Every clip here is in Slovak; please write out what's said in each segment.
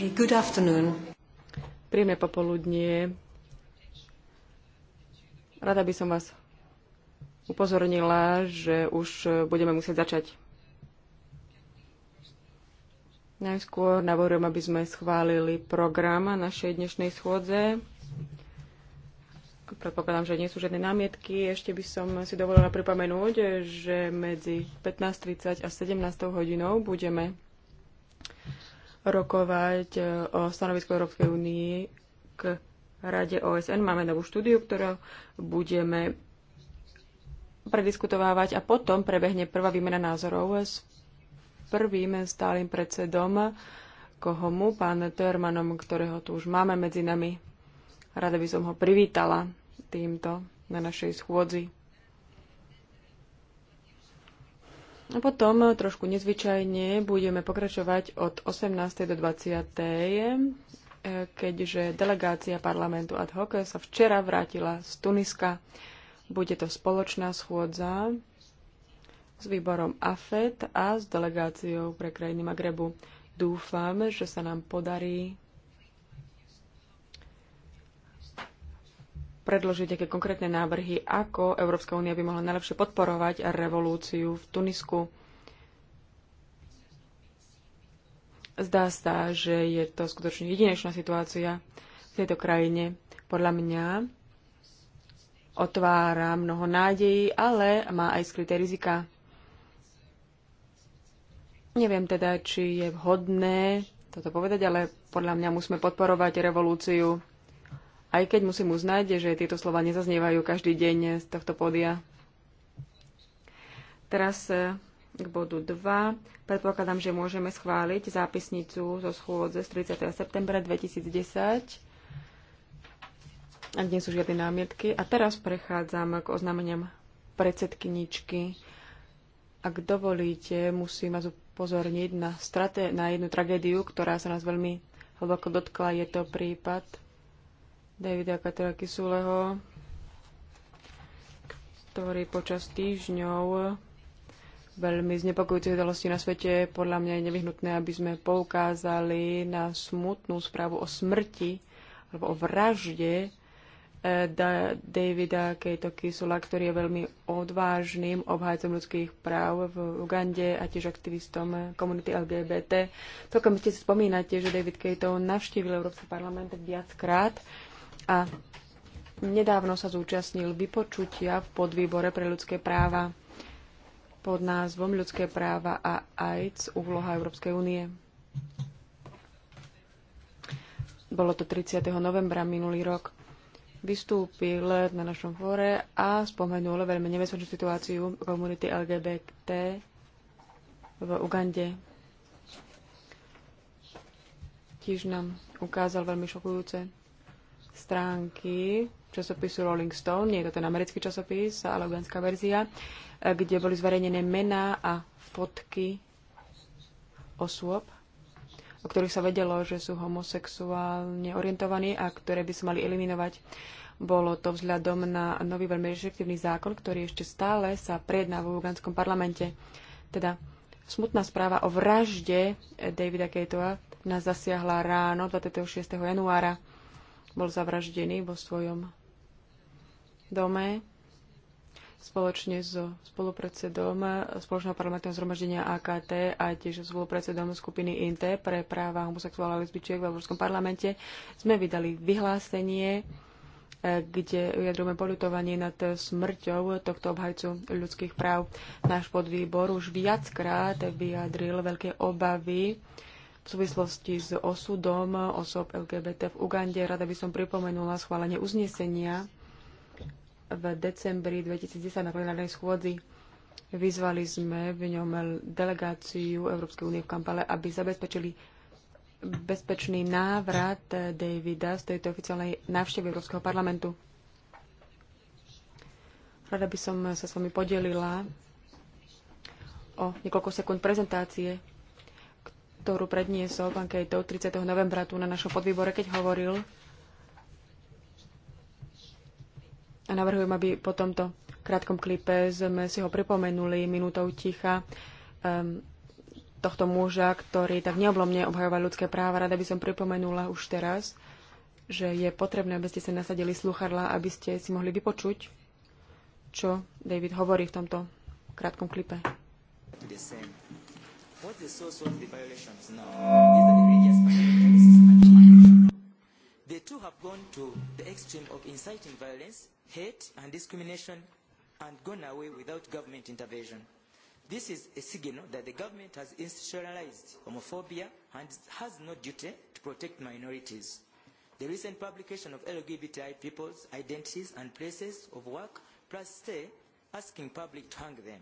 Príjemné popoludnie. Rada by som vás upozornila, že už budeme musieť začať. Najskôr navrhujem, aby sme schválili program našej dnešnej schôdze. Predpokladám, že nie sú žiadne námietky. Ešte by som si dovolila pripomenúť, že medzi 15.30 a 17. hodinou budeme rokovať e, o stanovisku Európskej únii k Rade OSN. Máme novú štúdiu, ktorú budeme prediskutovávať a potom prebehne prvá výmena názorov s prvým stálym predsedom Kohomu, pán Törmanom, ktorého tu už máme medzi nami. Rada by som ho privítala týmto na našej schôdzi. A potom trošku nezvyčajne budeme pokračovať od 18. do 20. Eh, keďže delegácia parlamentu ad hoc sa včera vrátila z Tuniska. Bude to spoločná schôdza s výborom AFET a s delegáciou pre krajiny Magrebu. Dúfam, že sa nám podarí predložiť aké konkrétne návrhy, ako Európska únia by mohla najlepšie podporovať revolúciu v Tunisku. Zdá sa, že je to skutočne jedinečná situácia v tejto krajine. Podľa mňa otvára mnoho nádejí, ale má aj skryté rizika. Neviem teda, či je vhodné toto povedať, ale podľa mňa musíme podporovať revolúciu aj keď musím uznať, že tieto slova nezaznievajú každý deň z tohto pódia. Teraz e, k bodu 2. Predpokladám, že môžeme schváliť zápisnicu zo schôdze z 30. septembra 2010. Ak nie sú žiadne námietky. A teraz prechádzam k oznámeniam predsedkyničky. Ak dovolíte, musím vás upozorniť na, strate, na jednu tragédiu, ktorá sa nás veľmi hlboko dotkla. Je to prípad Davida Petra Kisuleho, ktorý počas týždňov veľmi znepokojúcich udalostí na svete. Podľa mňa je nevyhnutné, aby sme poukázali na smutnú správu o smrti alebo o vražde eh, da- Davida Kejto Kisula, ktorý je veľmi odvážnym obhajcom ľudských práv v Ugande a tiež aktivistom komunity LGBT. Celkom ste si spomínate, že David Kejto navštívil Európsky parlament viackrát a nedávno sa zúčastnil vypočutia v podvýbore pre ľudské práva pod názvom Ľudské práva a AIDS úloha Európskej únie. Bolo to 30. novembra minulý rok. Vystúpil na našom fóre a spomenul veľmi nebezpečnú situáciu komunity LGBT v Ugande. Tiež nám ukázal veľmi šokujúce stránky časopisu Rolling Stone, nie je to ten americký časopis, ale ugandská verzia, e, kde boli zverejnené mená a fotky osôb, o ktorých sa vedelo, že sú homosexuálne orientovaní a ktoré by sa mali eliminovať. Bolo to vzhľadom na nový veľmi reštriktívny zákon, ktorý ešte stále sa prejedná v ugandskom parlamente. Teda smutná správa o vražde Davida Kejtoa nás zasiahla ráno 26. januára bol zavraždený vo svojom dome spoločne so spolupredsedom Spoločného parlamentného zhromaždenia AKT a tiež spolupredsedom skupiny INTE pre práva homosexuálov a lesbičiek v Európskom parlamente sme vydali vyhlásenie, eh, kde vyjadrujeme poľutovanie nad smrťou tohto obhajcu ľudských práv. Náš podvýbor už viackrát vyjadril veľké obavy v súvislosti s osudom osob LGBT v Ugande rada by som pripomenula schválenie uznesenia v decembri 2010 na plenárnej schôdzi. Vyzvali sme v ňom delegáciu Európskej únie v Kampale, aby zabezpečili bezpečný návrat Davida z tejto oficiálnej návštevy Európskeho parlamentu. Rada by som sa s vami podelila o niekoľko sekúnd prezentácie ktorú predniesol pán Kejto 30. novembra tu na našom podvýbore, keď hovoril a navrhujem, aby po tomto krátkom klipe sme si ho pripomenuli minútou ticha um, tohto muža, ktorý tak neoblomne obhajoval ľudské práva. Rada by som pripomenula už teraz, že je potrebné, aby ste sa nasadili sluchadla, aby ste si mohli vypočuť, čo David hovorí v tomto krátkom klipe. The same. What is the source of the violations now? Is that the religious fundamentalists and the two have gone to the extreme of inciting violence, hate and discrimination and gone away without government intervention. This is a signal that the government has institutionalized homophobia and has no duty to protect minorities. The recent publication of LGBTI people's identities and places of work plus stay asking public to hang them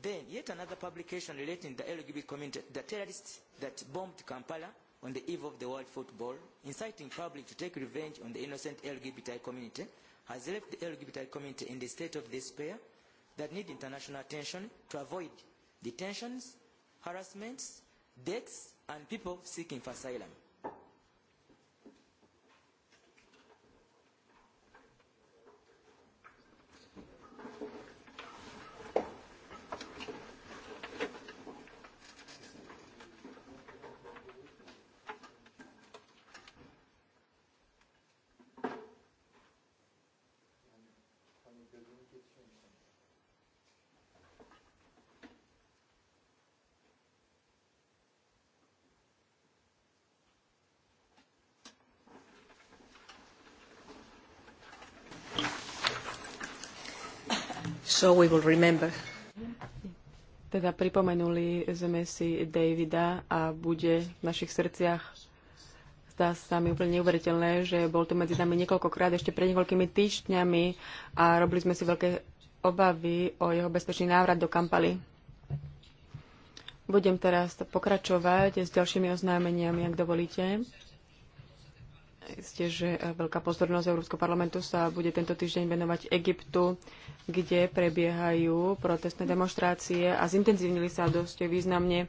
Then, yet another publication relating the LGBT community, the terrorists that bombed Kampala on the eve of the World Football, inciting public to take revenge on the innocent LGBTI community, has left the LGBTI community in the state of despair that need international attention to avoid detentions, harassments, deaths, and people seeking for asylum. Teda pripomenuli sme si Davida a bude v našich srdciach. Zdá sa mi úplne neuveriteľné, že bol tu medzi nami niekoľkokrát, ešte pred niekoľkými týždňami a robili sme si veľké obavy o jeho bezpečný návrat do Kampaly. Budem teraz pokračovať s ďalšími oznámeniami, ak dovolíte. Isté, že e, veľká pozornosť Európskeho parlamentu sa bude tento týždeň venovať Egyptu, kde prebiehajú protestné demonstrácie a zintenzívnili sa dosť významne. Ehm,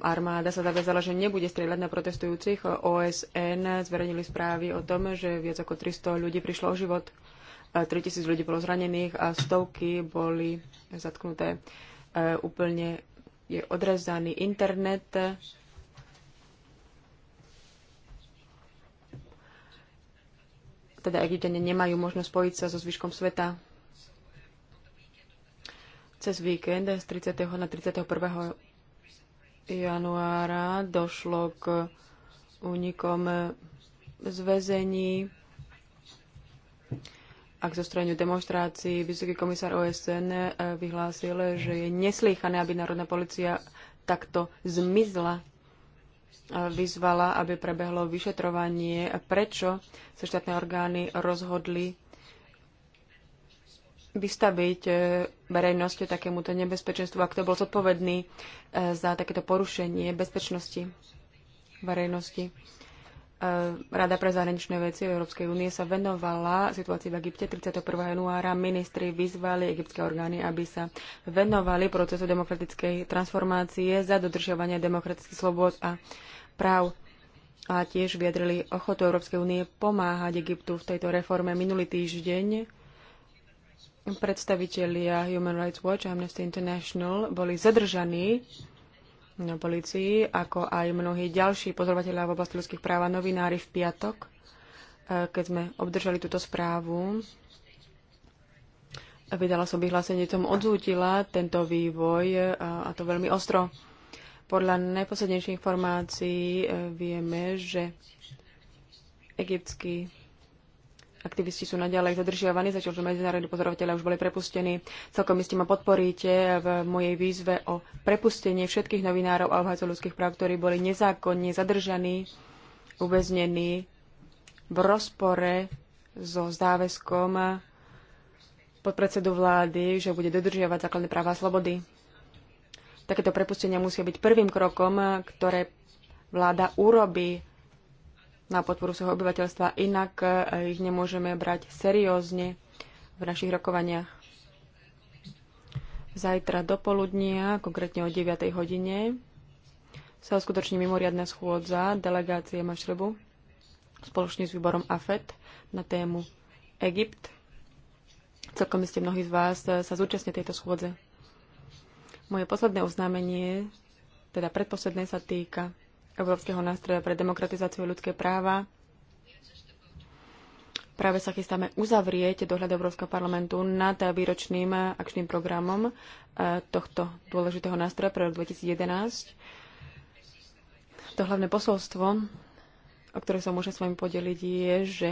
armáda sa zaviazala, že nebude strieľať na protestujúcich. OSN zverejnili správy o tom, že viac ako 300 ľudí prišlo o život, 3000 e, ľudí bolo zranených a stovky boli zatknuté. E, úplne je odrezaný internet teda egyptiania nemajú možnosť spojiť sa so zvyškom sveta. Cez víkend z 30. na 31. januára došlo k únikom z a k zostrojeniu demonstrácií. Vysoký komisár OSN eh, vyhlásil, že je neslýchané, aby národná policia takto zmizla vyzvala, aby prebehlo vyšetrovanie, prečo sa štátne orgány rozhodli vystaviť e, verejnosť takémuto nebezpečenstvu a kto bol zodpovedný e, za takéto porušenie bezpečnosti verejnosti. Eh, Rada pre zahraničné veci Európskej únie sa venovala situácii v Egypte 31. januára. Ministri vyzvali egyptské orgány, aby sa venovali procesu demokratickej transformácie za dodržovanie demokratických slobod a práv a tiež vyjadrili ochotu Európskej únie pomáhať Egyptu v tejto reforme. Minulý týždeň predstavitelia Human Rights Watch a Amnesty International boli zadržaní na ako aj mnohí ďalší pozorovateľia v oblasti ľudských práv a novinári v piatok, e, keď sme obdržali túto správu. Vydala som vyhlásenie, som odzútila tento vývoj e, a to veľmi ostro. Podľa najposlednejších informácií e, vieme, že egyptský. Aktivisti sú naďalej zadržiavaní, zatiaľ, že medzinárodní pozorovateľia už boli prepustení. Celkom iste ma podporíte v mojej výzve o prepustenie všetkých novinárov a obhajcov ľudských práv, ktorí boli nezákonne zadržaní, uväznení v rozpore so záväzkom podpredsedu vlády, že bude dodržiavať základné práva a slobody. Takéto prepustenia musia byť prvým krokom, ktoré vláda urobí na podporu svojho obyvateľstva, inak e, ich nemôžeme brať seriózne v našich rokovaniach. Zajtra do poludnia, konkrétne o 9. hodine, sa uskutoční mimoriadna schôdza delegácie Mašrebu spoločne s výborom AFET na tému Egypt. Celkom ste mnohí z vás e, sa zúčastnia tejto schôdze. Moje posledné oznámenie, teda predposledné, sa týka Európskeho nástroja pre demokratizáciu ľudské práva. Práve sa chystáme uzavrieť dohľad Európskeho parlamentu nad výročným akčným programom e, tohto dôležitého nástroja pre rok 2011. To hlavné posolstvo, o ktoré sa môžem s vami podeliť, je, že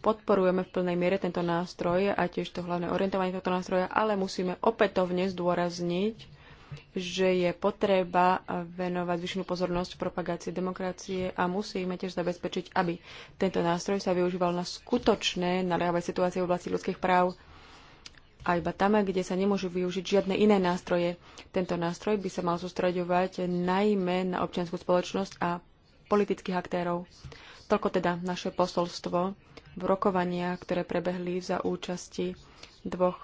podporujeme v plnej miere tento nástroj a tiež to hlavné orientovanie tohto nástroja, ale musíme opätovne zdôrazniť, že je potreba venovať zvyšnú pozornosť propagácii demokracie a musíme tiež zabezpečiť, aby tento nástroj sa využíval na skutočné naliehavé situácie v oblasti ľudských práv a iba tam, kde sa nemôžu využiť žiadne iné nástroje. Tento nástroj by sa mal sústreďovať najmä na občianskú spoločnosť a politických aktérov. Toľko teda naše posolstvo v rokovaniach, ktoré prebehli za účasti dvoch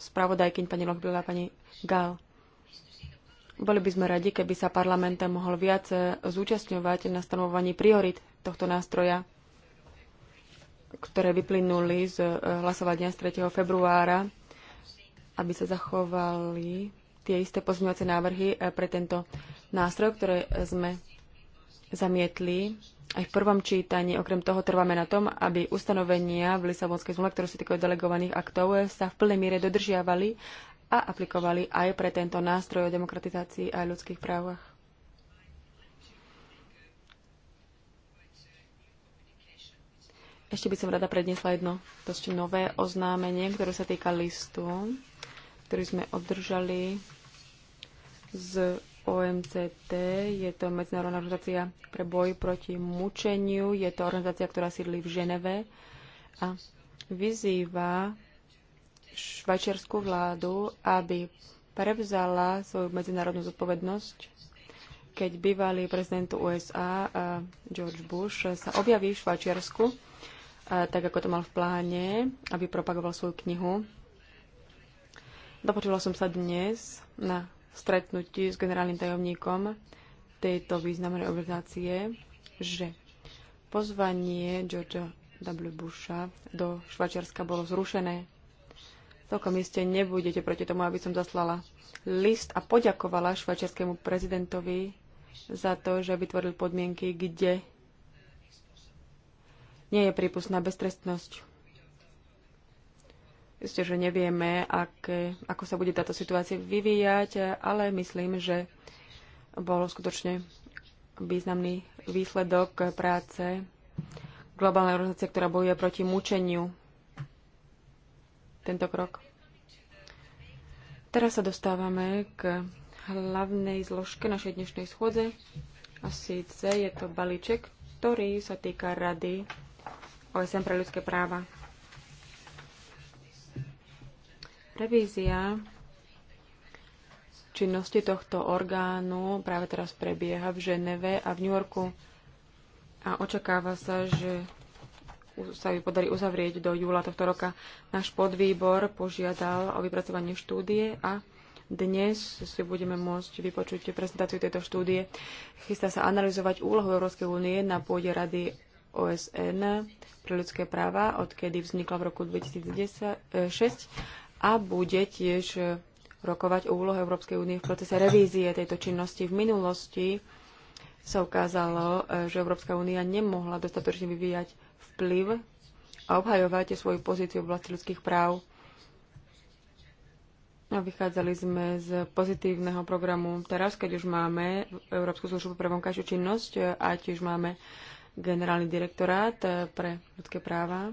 spravodajkyň, pani Lochbila a pani Gál. Boli by sme radi, keby sa parlament mohol viac e, zúčastňovať na stanovovaní priorit tohto nástroja, ktoré vyplynuli z e, hlasovania z 3. februára, aby sa zachovali tie isté pozmeňovacie návrhy e, pre tento nástroj, ktoré sme zamietli aj v prvom čítaní. Okrem toho trváme na tom, aby ustanovenia v Lisabonskej zmluve, ktoré sa týkajú delegovaných aktov, sa v plnej miere dodržiavali a aplikovali aj pre tento nástroj o demokratizácii a ľudských právach. Ešte by som rada predniesla jedno dosť nové oznámenie, ktoré sa týka listu, ktorý sme obdržali z OMCT. Je to Medzinárodná organizácia pre boj proti mučeniu. Je to organizácia, ktorá sídli v Ženeve a vyzýva švajčiarskú vládu, aby prevzala svoju medzinárodnú zodpovednosť, keď bývalý prezident USA eh, George Bush eh, sa objaví v Švajčiarsku, eh, tak ako to mal v pláne, aby propagoval svoju knihu. Dopočula som sa dnes na stretnutí s generálnym tajomníkom tejto významnej organizácie, že pozvanie George W. Busha do Švajčiarska bolo zrušené Celkom iste nebudete proti tomu, aby som zaslala list a poďakovala švajčiarskému prezidentovi za to, že vytvoril podmienky, kde nie je prípustná beztrestnosť. Isté, že nevieme, ak, ako sa bude táto situácia vyvíjať, ale myslím, že bol skutočne významný výsledok práce globálnej organizácie, ktorá bojuje proti mučeniu tento krok. Teraz sa dostávame k hlavnej zložke našej dnešnej schôdze a síce je to balíček, ktorý sa týka Rady OSN pre ľudské práva. Revízia činnosti tohto orgánu práve teraz prebieha v Ženeve a v New Yorku a očakáva sa, že sa ju podarí uzavrieť do júla tohto roka. Náš podvýbor požiadal o vypracovanie štúdie a dnes si budeme môcť vypočuť prezentáciu tejto štúdie. Chystá sa analyzovať úlohu Európskej únie na pôde Rady OSN pre ľudské práva, odkedy vznikla v roku 2006 a bude tiež rokovať o úlohe Európskej únie v procese revízie tejto činnosti. V minulosti sa ukázalo, že Európska únia nemohla dostatočne vyvíjať vplyv a obhajovate svoju pozíciu v oblasti ľudských práv. vychádzali sme z pozitívneho programu. Teraz, keď už máme Európsku službu pre vonkajšiu činnosť a tiež máme generálny direktorát pre ľudské práva.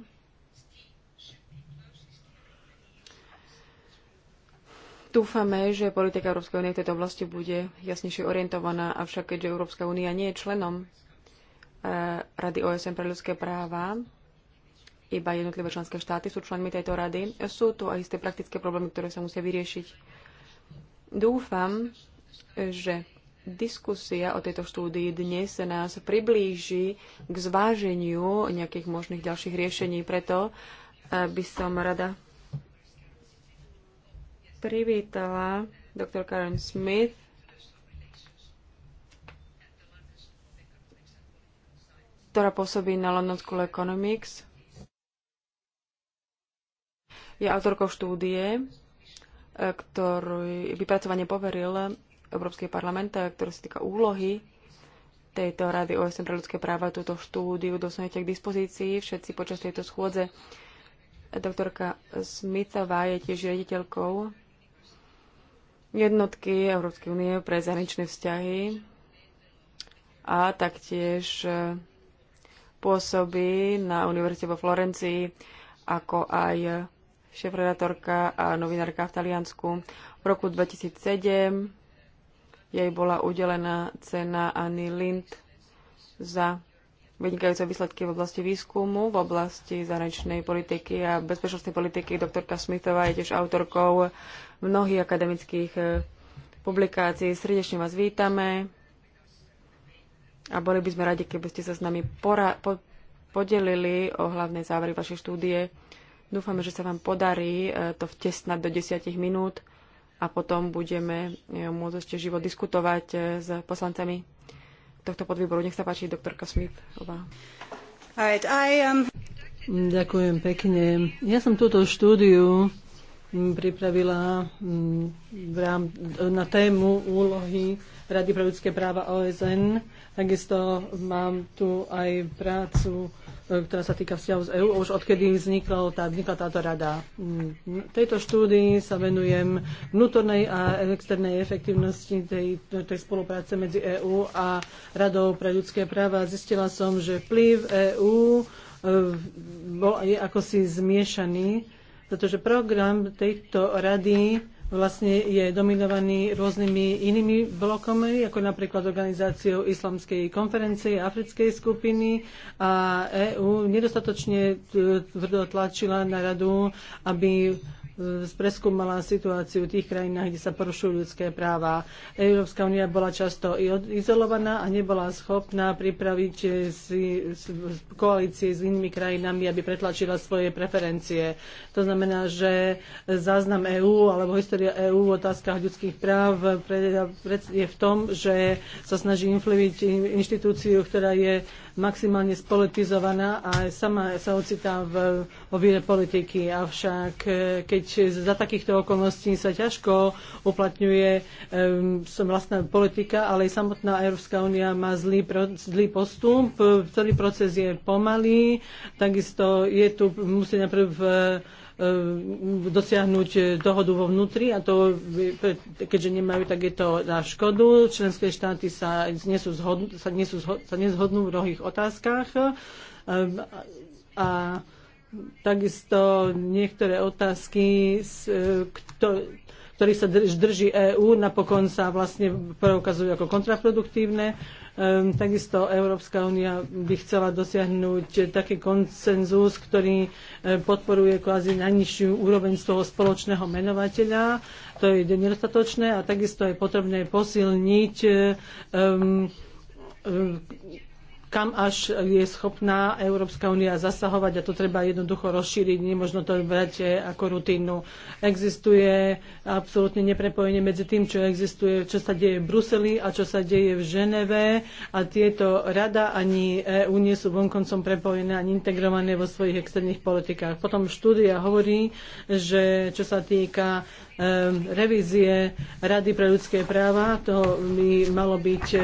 Dúfame, že politika Európskej únie v tejto oblasti bude jasnejšie orientovaná, avšak keďže Európska únia nie je členom E, rady OSN pre ľudské práva, iba jednotlivé členské štáty sú členmi tejto rady. Sú tu aj isté praktické problémy, ktoré sa musia vyriešiť. Dúfam, že diskusia o tejto štúdii dnes nás priblíži k zváženiu nejakých možných ďalších riešení. Preto e, by som rada privítala doktor Karen Smith, ktorá pôsobí na London School Economics. Je autorkou štúdie, e, ktorú vypracovanie poveril Európsky parlament, e, ktorý sa týka úlohy tejto Rady OSN pre ľudské práva. Túto štúdiu dostanete k dispozícii všetci počas tejto schôdze. Doktorka Smithová je tiež riaditeľkou jednotky Európskej únie pre zahraničné vzťahy a taktiež e, Pôsobí na univerzite vo Florencii ako aj šéf a novinárka v Taliansku. V roku 2007 jej bola udelená cena Anny Lind za vynikajúce výsledky v oblasti výskumu, v oblasti zahraničnej politiky a bezpečnostnej politiky. Doktorka Smithová je tiež autorkou mnohých akademických eh, publikácií. Srdečne vás vítame a boli by sme radi, keby ste sa s nami pora- po- podelili o hlavné závery vašej štúdie. Dúfame, že sa vám podarí e, to vtesnať do 10 minút a potom budeme e, môcť ešte živo diskutovať e, s poslancami tohto podvýboru. Nech sa páči, doktorka Smith. Um, Ďakujem pekne. Ja som túto štúdiu pripravila na tému úlohy Rady pre ľudské práva OSN. Takisto mám tu aj prácu, e, ktorá sa týka vzťahov z EÚ, už odkedy vznikla, tá, vznikla táto rada. V tejto štúdii sa venujem vnútornej a externej efektivnosti tej, tej spolupráce medzi EÚ a Radou pre ľudské práva. Zistila som, že vplyv EÚ e, bol, je ako si zmiešaný pretože program tejto rady vlastne je dominovaný rôznymi inými blokami, ako napríklad organizáciou Islamskej konferencie, Africkej skupiny a EÚ nedostatočne tvrdo tlačila na radu, aby preskúmala situáciu v tých krajinách, kde sa porušujú ľudské práva. Európska únia bola často izolovaná a nebola schopná pripraviť eh, si koalície s inými krajinami, aby pretlačila svoje preferencie. To znamená, že záznam EÚ alebo história EÚ v otázkach ľudských práv je v tom, že sa snaží influovať inštitúciu, ktorá je maximálne spolitizovaná a sama sa ocitá v ovíre politiky. Avšak e, keď za takýchto okolností sa ťažko uplatňuje um, vlastná politika, ale aj samotná Európska únia má zlý, pro, zlý postup, celý proces je pomalý, takisto je tu musí najprv e, E, dosiahnuť e, dohodu vo vnútri a to, e, keďže nemajú, tak je to na škodu. Členské štáty sa, nesú sa, nesú zho- sa nezhodnú v mnohých otázkach a takisto niektoré otázky, ktorých sa drží EÚ, napokon sa vlastne preukazujú ako kontraproduktívne Ehm, takisto Európska únia by chcela dosiahnuť taký konsenzus, ktorý ehm, podporuje kvázi najnižšiu úroveň z toho spoločného menovateľa. To je nedostatočné a takisto je potrebné posilniť um, um, kam až je schopná Európska únia zasahovať a to treba jednoducho rozšíriť, nemožno to brať eh, ako rutínu. Existuje absolútne neprepojenie medzi tým, čo existuje, čo sa deje v Bruseli a čo sa deje v Ženeve a tieto rada ani EU nie sú vonkoncom prepojené ani integrované vo svojich externých politikách. Potom štúdia hovorí, že čo sa týka revízie Rady pre ľudské práva. To by malo byť e,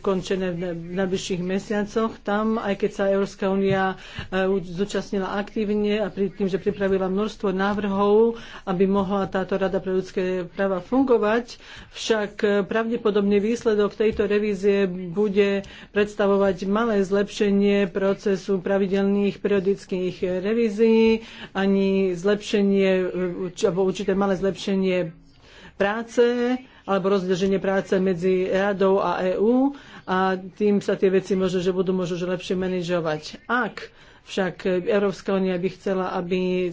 ukončené v najbližších mesiacoch. Tam, aj keď sa Európska únia e, zúčastnila aktívne a pri tým, že pripravila množstvo návrhov, aby mohla táto Rada pre ľudské práva fungovať, však e, pravdepodobne výsledok tejto revízie bude predstavovať malé zlepšenie procesu pravidelných periodických revízií, ani zlepšenie, alebo určité malé zlepšenie rozdelenie práce alebo rozdelenie práce medzi radou a EÚ a tým sa tie veci možno, že budú možno, že lepšie manažovať. Ak však Európska únia by chcela, aby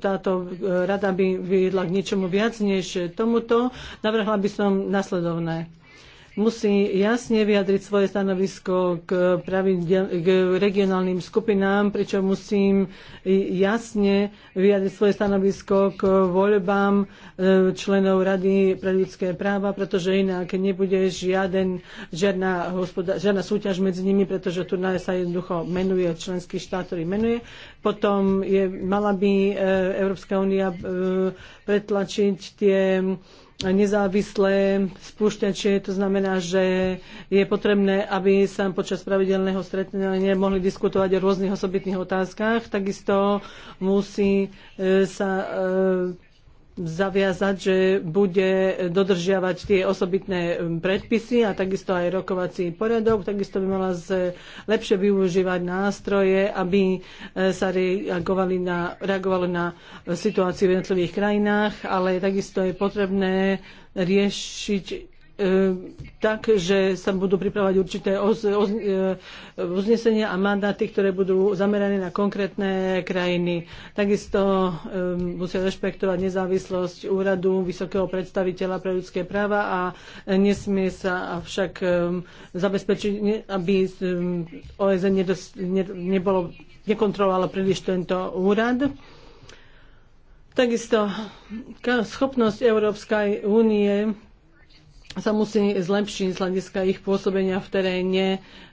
táto rada by viedla k niečomu viac než tomuto, navrhla by som nasledovné musí jasne vyjadriť svoje stanovisko k, pravidel, k regionálnym skupinám, pričom musím jasne vyjadriť svoje stanovisko k voľbám e, členov Rady pre ľudské práva, pretože inak nebude žiaden, žiadna, hospoda, žiadna súťaž medzi nimi, pretože tu sa jednoducho menuje členský štát, ktorý menuje. Potom je, mala by e, Európska únia e, pretlačiť tie nezávislé spúšťače. To znamená, že je potrebné, aby sa počas pravidelného stretnenia mohli diskutovať o rôznych osobitných otázkach. Takisto musí e, sa e, zaviazať, že bude dodržiavať tie osobitné um, predpisy a takisto aj rokovací poriadok, takisto by mala z, lepšie využívať nástroje, aby eh, sa reagovali na, reagovalo na situáciu v jednotlivých krajinách, ale takisto je potrebné riešiť E, tak, že sa budú pripravať určité e, uznesenia a mandáty, ktoré budú zamerané na konkrétne krajiny. Takisto e, musia rešpektovať nezávislosť úradu vysokého predstaviteľa pre ľudské práva a nesmie sa však zabezpečiť, aby OSN nebolo, nekontrolovalo príliš tento úrad. Takisto schopnosť Európskej únie sa musí zlepšiť z hľadiska ich pôsobenia v teréne.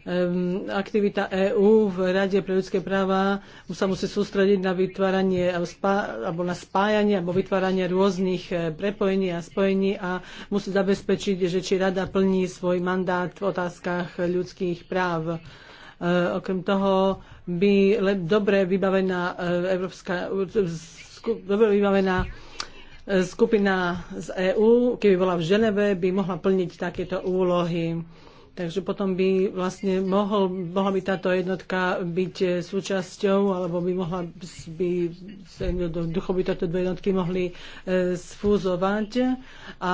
Ehm, aktivita EÚ v Rade pre ľudské práva sa musí sústrediť na vytváranie alebo na spájanie alebo vytváranie rôznych e, prepojení a spojení a musí zabezpečiť, že či Rada plní svoj mandát v otázkach ľudských práv. E, okrem toho by dobre vybavená e, Európska dobre vybavená skupina z EÚ, keby bola v Ženeve, by mohla plniť takéto úlohy. Takže potom by vlastne mohol, mohla by táto jednotka byť e, súčasťou, alebo by mohla by, by, by toto dve jednotky mohli e, sfúzovať. A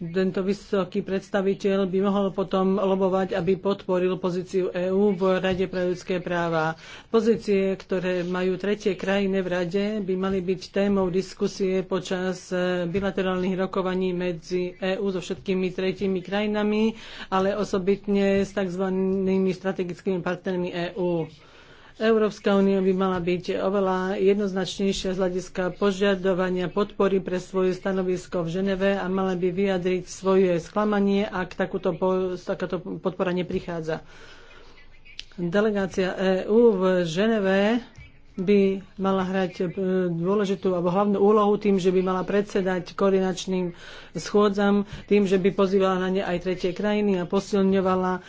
tento vysoký predstaviteľ by mohol potom lobovať, aby podporil pozíciu EÚ v Rade pre ľudské práva. Pozície, ktoré majú tretie krajiny v Rade, by mali byť témou diskusie počas eh, bilaterálnych rokovaní medzi EÚ so všetkými tretími krajinami, ale osobitne s tzv. strategickými partnermi EÚ. Európska únia by mala byť oveľa jednoznačnejšia z hľadiska požiadovania podpory pre svoje stanovisko v Ženeve a mala by vyjadriť svoje sklamanie, ak takúto, takáto podpora neprichádza. Delegácia EÚ v Ženeve by mala hrať e, dôležitú alebo hlavnú úlohu tým, že by mala predsedať koordinačným schôdzam, tým, že by pozývala na ne aj tretie krajiny a posilňovala e,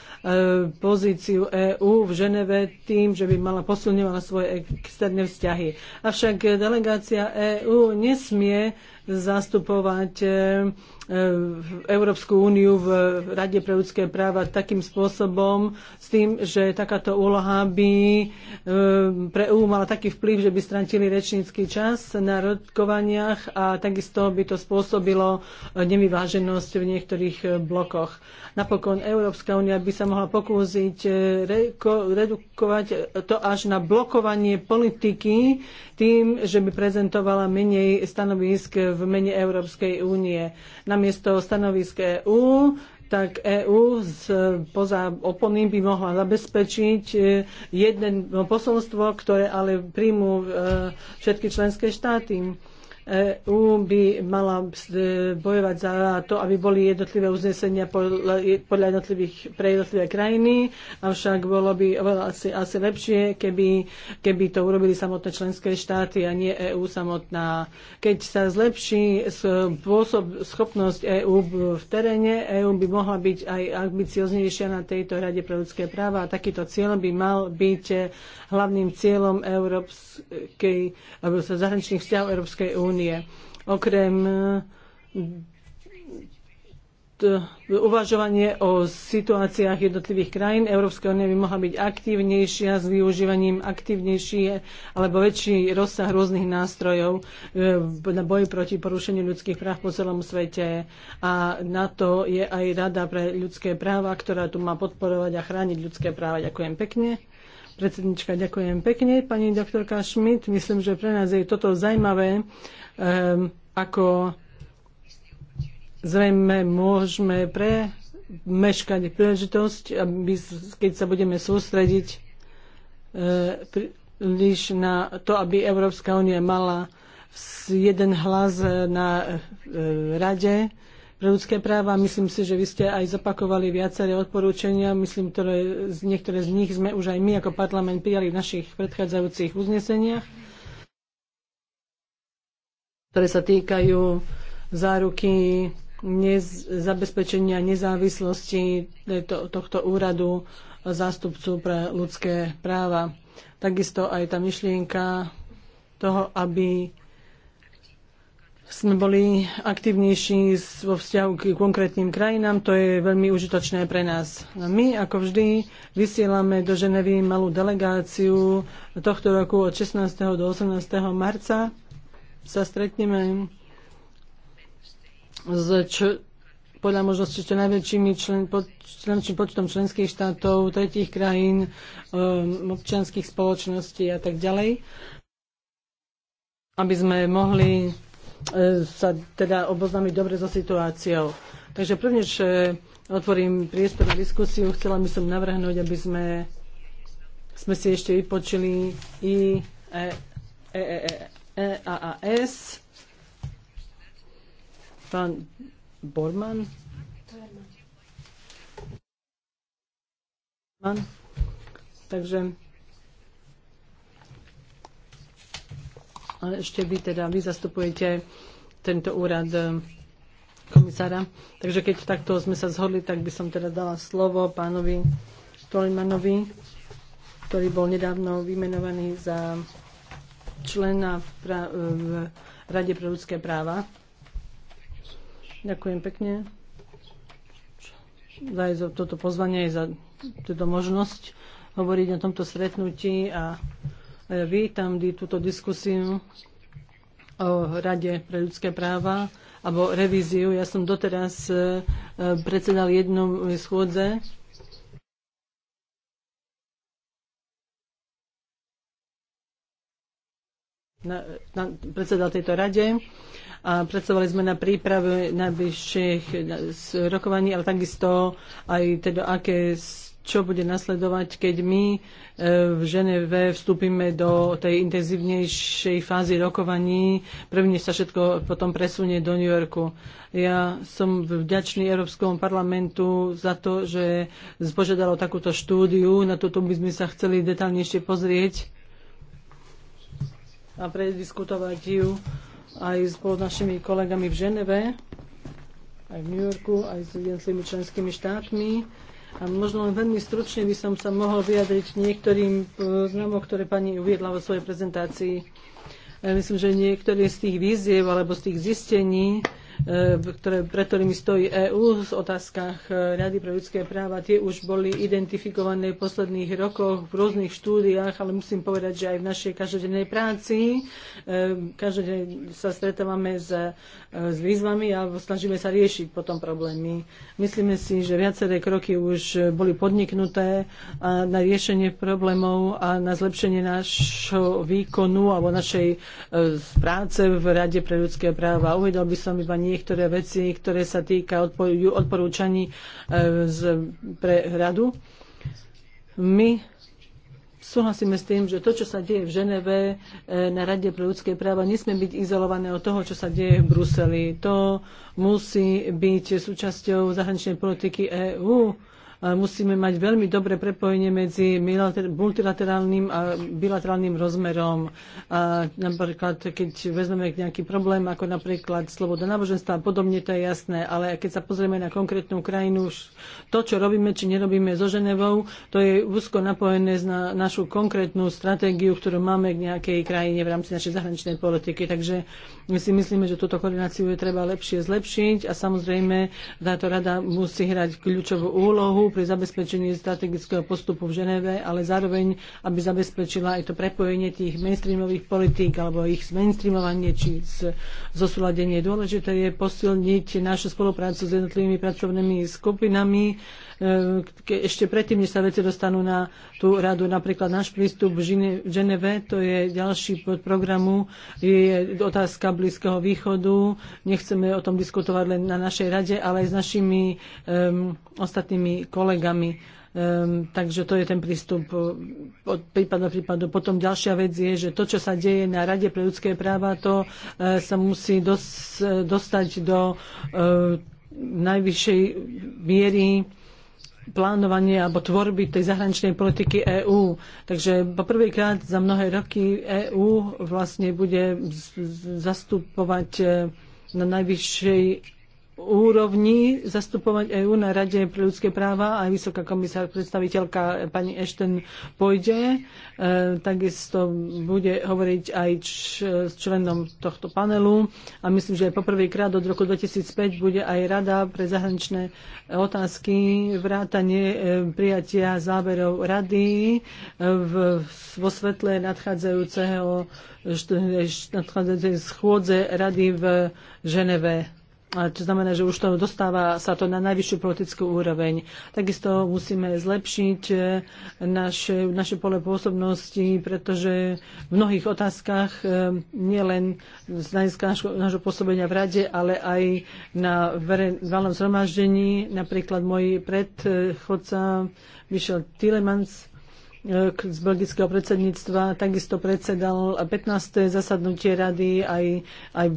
pozíciu EÚ v Ženeve tým, že by mala posilňovala svoje externé vzťahy. Avšak delegácia EÚ nesmie zastupovať e, Európsku úniu v Rade pre ľudské práva takým spôsobom, s tým, že takáto úloha by e, pre EU mala taký vplyv, že by strantili rečnícky čas na rokovaniach a takisto by to spôsobilo e, nevyváženosť v niektorých e, blokoch. Napokon Európska únia by sa mohla pokúsiť redukovať to až na blokovanie politiky tým, že by prezentovala menej stanovisk v mene Európskej únie. Na namiesto stanovisk EÚ, tak EÚ poza opony by mohla zabezpečiť e, jedno posolstvo, ktoré ale príjmú e, všetky členské štáty. EU by mala e, bojovať za to, aby boli jednotlivé uznesenia podľa jednotlivých, pre jednotlivé krajiny, avšak bolo by oveľa asi, asi lepšie, keby, keby to urobili samotné členské štáty a nie EU samotná. Keď sa zlepší spôsob, schopnosť EU v teréne, EU by mohla byť aj ambicioznejšia na tejto Rade pre ľudské práva a takýto cieľ by mal byť hlavným cieľom európskej, alebo zahraničných vzťahov Európskej únie únie. Okrem e, uvažovanie o situáciách jednotlivých krajín. Európska únia by mohla byť aktívnejšia s využívaním aktívnejšie alebo väčší rozsah rôznych nástrojov e, na boji proti porušeniu ľudských práv po celom svete. A na to je aj Rada pre ľudské práva, ktorá tu má podporovať a chrániť ľudské práva. Ďakujem pekne. Predsednička, ďakujem pekne. Pani doktorka Schmidt, myslím, že pre nás je toto zaujímavé Ehm, ako zrejme môžeme premeškať príležitosť, aby, keď sa budeme sústrediť e, príliš na to, aby Európska únia mala jeden hlas na e, Rade pre ľudské práva. Myslím si, že vy ste aj zapakovali viaceré odporúčania. Myslím, ktoré, niektoré z nich sme už aj my ako parlament prijali v našich predchádzajúcich uzneseniach ktoré sa týkajú záruky nez, zabezpečenia nezávislosti to, tohto úradu zástupcu pre ľudské práva. Takisto aj tá myšlienka toho, aby sme boli aktivnejší vo vzťahu k konkrétnym krajinám, to je veľmi užitočné pre nás. My, ako vždy, vysielame do Ženevy malú delegáciu tohto roku od 16. do 18. marca sa stretneme s č- podľa možnosti čo najväčším člen, pod, najväčším počtom členských štátov, tretích krajín, um, občianských spoločností a tak ďalej, aby sme mohli e, sa teda oboznámiť dobre so situáciou. Takže prvne, že otvorím priestor na diskusiu, chcela by som navrhnúť, aby sme, sme si ešte vypočili i e, e, e, e EAAS. Pán Borman. Borman. Takže ale ešte vy teda, vy zastupujete tento úrad e, komisára. Takže keď takto sme sa zhodli, tak by som teda dala slovo pánovi Tolimanovi, ktorý bol nedávno vymenovaný za člena v, pra- v Rade pre ľudské práva. Ďakujem pekne za toto pozvanie, aj za túto možnosť hovoriť na tomto stretnutí a vítam túto diskusiu o Rade pre ľudské práva alebo revíziu. Ja som doteraz e, predsedal jednom schôdze na, na, predsedal tejto rade a pracovali sme na príprave najbližších rokovaní, ale takisto aj teda aké čo bude nasledovať, keď my e, v Ženeve vstúpime do tej intenzívnejšej fázy rokovaní, prvne sa všetko potom presunie do New Yorku. Ja som vďačný Európskom parlamentu za to, že požiadalo takúto štúdiu, na toto by sme sa chceli detálnejšie pozrieť a prediskutovať ju aj s našimi kolegami v Ženeve, aj v New Yorku, aj s jednotlivými členskými štátmi. A možno len veľmi stručne by som sa mohol vyjadriť niektorým eh, známom, ktoré pani uviedla vo svojej prezentácii. Ja myslím, že niektoré z tých výziev alebo z tých zistení, E, ktoré, pred ktorými stojí EÚ v otázkach e, Rady pre ľudské práva, tie už boli identifikované v posledných rokoch v rôznych štúdiách, ale musím povedať, že aj v našej každodennej práci e, každodennej sa stretávame s, s výzvami a snažíme sa riešiť potom problémy. Myslíme si, že viaceré kroky už boli podniknuté na riešenie problémov a na zlepšenie nášho výkonu alebo našej práce v Rade pre ľudské práva. Uvedol by som iba nie niektoré veci, ktoré sa týka odporúčaní e, pre radu. My súhlasíme s tým, že to, čo sa deje v Ženeve e, na Rade pre ľudské práva, nesmie byť izolované od toho, čo sa deje v Bruseli. To musí byť súčasťou zahraničnej politiky EÚ musíme mať veľmi dobré prepojenie medzi multilaterálnym a bilaterálnym rozmerom. A napríklad, keď vezmeme nejaký problém, ako napríklad sloboda náboženstva a podobne, to je jasné, ale keď sa pozrieme na konkrétnu krajinu, to, čo robíme či nerobíme so Ženevou, to je úzko napojené na našu konkrétnu stratégiu, ktorú máme k nejakej krajine v rámci našej zahraničnej politiky. Takže my si myslíme, že túto koordináciu je treba lepšie zlepšiť a samozrejme táto rada musí hrať kľúčovú úlohu pre zabezpečenie strategického postupu v Ženeve, ale zároveň, aby zabezpečila aj to prepojenie tých mainstreamových politík alebo ich zmainstreamovanie či zosúladenie. Dôležité je posilniť našu spoluprácu s jednotlivými pracovnými skupinami, E, ešte predtým, než sa veci dostanú na tú radu. Napríklad náš prístup v Ženeve, to je ďalší pod programu, je otázka Blízkeho východu. Nechceme o tom diskutovať len na našej rade, ale aj s našimi um, ostatnými kolegami. Um, takže to je ten prístup e, od prípadu prípadu. Potom ďalšia vec je, že to, čo sa deje na Rade pre ľudské práva, to uh, sa musí dos, dostať do uh, najvyššej miery plánovanie alebo tvorby tej zahraničnej politiky EÚ. Takže poprvýkrát za mnohé roky EÚ vlastne bude zastupovať e, na najvyššej úrovni zastupovať EÚ na Rade pre ľudské práva a vysoká komisár predstaviteľka pani Ashton pôjde. E, takisto bude hovoriť aj s členom tohto panelu a myslím, že aj poprvýkrát od roku 2005 bude aj Rada pre zahraničné otázky, vrátanie e, prijatia záverov Rady e, v, vo svetle nadchádzajúceho nadchádzajúcej schôdze Rady v Ženeve to znamená, že už to dostáva sa to na najvyššiu politickú úroveň. Takisto musíme zlepšiť e, naše, naše pole pôsobnosti, pretože v mnohých otázkach e, nielen z nášho, nášho pôsobenia v rade, ale aj na verejnom zhromaždení, napríklad môj predchodca Michel Tillemans, z belgického predsedníctva takisto predsedal 15. zasadnutie rady, aj, aj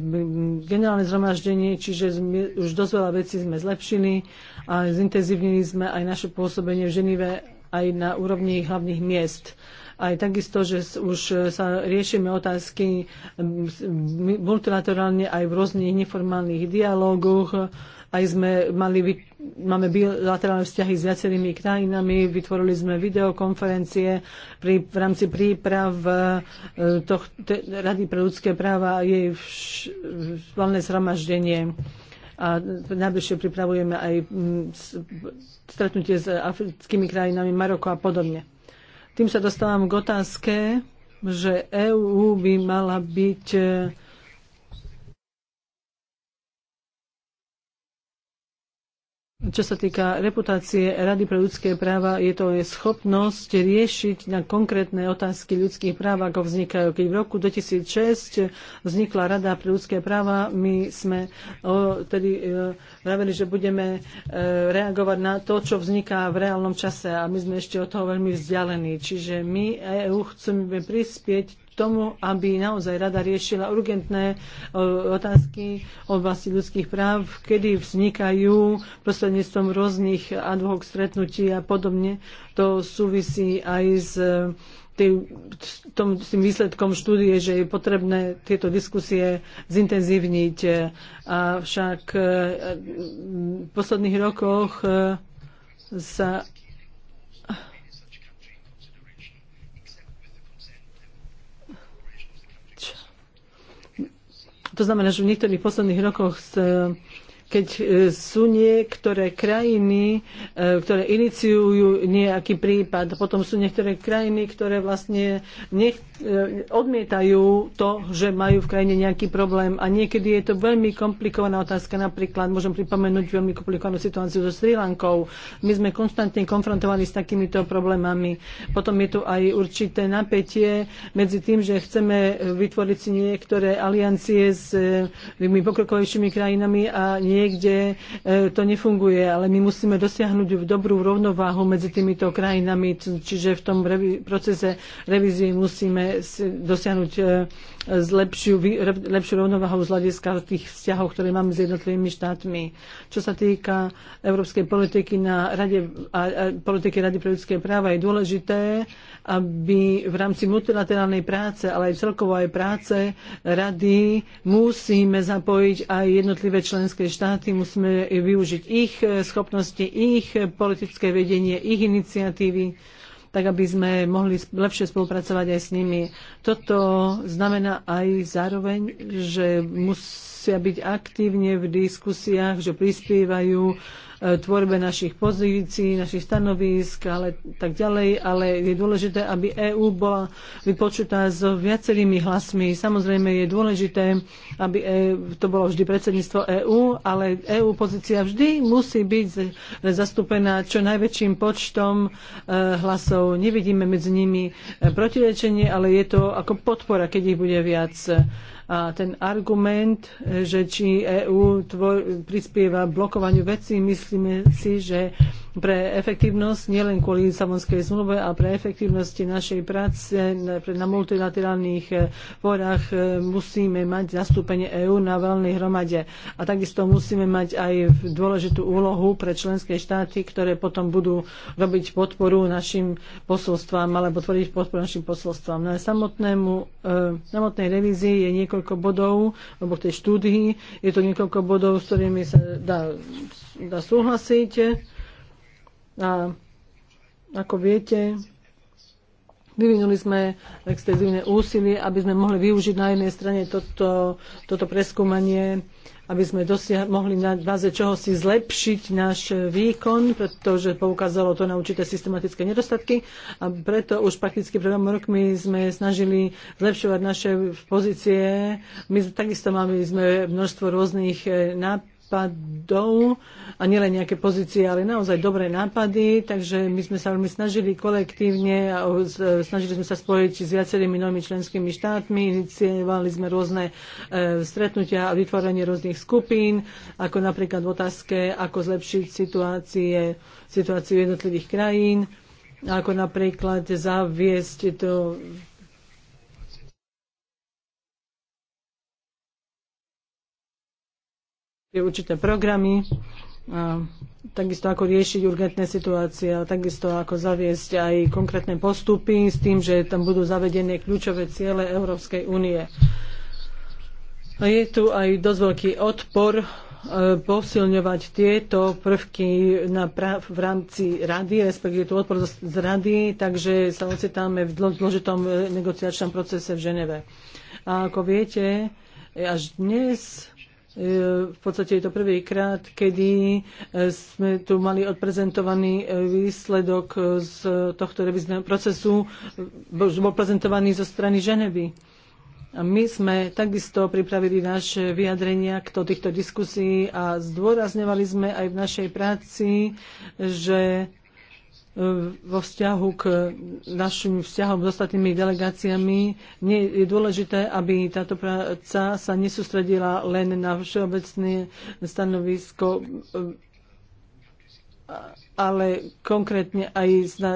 generálne zhromaždenie, čiže sme, už dosť veľa vecí sme zlepšili a zintenzívnili sme aj naše pôsobenie v Ženive aj na úrovni hlavných miest aj takisto, že už sa riešime otázky multilaterálne aj v rôznych neformálnych dialógoch aj sme mali, máme bilaterálne vzťahy s viacerými krajinami, vytvorili sme videokonferencie pri, v rámci príprav e, toh, te, Rady pre ľudské práva a jej valné zhromaždenie. A najbližšie pripravujeme aj stretnutie s africkými krajinami, Maroko a podobne. Tým sa dostávam k otázke, že EÚ by mala byť e, čo sa týka reputácie Rady pre ľudské práva, je to je schopnosť riešiť na konkrétne otázky ľudských práv, ako vznikajú. Keď v roku 2006 vznikla Rada pre ľudské práva, my sme o, tedy e, vraveli, že budeme e, reagovať na to, čo vzniká v reálnom čase a my sme ešte od toho veľmi vzdialení. Čiže my EU chceme prispieť tomu, aby naozaj rada riešila urgentné e, otázky v oblasti ľudských práv, kedy vznikajú prostredníctvom rôznych ad hoc stretnutí a podobne. To súvisí aj s e, tým, tým výsledkom štúdie, že je potrebné tieto diskusie zintenzívniť. E, avšak v posledných rokoch sa To znamená, že v niektorých posledných rokoch keď e, sú niektoré krajiny, e, ktoré iniciujú nejaký prípad, potom sú niektoré krajiny, ktoré vlastne nech, e, odmietajú to, že majú v krajine nejaký problém a niekedy je to veľmi komplikovaná otázka. Napríklad môžem pripomenúť veľmi komplikovanú situáciu so Sri Lankou. My sme konstantne konfrontovaní s takýmito problémami. Potom je tu aj určité napätie medzi tým, že chceme vytvoriť si niektoré aliancie s tými pokrokovejšími krajinami a nie niekde e, to nefunguje, ale my musíme dosiahnuť dobrú rovnováhu medzi týmito krajinami, čiže v tom procese revízie musíme dosiahnuť e, lepšiu, lepšiu rovnovahou z hľadiska tých vzťahov, ktoré máme s jednotlivými štátmi. Čo sa týka európskej politiky na rade, a, a politiky Rady pre ľudské práva, je dôležité, aby v rámci multilaterálnej práce, ale aj celkovo aj práce rady musíme zapojiť aj jednotlivé členské štáty, musíme využiť ich schopnosti, ich politické vedenie, ich iniciatívy tak aby sme mohli lepšie spolupracovať aj s nimi. Toto znamená aj zároveň, že musí musia byť aktívne v diskusiách, že prispievajú e, tvorbe našich pozícií, našich stanovísk, ale tak ďalej, ale je dôležité, aby EÚ bola vypočutá s viacerými hlasmi. Samozrejme je dôležité, aby EU, to bolo vždy predsedníctvo EÚ, ale EÚ pozícia vždy musí byť zastúpená čo najväčším počtom e, hlasov. Nevidíme medzi nimi e, protirečenie, ale je to ako podpora, keď ich bude viac. A ten argument, e, že či EÚ prispieva blokovaniu vecí, myslíme si, že pre efektívnosť, nielen kvôli Lisabonskej zmluve, ale pre efektívnosti našej práce na multilaterálnych eh, fórach eh, musíme mať zastúpenie EÚ na veľnej hromade. A takisto musíme mať aj dôležitú úlohu pre členské štáty, ktoré potom budú robiť podporu našim posolstvám alebo tvoriť podporu našim posolstvám. Na samotnému, eh, samotnej revízii je niekoľko bodov, alebo v tej štúdii je to niekoľko bodov, s ktorými sa dá, dá súhlasiť a ako viete, Vyvinuli sme extenzívne úsilie, aby sme mohli využiť na jednej strane toto, toto preskúmanie, aby sme dosiah- mohli na báze čoho si zlepšiť náš výkon, pretože poukázalo to na určité systematické nedostatky a preto už prakticky pred dvoma rokmi sme snažili zlepšovať naše pozície. My takisto máme sme množstvo rôznych nápadov, nápadov a nielen nejaké pozície, ale naozaj dobré nápady, takže my sme sa veľmi snažili kolektívne a snažili sme sa spojiť s viacerými novými členskými štátmi, iniciovali sme rôzne e, stretnutia a vytvorenie rôznych skupín, ako napríklad v otázke, ako zlepšiť situácie, situáciu jednotlivých krajín, ako napríklad zaviesť to určité programy, a takisto ako riešiť urgentné situácie, ale takisto ako zaviesť aj konkrétne postupy s tým, že tam budú zavedené kľúčové ciele Európskej únie. A je tu aj dosť veľký odpor e, posilňovať tieto prvky na pra- v rámci rady, respektíve tu odpor z rady, takže sa ocitáme v dôležitom e, negociačnom procese v Ženeve. A ako viete, až dnes E, v podstate je to prvýkrát, kedy e, sme tu mali odprezentovaný e, výsledok z tohto revizného procesu, bol prezentovaný zo strany Ženevy. A my sme takisto pripravili naše vyjadrenia k týchto diskusí a zdôrazňovali sme aj v našej práci, že E, vo vzťahu k našim vzťahom s ostatnými delegáciami nie je dôležité, aby táto práca sa nesústredila len na všeobecné stanovisko e, ale konkrétne aj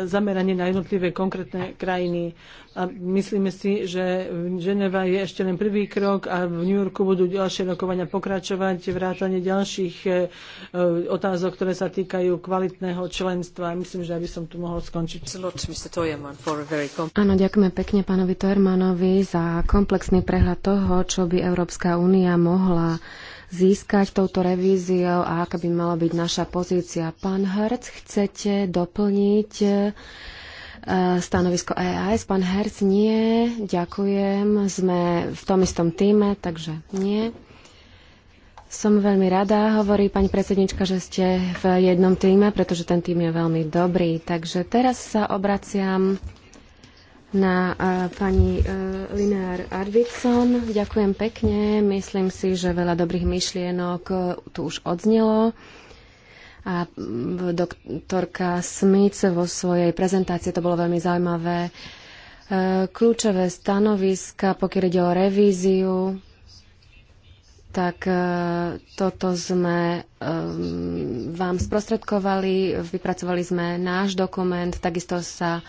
zameranie na jednotlivé konkrétne krajiny. A myslíme si, že Ženeva je ešte len prvý krok a v New Yorku budú ďalšie rokovania pokračovať, vrátanie ďalších e, e, otázok, ktoré sa týkajú kvalitného členstva. Myslím, že aby som tu mohol skončiť. Áno, ďakujeme pekne pánovi Toermanovi za komplexný prehľad toho, čo by Európska únia mohla získať touto revíziou a aká by mala byť naša pozícia. Pán Herc, chcete doplniť e, stanovisko EAS? Pán Herc, nie. Ďakujem. Sme v tom istom týme, takže nie. Som veľmi rada, hovorí pani predsednička, že ste v jednom týme, pretože ten tým je veľmi dobrý. Takže teraz sa obraciam na e, pani e, Linár Arvidson. Ďakujem pekne. Myslím si, že veľa dobrých myšlienok e, tu už odznelo. A doktorka Smith vo svojej prezentácii, to bolo veľmi zaujímavé, kľúčové stanoviska, pokiaľ ide o revíziu, tak toto sme vám sprostredkovali, vypracovali sme náš dokument, takisto sa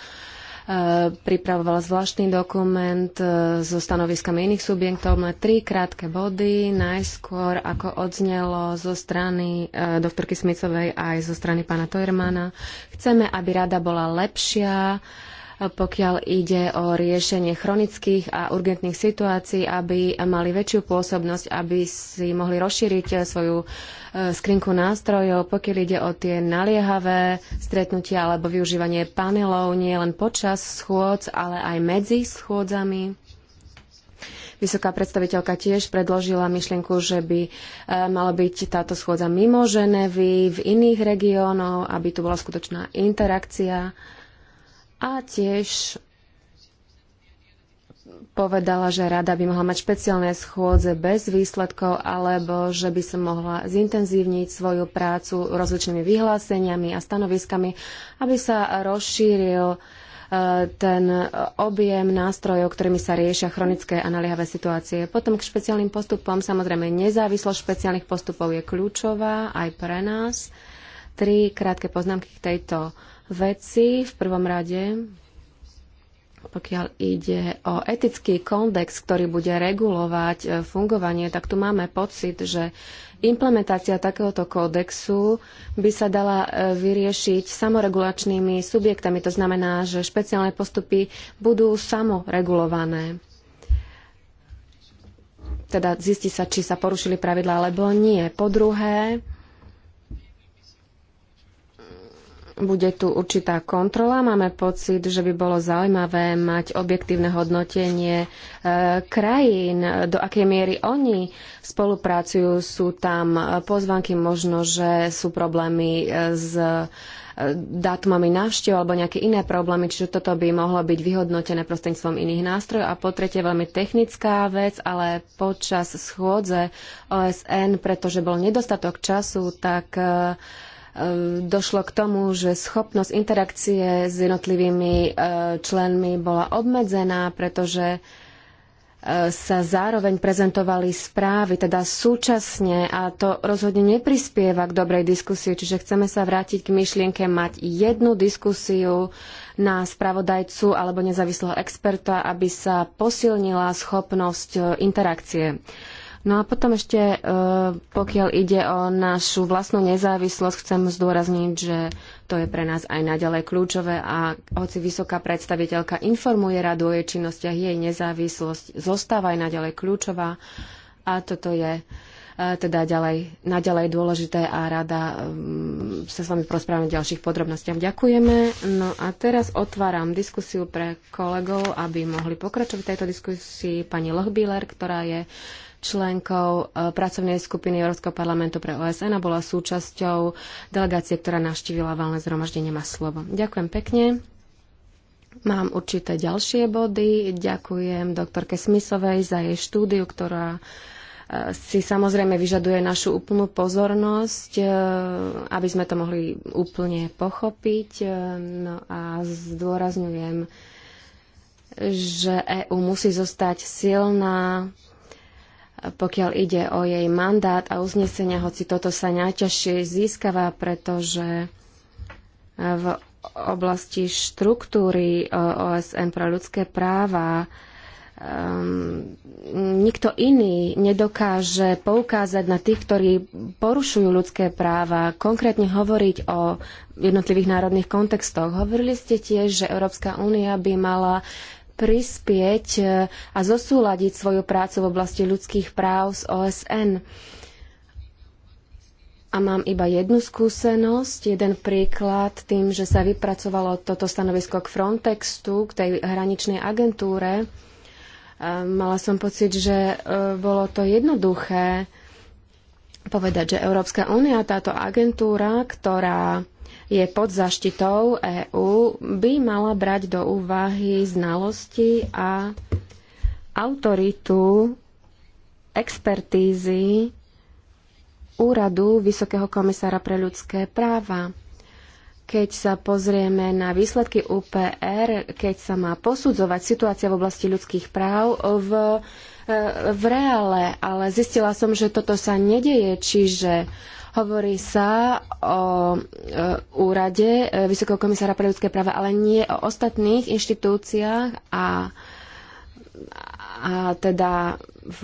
Eh, pripravoval zvláštny dokument eh, so stanoviskami iných subjektov. Má tri krátke body. Najskôr, ako odznelo zo strany eh, doktorky Smicovej aj zo strany pána Toermana. chceme, aby rada bola lepšia, pokiaľ ide o riešenie chronických a urgentných situácií, aby mali väčšiu pôsobnosť, aby si mohli rozšíriť eh, svoju eh, skrinku nástrojov, pokiaľ ide o tie naliehavé stretnutia alebo využívanie panelov nie len počas schôdz, ale aj medzi schôdzami. Vysoká predstaviteľka tiež predložila myšlienku, že by eh, mala byť táto schôdza mimo Ženevy, v iných regiónoch, aby tu bola skutočná interakcia a tiež povedala, že rada by mohla mať špeciálne schôdze bez výsledkov, alebo že by som mohla zintenzívniť svoju prácu rozličnými vyhláseniami a stanoviskami, aby sa rozšíril e, ten objem nástrojov, ktorými sa riešia chronické a naliehavé situácie. Potom k špeciálnym postupom, samozrejme nezávislosť špeciálnych postupov je kľúčová aj pre nás. Tri krátke poznámky k tejto veci. V prvom rade, pokiaľ ide o etický kódex, ktorý bude regulovať e, fungovanie, tak tu máme pocit, že implementácia takéhoto kódexu by sa dala e, vyriešiť samoregulačnými subjektami. To znamená, že špeciálne postupy budú samoregulované teda zistí sa, či sa porušili pravidlá alebo nie. Po druhé, bude tu určitá kontrola. Máme pocit, že by bolo zaujímavé mať objektívne hodnotenie e, krajín, do akej miery oni spolupracujú. Sú tam e, pozvanky, možno, že sú problémy e, s e, dátumami návštev alebo nejaké iné problémy, čiže toto by mohlo byť vyhodnotené prostredníctvom iných nástrojov. A po tretie, veľmi technická vec, ale počas schôdze OSN, pretože bol nedostatok času, tak uh, došlo k tomu, že schopnosť interakcie s jednotlivými e, členmi bola obmedzená, pretože e, sa zároveň prezentovali správy, teda súčasne a to rozhodne neprispieva k dobrej diskusii, čiže chceme sa vrátiť k myšlienke mať jednu diskusiu na spravodajcu alebo nezávislého experta, aby sa posilnila schopnosť e, interakcie. No a potom ešte, e, pokiaľ ide o našu vlastnú nezávislosť, chcem zdôrazniť, že to je pre nás aj naďalej kľúčové a hoci vysoká predstaviteľka informuje radu o jej činnostiach, jej nezávislosť zostáva aj naďalej kľúčová a toto je e, teda ďalej, naďalej dôležité a rada e, sa s vami prosprávame v ďalších podrobnostiach. Ďakujeme. No a teraz otváram diskusiu pre kolegov, aby mohli pokračovať v tejto diskusii. Pani Lohbíler, ktorá je členkou e, pracovnej skupiny Európskeho parlamentu pre OSN a bola súčasťou delegácie, ktorá navštívila valné zhromaždenie Má slovo. Ďakujem pekne. Mám určité ďalšie body. Ďakujem doktorke Smisovej za jej štúdiu, ktorá e, si samozrejme vyžaduje našu úplnú pozornosť, e, aby sme to mohli úplne pochopiť. No a zdôrazňujem, že EÚ musí zostať silná pokiaľ ide o jej mandát a uznesenia, hoci toto sa najťažšie získava, pretože e, v oblasti štruktúry e, OSN pre ľudské práva um, nikto iný nedokáže poukázať na tých, ktorí porušujú ľudské práva, konkrétne hovoriť o jednotlivých národných kontextoch. Hovorili ste tiež, že Európska únia by mala prispieť e, a zosúladiť svoju prácu v oblasti ľudských práv s OSN. A mám iba jednu skúsenosť, jeden príklad tým, že sa vypracovalo toto stanovisko k Frontextu, k tej hraničnej agentúre. E, mala som pocit, že e, bolo to jednoduché povedať, že Európska únia, táto agentúra, ktorá je pod zaštitou EÚ, by mala brať do úvahy znalosti a autoritu expertízy Úradu Vysokého komisára pre ľudské práva. Keď sa pozrieme na výsledky UPR, keď sa má posudzovať situácia v oblasti ľudských práv v, e, v reále, ale zistila som, že toto sa nedeje, čiže Hovorí sa o e, úrade e, Vysokého komisára pre ľudské práva, ale nie o ostatných inštitúciách a, a teda v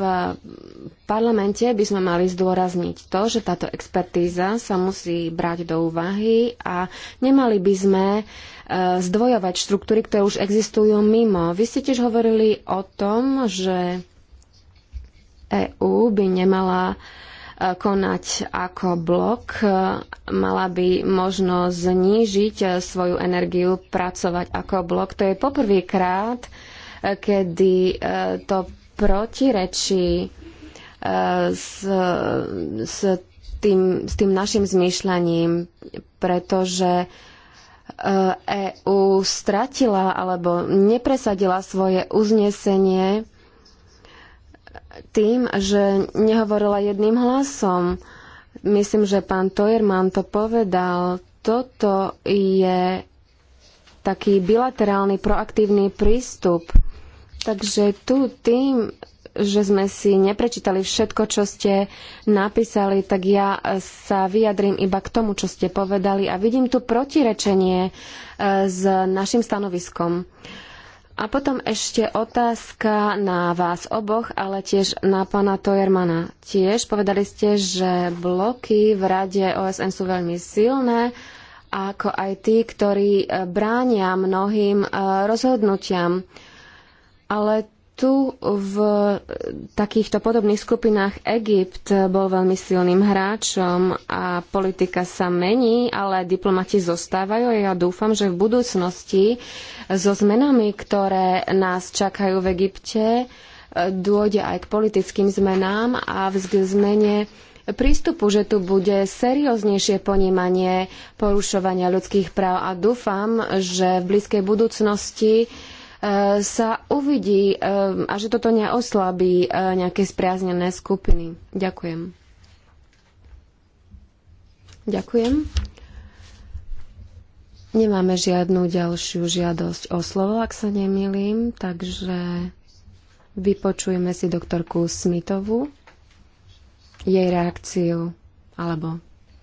parlamente by sme mali zdôrazniť to, že táto expertíza sa musí brať do úvahy a nemali by sme e, zdvojovať štruktúry, ktoré už existujú mimo. Vy ste tiež hovorili o tom, že EÚ by nemala E, konať ako blok, e, mala by možno znížiť e, svoju energiu, pracovať ako blok. To je poprvýkrát, kedy to protirečí s, s, tým, s tým našim zmýšľaním, pretože EÚ stratila alebo nepresadila svoje uznesenie tým, že nehovorila jedným hlasom. Myslím, že pán Tojerman to povedal. Toto je taký bilaterálny, proaktívny prístup. Takže tu tým, že sme si neprečítali všetko, čo ste napísali, tak ja sa vyjadrím iba k tomu, čo ste povedali a vidím tu protirečenie eh, s našim stanoviskom. Uh, a potom ešte otázka na vás oboch, ale tiež na pána Tojermana. Tiež povedali ste, že bloky v Rade OSN sú veľmi silné, ako aj tí, ktorí eh, bránia mnohým eh, rozhodnutiam. Ale tu v takýchto podobných skupinách Egypt bol veľmi silným hráčom a politika sa mení, ale diplomati zostávajú a ja dúfam, že v budúcnosti so zmenami, ktoré nás čakajú v Egypte, dôjde aj k politickým zmenám a v zmene prístupu, že tu bude serióznejšie ponímanie porušovania ľudských práv a dúfam, že v blízkej budúcnosti sa uvidí eh, a že toto neoslabí eh, nejaké spriaznené skupiny. Ďakujem. Ďakujem. Nemáme žiadnu ďalšiu žiadosť o slovo, ak sa nemýlim, takže vypočujeme si doktorku Smitovu, jej reakciu alebo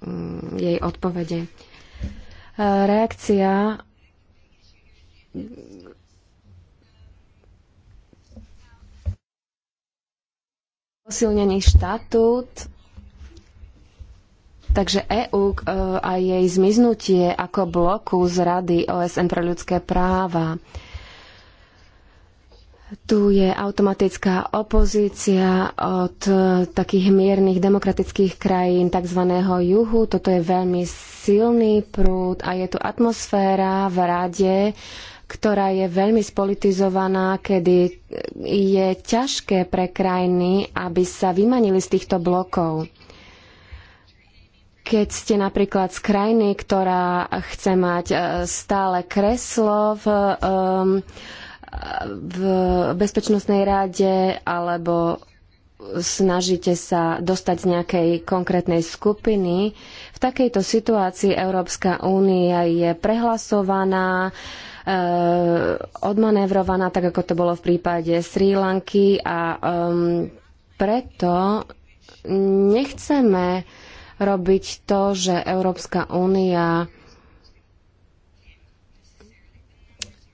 mm, jej odpovede. Eh, reakcia posilnený štatút, takže EU e, a jej zmiznutie ako bloku z Rady OSN pre ľudské práva. Tu je automatická opozícia od takých miernych demokratických krajín tzv. juhu. Toto je veľmi silný prúd a je tu atmosféra v rade, ktorá je veľmi spolitizovaná, kedy je ťažké pre krajiny, aby sa vymanili z týchto blokov. Keď ste napríklad z krajiny, ktorá chce mať e, stále kreslo v, v bezpečnostnej rade alebo snažíte sa dostať z nejakej konkrétnej skupiny. V takejto situácii Európska únia je prehlasovaná, Eh, odmanévrovaná, tak ako to bolo v prípade Sri Lanky a um, preto nechceme robiť to, že Európska únia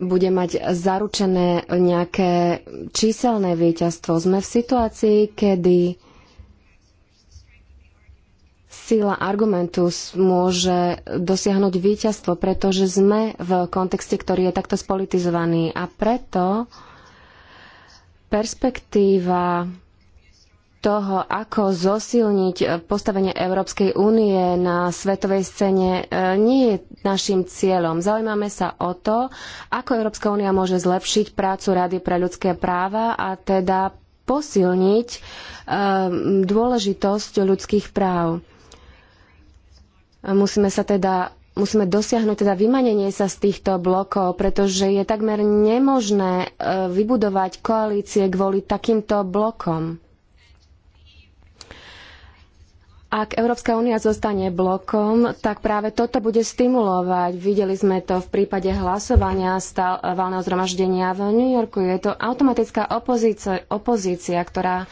bude mať zaručené nejaké číselné víťazstvo. Sme v situácii, kedy sila argumentu môže dosiahnuť víťazstvo, pretože sme v kontexte, ktorý je takto spolitizovaný. A preto perspektíva toho, ako zosilniť postavenie Európskej únie na svetovej scéne, e, nie je našim cieľom. Zaujímame sa o to, ako Európska únia môže zlepšiť prácu Rady pre ľudské práva a teda posilniť e, dôležitosť ľudských práv. Musíme sa teda musíme dosiahnuť teda vymanenie sa z týchto blokov, pretože je takmer nemožné e, vybudovať koalície kvôli takýmto blokom. Ak Európska únia zostane blokom, tak práve toto bude stimulovať. Videli sme to v prípade hlasovania e, valného zhromaždenia v New Yorku. Je to automatická opozícia, opozícia ktorá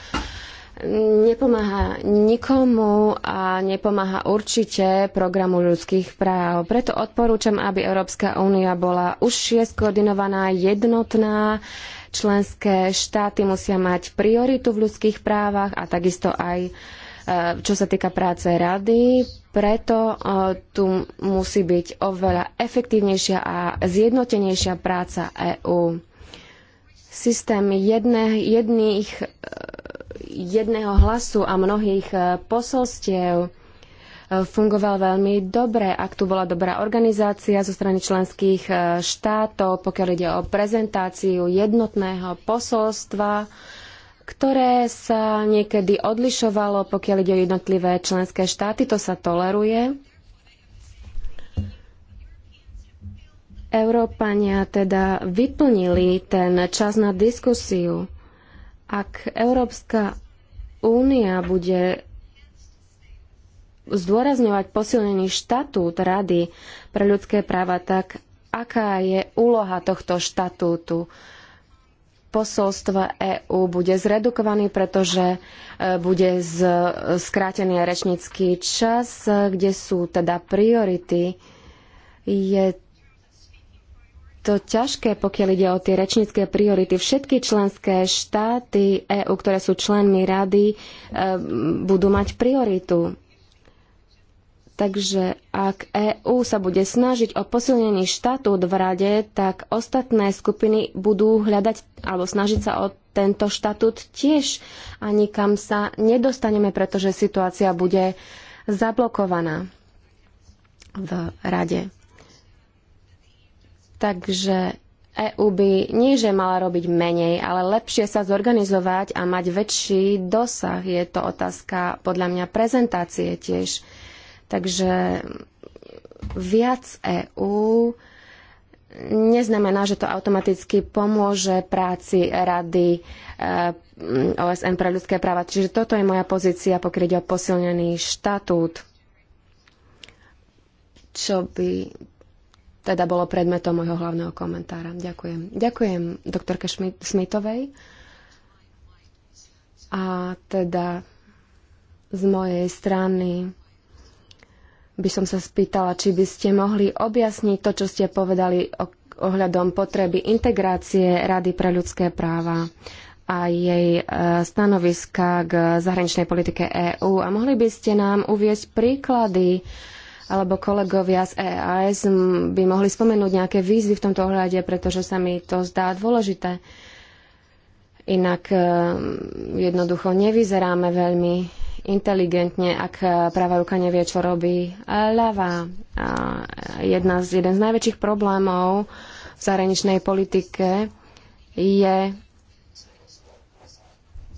nepomáha nikomu a nepomáha určite programu ľudských práv. Preto odporúčam, aby Európska únia bola užšie skoordinovaná, jednotná. Členské štáty musia mať prioritu v ľudských právach a takisto aj e, čo sa týka práce rady, preto e, tu musí byť oveľa efektívnejšia a zjednotenejšia práca EÚ. Systém jedne, jedných jedného hlasu a mnohých eh, posolstiev eh, fungoval veľmi dobre, ak tu bola dobrá organizácia zo strany členských eh, štátov, pokiaľ ide o prezentáciu jednotného posolstva, ktoré sa niekedy odlišovalo, pokiaľ ide o jednotlivé členské štáty, to sa toleruje. Európania teda vyplnili ten čas na diskusiu ak Európska únia bude zdôrazňovať posilnený štatút Rady pre ľudské práva, tak aká je úloha tohto štatútu? Posolstva EÚ bude zredukovaný, pretože e, bude z, skrátený rečnícky čas, e, kde sú teda priority. Je to ťažké, pokiaľ ide o tie rečnícke priority. Všetky členské štáty EÚ, ktoré sú členmi rady, e, budú mať prioritu. Takže ak EÚ sa bude snažiť o posilnený štatút v rade, tak ostatné skupiny budú hľadať alebo snažiť sa o tento štatút tiež a nikam sa nedostaneme, pretože situácia bude zablokovaná v rade. Takže EU by nie, že mala robiť menej, ale lepšie sa zorganizovať a mať väčší dosah. Je to otázka podľa mňa prezentácie tiež. Takže viac EU neznamená, že to automaticky pomôže práci Rady e, OSN pre ľudské práva. Čiže toto je moja pozícia, pokiaľ ide o posilnený štatút, čo by teda bolo predmetom môjho hlavného komentára. Ďakujem. Ďakujem doktorke Smitovej. A teda z mojej strany by som sa spýtala, či by ste mohli objasniť to, čo ste povedali o, ohľadom potreby integrácie Rady pre ľudské práva a jej e, stanoviska k zahraničnej politike EÚ. A mohli by ste nám uvieť príklady, alebo kolegovia z EAS by mohli spomenúť nejaké výzvy v tomto ohľade, pretože sa mi to zdá dôležité. Inak e, jednoducho nevyzeráme veľmi inteligentne, ak e, pravá ruka nevie, čo robí ľavá. Jedna z, jeden z najväčších problémov v zahraničnej politike je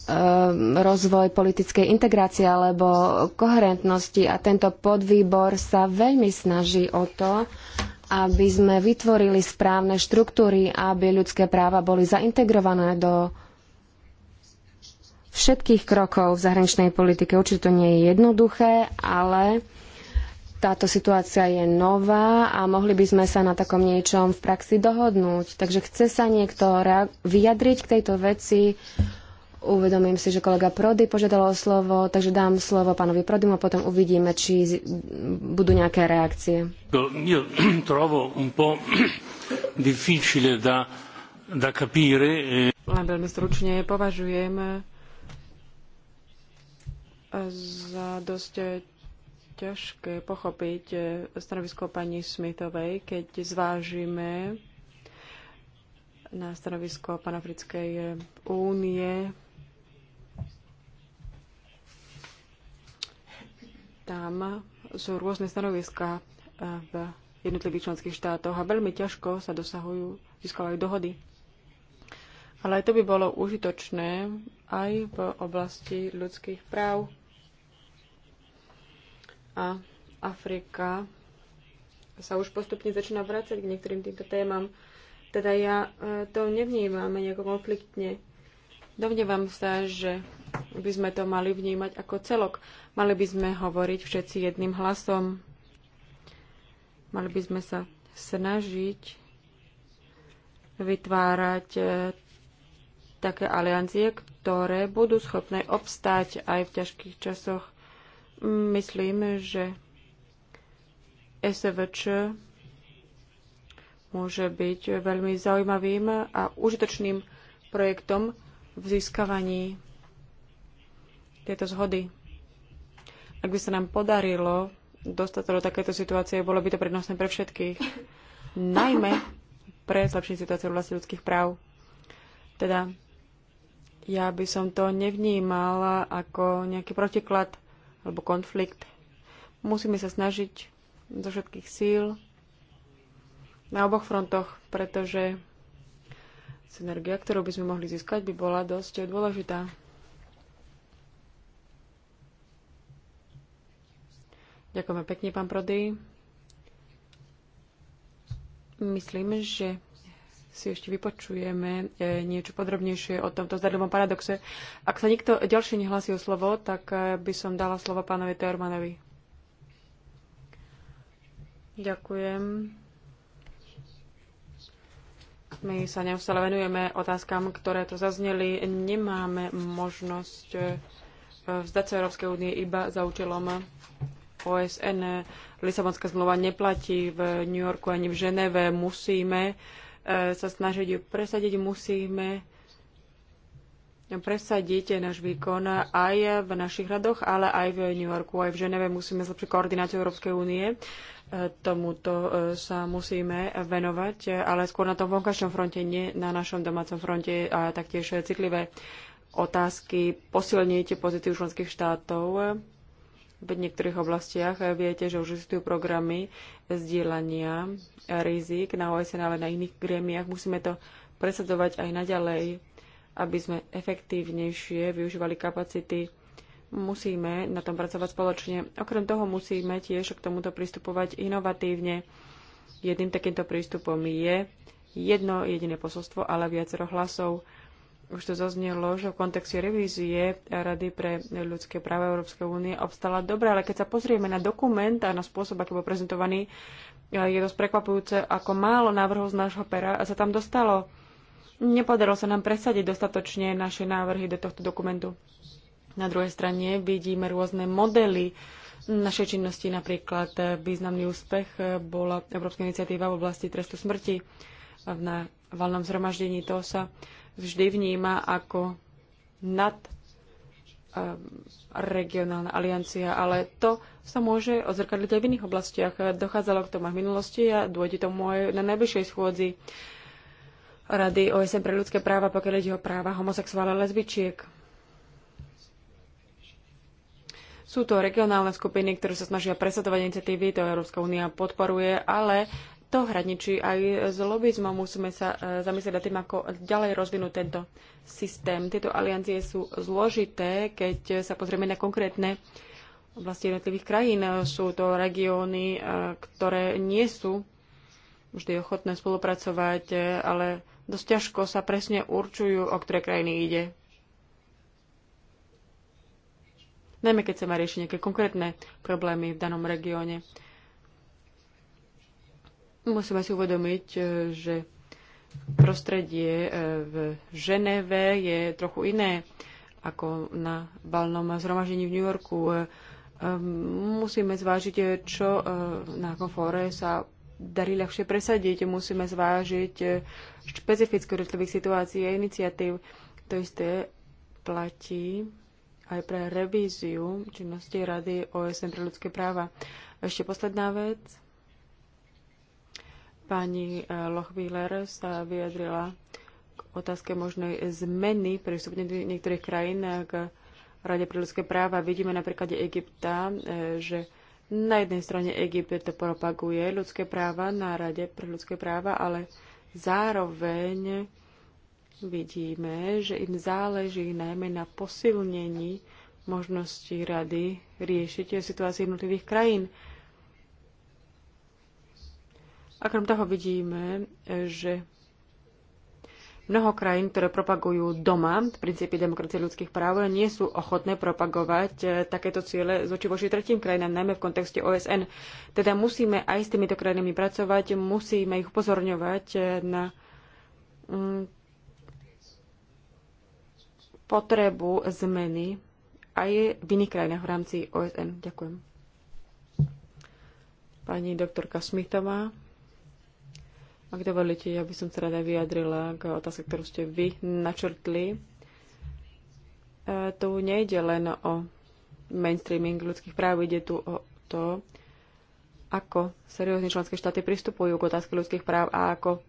Ehm, rozvoj politickej integrácie alebo koherentnosti a tento podvýbor sa veľmi snaží o to, aby sme vytvorili správne štruktúry, aby ľudské práva boli zaintegrované do všetkých krokov v zahraničnej politike. Určite to nie je jednoduché, ale táto situácia je nová a mohli by sme sa na takom niečom v praxi dohodnúť. Takže chce sa niekto vyjadriť k tejto veci, Uvedomím si, že kolega Prody požiadal o slovo, takže dám slovo pánovi Prodymu a potom uvidíme, či budú nejaké reakcie. Len veľmi stručne považujem eh, za dosť ťažké pochopiť eh, stanovisko pani Smithovej, keď zvážime na stanovisko Panafrickej eh, únie Tam sú rôzne stanoviská eh, v jednotlivých členských štátoch a veľmi ťažko sa dosahujú, získavajú dohody. Ale to by bolo užitočné aj v oblasti ľudských práv. A Afrika sa už postupne začína vrácať k niektorým týmto témam. Teda ja eh, to nevnímam nejako konfliktne. Domnievam sa, že by sme to mali vnímať ako celok. Mali by sme hovoriť všetci jedným hlasom. Mali by sme sa snažiť vytvárať e, také aliancie, ktoré budú schopné obstáť aj v ťažkých časoch. Myslím, že SVČ môže byť veľmi zaujímavým a užitočným projektom v získavaní tieto zhody. Ak by sa nám podarilo dostať do takéto situácie, bolo by to prednostné pre všetkých. Najmä pre zlepšenie situácie v oblasti ľudských práv. Teda ja by som to nevnímala ako nejaký protiklad alebo konflikt. Musíme sa snažiť zo všetkých síl na oboch frontoch, pretože synergia, ktorú by sme mohli získať, by bola dosť dôležitá. Ďakujeme pekne, pán Prody. Myslím, že si ešte vypočujeme e, niečo podrobnejšie o tomto zdarlivom paradoxe. Ak sa nikto ďalší nehlasí o slovo, tak e, by som dala slovo pánovi Teormanovi. Ďakujem. My sa neustále venujeme otázkam, ktoré tu zazneli. Nemáme možnosť e, vzdať sa Európskej únie iba za účelom OSN. Lisabonská zmluva neplatí v New Yorku ani v Ženeve. Musíme e, sa snažiť ju presadiť, musíme presadiť náš výkon aj v našich radoch, ale aj v New Yorku, aj v Ženeve musíme zlepšiť koordináciu Európskej únie. E, tomuto e, sa musíme venovať, ale skôr na tom vonkačnom fronte, nie na našom domácom fronte a taktiež citlivé otázky posilniť pozíciu členských štátov v niektorých oblastiach eh, viete, že už existujú programy zdieľania eh, rizik na OSN, ale na iných grémiach. Musíme to presadzovať aj naďalej, aby sme efektívnejšie využívali kapacity. Musíme na tom pracovať spoločne. Okrem toho musíme tiež k tomuto pristupovať inovatívne. Jedným takýmto prístupom je jedno jediné posolstvo, ale viacero hlasov už to zaznelo, že v kontexte revízie Rady pre ľudské práva Európskej únie obstala dobrá, ale keď sa pozrieme na dokument a na spôsob, aký bol prezentovaný, eh, je dosť prekvapujúce, ako málo návrhov z nášho pera sa tam dostalo. Nepodarilo sa nám presadiť dostatočne naše návrhy do tohto dokumentu. Na druhej strane vidíme rôzne modely našej činnosti, napríklad eh, významný úspech eh, bola Európska iniciatíva v oblasti trestu smrti na valnom zhromaždení. toho sa vždy vníma ako nad eh, regionálna aliancia, ale to sa môže odzrkadliť aj v iných oblastiach. Dochádzalo k tomu aj v minulosti a dôjde tomu aj na najbližšej schôdzi Rady OSN pre ľudské práva, pokiaľ ide o práva homosexuálne lesbičiek. Sú to regionálne skupiny, ktoré sa snažia presadovať iniciatívy, to Európska únia podporuje, ale to hraničí aj s lobizmom. Musíme sa e, zamyslieť nad tým, ako ďalej rozvinúť tento systém. Tieto aliancie sú zložité, keď sa pozrieme na konkrétne oblasti jednotlivých krajín. Sú to regióny, e, ktoré nie sú vždy ochotné spolupracovať, e, ale dosť ťažko sa presne určujú, o ktoré krajiny ide. Najmä keď sa má riešiť nejaké konkrétne problémy v danom regióne. Musíme si uvedomiť, e, že prostredie e, v Ženeve je trochu iné ako na balnom zhromaždení v New Yorku. E, musíme zvážiť, čo na konfore sa darí ľahšie presadiť. Musíme zvážiť špecifické jednotlivých situácií a iniciatív. To isté platí aj pre revíziu činnosti Rady OSN pre ľudské práva. Ešte posledná vec. Pani eh, Lochwiller sa vyjadrila k otázke možnej zmeny prístupu niektorých krajín eh, k Rade pre ľudské práva. Vidíme na príklade Egypta, eh, že na jednej strane Egypt propaguje ľudské práva na Rade pre ľudské práva, ale zároveň vidíme, že im záleží najmä na posilnení možnosti rady riešiť situácii jednotlivých krajín. A krem toho vidíme, že mnoho krajín, ktoré propagujú doma princípy demokracie ľudských práv, nie sú ochotné propagovať eh, takéto ciele z oči voči tretím krajinám, najmä v kontexte OSN. Teda musíme aj s týmito krajinami pracovať, musíme ich upozorňovať eh, na mm, potrebu zmeny aj v iných krajinách v rámci OSN. Ďakujem. Pani doktorka Smithová. Ak dovolíte, ja by som sa rada vyjadrila k otázke, ktorú ste vy načrtli. E, tu nejde len o mainstreaming ľudských práv, ide tu o to, ako seriózne členské štáty pristupujú k otázke ľudských práv a ako,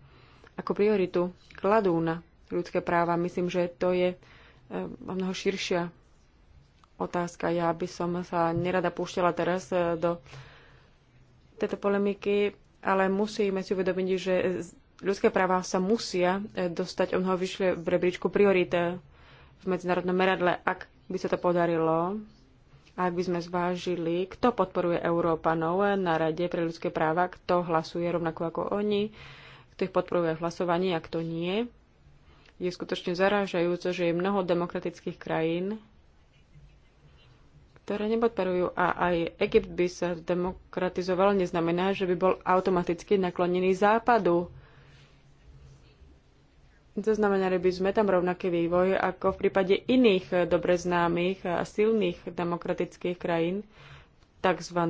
ako prioritu kladú na ľudské práva. Myslím, že to je e, mnoho širšia otázka. Ja by som sa nerada púšťala teraz e, do tejto polemiky ale musíme si uvedomiť, že ľudské práva sa musia e, dostať o mnoho vyššie v rebríčku priorité e, v medzinárodnom meradle, ak by sa to podarilo a ak by sme zvážili, kto podporuje Európanov e, na Rade pre ľudské práva, kto hlasuje rovnako ako oni, kto ich podporuje v hlasovaní a kto nie, je skutočne zarážajúce, že je mnoho demokratických krajín, ktoré nepodporujú a aj Egypt by sa demokratizoval, neznamená, že by bol automaticky naklonený západu. Zaznamenali by sme tam rovnaký vývoj ako v prípade iných dobre známych a silných demokratických krajín v tzv.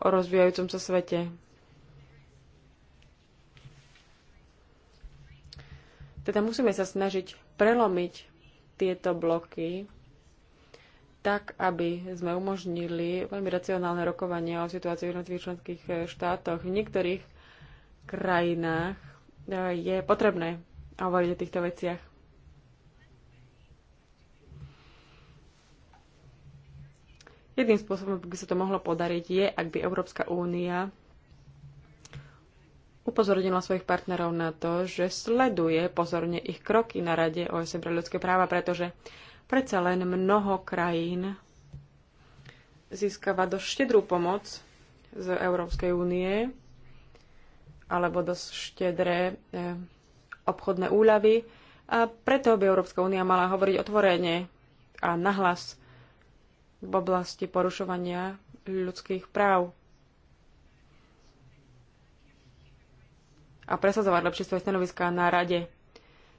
rozvíjajúcom sa svete. Teda musíme sa snažiť prelomiť tieto bloky tak, aby sme umožnili veľmi racionálne rokovanie o situácii v jednotlivých členských eh, štátoch. V niektorých krajinách eh, je potrebné hovoriť o týchto veciach. Jedným spôsobom, ak by sa to mohlo podariť, je, ak by Európska únia upozornila svojich partnerov na to, že sleduje pozorne ich kroky na Rade OSN pre ľudské práva, pretože Predsa len mnoho krajín získava dosť štedrú pomoc z Európskej únie alebo dosť štedré e, obchodné úľavy a preto by Európska únia mala hovoriť otvorene a nahlas v oblasti porušovania ľudských práv a presadzovať lepšie svoje stanoviská na rade.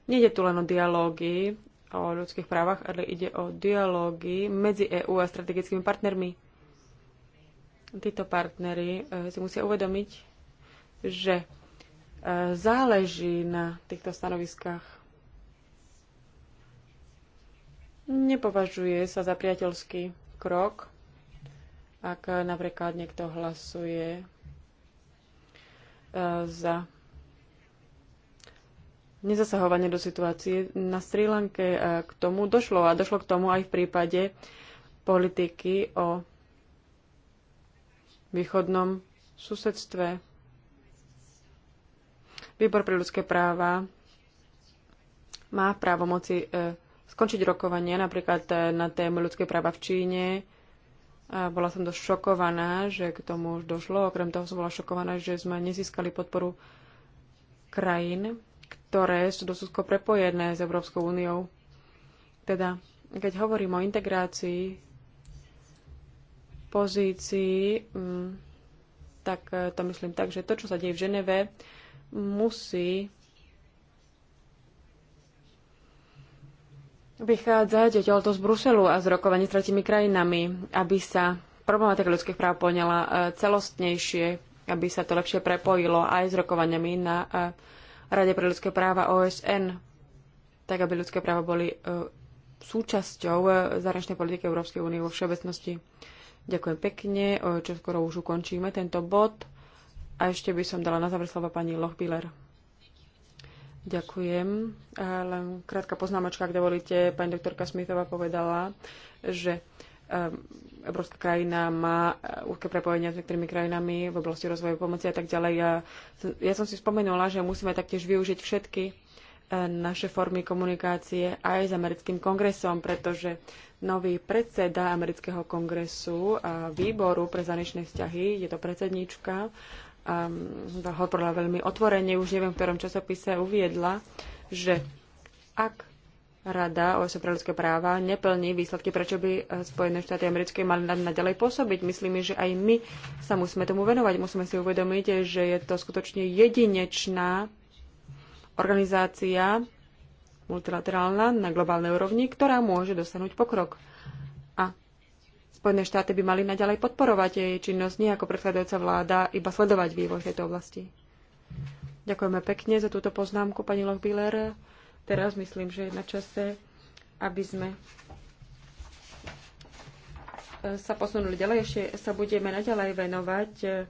Nede tu len o dialógy o ľudských právach, ale ide o dialógy medzi EÚ a strategickými partnermi. Títo partnery eh, si musia uvedomiť, že eh, záleží na týchto stanoviskách. Nepovažuje sa za priateľský krok, ak napríklad niekto hlasuje eh, za nezasahovanie do situácie na Sri Lanke. Eh, k tomu došlo a došlo k tomu aj v prípade politiky o východnom susedstve. Výbor pre ľudské práva má právo eh, skončiť rokovanie napríklad eh, na tému ľudské práva v Číne. A bola som dosť šokovaná, že k tomu už došlo. Okrem toho som bola šokovaná, že sme nezískali podporu krajín, ktoré sú dosudko prepojené s Európskou úniou. Teda, keď hovorím o integrácii pozícií, mm, tak e, to myslím tak, že to, čo sa deje v Ženeve, musí vychádzať odtiaľto z Bruselu a z rokovaní s tretimi krajinami, aby sa problematika ľudských práv poňala e, celostnejšie, aby sa to lepšie prepojilo aj s rokovaniami na e, Rade pre ľudské práva OSN, tak aby ľudské práva boli e, súčasťou e, zahraničnej politiky Európskej únie vo všeobecnosti. Ďakujem pekne, e, čo skoro už ukončíme tento bod. A ešte by som dala na záver slova pani Lochbiller. Ďakujem. Len krátka poznámočka, ak dovolíte. Pani doktorka Smithová povedala, že Ehm, Európska krajina má eh, úzke prepojenia s niektorými krajinami v oblasti rozvoju pomoci a tak ďalej. Ja, ja som si spomenula, že musíme taktiež využiť všetky eh, naše formy komunikácie aj s americkým kongresom, pretože nový predseda amerického kongresu a výboru pre zanečné vzťahy, je to predsedníčka, ehm, hovorila veľmi otvorene, už neviem, v ktorom časopise uviedla, že ak Rada OSN pre ľudské práva neplní výsledky, prečo by eh, Spojené štáty americké mali naďalej pôsobiť. Myslím, že aj my sa musíme tomu venovať. Musíme si uvedomiť, že je to skutočne jedinečná organizácia multilaterálna na globálnej úrovni, ktorá môže dosiahnuť pokrok. A Spojené štáty by mali naďalej podporovať jej činnosť, nie ako predchádzajúca vláda, iba sledovať vývoj v tejto oblasti. Ďakujeme pekne za túto poznámku, pani Lochbiller. Teraz myslím, že je na čase, aby sme e, sa posunuli ďalej. Ešte sa budeme naďalej venovať a e,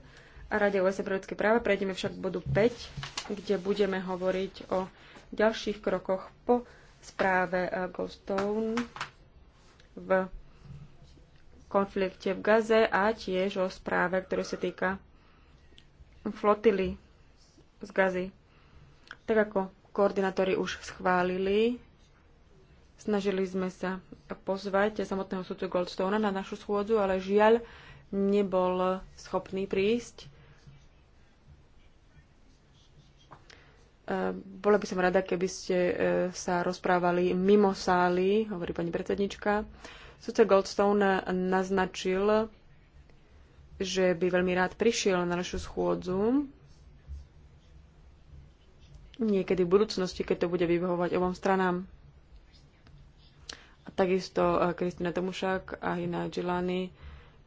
Rade OSN pre ľudské práva. Prejdeme však k bodu 5, kde budeme hovoriť o ďalších krokoch po správe e, Goldstone v konflikte v Gaze a tiež o správe, ktoré sa týka flotily z Gazy. Tak ako koordinátori už schválili. Snažili sme sa pozvať samotného sudcu Goldstona na našu schôdzu, ale žiaľ nebol schopný prísť. E, bola by som rada, keby ste e, sa rozprávali mimo sály, hovorí pani predsednička. Sudca Goldstone naznačil, že by veľmi rád prišiel na našu schôdzu, niekedy v budúcnosti, keď to bude vybehovať obom stranám. A takisto eh, Kristina Tomušák a Hina Gilani,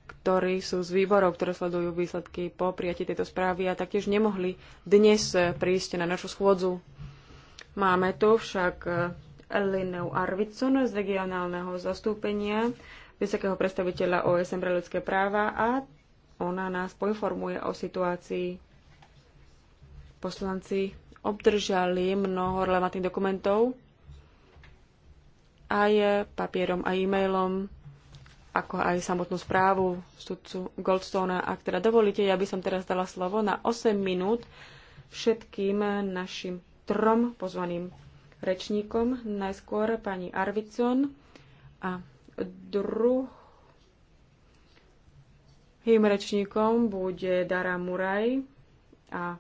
ktorí sú z výborov, ktoré sledujú výsledky po prijatí tejto správy a taktiež nemohli dnes eh, prísť na našu schôdzu. Máme tu však eh, Elinu Arvidson z regionálneho zastúpenia vysokého predstaviteľa OSM pre ľudské práva a ona nás poinformuje o situácii. Poslanci obdržali mnoho relevantných dokumentov aj papierom a e-mailom, ako aj samotnú správu sudcu Goldstona. Ak teda dovolíte, ja by som teraz dala slovo na 8 minút všetkým našim trom pozvaným rečníkom. Najskôr pani Arvicon a druhým rečníkom bude Dara Muraj a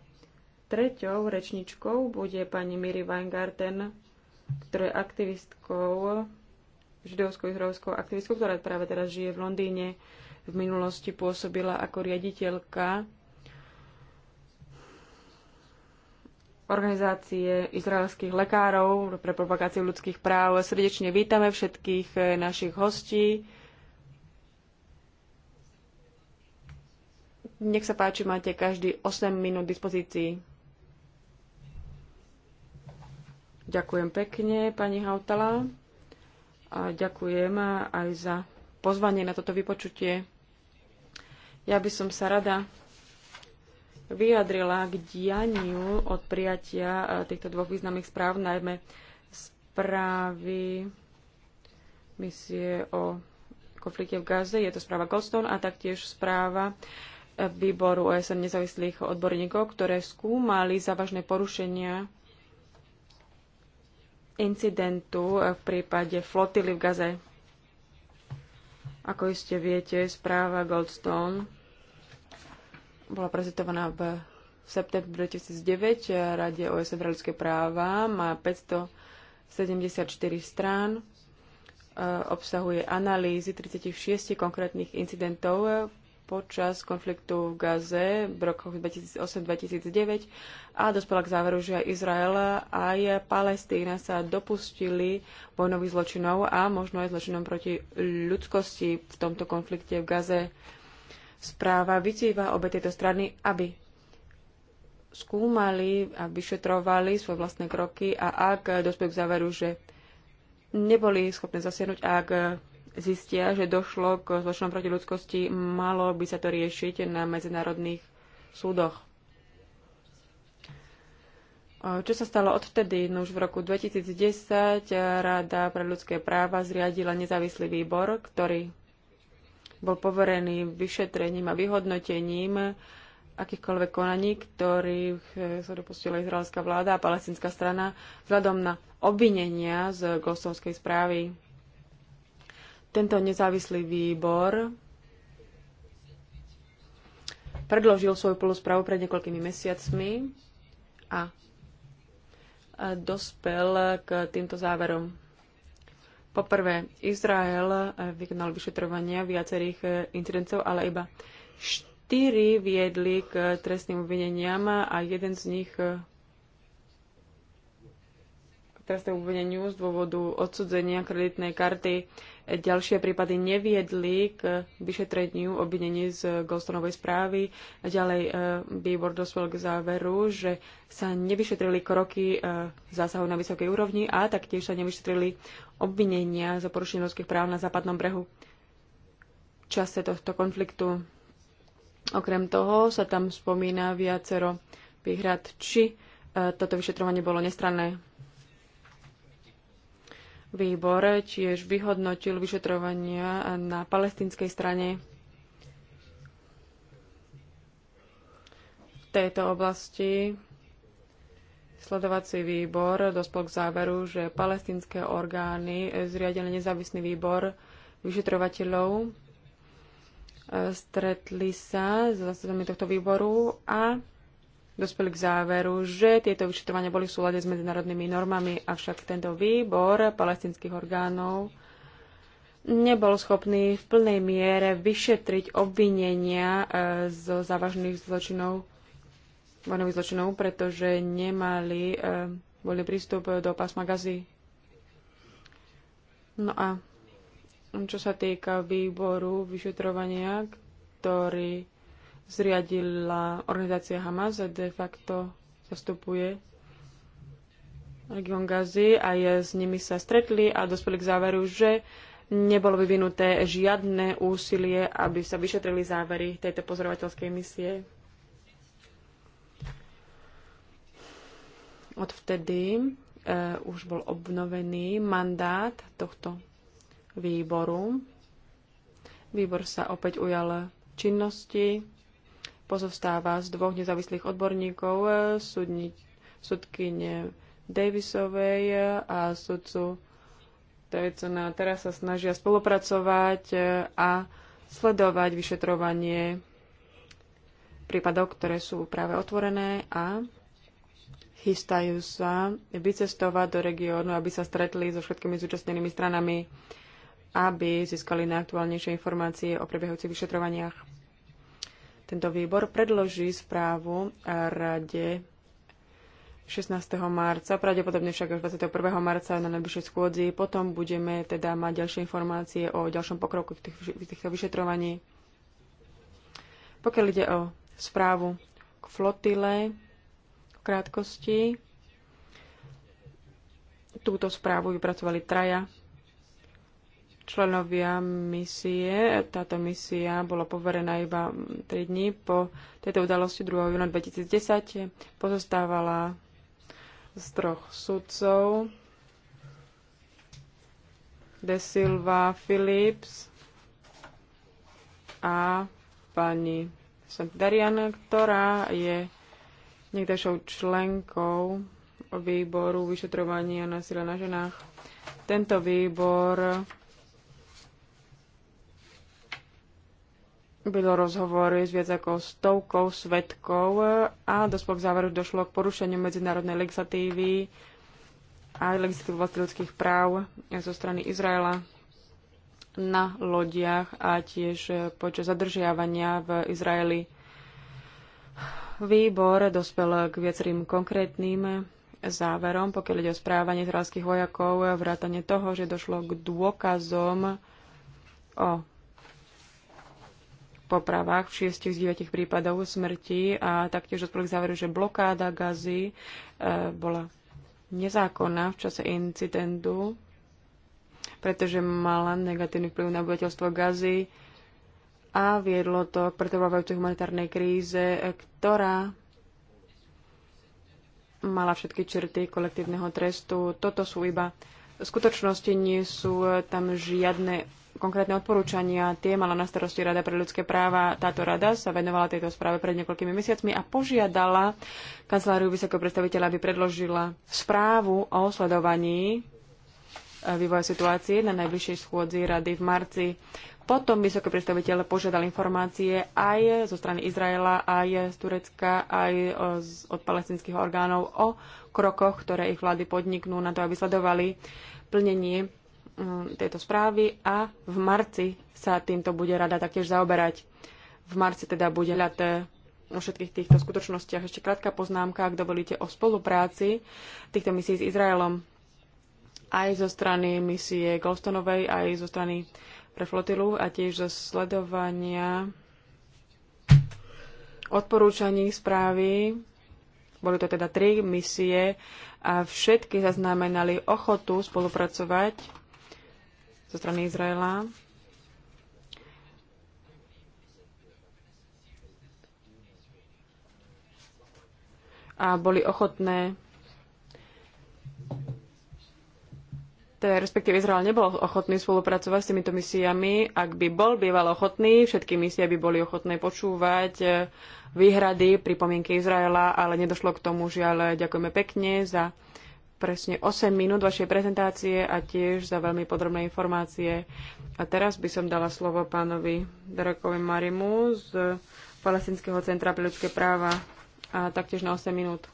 Treťou rečničkou bude pani Miri Weingarten, ktorá je aktivistkou, židovskou izraelskou aktivistkou, ktorá práve teraz žije v Londýne. V minulosti pôsobila ako riaditeľka organizácie izraelských lekárov pre propagáciu ľudských práv. Srdečne vítame všetkých našich hostí. Nech sa páči, máte každý 8 minút dispozícii. Ďakujem pekne, pani Hautala. A ďakujem aj za pozvanie na toto vypočutie. Ja by som sa rada vyjadrila k dianiu od prijatia e, týchto dvoch významných správ, najmä správy misie o konflikte v Gaze, je to správa Goldstone a taktiež správa e, výboru OSN nezávislých odborníkov, ktoré skúmali závažné porušenia incidentu eh, v prípade flotily v Gaze. Ako iste viete, správa Goldstone bola prezentovaná v septembri 2009 eh, Rade OSN pre ľudské práva. Má 574 strán, eh, obsahuje analýzy 36 konkrétnych incidentov počas konfliktu v Gaze v rokoch 2008-2009 a dospela k záveru, že aj Izrael aj Palestína sa dopustili vojnových zločinov a možno aj zločinom proti ľudskosti v tomto konflikte v Gaze. Správa vyzýva obe tieto strany, aby skúmali a vyšetrovali svoje vlastné kroky a ak dospejú k záveru, že neboli schopné zasiahnuť, ak zistia, že došlo k zločinom proti ľudskosti, malo by sa to riešiť na medzinárodných súdoch. Čo sa stalo odvtedy? No už v roku 2010 Rada pre ľudské práva zriadila nezávislý výbor, ktorý bol poverený vyšetrením a vyhodnotením akýchkoľvek konaní, ktorých eh, sa dopustila izraelská vláda a palestinská strana vzhľadom na obvinenia z Gostovskej správy. Tento nezávislý výbor predložil svoju správu pred niekoľkými mesiacmi a dospel k týmto záverom. Poprvé, Izrael vykonal vyšetrovania viacerých e, incidentov, ale iba štyri viedli k trestným obvineniam a jeden z nich e, k trestnému obvineniu z dôvodu odsudzenia kreditnej karty Ďalšie prípady neviedli k vyšetreniu obvinení z Goldstonovej správy. a Ďalej e, výbor dospel k záveru, že sa nevyšetrili kroky e, zásahu na vysokej úrovni a taktiež sa nevyšetrili obvinenia za porušenie ľudských práv na západnom brehu v čase tohto konfliktu. Okrem toho sa tam spomína viacero výhrad, či e, toto vyšetrovanie bolo nestranné. Výbor tiež vyhodnotil vyšetrovania na palestinskej strane v tejto oblasti. Sledovací výbor dospol k záveru, že palestinské orgány e, zriadili nezávislý výbor vyšetrovateľov. E, stretli sa s zásadami tohto výboru a Dospeli k záveru, že tieto vyšetrovania boli v súlade s medzinárodnými normami, avšak tento výbor palestinských orgánov nebol schopný v plnej miere vyšetriť obvinenia e, zo závažných zločinov, vojnových zločinov, pretože nemali boli e, prístup do pásma gazy. No a čo sa týka výboru vyšetrovania, ktorý zriadila organizácia Hamas a de facto zastupuje región Gazy a je, s nimi sa stretli a dospeli k záveru, že nebolo vyvinuté žiadne úsilie, aby sa vyšetrili závery tejto pozorovateľskej misie. Odvtedy e, už bol obnovený mandát tohto výboru. Výbor sa opäť ujal činnosti pozostáva z dvoch nezávislých odborníkov, e, súdni, súdkyne Davisovej a sudcu Davidsona. Teraz sa snažia spolupracovať e, a sledovať vyšetrovanie prípadov, ktoré sú práve otvorené a chystajú sa vycestovať do regiónu, aby sa stretli so všetkými zúčastnenými stranami, aby získali najaktuálnejšie informácie o prebiehajúcich vyšetrovaniach. Tento výbor predloží správu rade 16. marca, pravdepodobne však až 21. marca na najbližšej schôdzi. Potom budeme teda mať ďalšie informácie o ďalšom pokroku v, tých, v týchto vyšetrovaní. Pokiaľ ide o správu k flotile, v krátkosti, túto správu vypracovali traja členovia misie. Táto misia bola poverená iba 3 dní po tejto udalosti 2. júna 2010. Pozostávala z troch sudcov. De Silva Phillips a pani Santarian, ktorá je niekdajšou členkou výboru vyšetrovania násilia na ženách. Tento výbor Bylo rozhovory s viac ako stovkou svetkov a dospok záveru došlo k porušeniu medzinárodnej legislatívy a legislatívy vlastných ľudských práv zo strany Izraela na lodiach a tiež počas zadržiavania v Izraeli. Výbor dospel k viacerým konkrétnym záverom, pokiaľ ide o správanie izraelských vojakov, vrátane toho, že došlo k dôkazom o popravách v šiestich z deviatich prípadov smrti a taktiež dospeli záveru, že blokáda gazy e, bola nezákonná v čase incidentu, pretože mala negatívny vplyv na obyvateľstvo gazy a viedlo to k pretrvávajúcej humanitárnej kríze, ktorá mala všetky črty kolektívneho trestu. Toto sú iba v skutočnosti nie sú tam žiadne konkrétne odporúčania. Tie mala na starosti Rada pre ľudské práva. Táto rada sa venovala tejto správe pred niekoľkými mesiacmi a požiadala kanceláriu vysokého predstaviteľa, aby predložila správu o sledovaní eh, vývoja situácie na najbližšej schôdzi rady v marci. Potom vysoký predstaviteľ požiadal informácie aj zo strany Izraela, aj z Turecka, aj eh, od palestinských orgánov o krokoch, ktoré ich vlády podniknú na to, aby sledovali plnenie Mm, tejto správy a v marci sa týmto bude rada taktiež zaoberať. V marci teda bude hľad e, o všetkých týchto skutočnostiach. Ešte krátka poznámka, ak dovolíte, o spolupráci týchto misií s Izraelom aj zo strany misie Goldstonovej, aj zo strany pre flotilu a tiež zo sledovania odporúčaní správy. Boli to teda tri misie a všetky zaznamenali ochotu spolupracovať zo strany Izraela. A boli ochotné teda respektíve Izrael nebol ochotný spolupracovať s týmito misiami. Ak by bol býval ochotný, všetky misie by boli ochotné počúvať eh, výhrady, pripomienky Izraela, ale nedošlo k tomu, žiaľ, ďakujeme pekne za presne 8 minút vašej prezentácie a tiež za veľmi podrobné informácie. A teraz by som dala slovo pánovi Darokovi Marimu z Palestinského centra pre ľudské práva a taktiež na 8 minút.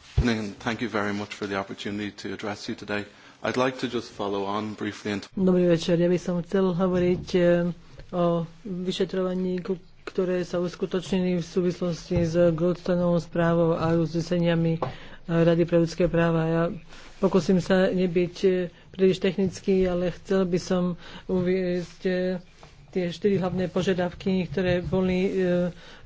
Dobrý večer, ja by som chcel hovoriť eh, o vyšetrovaní, ktoré sa uskutočnili v súvislosti s Goldstonovou správou a uzneseniami eh, Rady pre ľudské práva. Ja Pokúsim sa nebyť e, príliš technický, ale chcel by som uvieť e, tie štyri hlavné požiadavky, ktoré boli e,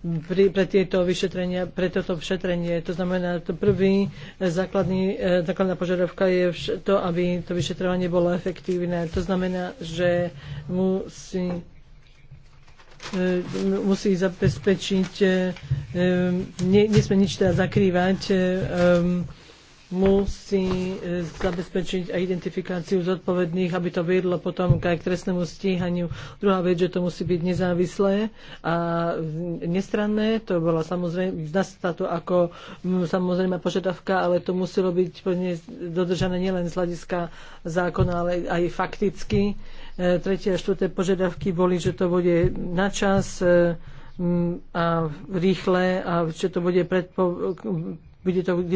pri, pre tieto vyšetrenia, pre toto vyšetrenie. To znamená, to prvý základný, základná požiadavka je to, aby to vyšetrovanie bolo efektívne. To znamená, že musí musí zabezpečiť, nesme nič teda zakrývať, musí e, zabezpečiť aj identifikáciu zodpovedných, aby to viedlo potom aj k trestnému stíhaniu. Druhá vec, že to musí byť nezávislé a nestranné, to bola samozrejme, zdá sa to ako samozrejme požiadavka, ale to muselo byť dodržané nielen z hľadiska zákona, ale aj fakticky. E, tretie a štvrté požiadavky boli, že to bude na čas e, a rýchle a že to bude predpo- bude to k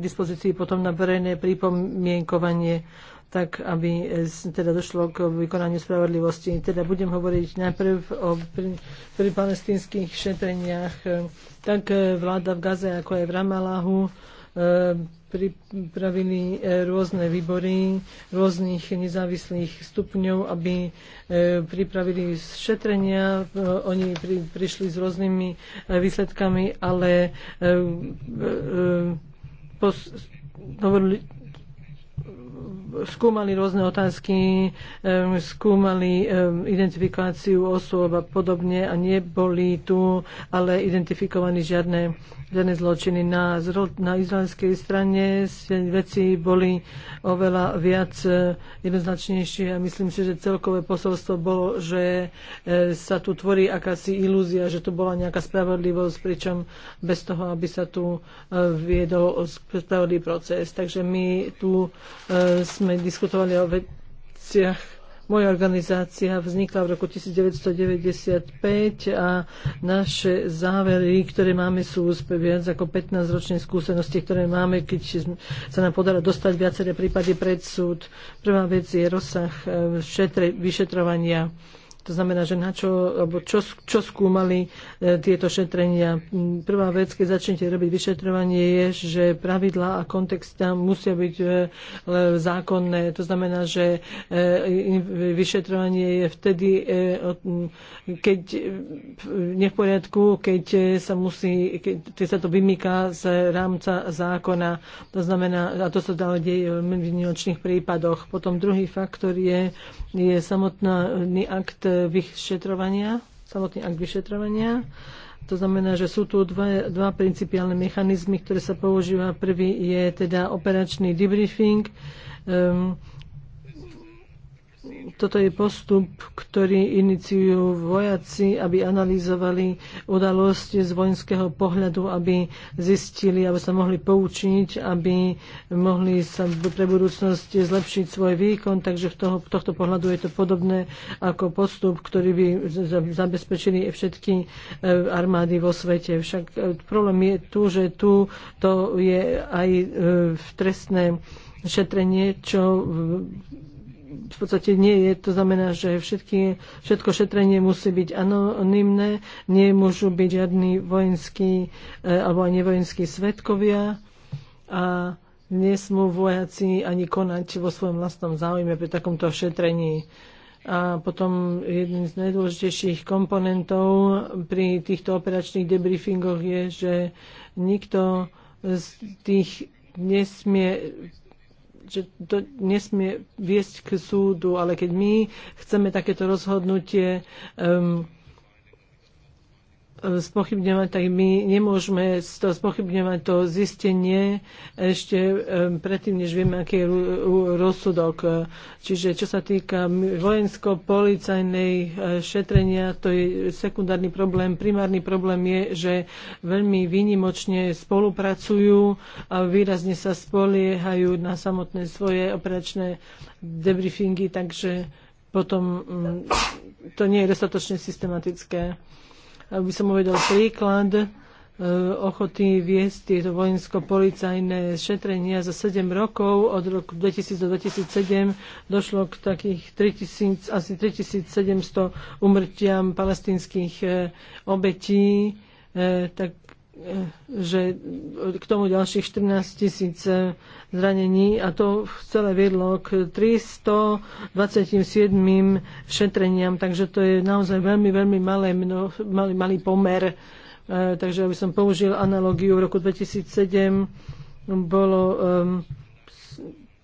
dispozícii potom na verejné pripomienkovanie tak aby e, teda došlo k vykonaniu spravodlivosti. Teda budem hovoriť najprv o pri, pri palestinských šetreniach. E, tak e, vláda v Gaze, ako aj v Ramalahu, pripravili e, rôzne výbory rôznych nezávislých stupňov, aby e, pripravili šetrenia. E, oni pri, prišli s rôznymi výsledkami, ale pos, hovorili, skúmali rôzne otázky, skúmali identifikáciu osôb a podobne a neboli tu ale identifikovaní žiadne, žiadne zločiny. Na, na izraelskej strane veci boli oveľa viac eh, jednoznačnejšie a myslím si, že celkové posolstvo bolo, že eh, sa tu tvorí akási ilúzia, že tu bola nejaká spravodlivosť, pričom bez toho, aby sa tu eh, viedol spravodlivý proces. Takže my tu sme diskutovali o veciach. Moja organizácia vznikla v roku 1995 a naše závery, ktoré máme, sú viac ako 15-ročnej skúsenosti, ktoré máme, keď sa nám podarilo dostať viaceré prípady pred súd. Prvá vec je rozsah eh, šetre, vyšetrovania to znamená, že na čo, alebo čo, čo skúmali e, tieto šetrenia. Prvá vec, keď začnete robiť vyšetrovanie, je, že pravidlá a kontext tam musia byť e, e, zákonné. To znamená, že vyšetrovanie je vtedy, keď ne v poriadku, keď sa musí, keď sa to vymýka z rámca zákona. To znamená, a to sa dalo deje v výnimočných prípadoch. Potom druhý faktor je, je samotný akt vyšetrovania, samotný akt vyšetrovania. To znamená, že sú tu dva, dva principiálne mechanizmy, ktoré sa používajú. Prvý je teda operačný debriefing. Um, toto je postup, ktorý iniciujú vojaci, aby analyzovali udalosti z vojenského pohľadu, aby zistili, aby sa mohli poučiť, aby mohli sa pre budúcnosť zlepšiť svoj výkon. Takže v toho, tohto pohľadu je to podobné ako postup, ktorý by zabezpečili všetky e, armády vo svete. Však e, problém je tu, že tu to je aj e, v trestné šetrenie, čo v podstate nie je. To znamená, že všetky, všetko šetrenie musí byť anonymné, nemôžu byť žiadni vojenskí e, alebo ani nevojenskí svetkovia a nesmú vojaci ani konať vo svojom vlastnom záujme pri takomto šetrení. A potom jedným z najdôležitejších komponentov pri týchto operačných debriefingoch je, že nikto z tých nesmie že to nesmie viesť k súdu, ale keď my chceme takéto rozhodnutie um, E, spochybňovať, tak my nemôžeme to spochybňovať to zistenie ešte e, predtým, než vieme, aký je rozsudok. Čiže čo sa týka vojensko-policajnej e, šetrenia, to je sekundárny problém. Primárny problém je, že veľmi výnimočne spolupracujú a výrazne sa spoliehajú na samotné svoje operačné debriefingy, takže potom mm, to nie je dostatočne systematické aby som uvedol príklad e, ochoty viesť tieto vojensko-policajné šetrenia za 7 rokov. Od roku 2000 do 2007 došlo k takých 3000, asi 3700 umrtiam palestinských e, obetí. E, tak že k tomu ďalších 14 tisíc eh, zranení a to celé viedlo k 327 šetreniam, takže to je naozaj veľmi, veľmi malé, mno, malý, malý pomer. Eh, takže aby som použil analogiu, v roku 2007 bolo um, ehm,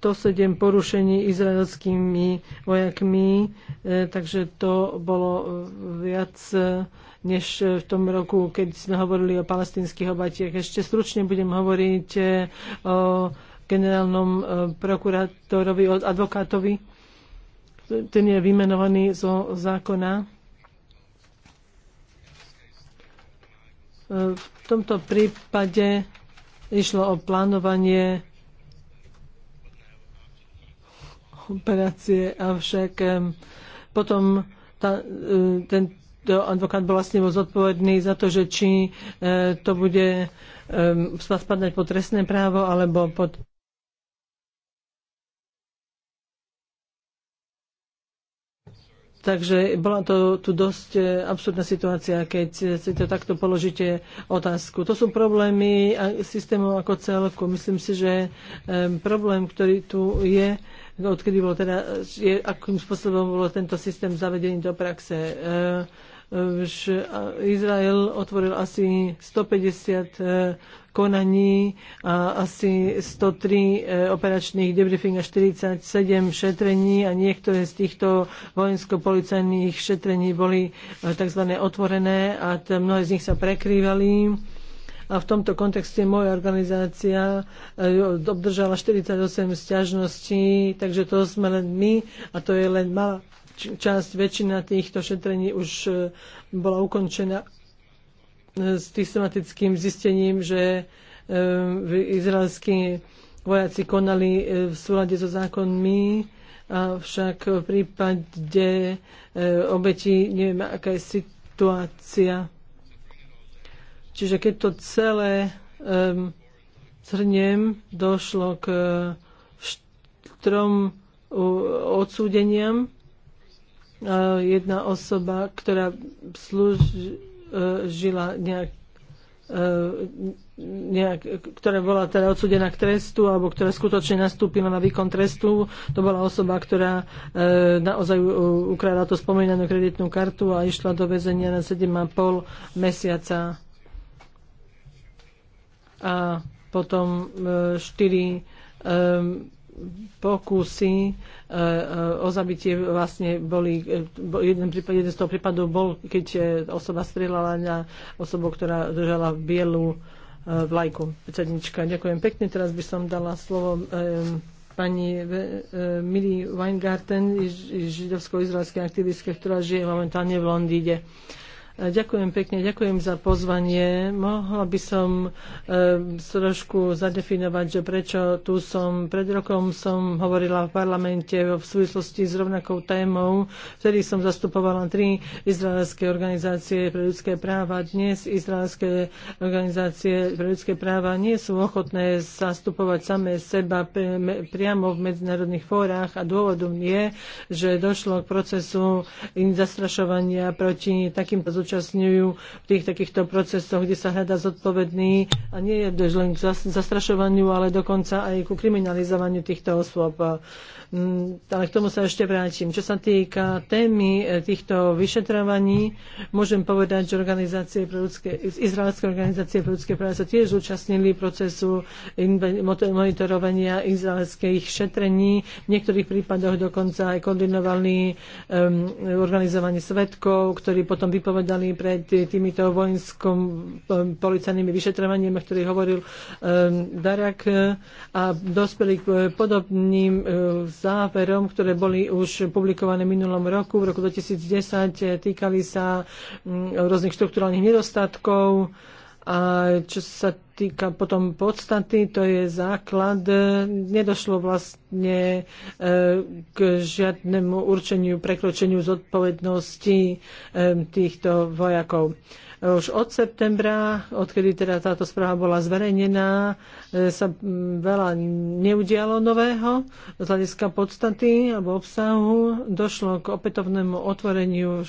107 porušení izraelskými vojakmi, eh, takže to bolo viac než e, v tom roku, keď sme hovorili o palestinských obatiach. Ešte stručne budem hovoriť e, o generálnom e, prokurátorovi, o advokátovi. Ten je vymenovaný zo zákona. V tomto prípade išlo o plánovanie operácie, avšak potom tá, ten advokát bol vlastne zodpovedný za to, že či e, to bude e, spadať pod trestné právo alebo pod Takže bola to tu dosť e, absurdná situácia, keď si to takto položíte otázku. To sú problémy systémov ako celku. Myslím si, že problém, ktorý tu je, odkedy bolo teda, je, akým spôsobom bolo tento systém zavedený do praxe. E, E, že Izrael otvoril asi 150 e, konaní a asi 103 e, operačných debriefing a 47 šetrení a niektoré z týchto vojensko-policajných šetrení boli tzv. otvorené a mnohé z nich sa prekrývali. A v tomto kontexte moja organizácia obdržala 48 stiažností, takže to sme len my a to je len malá časť, väčšina týchto šetrení už e, bola ukončená e, s systematickým zistením, že e, izraelskí vojaci konali v súlade so zákonmi, avšak v prípade obetí neviem, aká je situácia. Čiže keď to celé zhrniem, došlo k štrom odsúdeniam jedna osoba, ktorá slúžila nejak e, nejak, ktorá bola teda odsudená k trestu alebo ktorá skutočne nastúpila na výkon trestu. To bola osoba, ktorá e, naozaj ukradla to spomínanú kreditnú kartu a išla do väzenia na 7,5 mesiaca. A potom e, 4 pokusy e, e, o zabitie vlastne boli, e, jeden, prípad, jeden z toho prípadov bol, keď osoba strieľala na osobu, ktorá držala bielu vlajku. Predsednička, ďakujem pekne. Teraz by som dala slovo pani Miri Weingarten, židovsko-izraelskej aktivistke, ktorá žije momentálne v Londýne. Ďakujem pekne, ďakujem za pozvanie. Mohla by som e, trošku zadefinovať, že prečo tu som. Pred rokom som hovorila v parlamente v súvislosti s rovnakou témou. Vtedy som zastupovala tri izraelské organizácie pre ľudské práva. Dnes izraelské organizácie pre ľudské práva nie sú ochotné zastupovať samé seba priamo v medzinárodných fórach a dôvodom je, že došlo k procesu zastrašovania proti takýmto zúčastňujú v tých takýchto procesoch, kde sa hľadá zodpovedný a nie je len k zastrašovaniu, ale dokonca aj ku kriminalizovaniu týchto osôb. Mm, ale k tomu sa ešte vrátim. Čo sa týka témy e, týchto vyšetrovaní, môžem povedať, že organizácie pre ľudské, izraelské organizácie pre ľudské práva sa tiež zúčastnili procesu monitorovania izraelských šetrení. V niektorých prípadoch dokonca aj koordinovali um, organizovanie svetkov, ktorí potom vypovedali pred týmito vojenskom um, policajnými vyšetrovaniami, o hovoril um, Darak a dospeli k eh, podobným um, záverom, ktoré boli už publikované minulom roku, v roku 2010, eh, týkali sa mm, rôznych štruktúrálnych nedostatkov. A čo sa týka potom podstaty, to je základ. Nedošlo vlastne eh, k žiadnemu určeniu, prekročeniu zodpovednosti eh, týchto vojakov. Už od septembra, odkedy teda táto správa bola zverejnená, e, sa veľa neudialo nového z hľadiska podstaty alebo obsahu. Došlo k opätovnému otvoreniu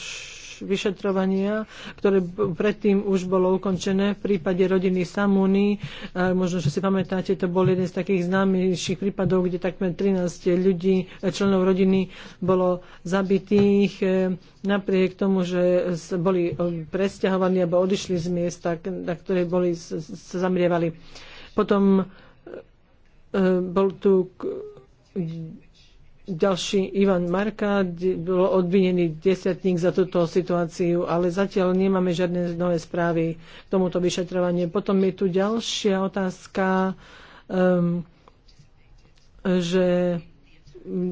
vyšetrovania, ktoré predtým už bolo ukončené v prípade rodiny Samuny. Možno, že si pamätáte, to bol jeden z takých známejších prípadov, kde takmer 13 ľudí, e, členov rodiny bolo zabitých e, napriek tomu, že boli e, presťahovaní alebo odišli z miesta, na ktoré boli, sa zamrievali. Potom bol tu ďalší Ivan Marka, bol odvinený desiatník za túto situáciu, ale zatiaľ nemáme žiadne nové správy k tomuto vyšetrovaniu. Potom je tu ďalšia otázka, um, že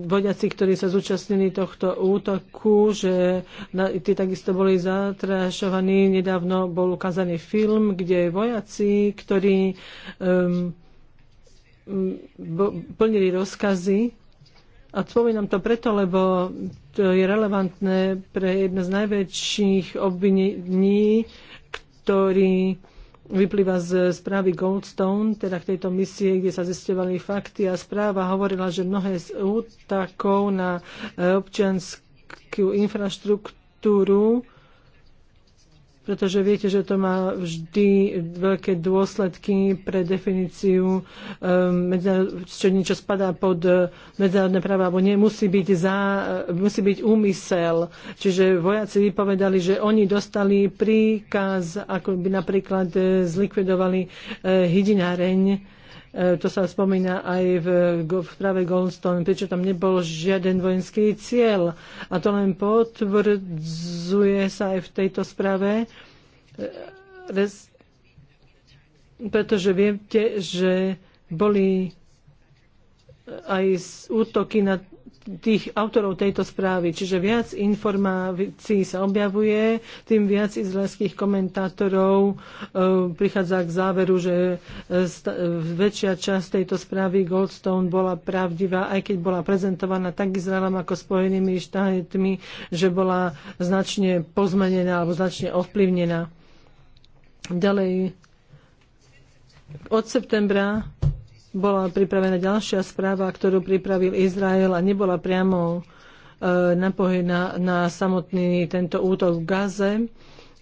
vojaci, ktorí sa zúčastnili tohto útoku, že na, tí takisto boli zatrašovaní. Nedávno bol ukázaný film, kde vojaci, ktorí um, plnili rozkazy a spomínam to preto, lebo to je relevantné pre jedno z najväčších obvinení, ktorý vyplýva z správy Goldstone, teda k tejto misie, kde sa zistovali fakty a správa hovorila, že mnohé z útakov na občianskú infraštruktúru pretože viete, že to má vždy veľké dôsledky pre definíciu, um, čo niečo spadá pod uh, medzinárodné práva, alebo musí byť, za, uh, musí byť úmysel. Čiže vojaci vypovedali, že oni dostali príkaz, ako by napríklad uh, zlikvidovali hydináreň E, to sa spomína aj v, v správe Goldstone, prečo tam nebol žiaden vojenský cieľ. A to len potvrdzuje sa aj v tejto správe, e, pretože viete, že boli aj útoky na tých autorov tejto správy. Čiže viac informácií sa objavuje, tým viac izraelských komentátorov e, prichádza k záveru, že e, väčšia časť tejto správy Goldstone bola pravdivá, aj keď bola prezentovaná tak Izraelom ako Spojenými štátmi, že bola značne pozmenená alebo značne ovplyvnená. Ďalej, od septembra bola pripravená ďalšia správa, ktorú pripravil Izrael a nebola priamo e, napojená na samotný tento útok v Gaze,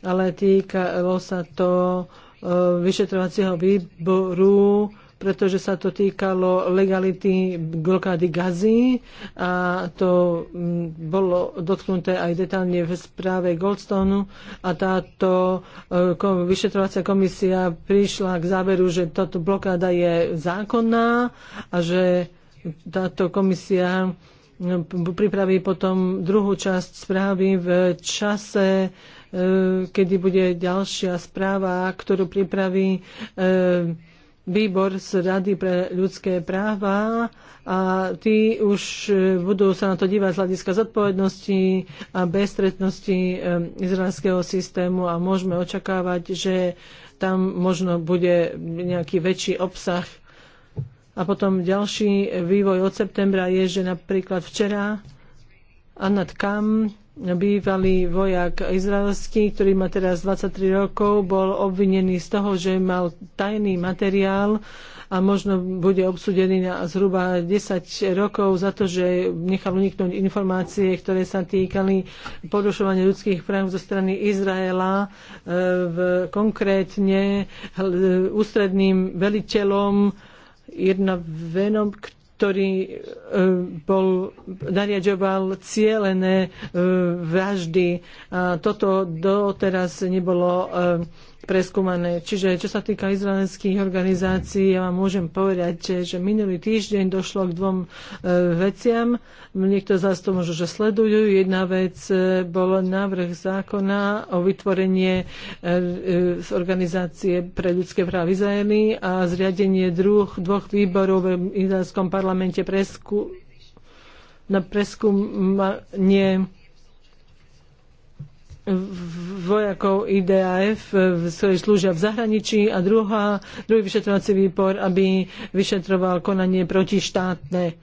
ale týkalo sa to e, vyšetrovacieho výboru pretože sa to týkalo legality blokády Gazy a to mm, bolo dotknuté aj detálne v správe Goldstonu a táto e, vyšetrovacia komisia prišla k záveru, že táto blokáda je zákonná a že táto komisia e, pripraví potom druhú časť správy v čase, e, kedy bude ďalšia správa, ktorú pripraví výbor z Rady pre ľudské práva a tí už e, budú sa na to dívať z hľadiska zodpovednosti a bezstretnosti e, izraelského systému a môžeme očakávať, že tam možno bude nejaký väčší obsah. A potom ďalší vývoj od septembra je, že napríklad včera Anat Kam bývalý vojak izraelský, ktorý má teraz 23 rokov, bol obvinený z toho, že mal tajný materiál a možno bude obsudený na zhruba 10 rokov za to, že nechal uniknúť informácie, ktoré sa týkali porušovania ľudských práv zo strany Izraela. E, v, konkrétne ústredným veliteľom jedna venom, ktorý e, bol, nariadoval cielené e, vraždy. A toto doteraz nebolo e, preskúmané. Čiže čo sa týka izraelských organizácií, ja vám môžem povedať, že minulý týždeň došlo k dvom e, veciam. Niekto z vás to možno, že sledujú. Jedna vec e, bol návrh zákona o vytvorenie e, e, organizácie pre ľudské práva Izraeli a zriadenie druh, dvoch výborov v izraelskom parlamente presku, na preskúmanie vojakov IDAF, ktorí e, slúžia v zahraničí a druhá, druhý vyšetrovací výbor, aby vyšetroval konanie protištátne. E,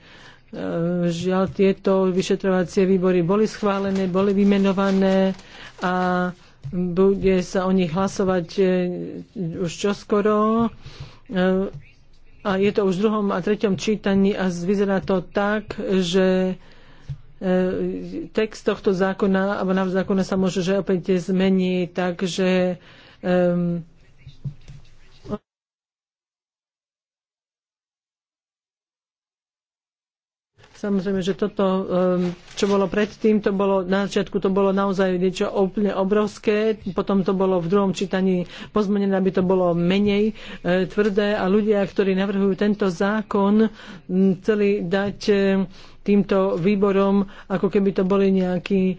žiaľ, tieto vyšetrovacie výbory boli schválené, boli vymenované a bude sa o nich hlasovať e, už čoskoro. A je to už v druhom a treťom čítaní a vyzerá to tak, že E, text tohto zákona alebo návrh zákona sa môže že opäť zmení, takže um, Samozrejme, že toto, čo bolo predtým, to bolo, na začiatku to bolo naozaj niečo úplne obrovské, potom to bolo v druhom čítaní pozmenené, aby to bolo menej e, tvrdé a ľudia, ktorí navrhujú tento zákon, chceli dať týmto výborom, ako keby to boli nejakí e,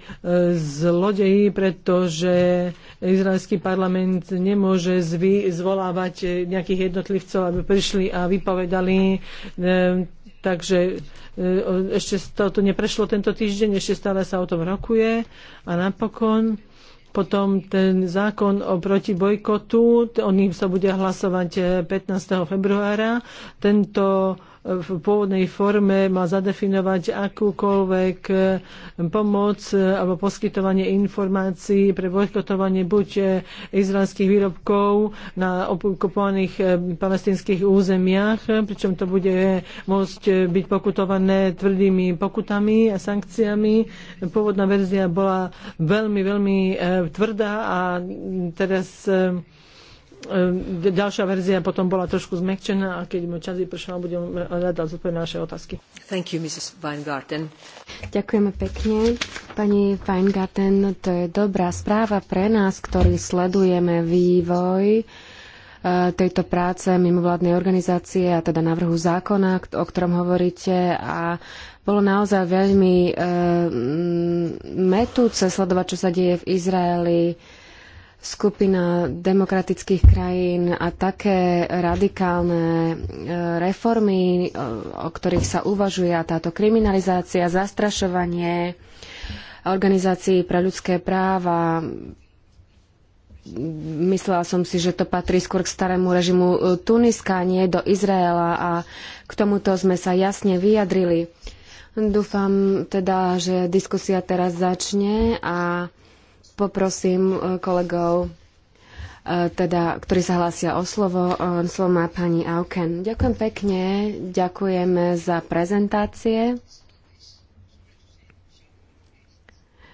zlodeji, pretože izraelský parlament nemôže zvy, zvolávať nejakých jednotlivcov, aby prišli a vypovedali. E, takže e, ešte to neprešlo tento týždeň, ešte stále sa o tom rokuje. A napokon potom ten zákon o proti bojkotu, o ním sa bude hlasovať 15. februára. Tento v pôvodnej forme má zadefinovať akúkoľvek eh, pomoc eh, alebo poskytovanie informácií pre bojkotovanie buď eh, izraelských výrobkov na okupovaných palestinských územiach, pričom to bude môcť byť pokutované tvrdými pokutami a sankciami. Pôvodná verzia bola veľmi, veľmi tvrdá a teraz Ehm, ďalšia verzia potom bola trošku zmekčená a keď mu čas vypršal, budem hľadať zodpovedať na naše otázky. Thank you, Mrs. Weingarten. Ďakujeme pekne. Pani Weingarten, to je dobrá správa pre nás, ktorí sledujeme vývoj e, tejto práce mimovládnej organizácie a teda návrhu zákona, o ktorom hovoríte a bolo naozaj veľmi e, metúce sledovať, čo sa deje v Izraeli. E, skupina demokratických krajín a také radikálne e, reformy, e, o ktorých sa uvažuje a táto kriminalizácia, zastrašovanie organizácií pre ľudské práva. Myslela som si, že to patrí skôr k starému režimu e, Tuniska, nie do Izraela a k tomuto sme sa jasne vyjadrili. Dúfam teda, že diskusia teraz začne a poprosím e, kolegov, e, teda, ktorí sa hlásia o slovo. E, slovo má pani Auken. Ďakujem pekne, ďakujeme za prezentácie.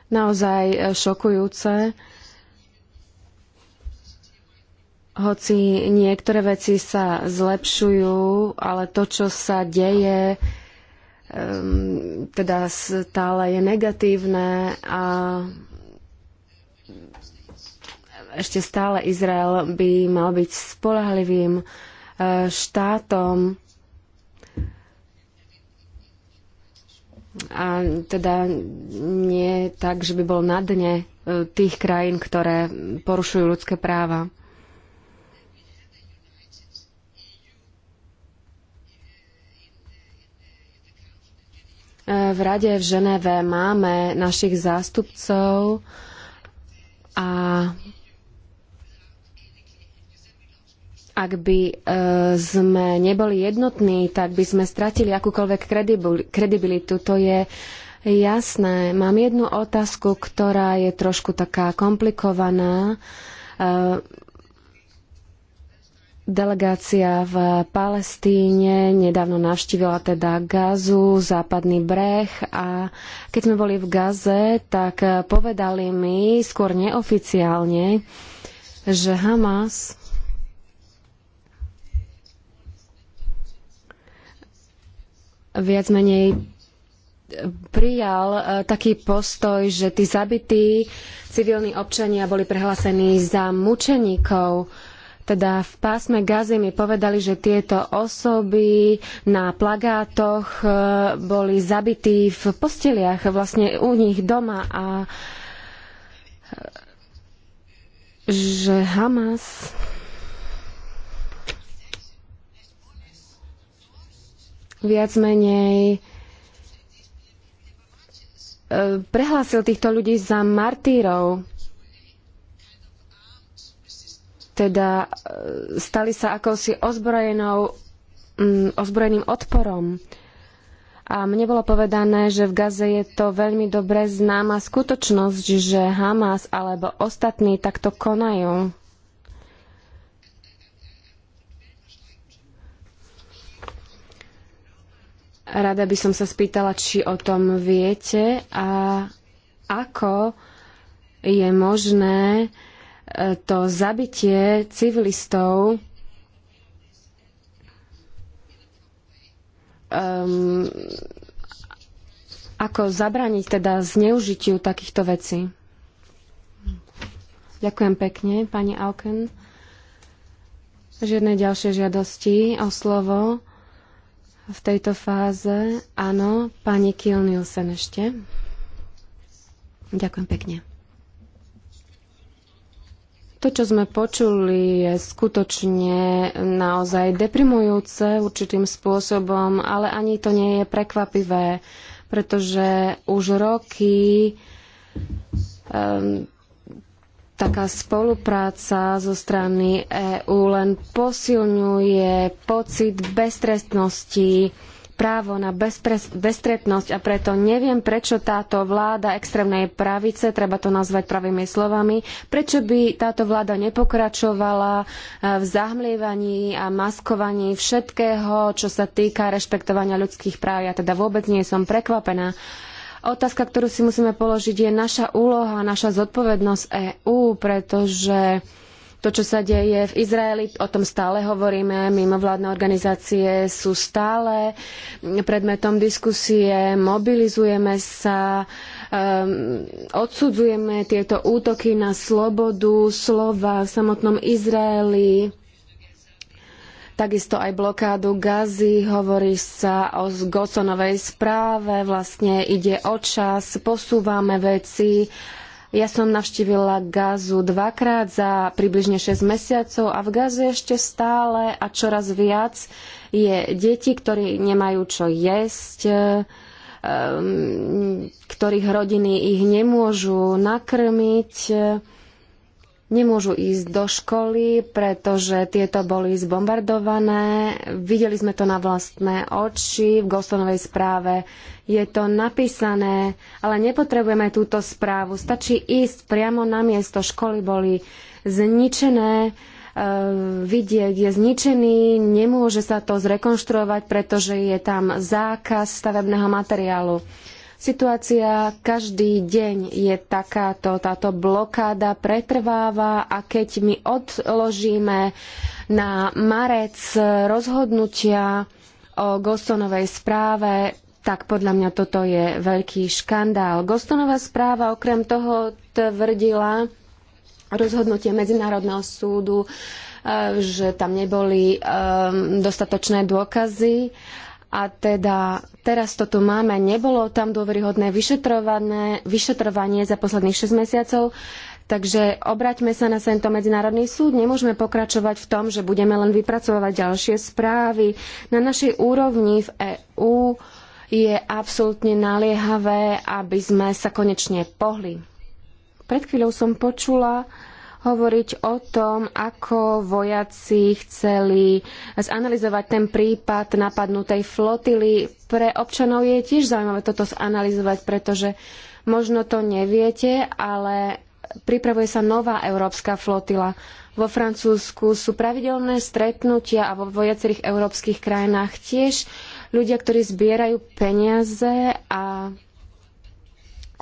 Naozaj šokujúce. Hoci niektoré veci sa zlepšujú, ale to, čo sa deje, teda stále je negatívne a ešte stále Izrael by mal byť spolahlivým e, štátom a teda nie tak, že by bol na dne e, tých krajín, ktoré porušujú ľudské práva. E, v rade v Ženeve máme našich zástupcov a Ak by e, sme neboli jednotní, tak by sme stratili akúkoľvek kredibilitu. To je jasné. Mám jednu otázku, ktorá je trošku taká komplikovaná. E, delegácia v Palestíne nedávno navštívila teda Gazu, západný breh a keď sme boli v Gaze, tak povedali mi skôr neoficiálne, že Hamas viac menej e, prijal e, taký postoj, že tí zabití civilní občania boli prehlásení za mučeníkov. Teda v pásme Gazy mi povedali, že tieto osoby na plagátoch e, boli zabití v posteliach, vlastne u nich doma a že Hamas viac menej e, prehlásil týchto ľudí za martírov. Teda e, stali sa akousi ozbrojenou, ozbrojeným odporom. A mne bolo povedané, že v Gaze je to veľmi dobre známa skutočnosť, že Hamas alebo ostatní takto konajú. Rada by som sa spýtala, či o tom viete a ako je možné e, to zabitie civilistov um, ako zabrániť teda zneužitiu takýchto vecí. Ďakujem pekne, pani Auken. Žiadne ďalšie žiadosti o slovo v tejto fáze. Áno, pani Kiel Nielsen ešte. Ďakujem pekne. To, čo sme počuli, je skutočne naozaj deprimujúce určitým spôsobom, ale ani to nie je prekvapivé, pretože už roky um, taká spolupráca zo strany EÚ len posilňuje pocit beztrestnosti, právo na beztrestnosť a preto neviem, prečo táto vláda extrémnej pravice, treba to nazvať pravými slovami, prečo by táto vláda nepokračovala e, v zahmlievaní a maskovaní všetkého, čo sa týka rešpektovania ľudských práv. Ja teda vôbec nie som prekvapená. Otázka, ktorú si musíme položiť, je naša úloha, naša zodpovednosť EÚ, pretože to, čo sa deje v Izraeli, o tom stále hovoríme, mimovládne organizácie sú stále predmetom diskusie, mobilizujeme sa, um, odsudzujeme tieto útoky na slobodu slova v samotnom Izraeli takisto aj blokádu Gazy, hovorí sa o Gosonovej správe, vlastne ide o čas, posúvame veci. Ja som navštívila Gazu dvakrát za približne 6 mesiacov a v Gaze ešte stále a čoraz viac je detí, ktorí nemajú čo jesť, ehm, ktorých rodiny ich nemôžu nakrmiť nemôžu ísť do školy, pretože tieto boli zbombardované. Videli sme to na vlastné oči v Gostonovej správe. Je to napísané, ale nepotrebujeme túto správu. Stačí ísť priamo na miesto. Školy boli zničené e, vidiek je zničený, nemôže sa to zrekonštruovať, pretože je tam zákaz stavebného materiálu. Situácia každý deň je takáto, táto blokáda pretrváva a keď my odložíme na marec rozhodnutia o Gostonovej správe, tak podľa mňa toto je veľký škandál. Gostonová správa okrem toho tvrdila rozhodnutie Medzinárodného súdu, eh, že tam neboli eh, dostatočné dôkazy a teda teraz to tu máme, nebolo tam dôveryhodné vyšetrovanie za posledných 6 mesiacov, takže obraťme sa na tento medzinárodný súd. Nemôžeme pokračovať v tom, že budeme len vypracovať ďalšie správy. Na našej úrovni v EÚ je absolútne naliehavé, aby sme sa konečne pohli. Pred chvíľou som počula, hovoriť o tom, ako vojaci chceli zanalizovať ten prípad napadnutej flotily. Pre občanov je tiež zaujímavé toto zanalizovať, pretože možno to neviete, ale pripravuje sa nová európska flotila. Vo Francúzsku sú pravidelné stretnutia a vo viacerých európskych krajinách tiež ľudia, ktorí zbierajú peniaze a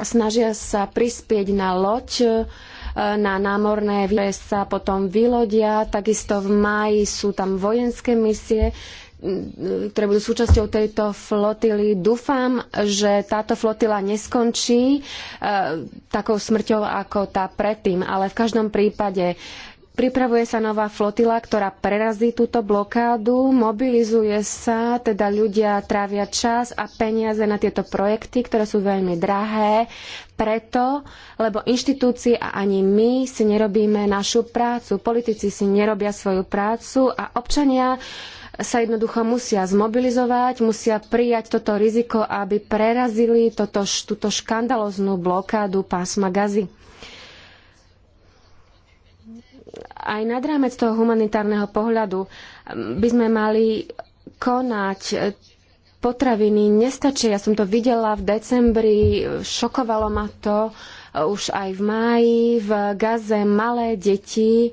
snažia sa prispieť na loď Eh, na námorné, ktoré sa potom vylodia. Takisto v máji sú tam vojenské misie, mm, ktoré budú súčasťou tejto flotily. Dúfam, že táto flotila neskončí e, takou smrťou ako tá predtým, ale v každom prípade pripravuje sa nová flotila, ktorá prerazí túto blokádu, mobilizuje sa, teda ľudia trávia čas a peniaze na tieto projekty, ktoré sú veľmi drahé preto, lebo inštitúcie a ani my si nerobíme našu prácu, politici si nerobia svoju prácu a občania sa jednoducho musia zmobilizovať, musia prijať toto riziko, aby prerazili toto, túto škandaloznú blokádu pásma gazy. Aj nad rámec toho humanitárneho pohľadu by sme mali konať potraviny nestačia. Ja som to videla v decembri, šokovalo ma to e, už aj v máji. V Gaze malé deti e,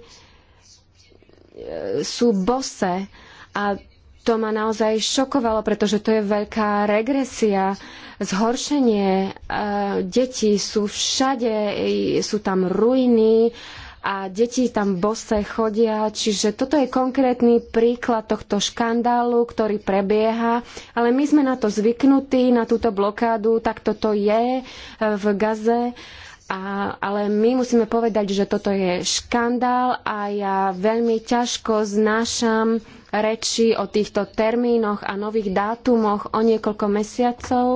sú bose a to ma naozaj šokovalo, pretože to je veľká regresia, zhoršenie. E, deti sú všade, sú tam ruiny, a deti tam bose chodia. Čiže toto je konkrétny príklad tohto škandálu, ktorý prebieha, ale my sme na to zvyknutí, na túto blokádu, tak toto je e, v Gaze. A, ale my musíme povedať, že toto je škandál a ja veľmi ťažko znášam reči o týchto termínoch a nových dátumoch o niekoľko mesiacov.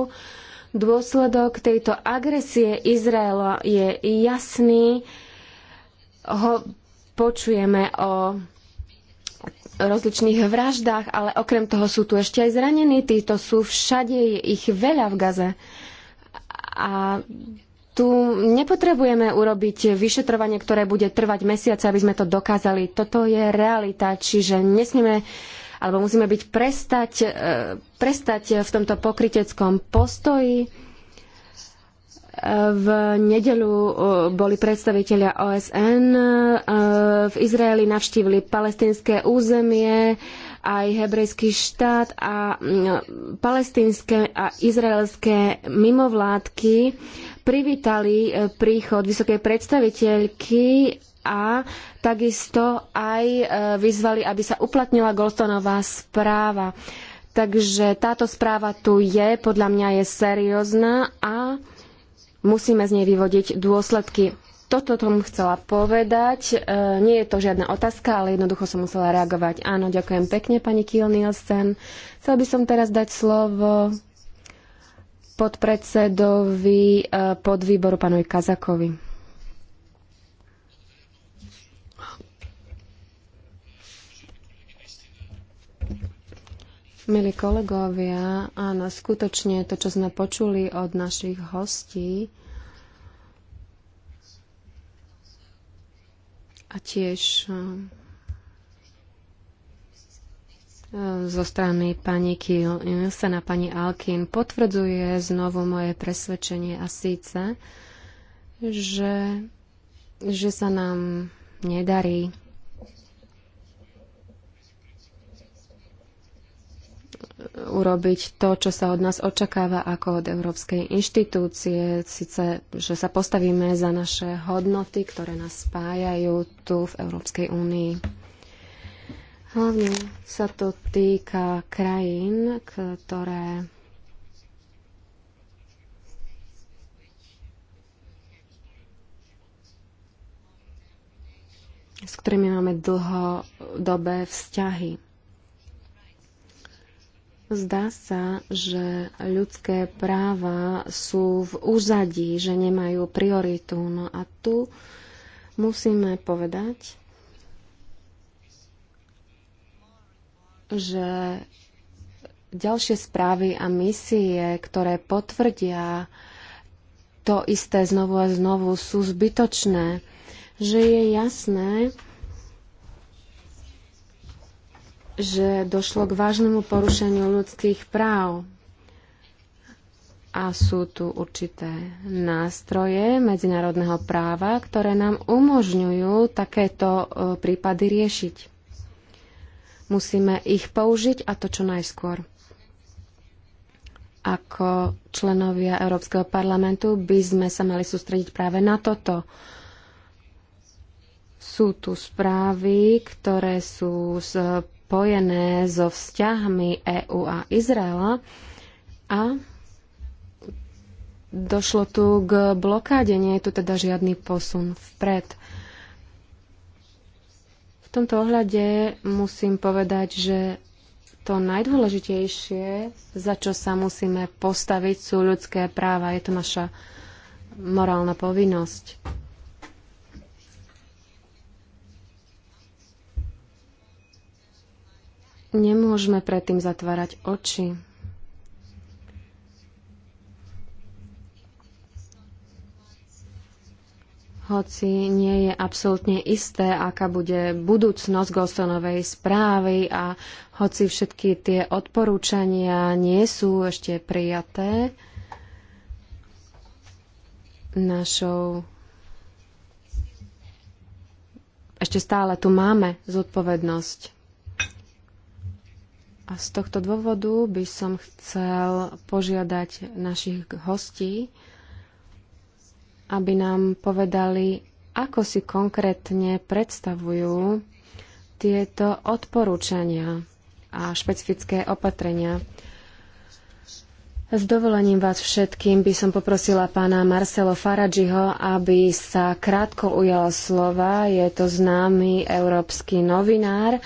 Dôsledok tejto agresie Izraela je jasný ho počujeme o rozličných vraždách, ale okrem toho sú tu ešte aj zranení. Títo sú všade, je ich veľa v Gaze. A tu nepotrebujeme urobiť vyšetrovanie, ktoré bude trvať mesiace, aby sme to dokázali. Toto je realita, čiže nesmieme alebo musíme byť prestať, e, prestať v tomto pokriteckom postoji v nedelu uh, boli predstavitelia OSN uh, v Izraeli, navštívili palestinské územie, aj hebrejský štát a mm, palestínske a izraelské mimovládky privítali uh, príchod vysokej predstaviteľky a takisto aj vyzvali, aby sa uplatnila Goldstonová správa. Takže táto správa tu je, podľa mňa je seriózna a musíme z nej vyvodiť dôsledky. Toto som chcela povedať. E, nie je to žiadna otázka, ale jednoducho som musela reagovať. Áno, ďakujem pekne, pani Kiel Nielsen. Chcel by som teraz dať slovo podpredsedovi e, podvýboru pánovi Kazakovi. Milí kolegovia, áno, skutočne to, čo sme počuli od našich hostí a tiež eh, zo strany pani Kiel, Nilsena, pani Alkin potvrdzuje znovu moje presvedčenie a síce, že, že sa nám nedarí urobiť to, čo sa od nás očakáva ako od európskej inštitúcie, síce, že sa postavíme za naše hodnoty, ktoré nás spájajú tu v Európskej únii. Hlavne sa to týka krajín, ktoré s ktorými máme dlhodobé vzťahy. Zdá sa, že ľudské práva sú v úzadí, že nemajú prioritu. No a tu musíme povedať, že ďalšie správy a misie, ktoré potvrdia to isté znovu a znovu, sú zbytočné. Že je jasné, že došlo k vážnemu porušeniu ľudských práv a sú tu určité nástroje medzinárodného práva, ktoré nám umožňujú takéto e, prípady riešiť. Musíme ich použiť a to čo najskôr. Ako členovia Európskeho parlamentu by sme sa mali sústrediť práve na toto. Sú tu správy, ktoré sú z spojené so vzťahmi EÚ a Izraela a došlo tu k blokáde, nie je tu teda žiadny posun vpred. V tomto ohľade musím povedať, že to najdôležitejšie, za čo sa musíme postaviť, sú ľudské práva. Je to naša morálna povinnosť. Nemôžeme predtým zatvárať oči. hoci nie je absolútne isté, aká bude budúcnosť Gostonovej správy a hoci všetky tie odporúčania nie sú ešte prijaté, našou ešte stále tu máme zodpovednosť a z tohto dôvodu by som chcel požiadať našich hostí, aby nám povedali, ako si konkrétne predstavujú tieto odporúčania a špecifické opatrenia. S dovolením vás všetkým by som poprosila pána Marcelo Faradžiho, aby sa krátko ujal slova. Je to známy európsky novinár,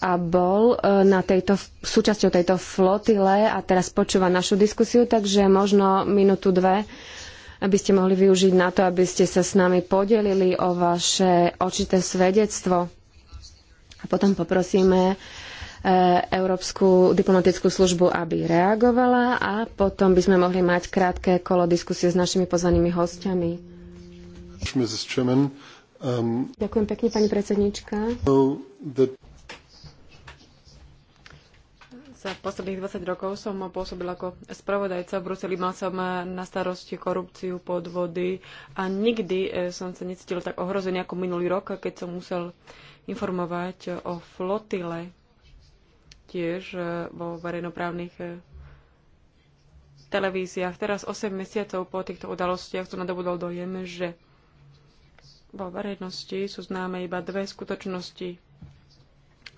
a bol e, na tejto, súčasťou tejto flotile a teraz počúva našu diskusiu, takže možno minútu dve aby ste mohli využiť na to, aby ste sa s nami podelili o vaše očité svedectvo. A potom poprosíme e, Európsku diplomatickú službu, aby reagovala a potom by sme mohli mať krátke kolo diskusie s našimi pozvanými hostiami. Um, Ďakujem pekne, pani predsednička. Za posledných 20 rokov som pôsobila ako spravodajca v Bruseli. Mal som na starosti korupciu, podvody a nikdy eh, som sa necítil tak ohrozený ako minulý rok, keď som musel informovať o flotile tiež eh, vo verejnoprávnych eh, televíziách. Teraz 8 mesiacov po týchto udalostiach som nadobudol dojem, že vo verejnosti sú známe iba dve skutočnosti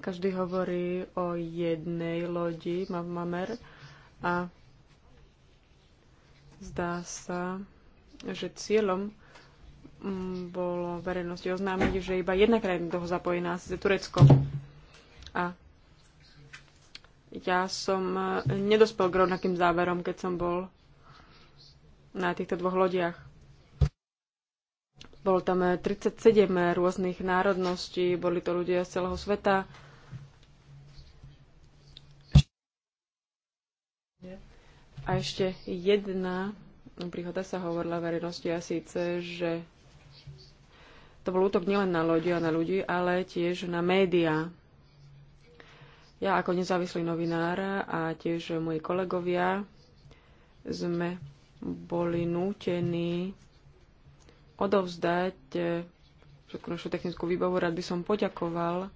každý hovorí o jednej lodi, mamer, a zdá sa, že cieľom mm, bolo verejnosti oznámiť, že iba jedna krajina toho zapojená, sice Turecko. A ja som e, nedospel k rovnakým záverom, keď som bol na týchto dvoch lodiach. Bolo tam 37 e, rôznych národností, boli to ľudia z celého sveta, A ešte jedna príhoda sa hovorila verejnosti a síce, že to bol útok nielen na lodi a na ľudí, ale tiež na médiá. Ja ako nezávislý novinár a tiež moji kolegovia sme boli nútení odovzdať všetku našu technickú výbavu. Rád by som poďakoval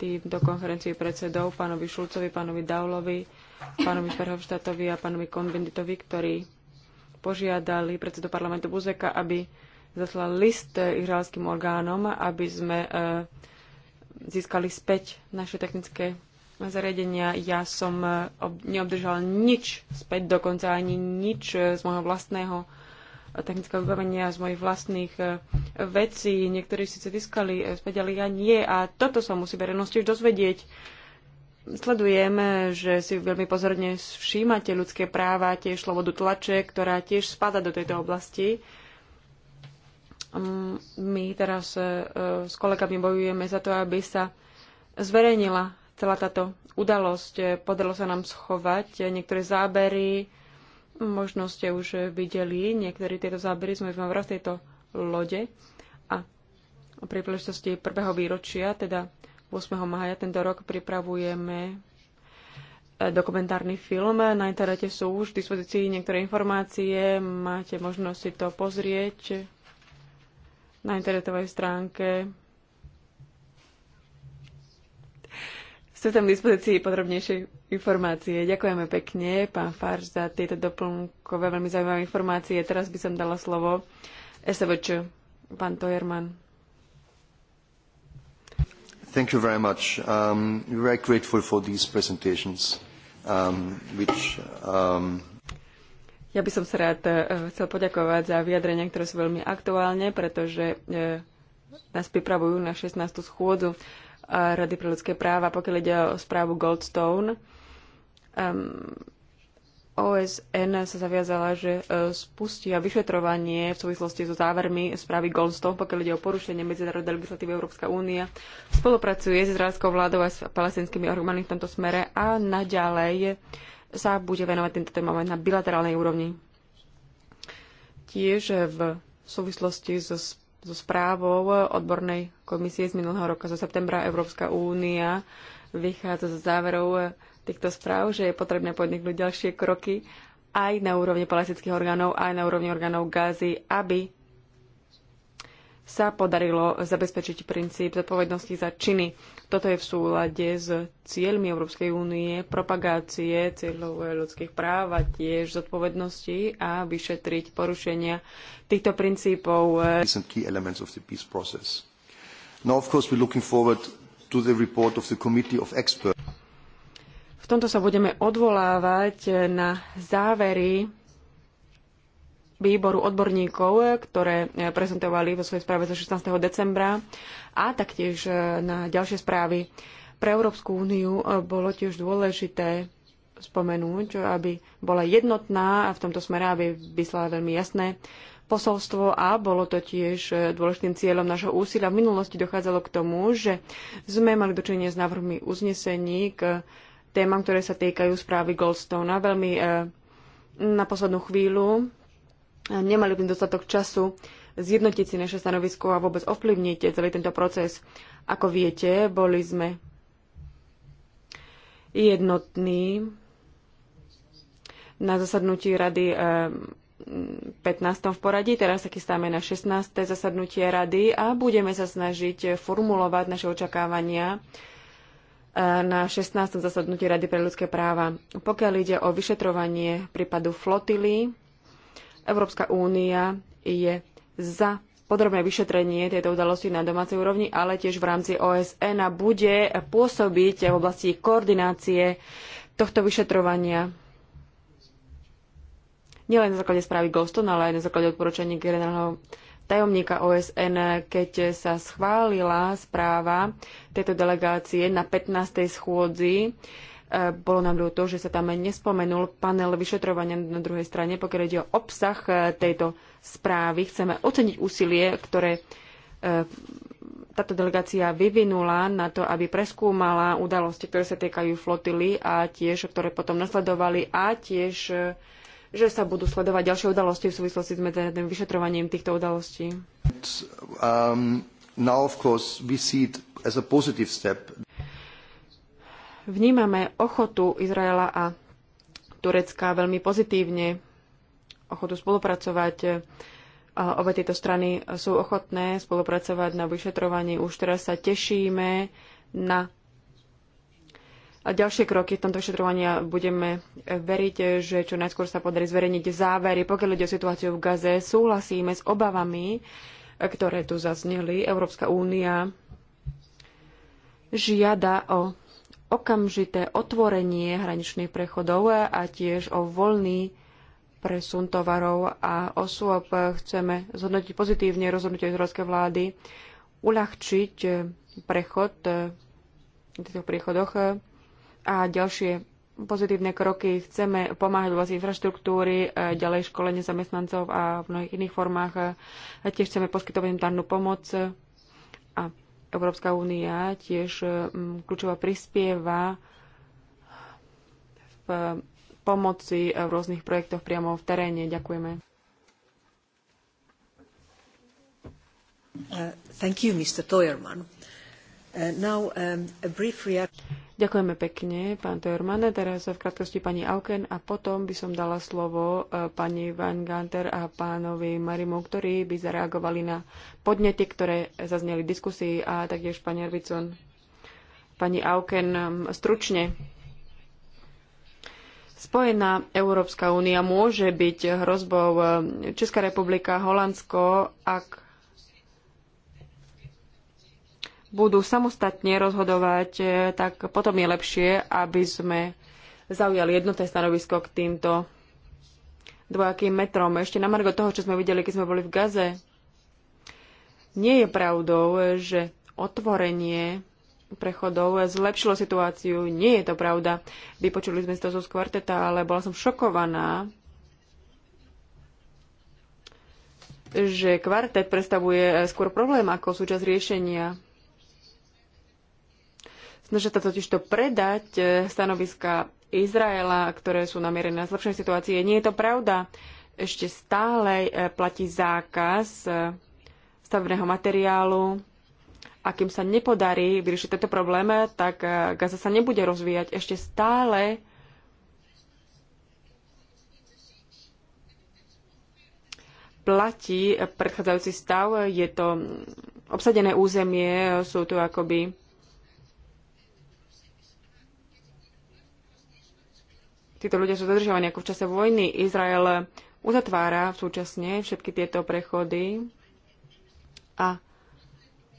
týmto konferencie predsedov, pánovi Šulcovi, pánovi Daulovi, pánovi Ferhovštatovi a pánovi Konbenditovi, ktorí požiadali predsedu parlamentu Buzeka, aby zaslal list izraelským orgánom, aby sme e, získali späť naše technické zariadenia. Ja som e, neobdržal nič späť, dokonca ani nič e, z môjho vlastného technického vybavenia, z mojich vlastných vecí. Niektorí síce získali späť, ale ja nie. A toto sa musí verejnosť už dozvedieť. Sledujem, že si veľmi pozorne všímate ľudské práva, tiež slobodu tlače, ktorá tiež spada do tejto oblasti. Mm, my teraz e, s kolegami bojujeme za to, aby sa zverejnila celá táto udalosť. Podarilo sa nám schovať niektoré zábery. Možno ste už videli, niektoré tieto zábery sme v tejto lode. A pri príležitosti prvého výročia, teda 8. maja tento rok pripravujeme eh, dokumentárny film. Na internete sú už v dispozícii niektoré informácie, máte možnosť si to pozrieť na internetovej stránke. Sú tam v dispozícii podrobnejšie informácie. Ďakujeme pekne, pán Farš, za tieto doplnkové veľmi zaujímavé informácie. Teraz by som dala slovo SVČ, pán Tojerman. Thank you very much. Um, we're very grateful for these presentations, um, which... Um... Ja by som sa rád uh, chcel poďakovať za vyjadrenia, ktoré sú veľmi aktuálne, pretože uh, nás pripravujú na 16. schôdzu uh, Rady pre ľudské práva, pokiaľ ide o správu Goldstone. Um, OSN sa zaviazala, že e, spustia vyšetrovanie v súvislosti so závermi správy Goldstone, pokiaľ ide o porušenie medzinárodnej legislatívy Európska únia. Spolupracuje s izraelskou vládou a s palestinskými orgánmi v tomto smere a naďalej sa bude venovať týmto témam aj na bilaterálnej úrovni. Tiež v súvislosti so, so správou odbornej komisie z minulého roka zo septembra Európska únia vychádza z záverov týchto správ, že je potrebné podniknúť ďalšie kroky aj na úrovni palestinských orgánov, aj na úrovni orgánov Gázy, aby sa podarilo zabezpečiť princíp zodpovednosti za činy. Toto je v súlade s cieľmi Európskej únie, propagácie cieľov ľudských práv a tiež zodpovednosti a vyšetriť porušenia týchto princípov. Now, of course, we're looking forward to the report of the Committee of Experts v tomto sa budeme odvolávať na závery výboru odborníkov, ktoré eh, prezentovali vo svojej správe zo 16. decembra a taktiež eh, na ďalšie správy. Pre Európsku úniu eh, bolo tiež dôležité spomenúť, aby bola jednotná a v tomto smere, aby vyslala veľmi jasné posolstvo a bolo to tiež dôležitým cieľom našho úsilia. V minulosti dochádzalo k tomu, že sme mali dočenie s návrhmi uznesení k témam, ktoré sa týkajú správy Goldstone. Veľmi e, na poslednú chvíľu e, nemali by dostatok času zjednotiť si naše stanovisko a vôbec ovplyvniť celý tento proces. Ako viete, boli sme jednotní na zasadnutí rady 15. E, v poradí, teraz sa chystáme na 16. zasadnutie rady a budeme sa snažiť formulovať naše očakávania na 16. zasadnutí Rady pre ľudské práva. Pokiaľ ide o vyšetrovanie prípadu flotily, Európska únia je za podrobné vyšetrenie tejto udalosti na domácej úrovni, ale tiež v rámci OSN a bude pôsobiť v oblasti koordinácie tohto vyšetrovania nielen na základe správy Goldstone, ale aj na základe odporúčaní generálneho tajomníka OSN, keď sa schválila správa tejto delegácie na 15. schôdzi. E, bolo nám ľúto, že sa tam nespomenul panel vyšetrovania na druhej strane, pokiaľ ide o obsah e, tejto správy. Chceme oceniť úsilie, ktoré e, táto delegácia vyvinula na to, aby preskúmala udalosti, ktoré sa týkajú flotily a tiež, ktoré potom nasledovali a tiež že sa budú sledovať ďalšie udalosti v súvislosti s medzinárodným vyšetrovaním týchto udalostí. Um, Vnímame ochotu Izraela a Turecka veľmi pozitívne, ochotu spolupracovať. Obe tieto strany sú ochotné spolupracovať na vyšetrovaní. Už teraz sa tešíme na a ďalšie kroky v tomto vyšetrovania budeme eh, veriť, že čo najskôr sa podarí zverejniť závery. Pokiaľ ide o situáciu v Gaze, súhlasíme s obavami, eh, ktoré tu zazneli. Európska únia žiada o okamžité otvorenie hraničných prechodov eh, a tiež o voľný presun tovarov a osôb. Chceme zhodnotiť pozitívne rozhodnutie izraelskej vlády uľahčiť prechod v týchto prechodoch a ďalšie pozitívne kroky. Chceme pomáhať vlastne infraštruktúry, e, ďalej školenie zamestnancov a v mnohých iných formách. E, a tiež chceme poskytovať im pomoc. A Európska únia tiež e, kľúčová prispieva v pomoci v rôznych projektoch priamo v teréne. Ďakujeme. Uh, thank you, Mr. Toyerman. Uh, now, um, a brief reaction. Ďakujeme pekne, pán Teorman. Teraz v krátkosti pani Auken a potom by som dala slovo e, pani Van Ganter a pánovi Marimu, ktorí by zareagovali na podnety, ktoré zazneli v diskusii a taktiež pani Arvicon. Pani Auken, stručne. Spojená Európska únia môže byť hrozbou Česká republika, Holandsko, ak budú samostatne rozhodovať, e, tak potom je lepšie, aby sme zaujali jednotné stanovisko k týmto dvojakým metrom. Ešte na margo toho, čo sme videli, keď sme boli v Gaze, nie je pravdou, že otvorenie prechodov zlepšilo situáciu. Nie je to pravda. Vypočuli sme z to zo kvarteta, ale bola som šokovaná, že kvartet predstavuje skôr problém ako súčasť riešenia. Snažia sa totiž to predať e, stanoviska Izraela, ktoré sú namierené na zlepšenie situácie. Nie je to pravda. Ešte stále e, platí zákaz e, stavebného materiálu. A kým sa nepodarí vyriešiť tento problém, tak Gaza sa nebude rozvíjať. Ešte stále platí predchádzajúci stav. Je to obsadené územie, sú tu akoby títo ľudia sú zadržiavaní ako v čase vojny. Izrael uzatvára súčasne všetky tieto prechody a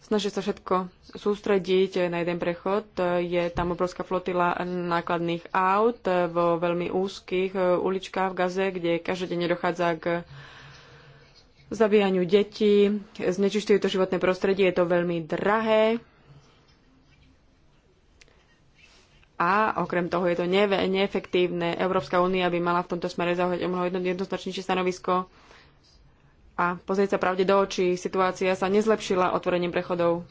snaží sa všetko sústrediť na jeden prechod. Je tam obrovská flotila nákladných aut vo veľmi úzkých e, uličkách v Gaze, kde každodenne dochádza k zabíjaniu detí, znečistuje to životné prostredie, je to veľmi drahé a okrem toho je to neefektívne. Európska únia by mala v tomto smere zaujať o mnoho jedno, jednoznačnejšie stanovisko a pozrieť sa pravde do očí. Situácia sa nezlepšila otvorením prechodov.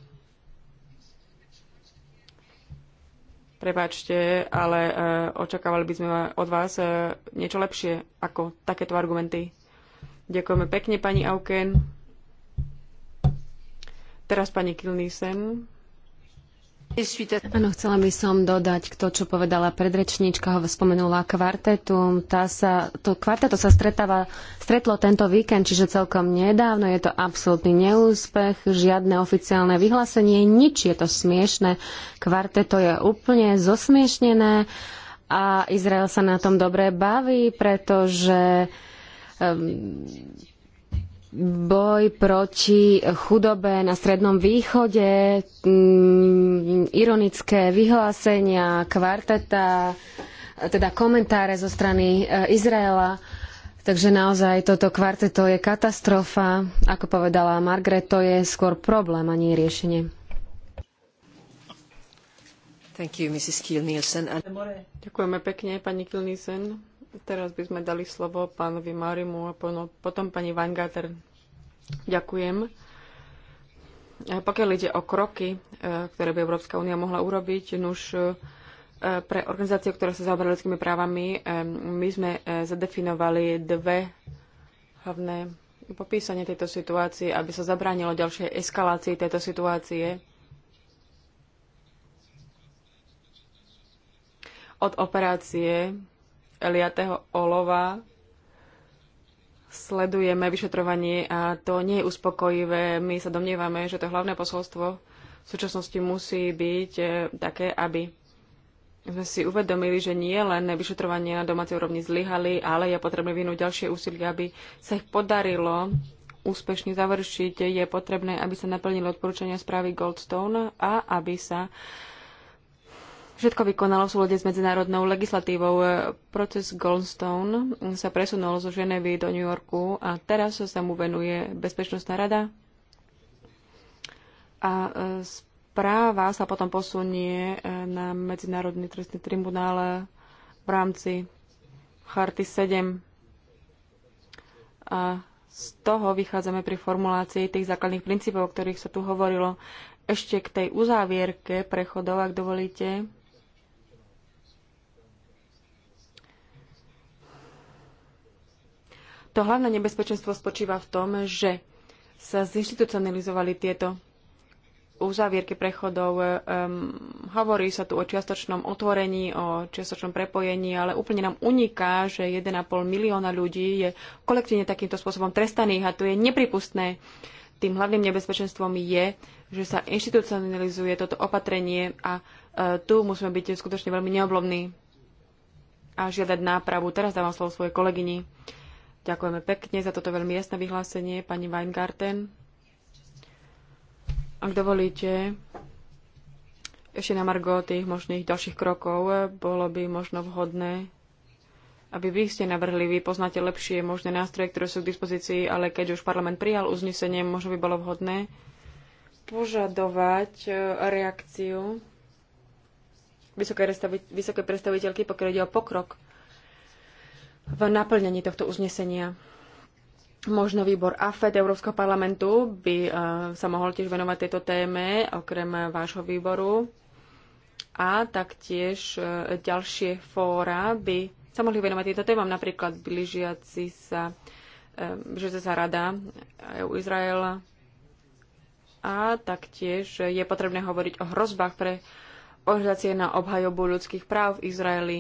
Prepačte, ale e, očakávali by sme od vás e, niečo lepšie ako takéto argumenty. Ďakujeme pekne, pani Auken. Teraz pani Kilnísen. Áno, chcela by som dodať k to, čo povedala predrečníčka, ho spomenula kvartetu. Tá sa, to kvarteto sa stretáva, stretlo tento víkend, čiže celkom nedávno. Je to absolútny neúspech, žiadne oficiálne vyhlásenie, nič je to smiešne. Kvarteto je úplne zosmiešnené a Izrael sa na tom dobre baví, pretože um, boj proti chudobe na Strednom východe, ironické vyhlásenia kvarteta, teda komentáre zo strany e, Izraela. Takže naozaj toto kvarteto je katastrofa. Ako povedala Margaret, to je skôr problém a nie riešenie. You, Ďakujeme pekne, pani Kilnissen. Teraz by sme dali slovo pánovi Marimu a potom pani Weingarter. Ďakujem. Eh, pokiaľ ide o kroky, eh, ktoré by Európska únia mohla urobiť, nuž eh, pre organizáciu, ktoré sa zaoberajú ľudskými právami, my sme zadefinovali dve hlavné popísanie tejto situácie, aby sa zabránilo ďalšej eskalácii tejto situácie. Od operácie Eliatého olova sledujeme vyšetrovanie a to nie je uspokojivé. My sa domnievame, že to hlavné posolstvo v súčasnosti musí byť e, také, aby sme si uvedomili, že nie len vyšetrovanie na domácej úrovni zlyhali, ale je potrebné vynúť ďalšie úsilie, aby sa ich podarilo úspešne završiť. Je potrebné, aby sa naplnili odporúčania správy Goldstone a aby sa uh, všetko vykonalo v súlade s medzinárodnou legislatívou. Proces Goldstone sa presunul zo Ženevy do New Yorku a teraz sa mu venuje Bezpečnostná rada. A e, správa sa potom posunie e, na Medzinárodný trestný tribunál e, v rámci Charty 7. A z toho vychádzame pri formulácii tých základných princípov, o ktorých sa tu hovorilo. Ešte k tej uzávierke prechodov, ak dovolíte To hlavné nebezpečenstvo spočíva v tom, že sa zinstitucionalizovali tieto uzávierky prechodov. Um, hovorí sa tu o čiastočnom otvorení, o čiastočnom prepojení, ale úplne nám uniká, že 1,5 milióna ľudí je kolektívne takýmto spôsobom trestaných a to je nepripustné. Tým hlavným nebezpečenstvom je, že sa inštitucionalizuje toto opatrenie a uh, tu musíme byť skutočne veľmi neoblomní a žiadať nápravu. Teraz dávam slovo svojej kolegyni. Uh, Ďakujeme pekne za toto veľmi jasné vyhlásenie, pani Weingarten. Ak dovolíte, ešte na margo tých možných ďalších krokov, eh, bolo by možno vhodné, aby vy ste navrhli, vy poznáte lepšie možné nástroje, ktoré sú k dispozícii, ale keď už parlament prijal uznesenie, možno by bolo vhodné požadovať eh, reakciu vysokej, predstaviteľky, pokiaľ ide o pokrok v naplnení tohto uznesenia. Možno výbor AFED Európskeho parlamentu by e, sa mohol tiež venovať tejto téme, okrem vášho výboru. A taktiež e, ďalšie fóra by sa mohli venovať tejto témam, napríklad blížiaci sa, e, že sa rada EU Izraela. A taktiež je potrebné hovoriť o hrozbách pre organizácie na obhajobu ľudských práv v Izraeli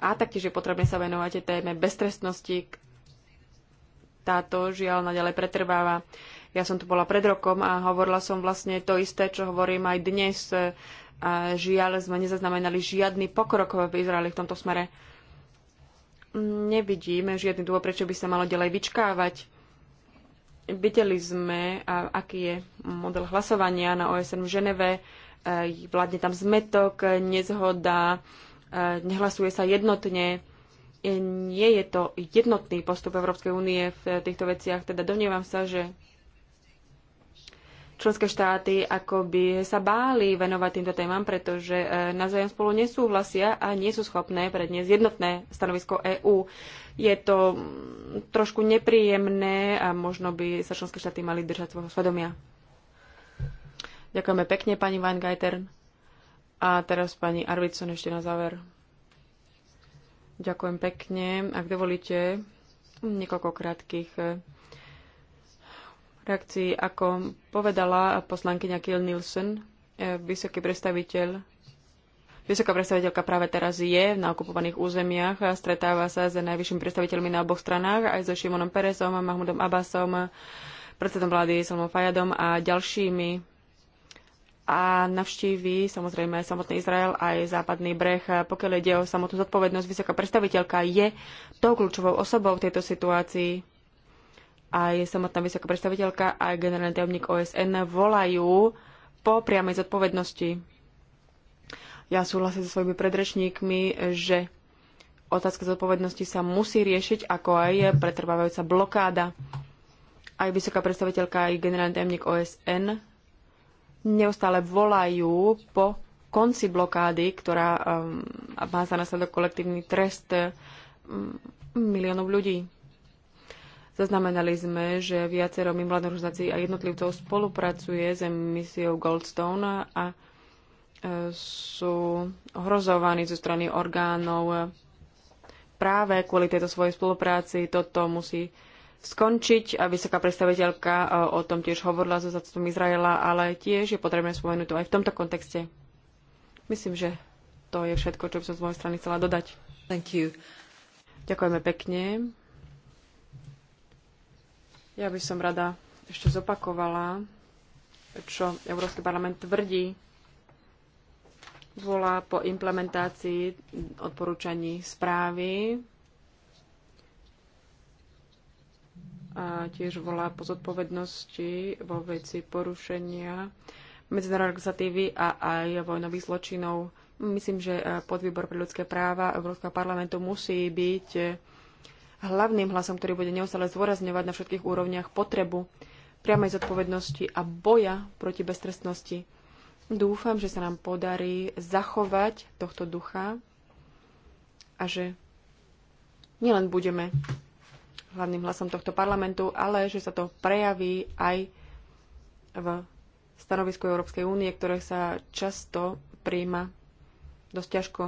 A taktiež je potrebné sa venovať téme beztrestnosti. Táto žiaľ naďalej pretrváva. Ja som tu bola pred rokom a hovorila som vlastne to isté, čo hovorím aj dnes. A žiaľ sme nezaznamenali žiadny pokrok v Izraeli v tomto smere. Nevidím žiadny dôvod, prečo by sa malo ďalej vyčkávať. Videli sme, aký je model hlasovania na OSN v Ženeve. E, vládne tam zmetok, nezhoda, Eh, nehlasuje sa jednotne. Nie je to jednotný postup Európskej únie v eh, týchto veciach, teda domnievam sa, že členské štáty ako by sa báli venovať týmto témam, pretože eh, navzájom spolu nesúhlasia a nie sú schopné predniesť jednotné stanovisko EÚ. Je to mm, trošku nepríjemné a možno by sa členské štáty mali držať svojho svedomia. Ďakujeme pekne, pani Van Geitern. A teraz pani Arvidson ešte na záver. Ďakujem pekne. Ak dovolíte, niekoľko krátkých eh, reakcií. Ako povedala poslankyňa Kiel Nielsen, eh, vysoký predstaviteľ Vysoká predstaviteľka práve teraz je na okupovaných územiach a stretáva sa s najvyššími predstaviteľmi na oboch stranách, aj so Šimonom Peresom, Mahmudom Abbasom, predsedom vlády Salmom Fajadom a ďalšími a navštíví samozrejme samotný Izrael aj západný breh. Pokiaľ ide o samotnú zodpovednosť, vysoká predstaviteľka je tou kľúčovou osobou v tejto situácii. Aj samotná vysoká predstaviteľka, aj generálny tajomník OSN volajú po priamej zodpovednosti. Ja súhlasím so svojimi predrečníkmi, že otázka zodpovednosti sa musí riešiť, ako aj pretrvávajúca blokáda. Aj vysoká predstaviteľka, aj generálny tajomník OSN neustále volajú po konci blokády, ktorá um, má za následok kolektívny trest um, miliónov ľudí. Zaznamenali sme, že viacero mimovládnych organizácií a jednotlivcov spolupracuje s misiou Goldstone a e, sú ohrozovaní zo strany orgánov práve kvôli tejto svojej spolupráci. Toto musí skončiť. A vysoká predstaviteľka e, o tom tiež hovorila so zástupom Izraela, ale tiež je potrebné spomenúť to aj v tomto kontexte. Myslím, že to je všetko, čo by som z mojej strany chcela dodať. Thank you. Ďakujeme pekne. Ja by som rada ešte zopakovala, čo Európsky parlament tvrdí volá po implementácii odporúčaní správy a tiež volá po zodpovednosti vo veci porušenia medzinárodnej legislatívy a aj vojnových zločinov. Myslím, že e, podvýbor pre ľudské práva Európskeho parlamentu musí byť e, hlavným hlasom, ktorý bude neustále zdôrazňovať na všetkých úrovniach potrebu priamej zodpovednosti a boja proti beztrestnosti. Dúfam, že sa nám podarí zachovať tohto ducha a že nielen budeme hlavným hlasom tohto parlamentu, ale že sa to prejaví aj v stanovisku Európskej únie, ktoré sa často príjma dosť ťažko.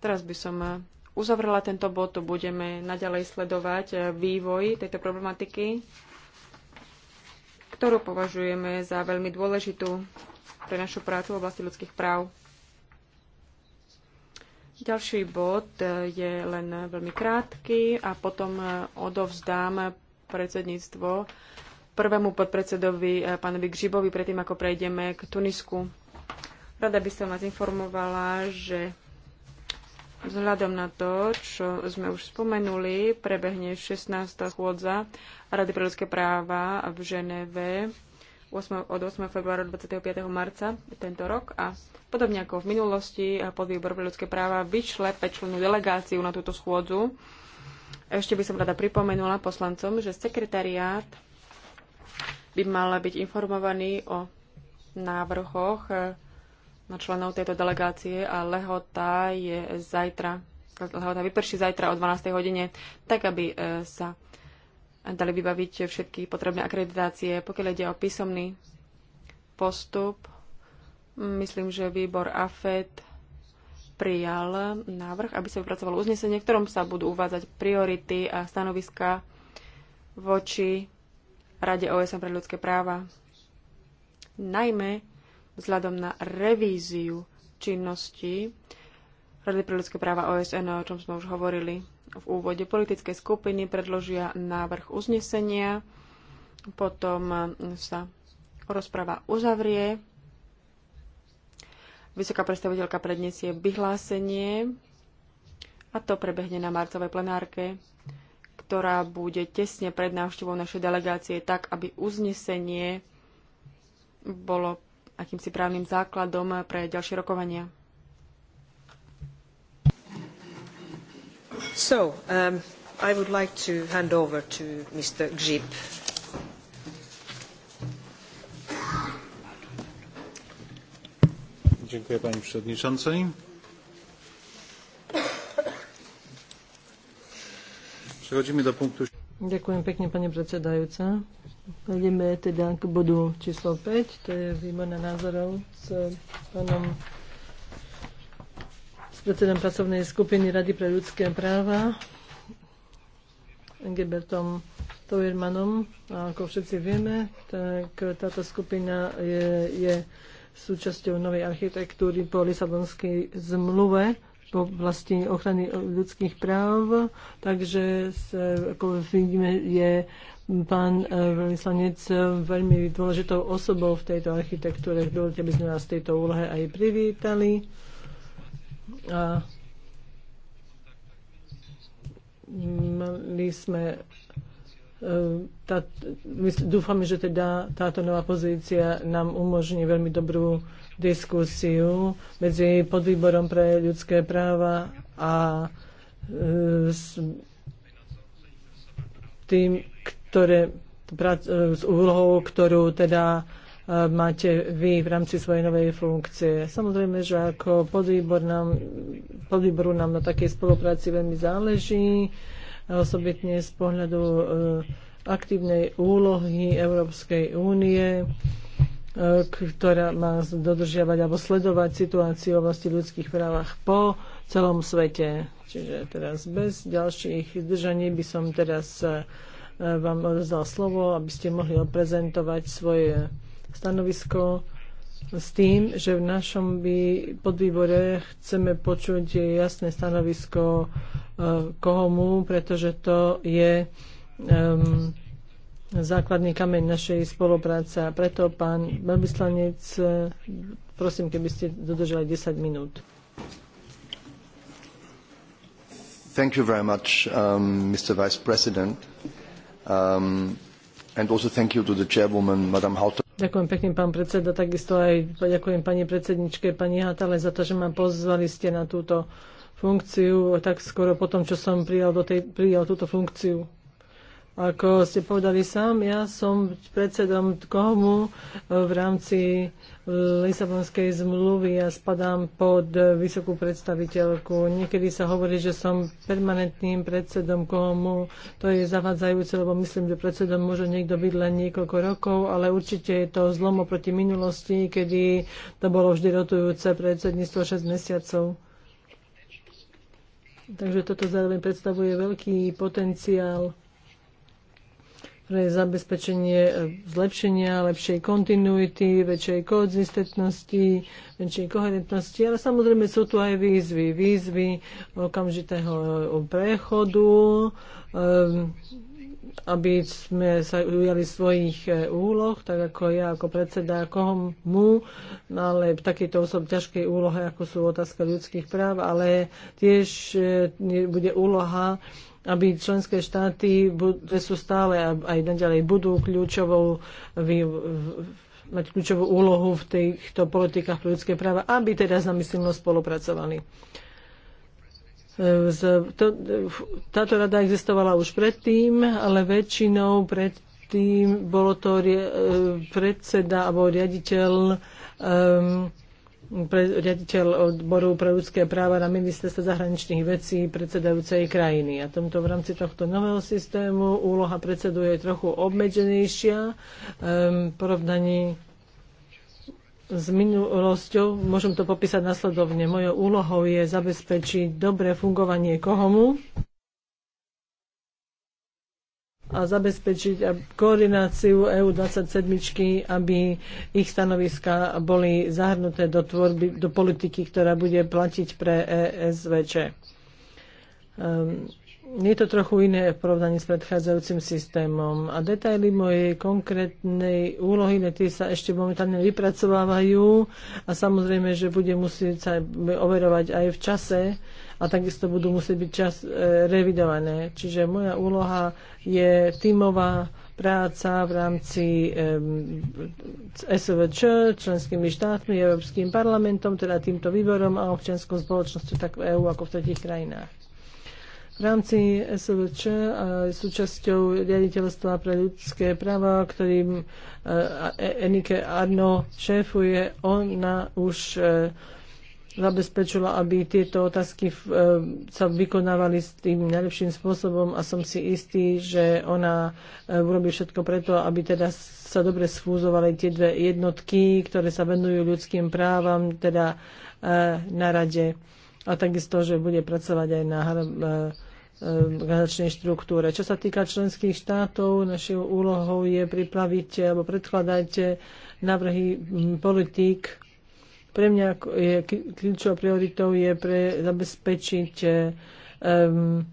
Teraz by som eh, uzavrela tento bod, budeme naďalej sledovať eh, vývoj tejto problematiky, ktorú považujeme za veľmi dôležitú pre našu prácu v oblasti ľudských práv. Ďalší bod e, je len veľmi krátky a potom e, odovzdám predsedníctvo prvému podpredsedovi e, pánovi Gžibovi, predtým ako prejdeme k Tunisku. Rada by som vás informovala, že vzhľadom na to, čo sme už spomenuli, prebehne 16. schôdza Rady pre ľudské práva v Ženeve 8, od 8. februára do 25. marca tento rok a podobne ako v minulosti eh, podvýbor pre ľudské práva vyšle pečlenú delegáciu na túto schôdzu. Ešte by som rada pripomenula poslancom, že sekretariát by mal byť informovaný o návrhoch eh, na členov tejto delegácie a lehota je zajtra, lehota vyprší zajtra o 12. hodine, tak aby eh, sa dali vybaviť všetky potrebné akreditácie. Pokiaľ ide o písomný postup, myslím, že výbor AFED prijal návrh, aby sa vypracovalo uznesenie, v ktorom sa budú uvádzať priority a stanoviska voči Rade OSN pre ľudské práva. Najmä vzhľadom na revíziu činnosti Rady pre ľudské práva OSN, o čom sme už hovorili v úvode politické skupiny predložia návrh uznesenia, potom sa rozprava uzavrie, vysoká predstaviteľka predniesie vyhlásenie a to prebehne na marcovej plenárke, ktorá bude tesne pred návštevou našej delegácie tak, aby uznesenie bolo akýmsi právnym základom pre ďalšie rokovania. So, um, I would like to hand over to Mr. Grzyb. Dziękuję Pani Przewodniczącej. Przechodzimy do punktu... Ďakujem pekne, pani predsedajúca. Prejdeme teda k bodu číslo 5, to je výmena názorov s pánom predsedom pracovnej skupiny Rady pre ľudské práva Engelbertom Tovermanom. A ako všetci vieme, tak táto skupina je, je súčasťou novej architektúry po Lisabonskej zmluve v oblasti ochrany ľudských práv. Takže, ako vidíme, je pán e, vyslanec veľmi dôležitou osobou v tejto architektúre. Dovolte, aby sme vás v tejto úlohe aj privítali. A mali sme e, tá, dúfame, že teda táto nová pozícia nám umožní veľmi dobrú diskusiu medzi podvýborom pre ľudské práva a e, s tým, ktoré, e, s úlohou, ktorú teda máte vy v rámci svojej novej funkcie. Samozrejme, že ako podvýbor nám, podvýboru nám na takej spolupráci veľmi záleží, osobitne z pohľadu e, aktívnej úlohy Európskej únie e, ktorá má dodržiavať alebo sledovať situáciu v oblasti ľudských právach po celom svete. Čiže teraz bez ďalších zdržaní by som teraz e, vám odozdal slovo, aby ste mohli oprezentovať svoje stanovisko s tým, že v našom by podvýbore chceme počuť jasné stanovisko eh, kohomu, pretože to je um, základný kameň našej spolupráce. A preto, pán veľvyslanec, eh, prosím, keby ste dodržali 10 minút. Thank you very much, um, Mr. Vice President. Um, and also thank you to the chairwoman, Madam Hauter. Ďakujem pekne, pán predseda. Takisto aj ďakujem pani predsedničke, pani Hatale, za to, že ma pozvali ste na túto funkciu tak skoro potom, čo som prijal, do tej, prijal túto funkciu. Ako ste povedali sám, ja som predsedom KOMu e, v rámci e, Lisabonskej zmluvy a ja spadám pod vysokú predstaviteľku. Niekedy sa hovorí, že som permanentným predsedom KOMu. To je zavadzajúce, lebo myslím, že predsedom môže niekto byť len niekoľko rokov, ale určite je to zlomo proti minulosti, kedy to bolo vždy rotujúce predsedníctvo 6 mesiacov. Takže toto zároveň predstavuje veľký potenciál pre zabezpečenie e, zlepšenia, lepšej kontinuity, väčšej koexistentnosti, väčšej koherentnosti, ale samozrejme sú tu aj výzvy. Výzvy okamžitého e, prechodu, e, aby sme sa ujali svojich úloh, tak ako ja ako predseda komu, ale v takejto osob ťažkej úlohe, ako sú otázka ľudských práv, ale tiež bude úloha aby členské štáty, ktoré sú stále aj naďalej budú kľúčovou mať kľúčovú úlohu v týchto politikách pre ľudské práva, aby teda zamyslno spolupracovali. E, táto rada existovala už predtým, ale väčšinou predtým bolo to e, predseda alebo riaditeľ um, pre, riaditeľ odboru pre ľudské práva na ministerstve zahraničných vecí predsedajúcej krajiny. A tomto v rámci tohto nového systému úloha predsedu je trochu obmedzenejšia um, v porovnaní s minulosťou. Môžem to popísať nasledovne. Mojou úlohou je zabezpečiť dobré fungovanie kohomu, a zabezpečiť koordináciu EU27, aby ich stanoviska boli zahrnuté do tvorby, do politiky, ktorá bude platiť pre ESVČ. Um, ehm, je to trochu iné v porovnaní s predchádzajúcim systémom a detaily mojej konkrétnej úlohy, tie sa ešte momentálne vypracovávajú a samozrejme, že bude musieť sa overovať aj v čase, a takisto budú musieť byť čas e, revidované. Čiže moja úloha je tímová práca v rámci e, SVČ, členskými štátmi, Európskym parlamentom, teda týmto výborom a občianskou spoločnosťou tak v EÚ ako v tretich krajinách. V rámci SVČ a e, súčasťou riaditeľstva pre ľudské práva, ktorým e, e, Enike Arno šéfuje, ona už zabezpečila, aby tieto otázky e, sa vykonávali s tým najlepším spôsobom a som si istý, že ona e, urobí všetko preto, aby teda sa dobre sfúzovali tie dve jednotky, ktoré sa venujú ľudským právam, teda e, na rade a takisto, že bude pracovať aj na organizačnej štruktúre. Čo sa týka členských štátov, našou úlohou je pripraviť alebo predkladať návrhy politík pre mňa je kľúčovou prioritou je pre zabezpečiť um,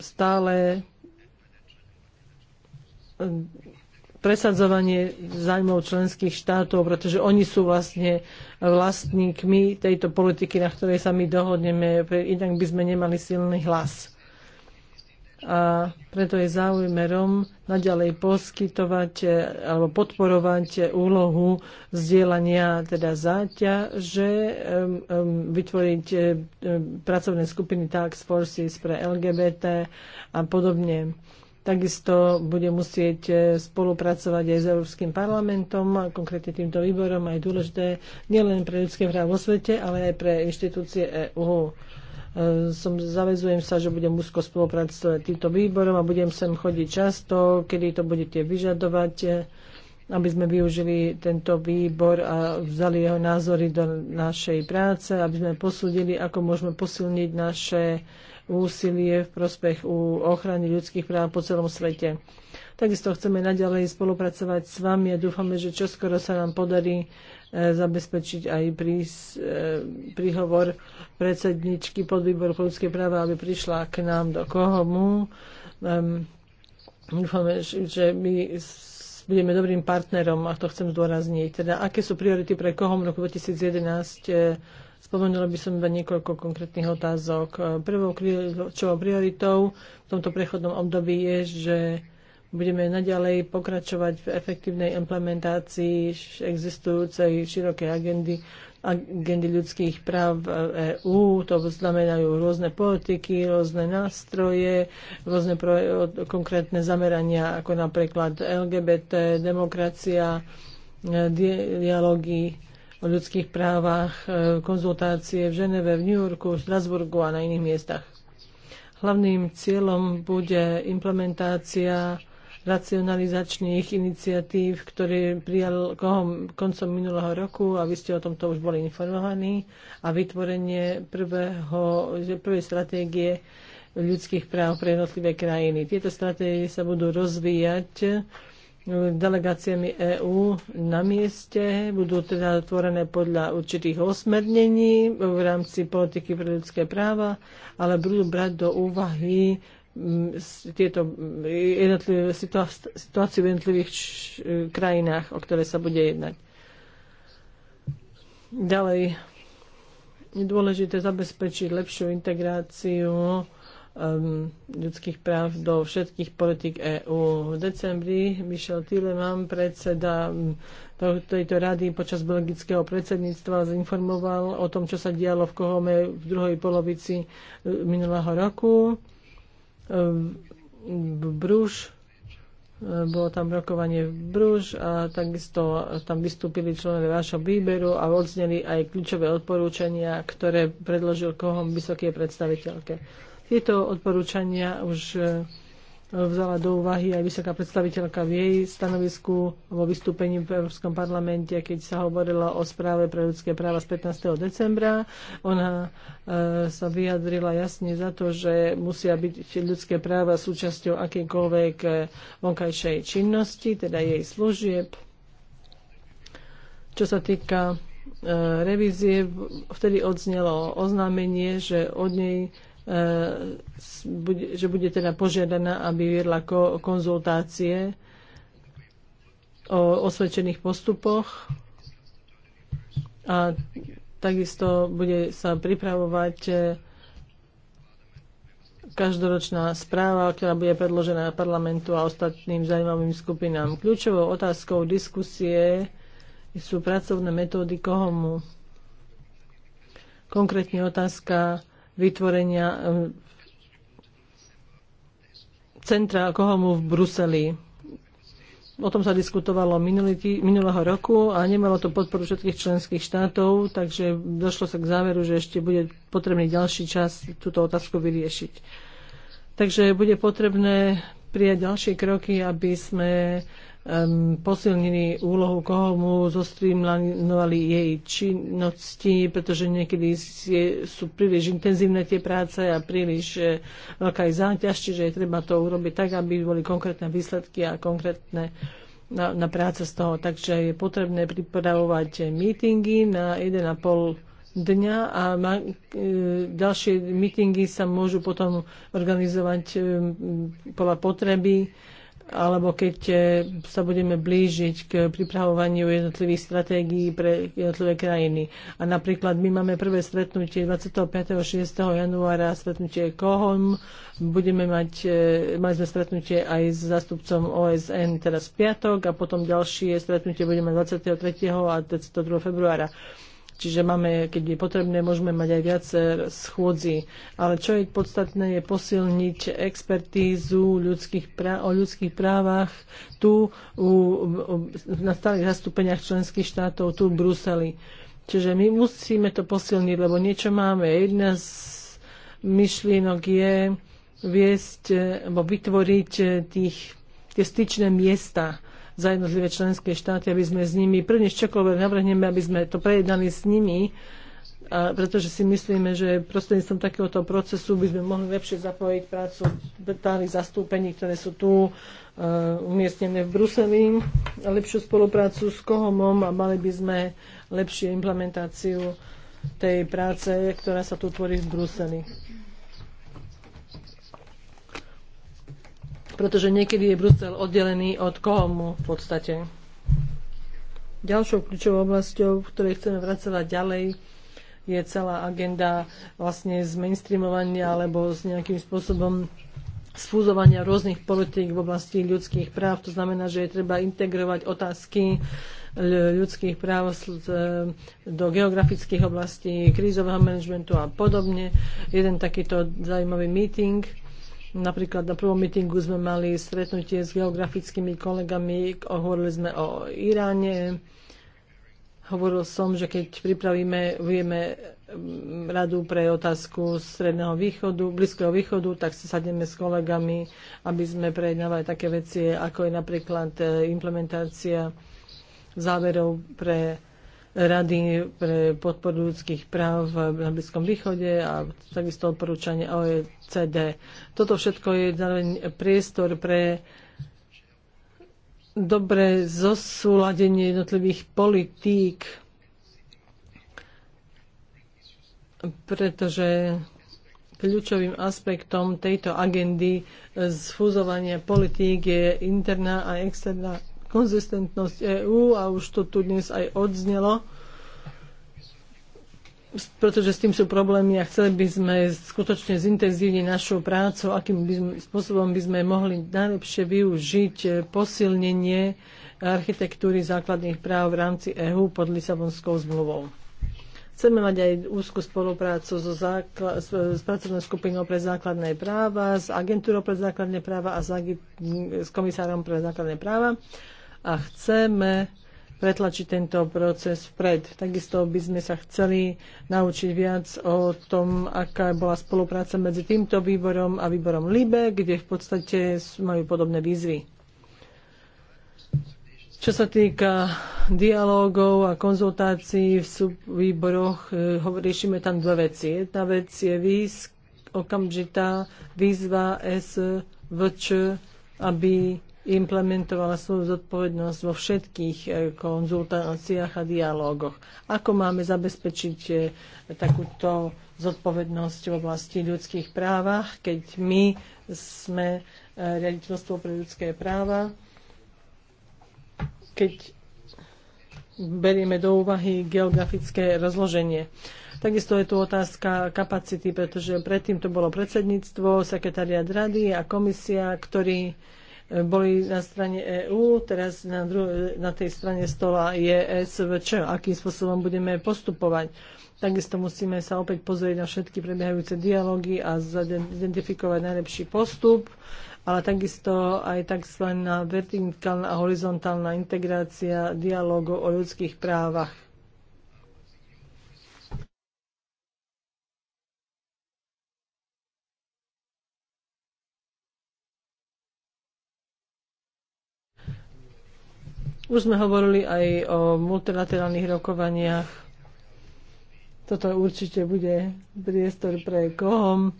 stále presadzovanie zájmov členských štátov, pretože oni sú vlastne vlastníkmi tejto politiky, na ktorej sa my dohodneme, inak by sme nemali silný hlas a preto je záujmerom naďalej poskytovať e, alebo podporovať úlohu vzdielania teda záťaže, vytvoriť e, e, pracovné skupiny tax forces pre LGBT a podobne. Takisto bude musieť spolupracovať aj s Európskym parlamentom, a konkrétne týmto výborom, aj dôležité nielen pre ľudské práva vo svete, ale aj pre inštitúcie EU. E, som, zavezujem sa, že budem úzko spolupracovať s týmto výborom a budem sem chodiť často, kedy to budete vyžadovať, e, aby sme využili tento výbor a vzali jeho názory do našej práce, aby sme posúdili, ako môžeme posilniť naše úsilie v prospech u ochrany ľudských práv po celom svete. Takisto chceme naďalej spolupracovať s vami a dúfame, že čoskoro sa nám podarí E, zabezpečiť aj e, príhovor predsedničky podvýboru pre ľudské práva, aby prišla k nám do Kohomu. Dúfame, že my budeme dobrým partnerom a to chcem zdôrazniť. Teda, aké sú priority pre Kohom v roku 2011? E, spomenula by som iba niekoľko konkrétnych otázok. Prvou kľúčovou prioritou v tomto prechodnom období je, že budeme naďalej pokračovať v efektívnej implementácii existujúcej širokej agendy, agendy ľudských práv v EÚ. To znamenajú rôzne politiky, rôzne nástroje, rôzne pro, konkrétne zamerania, ako napríklad LGBT, demokracia, e, dialógy o ľudských právach, e, konzultácie v Ženeve, v New Yorku, v Strasburgu a na iných miestach. Hlavným cieľom bude implementácia racionalizačných iniciatív, ktoré prijal koncom minulého roku a vy ste o tomto už boli informovaní a vytvorenie prvého, prvej stratégie ľudských práv pre jednotlivé krajiny. Tieto stratégie sa budú rozvíjať e, delegáciami EÚ na mieste. Budú teda tvorené podľa určitých osmernení v rámci politiky pre ľudské práva, ale budú brať do úvahy tieto jednotlivé situácie v jednotlivých e, krajinách, o ktoré sa bude jednať. Ďalej je dôležité zabezpečiť lepšiu integráciu um, ľudských práv do všetkých politik EÚ. V decembri Michel Tilleman, predseda tejto rady počas belgického predsedníctva, zinformoval o tom, čo sa dialo v Kohome v druhej polovici e, minulého roku v Brúž, bolo tam rokovanie v Brúž a takisto tam vystúpili členovia vášho výberu a odzneli aj kľúčové odporúčania, ktoré predložil kohom vysoké predstaviteľke. Tieto odporúčania už vzala do úvahy aj vysoká predstaviteľka v jej stanovisku vo vystúpení v Európskom parlamente, keď sa hovorilo o správe pre ľudské práva z 15. decembra. Ona e, sa vyjadrila jasne za to, že musia byť ľudské práva súčasťou akejkoľvek e, vonkajšej činnosti, teda jej služieb. Čo sa týka e, revízie, vtedy odznelo oznámenie, že od nej E, že bude teda požiadaná, aby viedla konzultácie o osvedčených postupoch a takisto bude sa pripravovať e, každoročná správa, ktorá bude predložená parlamentu a ostatným zaujímavým skupinám. Kľúčovou otázkou diskusie sú pracovné metódy kohomu. Konkrétne otázka vytvorenia eh, centra Kohomu v Bruseli. O tom sa diskutovalo minulý, minulého roku a nemalo to podporu všetkých členských štátov, takže došlo sa k záveru, že ešte bude potrebný ďalší čas túto otázku vyriešiť. Takže bude potrebné prijať ďalšie kroky, aby sme um, posilnili úlohu kohomu, zostreamlinovali jej činnosti, pretože niekedy je, sú príliš intenzívne tie práce a príliš eh, veľká je záťaž, čiže je treba to urobiť tak, aby boli konkrétne výsledky a konkrétne na, na práce z toho. Takže je potrebné pripravovať meetingy na 1,5 dňa a ma, e, ďalšie mítingy sa môžu potom organizovať e, podľa potreby. E, alebo keď e, sa budeme blížiť k pripravovaniu jednotlivých stratégií pre jednotlivé krajiny. A napríklad my máme prvé stretnutie 25. 6. januára, stretnutie KOHOM, budeme mať, e, mali sme stretnutie aj s zastupcom OSN teraz v piatok a potom ďalšie stretnutie budeme 23. a 22. februára. Čiže máme, keď je potrebné, môžeme mať aj viac eh, schôdzi. Ale čo je podstatné, je posilniť expertízu ľudských prá- o ľudských právach tu u, u, na stálych zastúpeniach členských štátov tu v Bruseli. Čiže my musíme to posilniť, lebo niečo máme. Jedna z myšlienok je viesť, eh, alebo vytvoriť eh, tých, tie styčné miesta za jednotlivé členské štáty, aby sme s nimi, prvne čokoľvek navrhneme, aby sme to prejednali s nimi, a pretože si myslíme, že prostredníctvom takéhoto procesu by sme mohli lepšie zapojiť prácu tých zastúpení, ktoré sú tu e, umiestnené v Bruseli, a lepšiu spoluprácu s Kohomom a mali by sme lepšiu implementáciu tej práce, ktorá sa tu tvorí v Bruseli. pretože niekedy je Brusel oddelený od komu v podstate. Ďalšou kľúčovou oblasťou, v ktorej chceme pracovať ďalej, je celá agenda vlastne z mainstreamovania alebo s nejakým spôsobom sfúzovania rôznych politík v oblasti ľudských práv. To znamená, že je treba integrovať otázky ľudských práv e, do geografických oblastí, krízového manažmentu a podobne. Jeden takýto zaujímavý meeting Napríklad na prvom mitingu sme mali stretnutie s geografickými kolegami, hovorili sme o Iráne. Hovoril som, že keď pripravíme vieme mm, radu pre otázku Stredného východu, Blízkeho východu, tak si sadneme s kolegami, aby sme prejednávali také veci, ako je napríklad e, implementácia záverov pre Rady pre podporu ľudských práv v Blízkom východe a takisto odporúčanie OECD. Toto všetko je zároveň priestor pre dobré zosúladenie jednotlivých politík, pretože kľúčovým aspektom tejto agendy zfúzovania politík je interná a externá konzistentnosť EÚ a už to tu dnes aj odznelo, pretože s tým sú problémy a chceli by sme skutočne zintenzívniť našu prácu, akým by sme, spôsobom by sme mohli najlepšie využiť posilnenie architektúry základných práv v rámci EÚ pod Lisabonskou zmluvou. Chceme mať aj úzku spoluprácu so zákla- s pracovnou skupinou pre základné práva, s agentúrou pre základné práva a s, s komisárom pre základné práva a chceme pretlačiť tento proces vpred. Takisto by sme sa chceli naučiť viac o tom, aká bola spolupráca medzi týmto výborom a výborom LIBE, kde v podstate majú podobné výzvy. Čo sa týka dialógov a konzultácií v subvýboroch, e, riešime tam dve veci. Jedna vec je výsk, okamžitá výzva SVČ, aby implementovala svoju zodpovednosť vo všetkých eh, konzultáciách a dialógoch. Ako máme zabezpečiť eh, takúto zodpovednosť v oblasti ľudských právach, keď my sme eh, riaditeľstvo pre ľudské práva, keď berieme do úvahy geografické rozloženie. Takisto je tu otázka kapacity, pretože predtým to bolo predsedníctvo, sekretariat rady a komisia, ktorí boli na strane EÚ, teraz na, dru- na tej strane stola je SVČ, akým spôsobom budeme postupovať. Takisto musíme sa opäť pozrieť na všetky prebiehajúce dialógy a identifikovať najlepší postup, ale takisto aj tzv. vertikálna a horizontálna integrácia dialógov o ľudských právach Už sme hovorili aj o multilaterálnych rokovaniach. Toto určite bude priestor pre kohom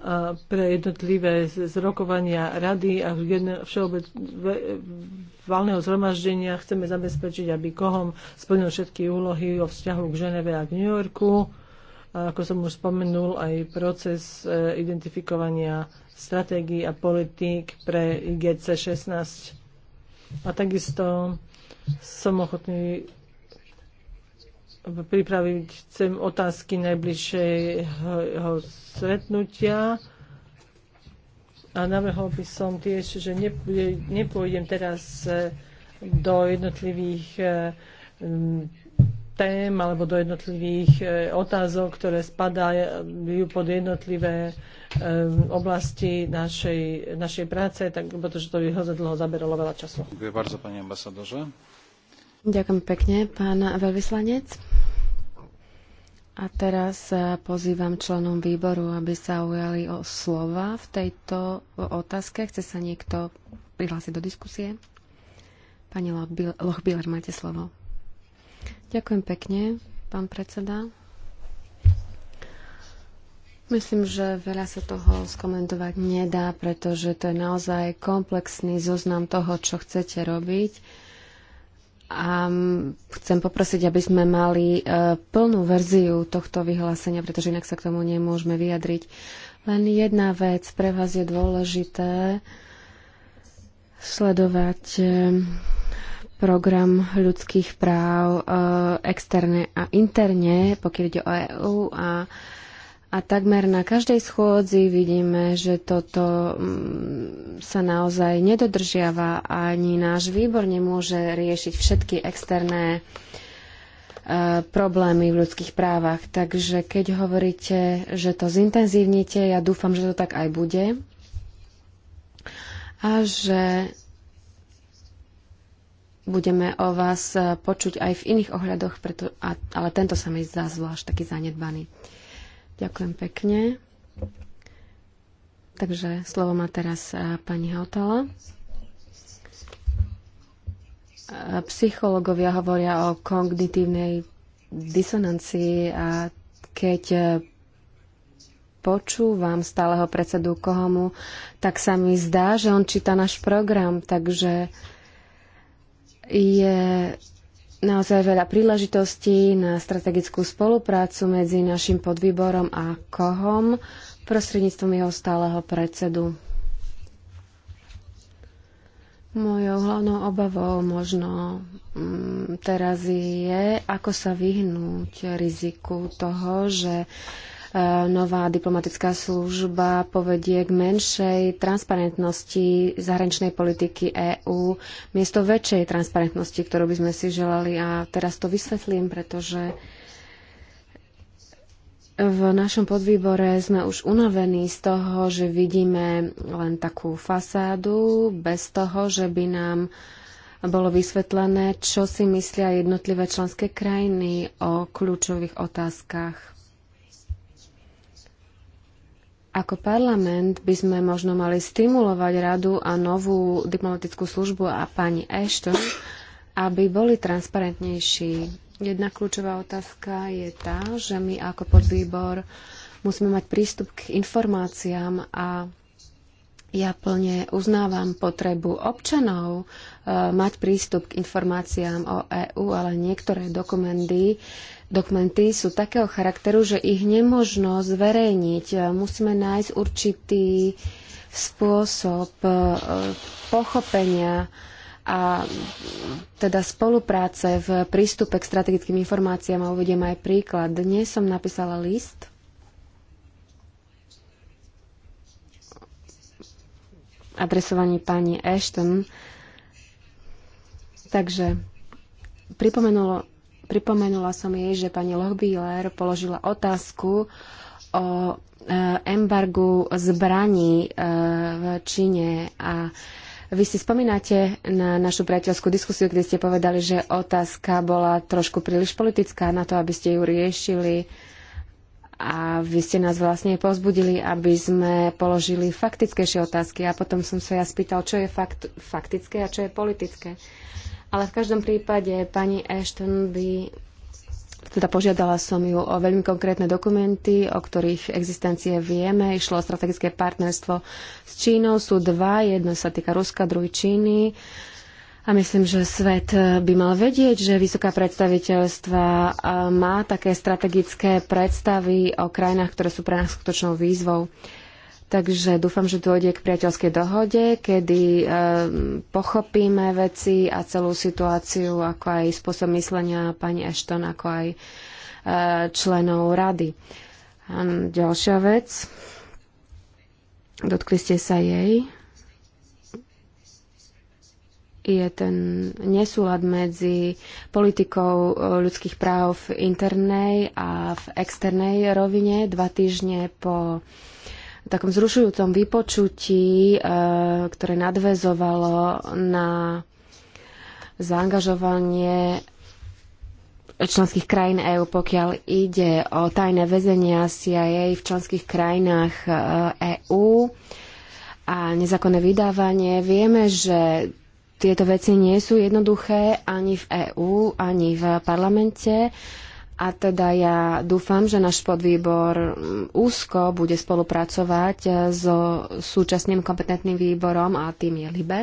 a pre jednotlivé zrokovania rady a všeobecného zhromaždenia chceme zabezpečiť, aby kohom splnil všetky úlohy o vzťahu k Ženeve a k New Yorku. A ako som už spomenul, aj proces e, identifikovania stratégií a politík pre IGC 16 a takisto som ochotný pripraviť chcem otázky najbližšieho stretnutia. A navrhol by som tiež, že nepôjdem teraz do jednotlivých eh, tém alebo do jednotlivých e, otázok, ktoré spadajú pod jednotlivé e, oblasti našej, našej práce, tak, pretože to by hrozne dlho zaberalo veľa času. Ďakujem bardzo, pani ambasadorze. Ďakujem pekne, pán veľvyslanec. A teraz e, pozývam členom výboru, aby sa ujali o slova v tejto otázke. Chce sa niekto prihlásiť do diskusie? Pani Lochbiller, máte slovo. Ďakujem pekne, pán predseda. Myslím, že veľa sa toho skomentovať nedá, pretože to je naozaj komplexný zoznam toho, čo chcete robiť. A chcem poprosiť, aby sme mali e, plnú verziu tohto vyhlásenia, pretože inak sa k tomu nemôžeme vyjadriť. Len jedna vec pre vás je dôležité sledovať e, program ľudských práv e, externe a interne, pokiaľ ide o EÚ a, a takmer na každej schôdzi vidíme, že toto mm, sa naozaj nedodržiava ani náš výbor nemôže riešiť všetky externé e, problémy v ľudských právach. Takže keď hovoríte, že to zintenzívnite, ja dúfam, že to tak aj bude a že budeme o vás e, počuť aj v iných ohľadoch, preto, a, ale tento sa mi zdá zvlášť taký zanedbaný. Ďakujem pekne. Takže slovo má teraz e, pani Hautala. E, psychológovia hovoria o kognitívnej disonancii a keď počúvam stáleho predsedu Kohomu, tak sa mi zdá, že on číta náš program, takže je naozaj veľa príležitostí na strategickú spoluprácu medzi našim podvýborom a KOHOM prostredníctvom jeho stáleho predsedu. Mojou hlavnou obavou možno mm, teraz je, ako sa vyhnúť riziku toho, že E, nová diplomatická služba povedie k menšej transparentnosti zahraničnej politiky EÚ, miesto väčšej transparentnosti, ktorú by sme si želali. A teraz to vysvetlím, pretože v našom podvýbore sme už unavení z toho, že vidíme len takú fasádu, bez toho, že by nám bolo vysvetlené, čo si myslia jednotlivé členské krajiny o kľúčových otázkach ako parlament by sme možno mali stimulovať radu a novú diplomatickú službu a pani Ashton, aby boli transparentnejší. Jedna kľúčová otázka je tá, že my ako podvýbor musíme mať prístup k informáciám a ja plne uznávam potrebu občanov e, mať prístup k informáciám o EÚ, ale niektoré dokumenty Dokumenty sú takého charakteru, že ich nemožno zverejniť. Musíme nájsť určitý spôsob e, pochopenia a teda spolupráce v prístupe k strategickým informáciám a uvediem aj príklad. Dnes som napísala list adresovaný pani Ashton. Takže pripomenulo Pripomenula som jej, že pani Lochbíler položila otázku o e, embargu zbraní e, v Číne a vy si spomínate na našu priateľskú diskusiu, kde ste povedali, že otázka bola trošku príliš politická na to, aby ste ju riešili a vy ste nás vlastne pozbudili, aby sme položili faktickejšie otázky a potom som sa ja spýtal, čo je fakt, faktické a čo je politické. Uh, ale v každom prípade pani Ashton by teda požiadala som ju o veľmi konkrétne dokumenty, o ktorých existencie vieme. Išlo o strategické partnerstvo s Čínou. Sú dva, jedno sa týka Ruska, druhý Číny. A myslím, že svet by mal vedieť, že vysoká predstaviteľstva má také strategické predstavy o krajinách, ktoré sú pre nás skutočnou výzvou. Uh, Takže dúfam, že dôjde k priateľskej dohode, kedy e, pochopíme veci a celú situáciu, ako aj spôsob myslenia pani Ashton, ako aj e, členov rady. A ďalšia vec. Dotkli ste sa jej. Je ten nesúlad medzi politikou e, ľudských práv v internej a v externej rovine. Dva týždne po takom zrušujúcom vypočutí, eh, ktoré nadvezovalo na zaangažovanie členských krajín EÚ, pokiaľ ide o tajné väzenia CIA v členských krajinách EÚ eh, e a nezákonné vydávanie. Vieme, že tieto veci nie sú jednoduché ani v EÚ, ani v parlamente. Uh, a teda ja dúfam, že náš podvýbor úzko bude spolupracovať e, so súčasným kompetentným výborom a tým je LIBE.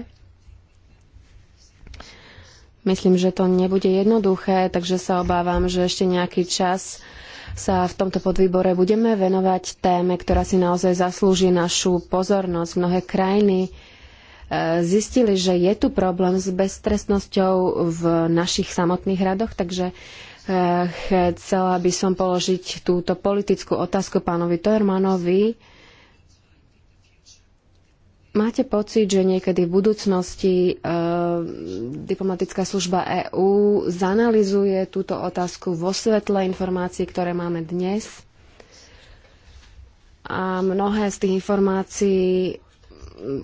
Myslím, že to nebude jednoduché, takže sa obávam, že ešte nejaký čas sa v tomto podvýbore budeme venovať téme, ktorá si naozaj zaslúži našu pozornosť. Mnohé krajiny e, zistili, že je tu problém s beztrestnosťou v našich samotných radoch, takže Chcela by som položiť túto politickú otázku pánovi Toermanovi. Máte pocit, že niekedy v budúcnosti e, diplomatická služba EÚ zanalizuje túto otázku vo svetle informácií, ktoré máme dnes? A mnohé z tých informácií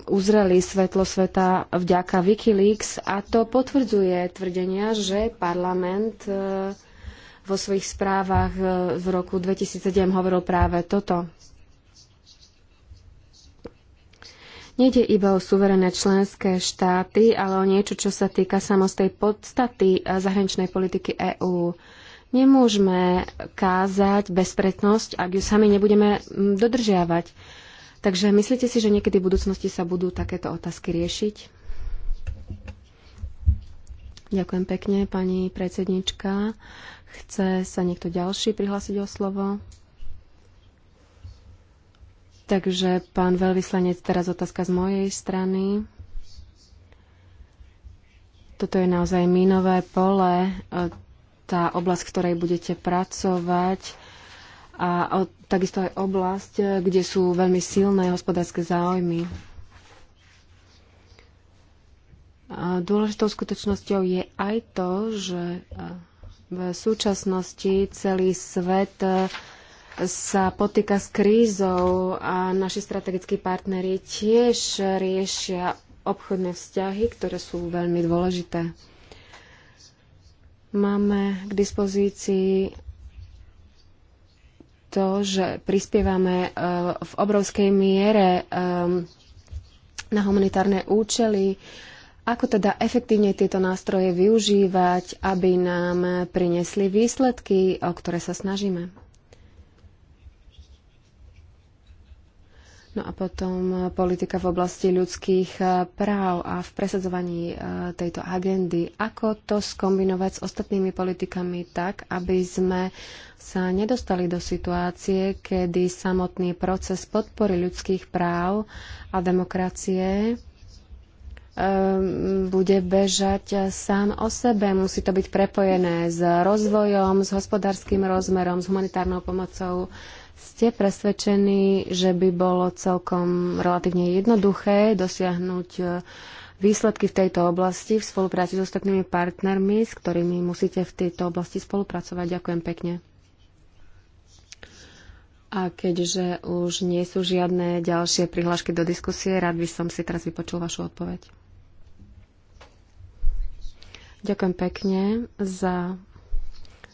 uzreli svetlo sveta vďaka Wikileaks a to potvrdzuje tvrdenia, že parlament e, vo svojich správach z e, roku 2007 hovoril práve toto. Nejde iba o suverené členské štáty, ale o niečo, čo sa týka samostej podstaty e, zahraničnej politiky EÚ. Nemôžeme kázať bezpretnosť, ak ju sami nebudeme dodržiavať. Takže myslíte si, že niekedy v budúcnosti sa budú takéto otázky riešiť? Ďakujem pekne, pani predsednička. Chce sa niekto ďalší prihlásiť o slovo? Takže, pán veľvyslanec, teraz otázka z mojej strany. Toto je naozaj mínové pole, e, tá oblasť, v ktorej budete pracovať a takisto aj oblasť, e, kde sú veľmi silné hospodárske záujmy. dôležitou skutočnosťou je aj to, že e, v súčasnosti celý svet e, sa potýka s krízou a naši strategickí partneri tiež riešia obchodné vzťahy, ktoré sú veľmi dôležité. Máme k dispozícii to, že prispievame e, v obrovskej miere e, na humanitárne účely, ako teda efektívne tieto nástroje využívať, aby nám prinesli výsledky, o ktoré sa snažíme? No a potom politika v oblasti ľudských eh, práv a v presadzovaní eh, tejto agendy. Ako to skombinovať s ostatnými politikami tak, aby sme sa nedostali do situácie, kedy samotný proces podpory ľudských práv a demokracie Ehm, bude bežať sám o sebe. Musí to byť prepojené s rozvojom, s hospodárskym rozmerom, s humanitárnou pomocou. Ste presvedčení, že by bolo celkom relatívne jednoduché dosiahnuť e, výsledky v tejto oblasti v spolupráci s ostatnými partnermi, s ktorými musíte v tejto oblasti spolupracovať. Ďakujem pekne. A keďže už nie sú žiadne ďalšie prihlášky do diskusie, rád by som si teraz vypočul vašu odpoveď. Ďakujem pekne za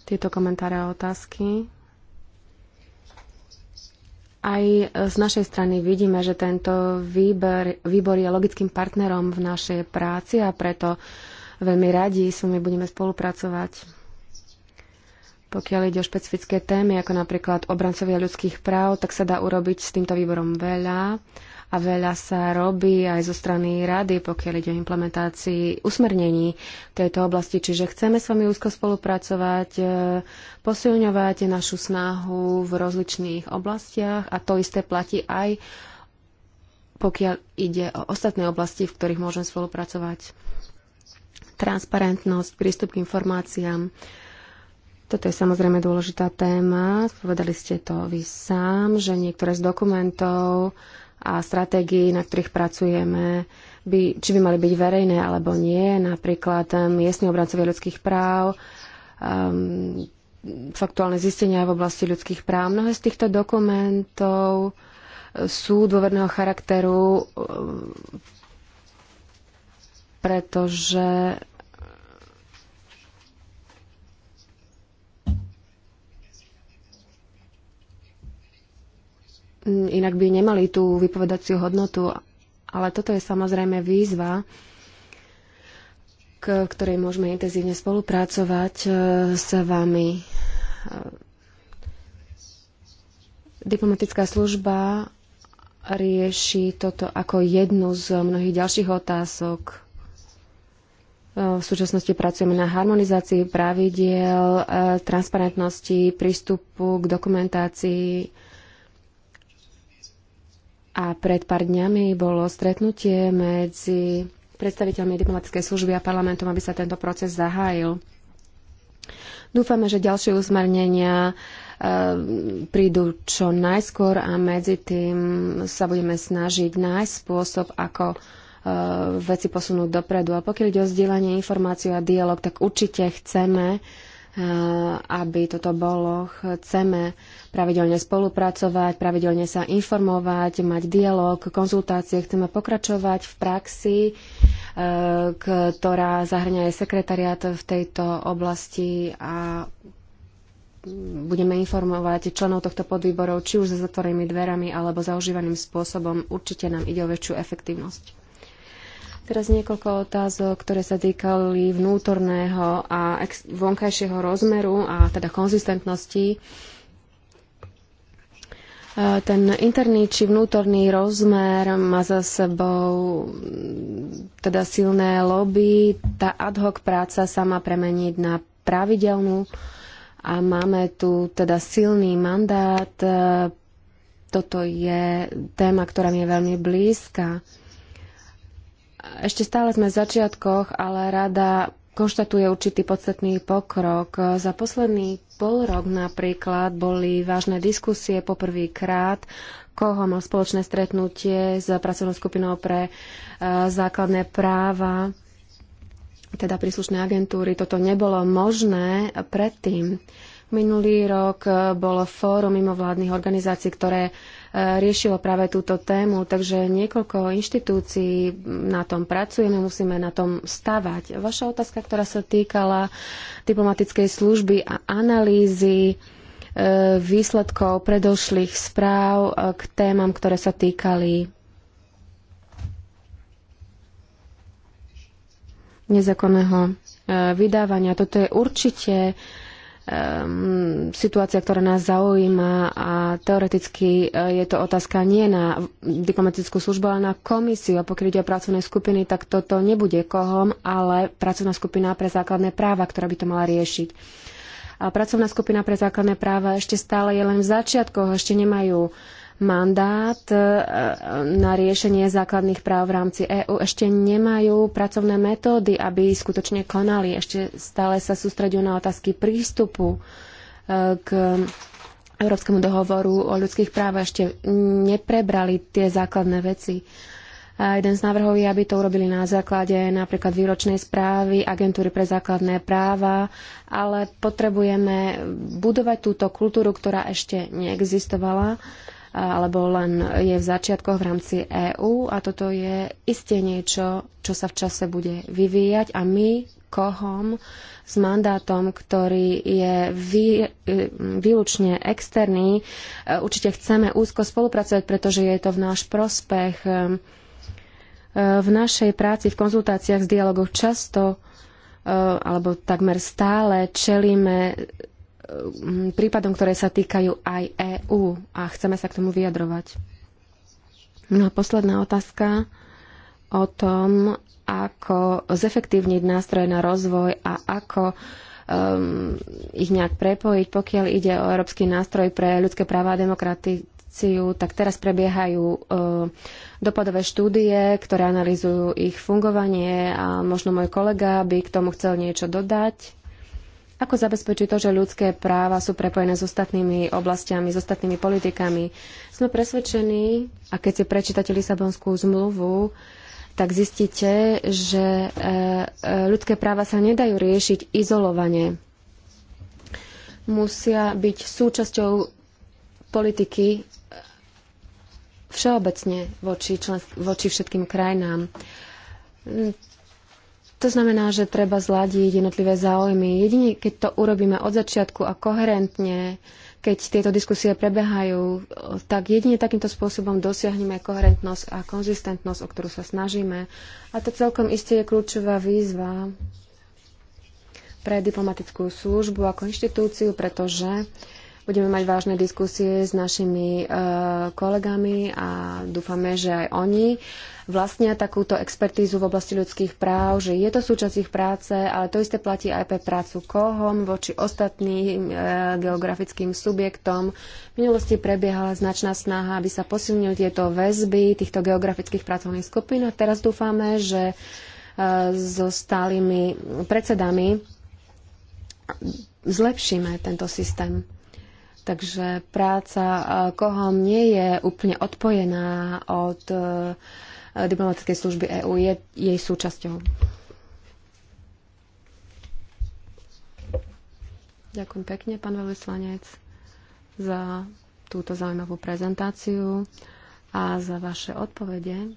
tieto komentáre a otázky. Aj z našej strany vidíme, že tento výber, výbor je logickým partnerom v našej práci a preto veľmi radi s vami budeme spolupracovať. Pokiaľ ide o špecifické témy, ako napríklad obrancovia ľudských práv, tak sa dá urobiť s týmto výborom veľa a veľa sa robí aj zo strany rady, pokiaľ ide o implementácii usmernení tejto oblasti. Čiže chceme s vami úzko spolupracovať, e, posilňovať našu snahu v rozličných oblastiach a to isté platí aj pokiaľ ide o ostatné oblasti, v ktorých môžeme spolupracovať. Transparentnosť, prístup k informáciám, toto je samozrejme dôležitá téma. Povedali ste to vy sám, že niektoré z dokumentov a stratégií, na ktorých pracujeme, by, či by mali byť verejné alebo nie, napríklad um, miestni obrancovia ľudských práv, um, faktuálne zistenia v oblasti ľudských práv. Mnohé z týchto dokumentov uh, sú dôverného charakteru, um, pretože inak by nemali tú vypovedaciu hodnotu. Ale toto je samozrejme výzva, k ktorej môžeme intenzívne spolupracovať e, s vami. E, diplomatická služba rieši toto ako jednu z mnohých ďalších otázok. E, v súčasnosti pracujeme na harmonizácii pravidiel, transparentnosti, prístupu k dokumentácii a pred pár dňami bolo stretnutie medzi predstaviteľmi diplomatickej služby a parlamentom, aby sa tento proces zahájil. Dúfame, že ďalšie usmernenia e, prídu čo najskôr a medzi tým sa budeme snažiť nájsť spôsob, ako e, veci posunúť dopredu. A pokiaľ ide o zdieľanie informácií a dialog, tak určite chceme Eh, aby toto bolo. Chceme pravidelne spolupracovať, pravidelne sa informovať, mať dialog, konzultácie. Chceme pokračovať v praxi, eh, ktorá zahrňa aj sekretariát v tejto oblasti a budeme informovať členov tohto podvýborov, či už za zatvorenými dverami alebo zaužívaným spôsobom. Určite nám ide o väčšiu efektívnosť. Teraz niekoľko otázok, ktoré sa týkali vnútorného a vonkajšieho rozmeru a teda konzistentnosti. E, ten interný či vnútorný rozmer má za sebou mm, teda silné lobby. Tá ad hoc práca sa má premeniť na pravidelnú a máme tu teda silný mandát. E, toto je téma, ktorá mi je veľmi blízka. Ešte stále sme v začiatkoch, ale rada konštatuje určitý podstatný pokrok. Za posledný pol rok napríklad boli vážne diskusie poprvýkrát. Koho mal spoločné stretnutie s pracovnou skupinou pre e, základné práva, teda príslušné agentúry. Toto nebolo možné predtým. Minulý rok e, bolo fórum mimovládnych organizácií, ktoré riešilo práve túto tému, takže niekoľko inštitúcií na tom pracujeme, musíme na tom stavať. Vaša otázka, ktorá sa týkala diplomatickej služby a analýzy e, výsledkov predošlých správ e, k témam, ktoré sa týkali nezákonného e, vydávania. Toto je určite um, situácia, ktorá nás zaujíma a teoreticky e, je to otázka nie na diplomatickú službu, ale na komisiu. A pokiaľ ide o pracovné skupiny, tak toto nebude kohom, ale pracovná skupina pre základné práva, ktorá by to mala riešiť. A pracovná skupina pre základné práva ešte stále je len v začiatkoch, ešte nemajú uh, mandát e, e, na riešenie základných práv v rámci EÚ, ešte nemajú pracovné metódy, aby skutočne konali. Ešte stále sa sústredujú na otázky prístupu e, k Európskemu dohovoru o ľudských právach. Ešte neprebrali tie základné veci. A jeden z návrhov je, aby to urobili na základe napríklad výročnej správy agentúry pre základné práva, ale potrebujeme budovať túto kultúru, ktorá ešte neexistovala alebo len je v začiatkoch v rámci EÚ a toto je isté niečo, čo sa v čase bude vyvíjať a my kohom s mandátom, ktorý je vý, výlučne externý. E, určite chceme úzko spolupracovať, pretože je to v náš prospech. E, v našej práci, v konzultáciách, s dialogoch často e, alebo takmer stále čelíme Eh, prípadom, ktoré sa týkajú aj EÚ a chceme sa k tomu vyjadrovať. No a posledná otázka o tom, ako zefektívniť nástroje na rozvoj a ako um, ich nejak prepojiť. Pokiaľ ide o Európsky nástroj pre ľudské práva a demokraciu, tak teraz prebiehajú um, dopadové štúdie, ktoré analýzujú ich fungovanie a možno môj kolega by k tomu chcel niečo dodať. Ako zabezpečiť to, že ľudské práva sú prepojené s ostatnými oblastiami, s ostatnými politikami? Sme presvedčení, a keď si prečítate Lisabonskú zmluvu, tak zistíte, že e, e, ľudské práva sa nedajú riešiť izolovane. Musia byť súčasťou politiky e, všeobecne voči, člen, voči všetkým krajinám. To znamená, že treba zladiť jednotlivé záujmy. Jedine, keď to urobíme od začiatku a koherentne, keď tieto diskusie prebehajú, tak jedine takýmto spôsobom dosiahneme koherentnosť a konzistentnosť, o ktorú sa snažíme. A to celkom isté je kľúčová výzva pre diplomatickú službu ako inštitúciu, pretože uh, Budeme mať vážne diskusie s našimi eh, kolegami a dúfame, že aj oni vlastnia takúto expertízu v oblasti ľudských práv, že je to súčasť ich práce, ale to isté platí aj pre prácu KOHOM voči ostatným e, geografickým subjektom. V minulosti prebiehala značná snaha, aby sa posilnili tieto väzby týchto geografických pracovných skupín a teraz dúfame, že e, so stálymi predsedami zlepšíme tento systém. Takže práca e, kohom nie je úplne odpojená od e, diplomatickej služby EÚ, je jej súčasťou. Ďakujem pekne, pán veľvyslanec, za túto zaujímavú prezentáciu a za vaše odpovede.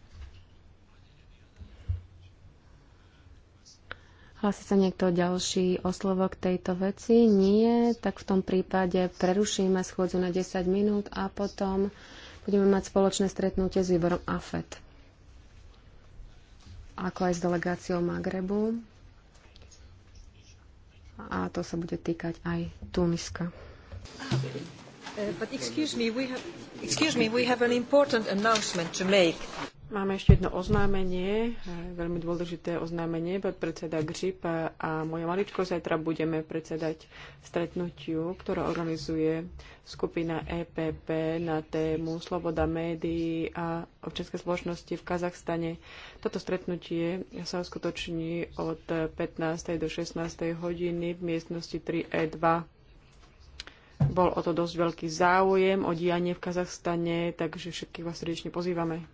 Hlasí sa niekto ďalší o slovo k tejto veci? Nie. Tak v tom prípade prerušíme schôdzu na 10 minút a potom budeme mať spoločné stretnutie s výborom AFET. Ako aj s delegáciou Magrebu. A to sa bude týkať aj Tuniska. Uh, but excuse me, we have, excuse me, we have an important announcement to make. Máme ešte jedno oznámenie, eh, veľmi dôležité oznámenie, predseda Gřip a moje maličko zajtra budeme predsedať stretnutiu, ktoré organizuje skupina EPP na tému Sloboda médií a občianske spoločnosti v Kazachstane. Toto stretnutie sa uskutoční od 15. do 16. hodiny v miestnosti 3E2. Bol o to dosť veľký záujem o dianie v Kazachstane, takže všetkých vás srdečne pozývame.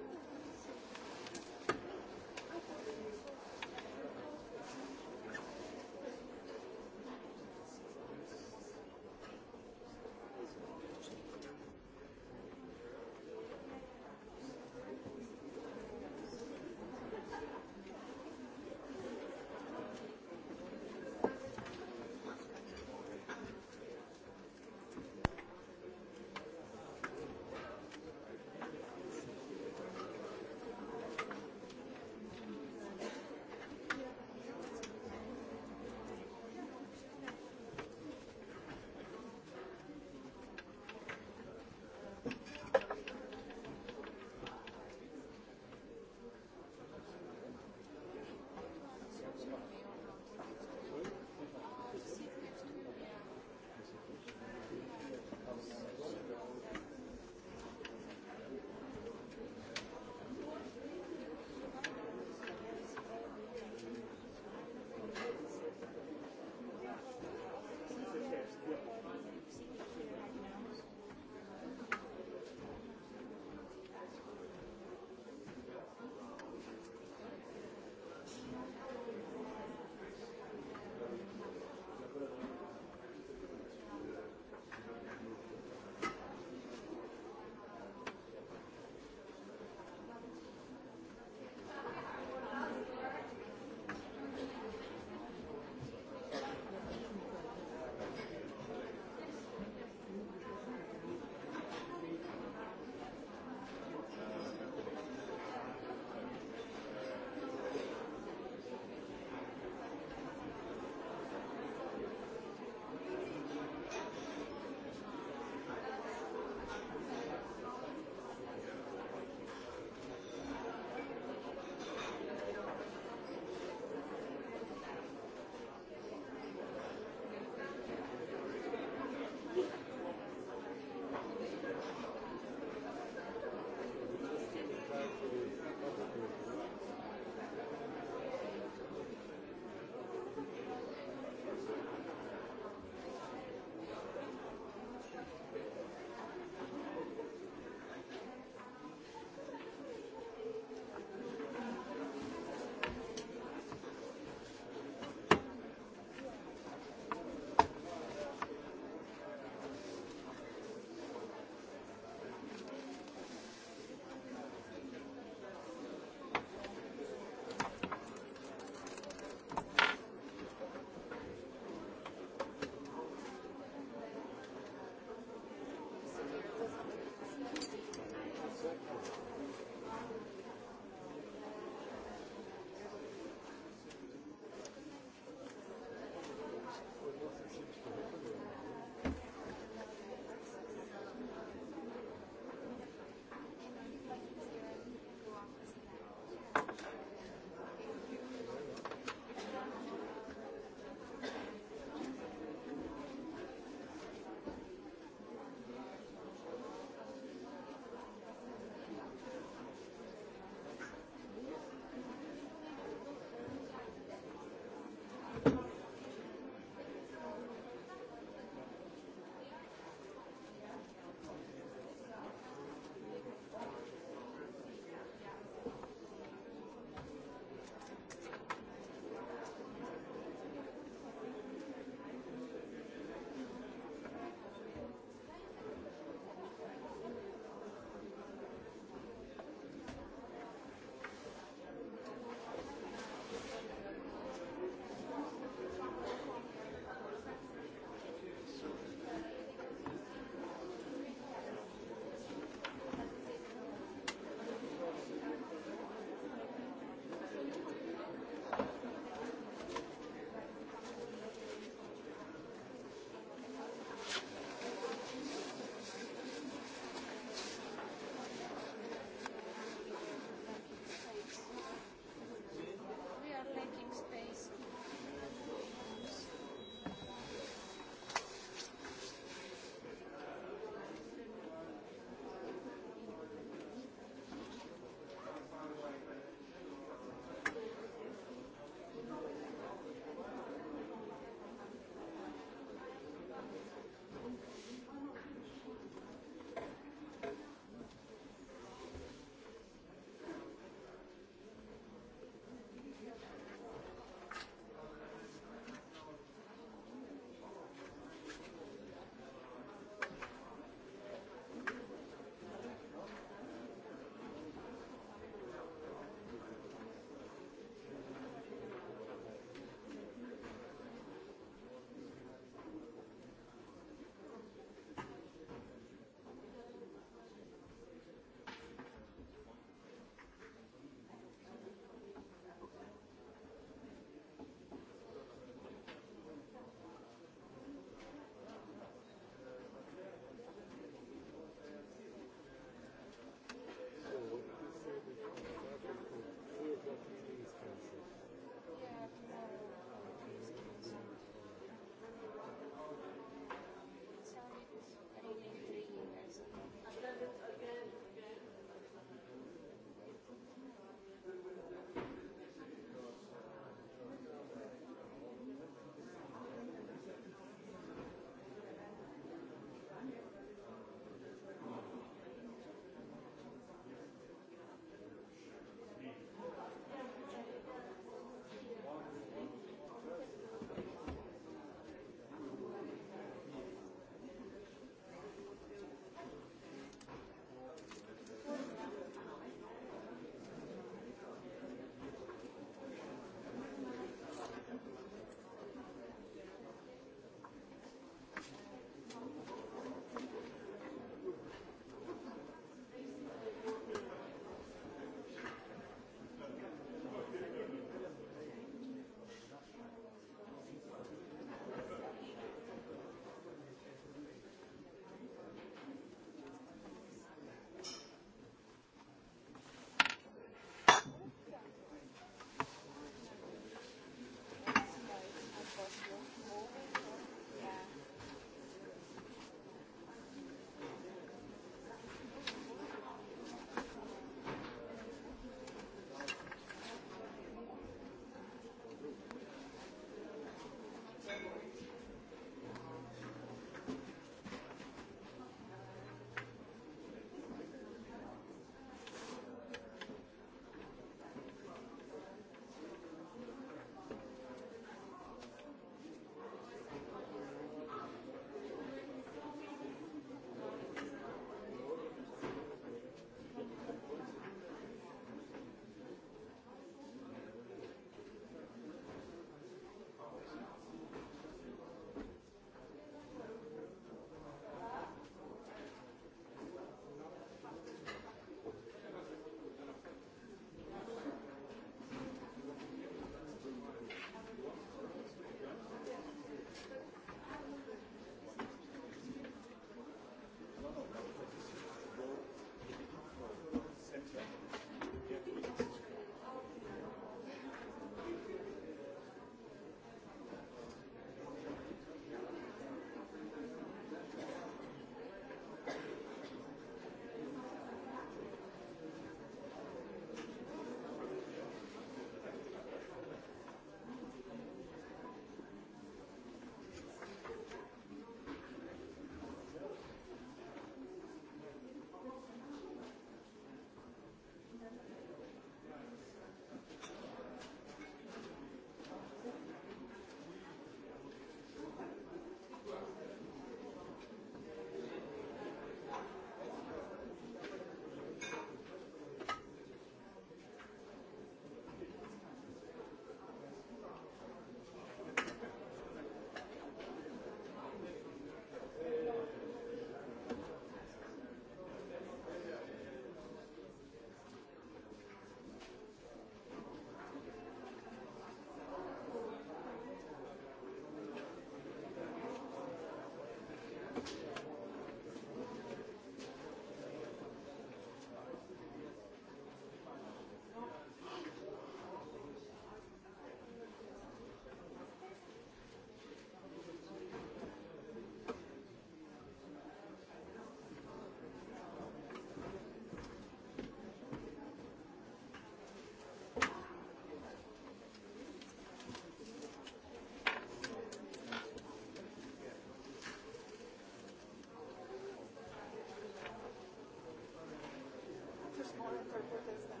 for, for this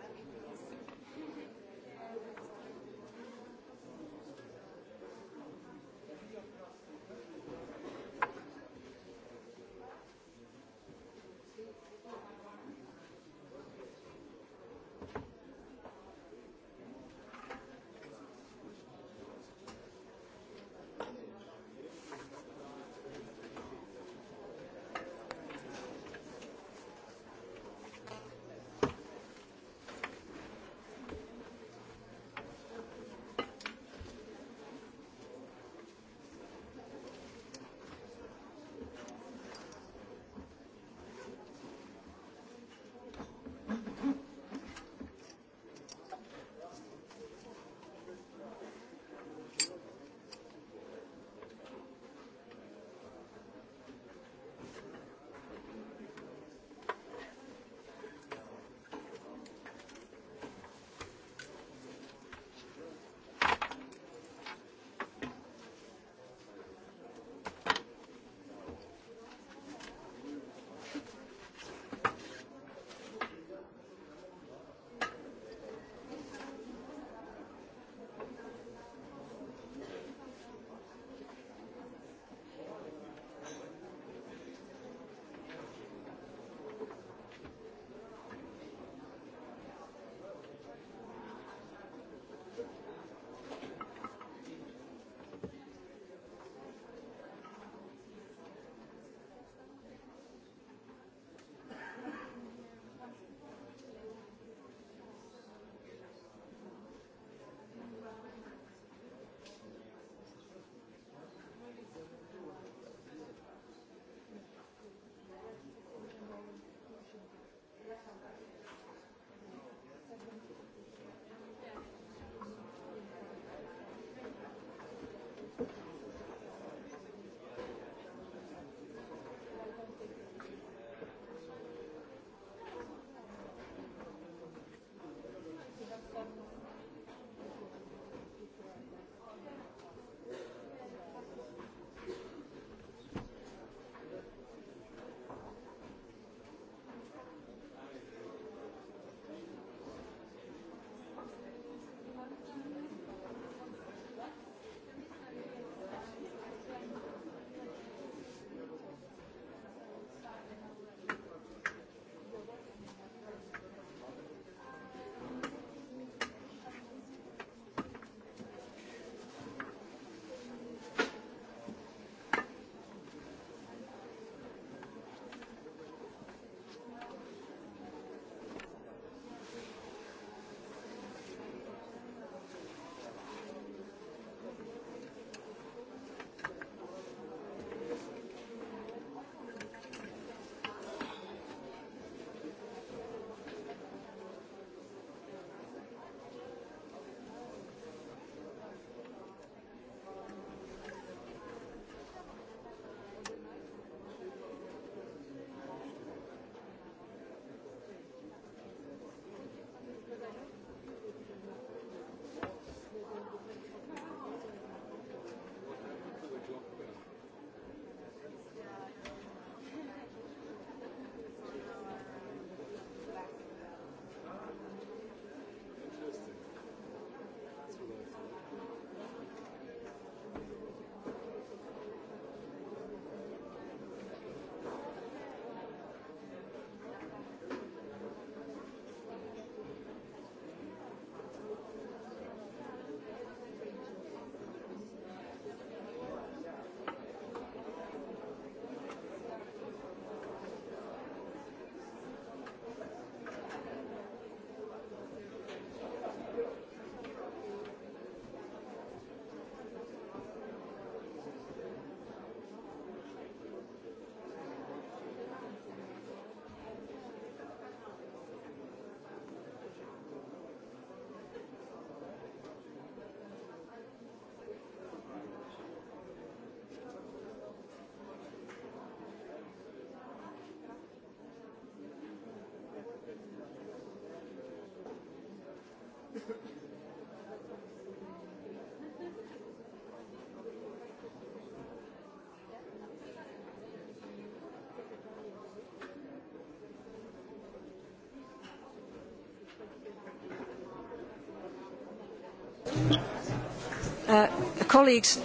Uh, colleagues,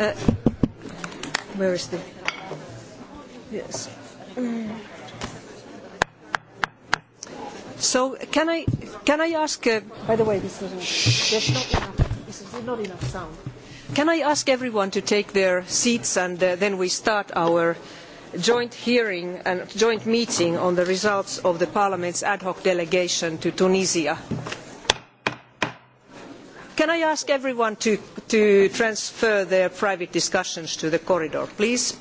uh, where is the? Yes. Mm. So can I Can I ask, uh, by the way, this is, not enough, this is not enough sound. Can I ask everyone to take their seats and uh, then we start our joint hearing and joint meeting on the results of the Parliament's ad hoc delegation to Tunisia. Can I ask everyone to, to transfer their private discussions to the corridor, please?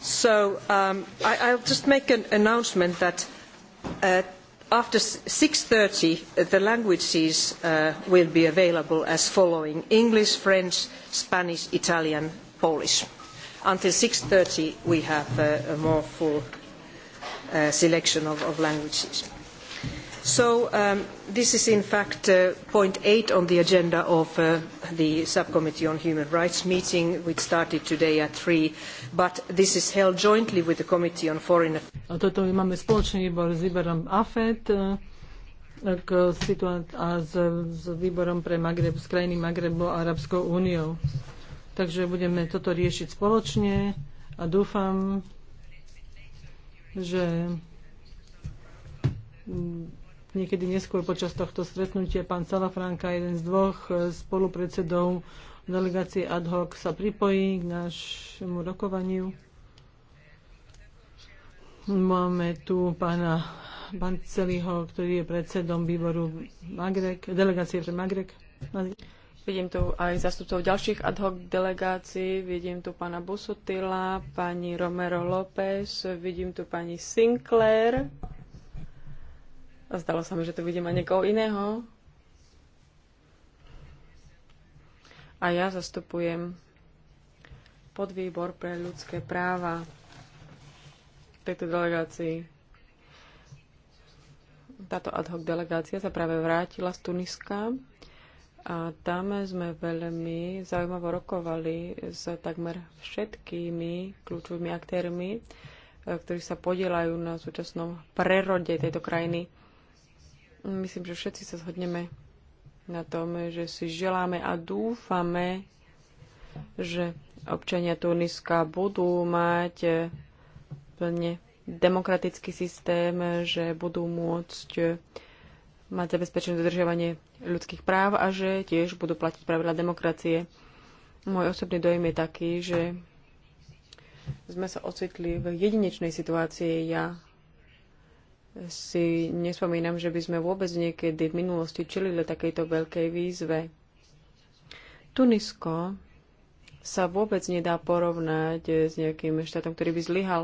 So um, I, I'll just make an announcement that uh, after 6.30, uh, the languages uh, will be available as following English, French, Spanish, Italian, Polish. Until 6.30, we have uh, a more full uh, selection of, of languages. So um, this is in fact uh, point eight on the agenda of uh, the Subcommittee on Human Rights meeting, which started today at three, but this is held jointly with the Committee on Foreign Affairs. Uh, k s, s výborom pre Magreb, krajiny a Arabskou úniou. Takže budeme toto riešiť spoločne a dúfam, že mm, niekedy neskôr počas tohto stretnutia pán Salafranka, jeden z dvoch e, spolupredsedov delegácie ad hoc, sa pripojí k našemu rokovaniu. Máme tu pána Banceliho, ktorý je predsedom výboru Magrek, delegácie pre Magrek. Vidím tu aj zastupcov ďalších ad hoc delegácií. Vidím tu pána Busutila, pani Romero López, vidím tu pani Sinclair, Zdalo sa mi, že tu vidím aj niekoho iného. A ja zastupujem podvýbor pre ľudské práva v tejto delegácii. Táto ad hoc delegácia sa práve vrátila z Tuniska a tam sme veľmi zaujímavo rokovali s takmer všetkými kľúčovými aktérmi, e, ktorí sa podielajú na súčasnom prerode tejto krajiny. Myslím, že všetci sa zhodneme na tom, že si želáme a dúfame, že občania Tuniska budú mať plne demokratický systém, že budú môcť mať zabezpečené dodržiavanie ľudských práv a že tiež budú platiť pravidla demokracie. Môj osobný dojem je taký, že sme sa ocitli v jedinečnej situácii. Ja si nespomínam, že by sme vôbec niekedy v minulosti čelili takejto veľkej výzve. Tunisko sa vôbec nedá porovnať s nejakým štátom, ktorý by zlyhal.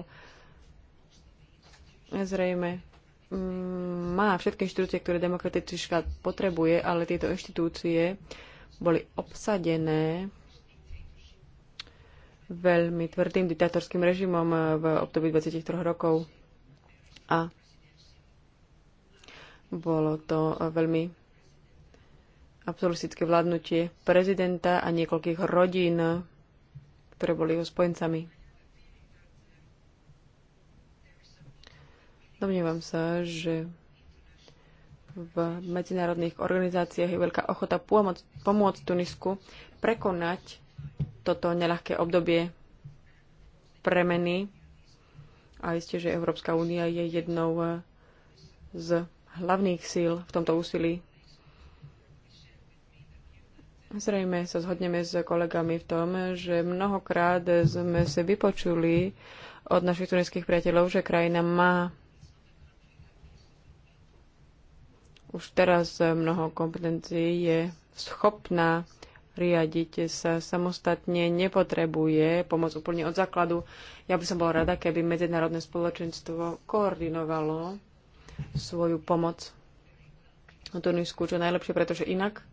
Zrejme mm, má všetky inštitúcie, ktoré demokratický štát potrebuje, ale tieto inštitúcie boli obsadené veľmi tvrdým diktatorským režimom v období 23 rokov. A bolo to veľmi absolutistické vládnutie prezidenta a niekoľkých rodín, ktoré boli jeho spojencami. Domnievam sa, že v medzinárodných organizáciách je veľká ochota pomôcť, pomôcť Tunisku prekonať toto neľahké obdobie premeny. A isté, že Európska únia je jednou z hlavných síl v tomto úsilí. Zrejme sa zhodneme s kolegami v tom, že mnohokrát sme si vypočuli od našich tuniských priateľov, že krajina má už teraz mnoho kompetencií, je schopná riadiť sa samostatne, nepotrebuje pomoc úplne od základu. Ja by som bola rada, keby medzinárodné spoločenstvo koordinovalo svoju pomoc Tunisku čo najlepšie, pretože inak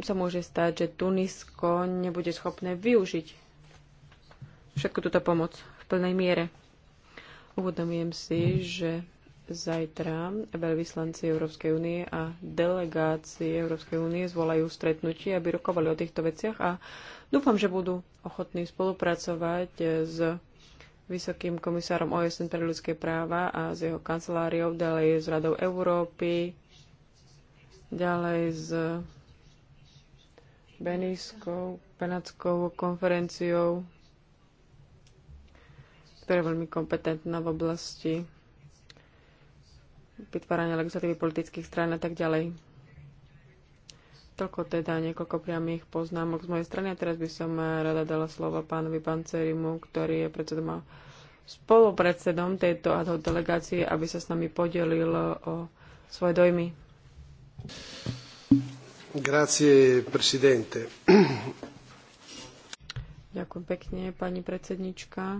sa môže stať, že Tunisko nebude schopné využiť všetku túto pomoc v plnej miere. Uvedomujem si, že zajtra veľvyslanci Európskej únie a delegácie Európskej únie zvolajú stretnutie, aby rokovali o týchto veciach a dúfam, že budú ochotní spolupracovať s vysokým komisárom OSN pre ľudské práva a s jeho kanceláriou, ďalej s Radou Európy, ďalej s Benískou, Benátskou konferenciou, ktorá je veľmi kompetentná v oblasti vytvárania legislatívy politických strán a tak ďalej. Toľko teda niekoľko priamých poznámok z mojej strany a teraz by som eh, rada dala slovo pánovi Pancerimu, ktorý je predsedom a spolupredsedom tejto ad hoc delegácie, aby sa s nami podelil eh, o svoje dojmy. Grazie, presidente. Ďakujem pekne, pani predsednička.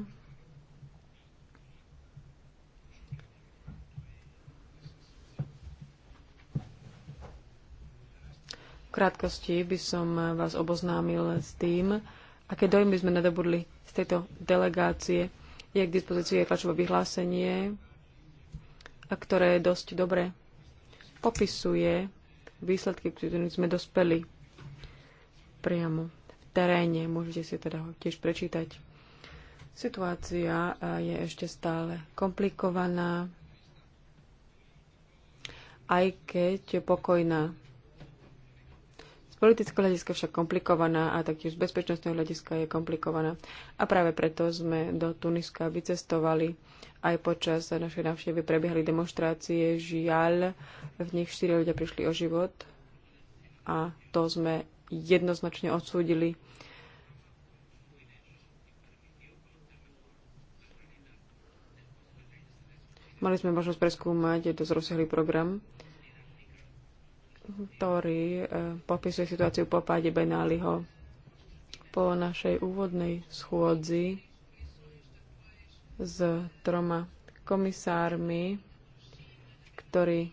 V krátkosti by som vás oboznámil s tým, aké dojmy sme nadobudli z tejto delegácie. Je k dispozícii aj tlačové vyhlásenie, a ktoré dosť dobre popisuje výsledky, ktorým sme dospeli priamo v teréne. Môžete si teda ho tiež prečítať. Situácia je ešte stále komplikovaná, aj keď pokojná politického hľadiska však komplikovaná a taktiež z bezpečnostného hľadiska je komplikovaná. A práve preto sme do Tuniska vycestovali. Aj počas našej návštevy prebiehali demonstrácie. Žiaľ, v nich štyri ľudia prišli o život a to sme jednoznačne odsúdili. Mali sme možnosť preskúmať to rozsiahly program ktorý eh, popisuje situáciu po páde Benáliho. Po našej úvodnej schôdzi s troma komisármi, ktorí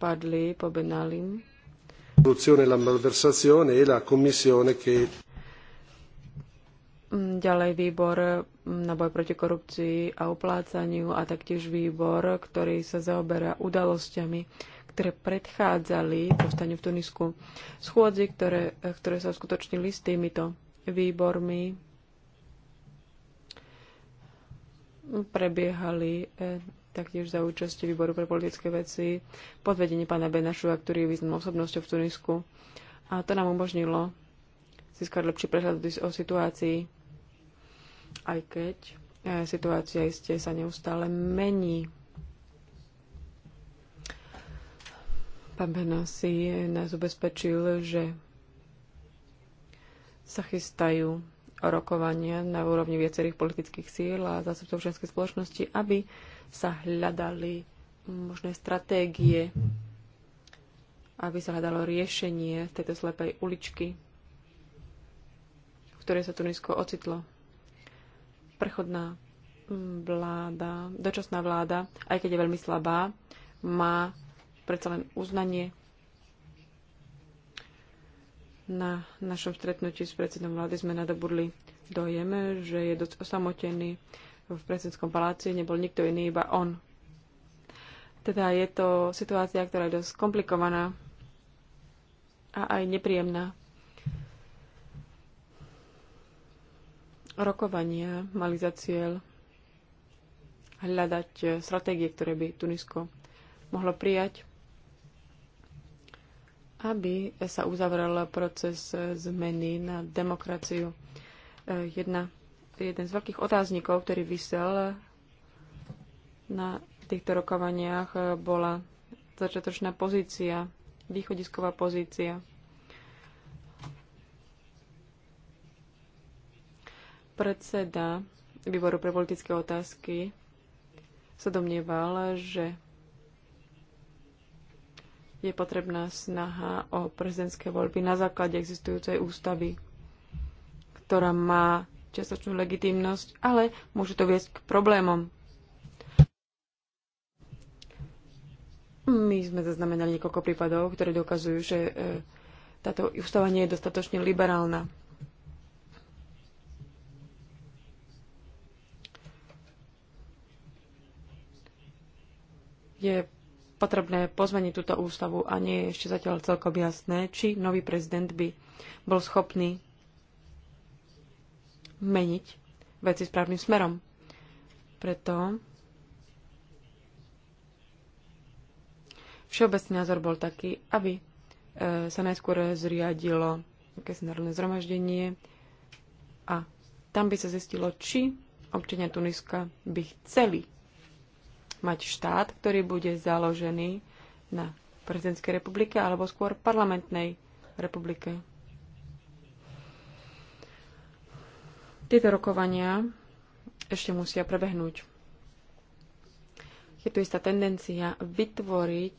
padli po Benálim. E mm, ďalej výbor mm, na boj proti korupcii a uplácaniu a taktiež výbor, ktorý sa zaoberá udalosťami ktoré predchádzali povstaniu v Tunisku. Schôdzi, ktoré, ktoré sa uskutočnili s týmito výbormi, prebiehali eh, taktiež za účasti výboru pre politické veci pod vedením pána Benašova, ktorý je významnou osobnosťou v Tunisku. A to nám umožnilo získať lepší prehľad o situácii, aj keď eh, situácia iste sa neustále mení. Pán si nás ubezpečil, že sa chystajú rokovania na úrovni viacerých politických síl a zástupcov ženskej spoločnosti, aby sa hľadali možné stratégie, aby sa hľadalo riešenie tejto slepej uličky, v ktorej sa Tunisko ocitlo. Prechodná vláda, dočasná vláda, aj keď je veľmi slabá, má predsa len uznanie na našom stretnutí s predsedom vlády sme nadobudli dojem, že je dosť osamotený v predsedskom paláci, nebol nikto iný, iba on. Teda je to situácia, ktorá je dosť komplikovaná a aj nepríjemná. Rokovania mali za cieľ hľadať stratégie, ktoré by Tunisko mohlo prijať aby sa uzavrel proces zmeny na demokraciu. E, jedna, jeden z veľkých otáznikov, ktorý vysel na týchto rokovaniach, e, bola začiatočná pozícia, východisková pozícia. Predseda výboru pre politické otázky sa domnieval, že je potrebná snaha o prezidentské voľby na základe existujúcej ústavy, ktorá má čiastočnú legitímnosť, ale môže to viesť k problémom. My sme zaznamenali niekoľko prípadov, ktoré dokazujú, že e, táto ústava nie je dostatočne liberálna. Je potrebné pozmeniť túto ústavu a nie je ešte zatiaľ celkom jasné, či nový prezident by bol schopný meniť veci správnym smerom. Preto všeobecný názor bol taký, aby e, sa najskôr zriadilo akési národné zhromaždenie a tam by sa zistilo, či občania Tuniska by chceli mať štát, ktorý bude založený na prezidentskej republike alebo skôr parlamentnej republike. Tieto rokovania ešte musia prebehnúť. Je tu istá tendencia vytvoriť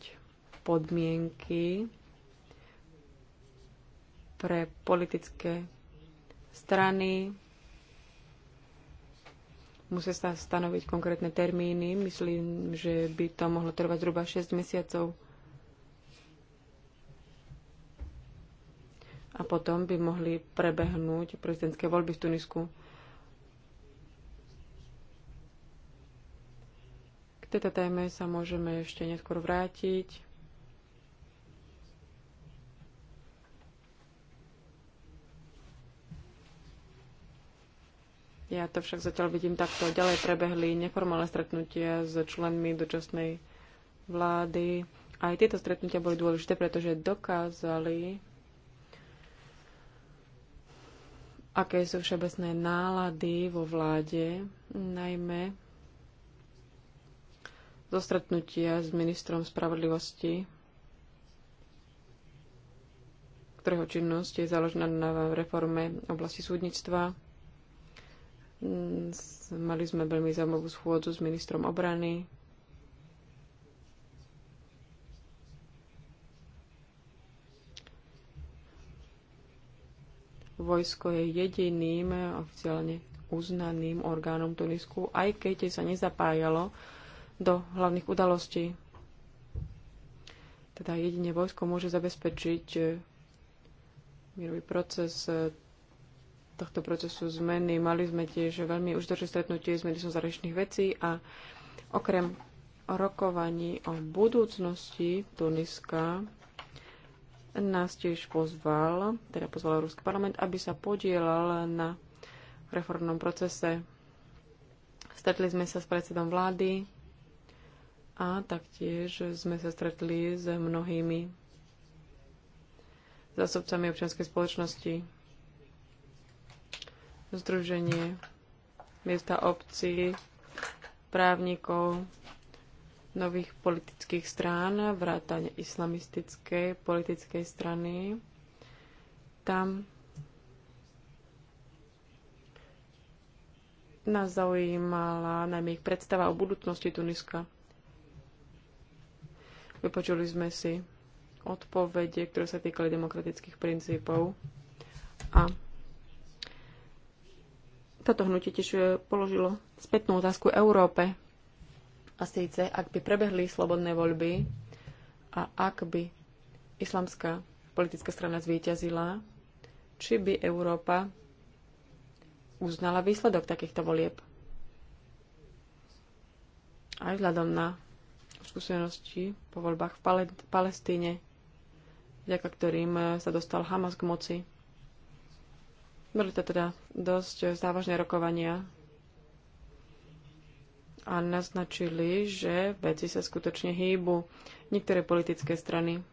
podmienky pre politické strany, Musia sa stanoviť konkrétne termíny. Myslím, že by to mohlo trvať zhruba 6 mesiacov. A potom by mohli prebehnúť prezidentské voľby v Tunisku. K tejto téme sa môžeme ešte neskôr vrátiť. Ja to však zatiaľ vidím takto. Ďalej prebehli neformálne stretnutia s členmi dočasnej vlády. Aj tieto stretnutia boli dôležité, pretože dokázali, aké sú všeobecné nálady vo vláde, najmä zo stretnutia s ministrom spravodlivosti ktorého činnosť je založená na reforme oblasti súdnictva Mm, mali sme veľmi zaujímavú schôdzu s ministrom obrany. Vojsko je jediným oficiálne uznaným orgánom Tunisku, aj keď sa nezapájalo do hlavných udalostí. Teda jedine vojsko môže zabezpečiť mierový proces tohto procesu zmeny. Mali sme tiež veľmi užitočné stretnutie s ministrom zahraničných vecí a okrem rokovaní o budúcnosti Tuniska nás tiež pozval, teda pozval Ruský parlament, aby sa podielal na reformnom procese. Stretli sme sa s predsedom vlády a taktiež sme sa stretli s mnohými zásobcami občianskej spoločnosti združenie miesta obcí, právnikov, nových politických strán, vrátane islamistickej politickej strany. Tam nás zaujímala najmä ich predstava o budúcnosti Tuniska. Vypočuli sme si odpovede, ktoré sa týkali demokratických princípov a toto hnutie tiež e, položilo spätnú otázku Európe. A síce, ak by prebehli slobodné voľby a ak by islamská politická strana zvíťazila, či by Európa uznala výsledok takýchto volieb. Aj vzhľadom na skúsenosti po voľbách v Palestíne, vďaka ktorým e, sa dostal Hamas k moci. Boli to teda dosť závažné rokovania a naznačili, že veci sa skutočne hýbu. Niektoré politické strany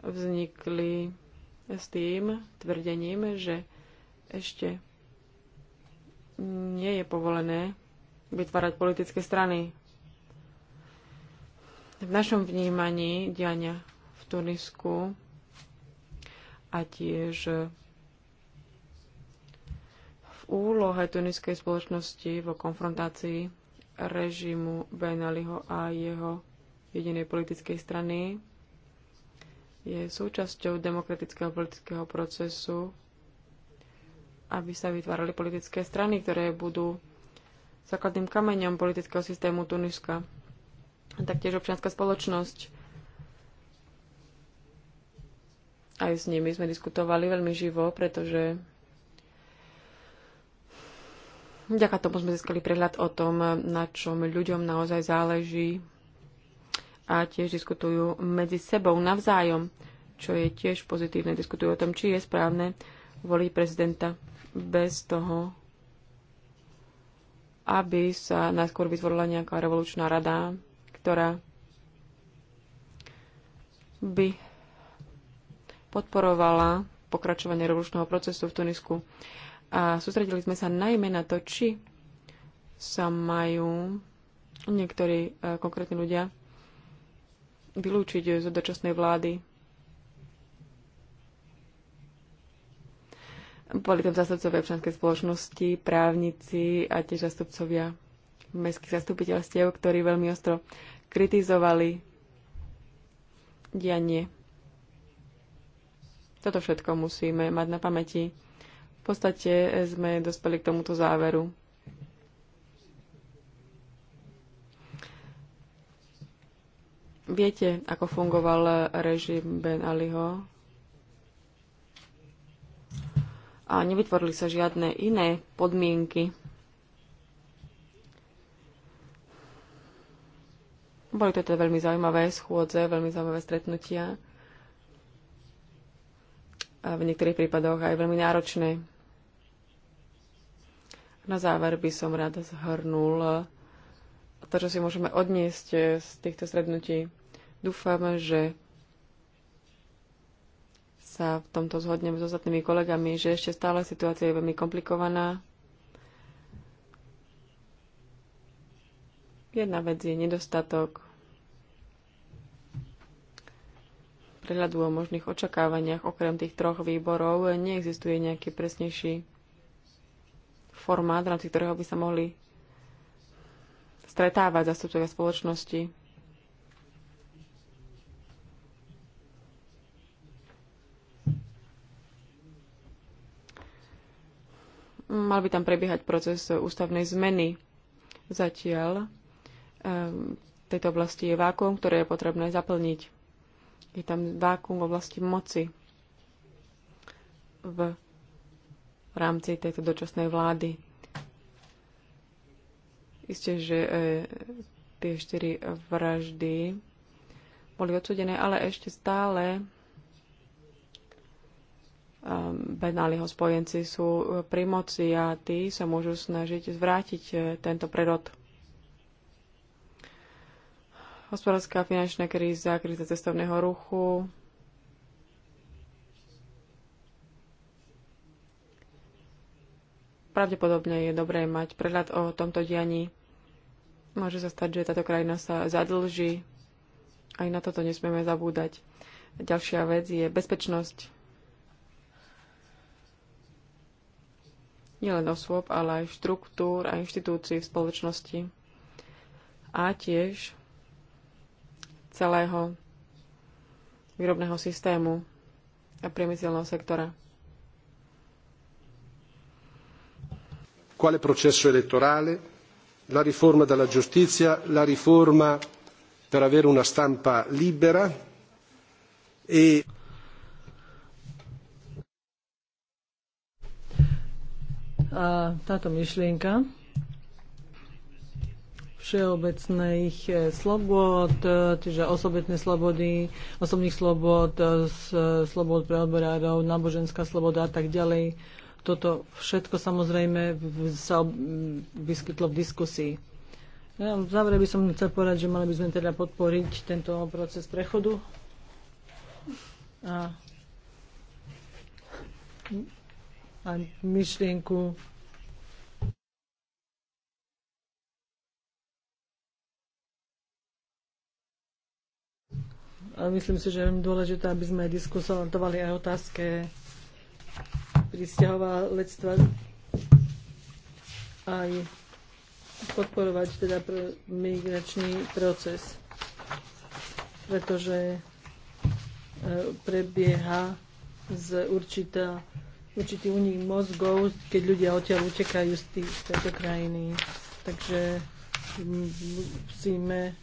vznikli s tým tvrdením, že ešte nie je povolené vytvárať politické strany. V našom vnímaní diania v Tunisku a tiež úlohe tuniskej spoločnosti vo konfrontácii režimu Ben Aliho a jeho jedinej politickej strany je súčasťou demokratického politického procesu, aby sa vytvárali politické strany, ktoré budú základným kameňom politického systému Tuniska. A taktiež občianská spoločnosť. Aj s nimi sme diskutovali veľmi živo, pretože Vďaka tomu sme získali prehľad o tom, na čom ľuďom naozaj záleží a tiež diskutujú medzi sebou navzájom, čo je tiež pozitívne. Diskutujú o tom, či je správne voliť prezidenta bez toho, aby sa najskôr vytvorila nejaká revolučná rada, ktorá by podporovala pokračovanie revolučného procesu v Tunisku a sústredili sme sa najmä na to, či sa majú niektorí e, konkrétni ľudia vylúčiť zo dočasnej vlády. Boli tam zastupcovia občianskej spoločnosti, právnici a tiež zastupcovia mestských zastupiteľstiev, ktorí veľmi ostro kritizovali dianie. Toto všetko musíme mať na pamäti v podstate eh, sme dospeli k tomuto záveru. Viete, ako fungoval eh, režim Ben Aliho? A nevytvorili sa žiadne iné podmienky. Boli to teda veľmi zaujímavé schôdze, veľmi zaujímavé stretnutia. A v niektorých prípadoch aj veľmi náročné. Na záver by som rád zhrnul to, čo si môžeme odniesť z týchto strednutí. Dúfam, že sa v tomto zhodnem s ostatnými kolegami, že ešte stále situácia je veľmi komplikovaná. Jedna vec je nedostatok prehľadu o možných očakávaniach. Okrem tých troch výborov neexistuje nejaký presnejší formát, v rámci ktorého by sa mohli stretávať zastupcovia spoločnosti. Mal by tam prebiehať proces ústavnej zmeny. Zatiaľ v tejto oblasti je vákuum, ktoré je potrebné zaplniť. Je tam vákuum v oblasti moci. V v rámci tejto dočasnej vlády. Isté, že e, tie štyri vraždy boli odsudené, ale ešte stále ehm, Benáliho spojenci sú pri moci a tí sa môžu snažiť zvrátiť e, tento prerod. Hospodárska a finančná kríza, kríza cestovného ruchu, pravdepodobne je dobré mať prehľad o tomto dianí. Môže sa stať, že táto krajina sa zadlží. Aj na toto nesmieme zabúdať. Ďalšia vec je bezpečnosť. Nielen osôb, ale aj štruktúr a inštitúcií v spoločnosti. A tiež celého výrobného systému a priemyselného sektora. quale processo elettorale, la riforma della giustizia, la riforma per avere una stampa libera e táto myšlienka všeobecných e, slobod, e, čiže osobitné slobody, osobných slobod, e, slobod pre odborárov, náboženská sloboda a tak ďalej. Toto všetko samozrejme sa vyskytlo v diskusii. Ja, v závere by som chcel povedať, že mali by sme teda podporiť tento proces prechodu. A, a myšlienku A myslím si, že je dôležité, aby sme diskusovali aj otázke pristahovalectva aj podporovať teda pr- migračný proces, pretože e, prebieha z určitá, určitý únik mozgov, keď ľudia odtiaľ utekajú z, tých, z tejto krajiny. Takže musíme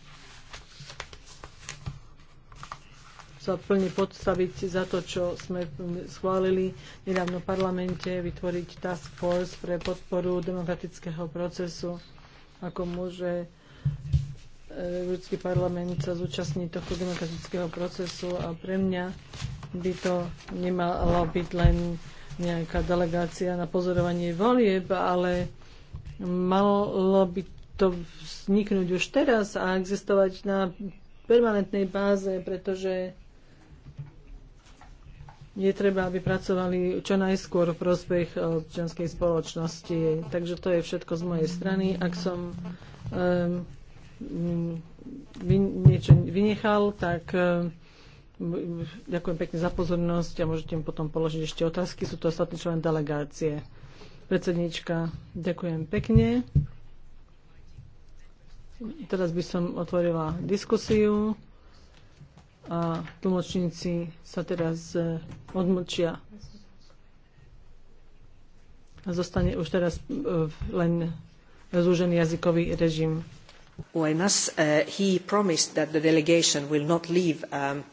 sa plne podstaviť za to, čo sme schválili nedávno v parlamente, vytvoriť task force pre podporu demokratického procesu, ako môže e, Európsky parlament sa zúčastniť tohto demokratického procesu a pre mňa by to nemala byť len nejaká delegácia na pozorovanie volieb, ale malo by to vzniknúť už teraz a existovať na permanentnej báze, pretože je treba, aby pracovali čo najskôr v prospech eh, občianskej spoločnosti. Takže to je všetko z mojej strany. Ak som um, ehm, vy, niečo vynechal, tak um, ďakujem pekne za pozornosť a môžete mi potom položiť ešte otázky. Sú to ostatní člen delegácie. Predsednička, ďakujem pekne. Teraz by som otvorila diskusiu a tlmočníci sa teraz e, odmlčia. A zostane už teraz e, len zúžený jazykový režim. Uenas, uh, e, he promised that the delegation will not leave um,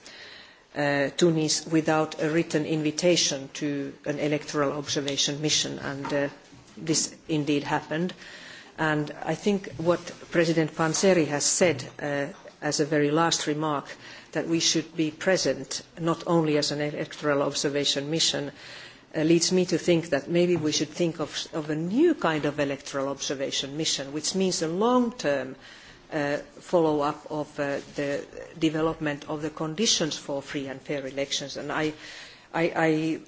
uh, Tunis without a written invitation to an electoral observation mission, and uh, this indeed happened. And I think what President Panseri has said uh, as a very last remark uh, that we should be present not only as an electoral observation mission uh, leads me to think that maybe we should think of, of, a new kind of electoral observation mission, which means a long-term uh, follow-up of uh, the development of the conditions for free and fair elections. And I, I, I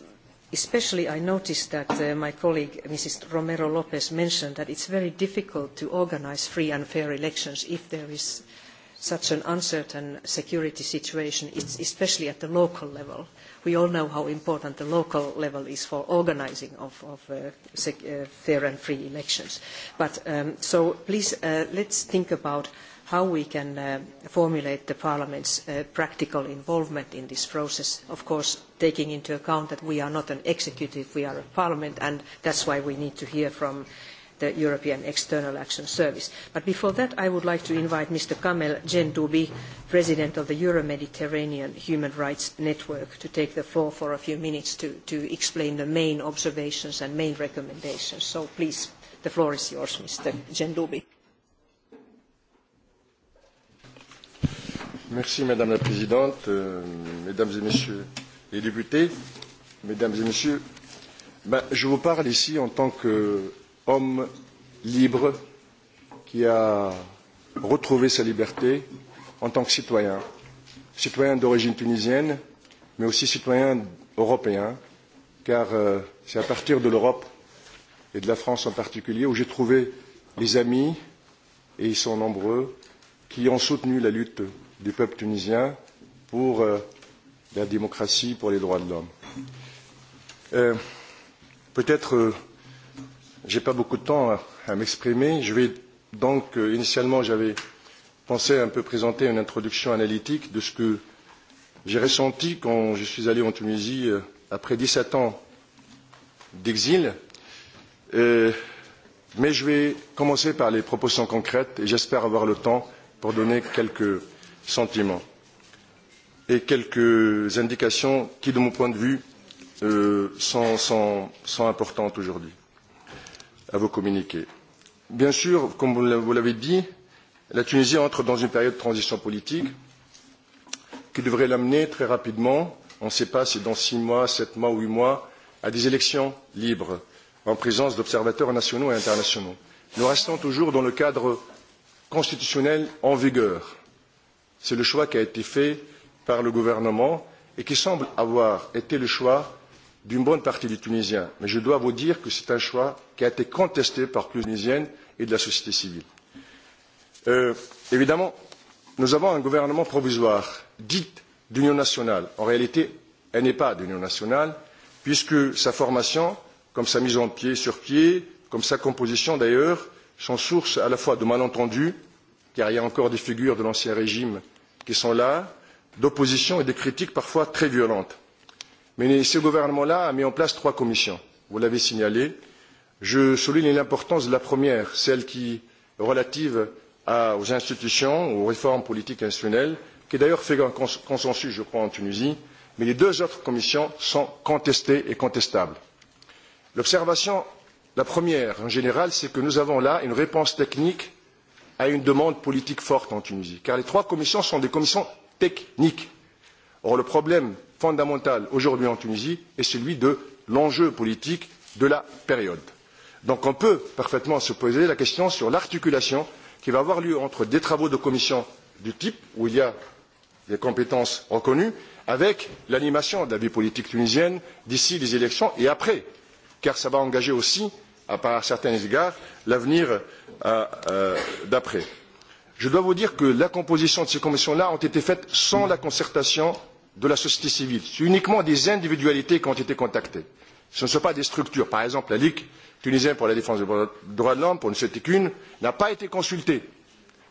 especially I noticed that uh, my colleague, Mrs. Romero Lopez, mentioned that it is very difficult to organise free and fair elections if there is such an uncertain security situation, especially at the local level. We all know how important the local level is for organising of, of uh, sec, uh, fair and free elections. But um, so please uh, let's think about how we can uh, formulate the Parliament's uh, practical involvement in this process, of course taking into account that we are not an executive, we are a Parliament, and that's why we need to hear from the European External Action Service. But before that, I would like to invite Mr. Kamel Gendoubi, President of the Euro-Mediterranean Human Rights Network, to take the floor for a few minutes to, to explain the main observations and main recommendations. So please, the floor is yours, Mr. Gendoubi. Merci, Madame la Présidente, euh, Mesdames et Messieurs les députés, Mesdames et Messieurs, ben, je vous parle ici en tant que homme libre qui a retrouvé sa liberté en tant que citoyen, citoyen d'origine tunisienne, mais aussi citoyen européen, car euh, c'est à partir de l'Europe et de la France en particulier où j'ai trouvé les amis, et ils sont nombreux, qui ont soutenu la lutte du peuple tunisien pour euh, la démocratie, pour les droits de l'homme. Euh, Peut-être euh, je n'ai pas beaucoup de temps à, m'exprimer. Je vais donc, euh, initialement, j'avais pensé un peu présenter une introduction analytique de ce que j'ai ressenti quand je suis allé en Tunisie euh, après après 17 ans d'exil. Euh, mais je vais commencer par les propositions concrètes et j'espère avoir le temps pour donner quelques sentiments et quelques indications qui, de mon point de vue, sont, sont, sont importantes aujourd'hui à vos communiqués. Bien sûr, comme vous l'avez dit, la Tunisie entre dans une période de transition politique qui devrait l'amener très rapidement, on ne sait pas si dans six mois, sept mois ou huit mois, à des élections libres, en présence d'observateurs nationaux et internationaux. Nous restons toujours dans le cadre constitutionnel en vigueur. C'est le choix qui a été fait par le gouvernement et qui semble avoir été le choix d'une bonne partie des Tunisiens. Mais je dois vous dire que c'est un choix qui a été contesté par plusieurs Tunisiennes et de la société civile. Euh, évidemment, nous avons un gouvernement provisoire, dit d'union nationale. En réalité, elle n'est pas d'union nationale, puisque sa formation, comme sa mise en pied sur pied, comme sa composition d'ailleurs, sont source à la fois de malentendus, car il y a encore des figures de l'ancien régime qui sont là, d'opposition et de critiques parfois très violentes. Mais ce gouvernement-là a mis en place trois commissions. Vous l'avez signalé. Je souligne l'importance de la première, celle qui est relative à, aux institutions, aux réformes politiques institutionnelles, qui d'ailleurs fait un consensus, je crois, en Tunisie. Mais les deux autres commissions sont contestées et contestables. L'observation, la première en général, c'est que nous avons là une réponse technique à une demande politique forte en Tunisie. Car les trois commissions sont des commissions techniques. Or, le problème fondamental aujourd'hui en Tunisie est celui de l'enjeu politique de la période. Donc on peut parfaitement se poser la question sur l'articulation qui va avoir lieu entre des travaux de commission du type où il y a des compétences reconnues avec l'animation de la vie politique tunisienne d'ici les élections et après car cela va engager aussi à, certains égards l'avenir euh, euh, d'après. Je dois vous dire que la composition de ces commissions là a été faite sans la concertation de la société civile. C'est uniquement des individualités qui ont été contactées. Ce ne sont pas des structures. Par exemple, la Ligue tunisienne pour la défense des droits de l'homme, pour ne citer qu'une, n'a pas été consultée.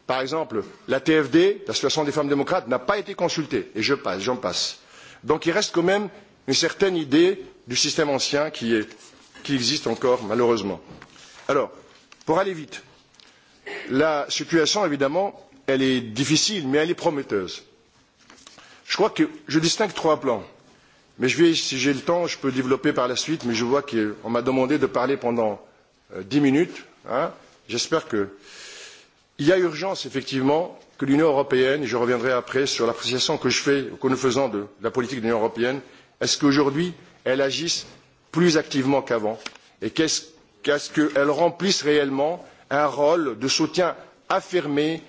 Par exemple, la TFD, l'Association des femmes démocrates, n'a pas été consultée. Et je passe, j'en passe. Donc il reste quand même une certaine idée du système ancien qui, est, qui existe encore, malheureusement. Alors, pour aller vite, la situation, évidemment, elle est difficile, mais elle est prometteuse je crois que je distingue trois plans. Mais je vais, si j'ai le temps, je peux développer par la suite, mais je vois qu'on m'a demandé de parler pendant euh, dix minutes. Hein. J'espère que. Il y a urgence, effectivement, que l'Union européenne, et je reviendrai après sur l'appréciation que je fais, que nous faisons de la politique de l'Union européenne, est-ce qu'aujourd'hui, elle agisse plus activement qu'avant Et qu'est-ce qu'elle remplisse réellement un rôle de soutien affirmé,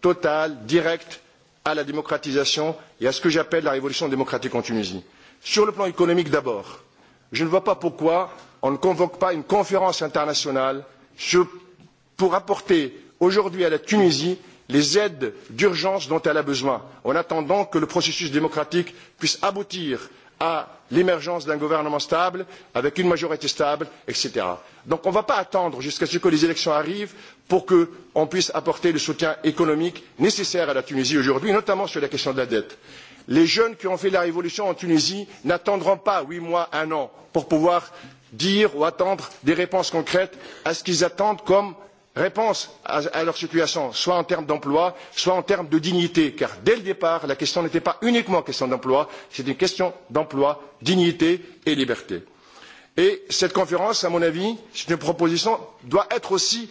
total, direct à la démocratisation et à ce que j'appelle la révolution démocratique en Tunisie. Sur le plan économique d'abord, je ne vois pas pourquoi on ne convoque pas une conférence internationale pour apporter aujourd'hui à la Tunisie les aides d'urgence dont elle a besoin, en attendant que le processus démocratique puisse aboutir à l'émergence d'un gouvernement stable avec une majorité stable etc. donc on ne va pas attendre jusqu'à ce que les élections arrivent pour que l'on puisse apporter le soutien économique nécessaire à la tunisie aujourd'hui notamment sur la question de la dette. les jeunes qui ont fait la révolution en tunisie n'attendront pas huit mois un an pour pouvoir dire ou attendre des réponses concrètes à ce qu'ils attendent comme réponse à, leur situation soit en termes d'emploi soit en termes de dignité car dès le départ la question n'était pas uniquement question d'emploi c'est une question d'emploi dignité et liberté. Et cette conférence à mon avis c'est une proposition doit être aussi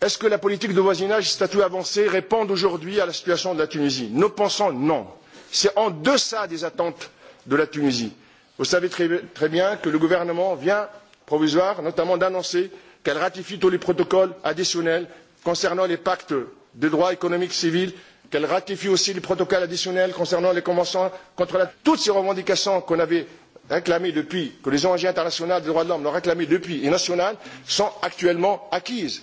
est ce que la politique de voisinage statut avancé répondent aujourd'hui à la situation de la tunisie? nous pensons non. c'est en deçà des attentes de la tunisie. vous savez très, bien que le gouvernement vient provisoire notamment d'annoncer qu'elle ratifie tous les protocoles additionnels concernant les pactes de droit économique et civil qu'elle ratifie aussi les protocoles additionnels concernant les conventions contre la toutes ces revendications qu'on avait réclamées depuis que les ong internationales des droits de l'homme l'ont réclamées depuis et nationales sont actuellement acquises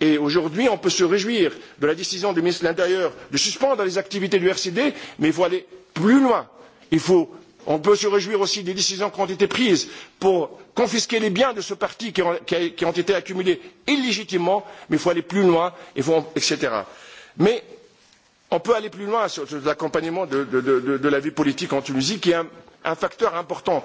Et aujourd'hui, on peut se réjouir de la décision du ministre de l'Intérieur de suspendre les activités du RCD, mais il faut aller plus loin. Il faut on peut se réjouir aussi des décisions qui ont été prises pour confisquer les biens de ce parti qui ont, qui ont été accumulés illégitimement, mais il faut aller plus loin, faut, etc. Mais on peut aller plus loin sur, l'accompagnement de, de, de, de, la vie politique en Tunisie, qui est un, un facteur important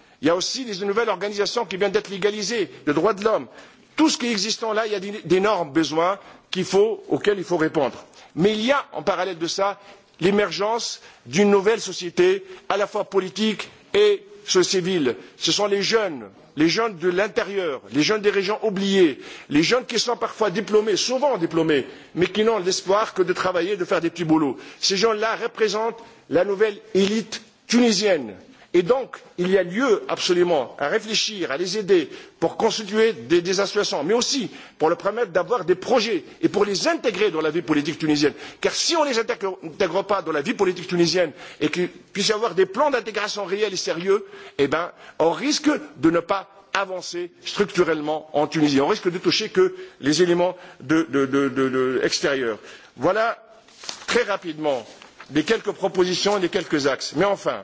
il y a aussi des nouvelles organisations qui viennent d'être légalisées les droits de l'homme tout ce qui est existant là il y a d'énormes besoins il faut, auxquels il faut répondre mais il y a en parallèle de cela l'émergence d'une nouvelle société à la fois politique et civile ce sont les jeunes les jeunes de l'intérieur les jeunes des régions oubliées les jeunes qui sont parfois diplômés souvent diplômés mais qui n'ont l'espoir que de travailler de faire des petits boulots ces gens là représentent la nouvelle élite tunisienne et donc il y a lieu absolument à réfléchir à les aider pour constituer des, des associations mais aussi pour leur permettre d'avoir des projets et pour les intégrer dans la vie politique tunisienne car si on ne les intègre, pas dans la vie politique tunisienne et qu'il puisse y avoir des plans d'intégration réels et sérieux eh bien on risque de ne pas avancer structurellement en Tunisie. On risque de toucher que les éléments de, de, de, extérieurs. Voilà très rapidement les quelques propositions et les quelques axes. Mais enfin,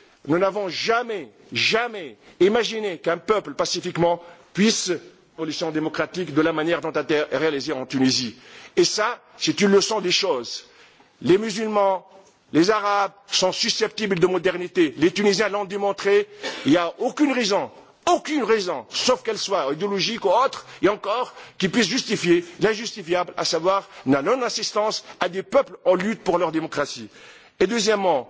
nous n'avons jamais jamais imaginé qu'un peuple pacifiquement puisse l'évolution démocratique de la manière dont elle été réalisée en Tunisie. Et ça, c'est une leçon des choses. Les musulmans, les arabes sont susceptibles de modernité. Les Tunisiens l'ont démontré. Il n'y a aucune raison, aucune raison, sauf qu'elle soit idéologique ou autre, et encore, qui puisse justifier l'injustifiable, à savoir la non-assistance à des peuples en lutte pour leur démocratie. Et deuxièmement,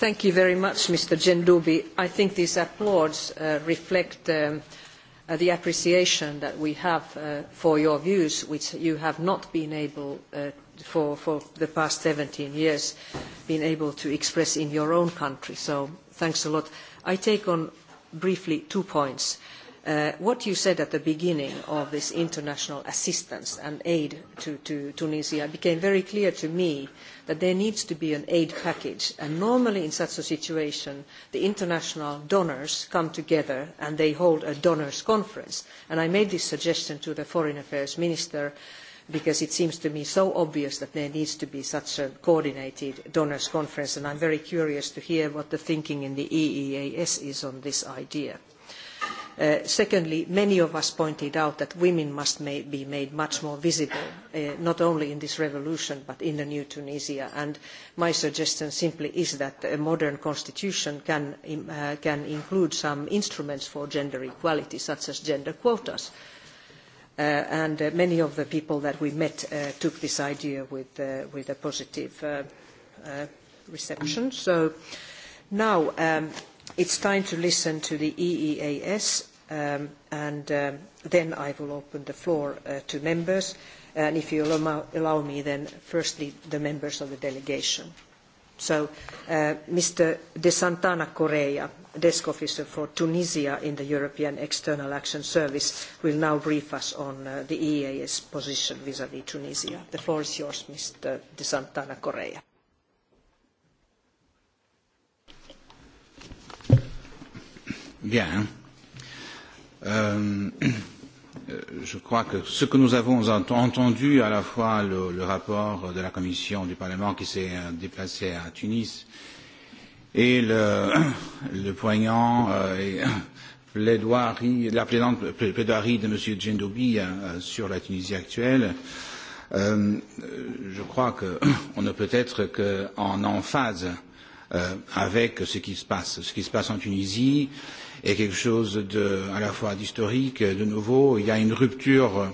Thank you very much, Mr. Gendoubi. I think these applause uh, reflect um, uh, the appreciation that we have uh, for your views, which you have not been able uh, for, for the past seventeen years been able to express in your own country. So thanks a lot. I take on briefly two points. Uh, Uh, what you said at the beginning of this international assistance and aid to, to Tunisia became very clear to me that there needs to be an aid package. And normally in such a situation, the international donors come together and they hold a donors conference. And I made this suggestion to the foreign affairs minister because it seems to me so obvious that there needs to be such a coordinated donors conference. And I am very curious to hear what the thinking in the EEAS is on this idea. Uh, secondly many of us pointed out that women must be made much more visible uh, not only in this revolution but in the new tunisia and my suggestion simply is that a modern constitution can, uh, can include some instruments for gender equality such as gender quotas uh, and uh, many of the people that we met took this idea with, with a positive reception. so now um, it is time to listen to the eeas Um, and um, then I will open the floor uh, to members. And if you allow, allow me, then firstly the members of the delegation. So, uh, Mr. De Santana Correa, desk officer for Tunisia in the European External Action Service, will now brief us on uh, the EEA's position vis-à-vis Tunisia. The floor is yours, Mr. De Santana Correa. Euh, je crois que ce que nous avons entendu, à la fois le, le rapport de la Commission du Parlement qui s'est euh, déplacé à Tunis et le, le poignant euh, et, plaidoirie, la plaidoirie de M. Djendoubi euh, sur la Tunisie actuelle, euh, je crois qu'on ne peut être qu'en emphase euh, avec ce qui se passe. Ce qui se passe en Tunisie est quelque chose de, à la fois d'historique, de nouveau. Il y a une rupture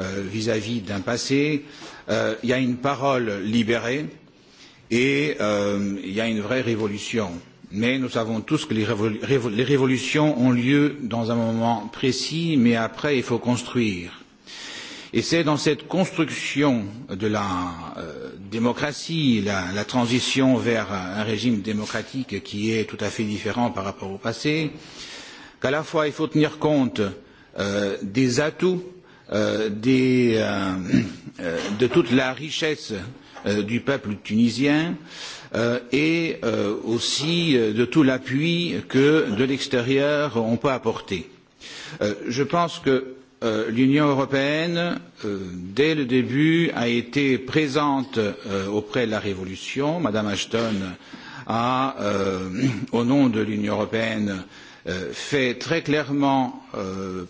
euh, vis-à-vis d'un passé. Euh, il y a une parole libérée et euh, il y a une vraie révolution. Mais nous savons tous que les, révol les révolutions ont lieu dans un moment précis, mais après, il faut construire Et c'est dans cette construction de la euh, démocratie, la, la, transition vers un régime démocratique qui est tout à fait différent par rapport au passé, qu'à la fois il faut tenir compte euh, des atouts, euh, des, euh, euh, de toute la richesse euh, du peuple tunisien et aussi de tout l'appui que de l'extérieur on peut apporter. je pense que Euh, l'Union européenne, euh, dès le début, a été présente euh, auprès de la Révolution. Madame Ashton a, au nom de l'Union européenne, fait très clairement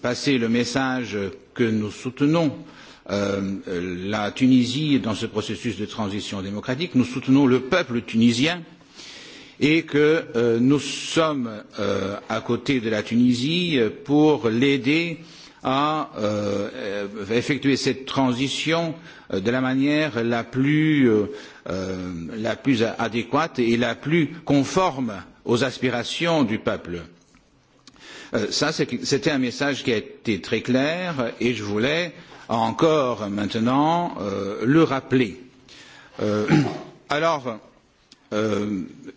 passer le message que nous soutenons la Tunisie dans ce processus de transition démocratique, nous soutenons le peuple tunisien et que nous sommes à côté de la Tunisie pour l'aider à euh, euh, effectuer cette transition euh, de la manière la plus, euh, euh, la plus adéquate et la plus conforme aux aspirations du peuple. Ça, C'était un message qui a été très clair et je voulais encore maintenant le rappeler. alors,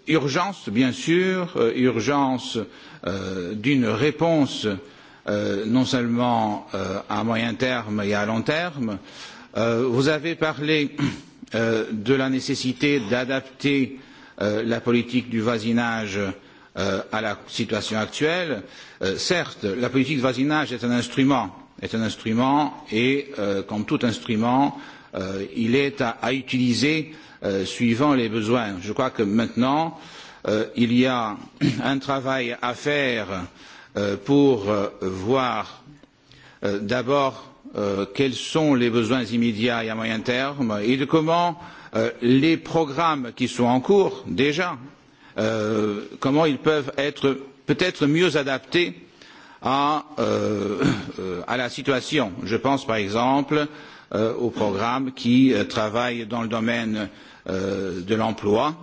urgence, bien sûr, urgence d'une réponse euh, Euh, non seulement euh, à moyen terme et à long terme. Euh, vous avez parlé de la nécessité d'adapter la politique du voisinage à la situation actuelle. certes, la politique de voisinage est un instrument, est un instrument et, comme tout instrument, il est à, à utiliser suivant les besoins. Je crois que maintenant, il y a un travail à faire Euh, pour euh, voir euh, d'abord quels sont les besoins immédiats et à moyen terme et de comment les programmes qui sont en cours déjà comment ils peuvent être peut être mieux adaptés à, à la situation. Je pense par exemple aux programmes qui travaillent dans le domaine de l'emploi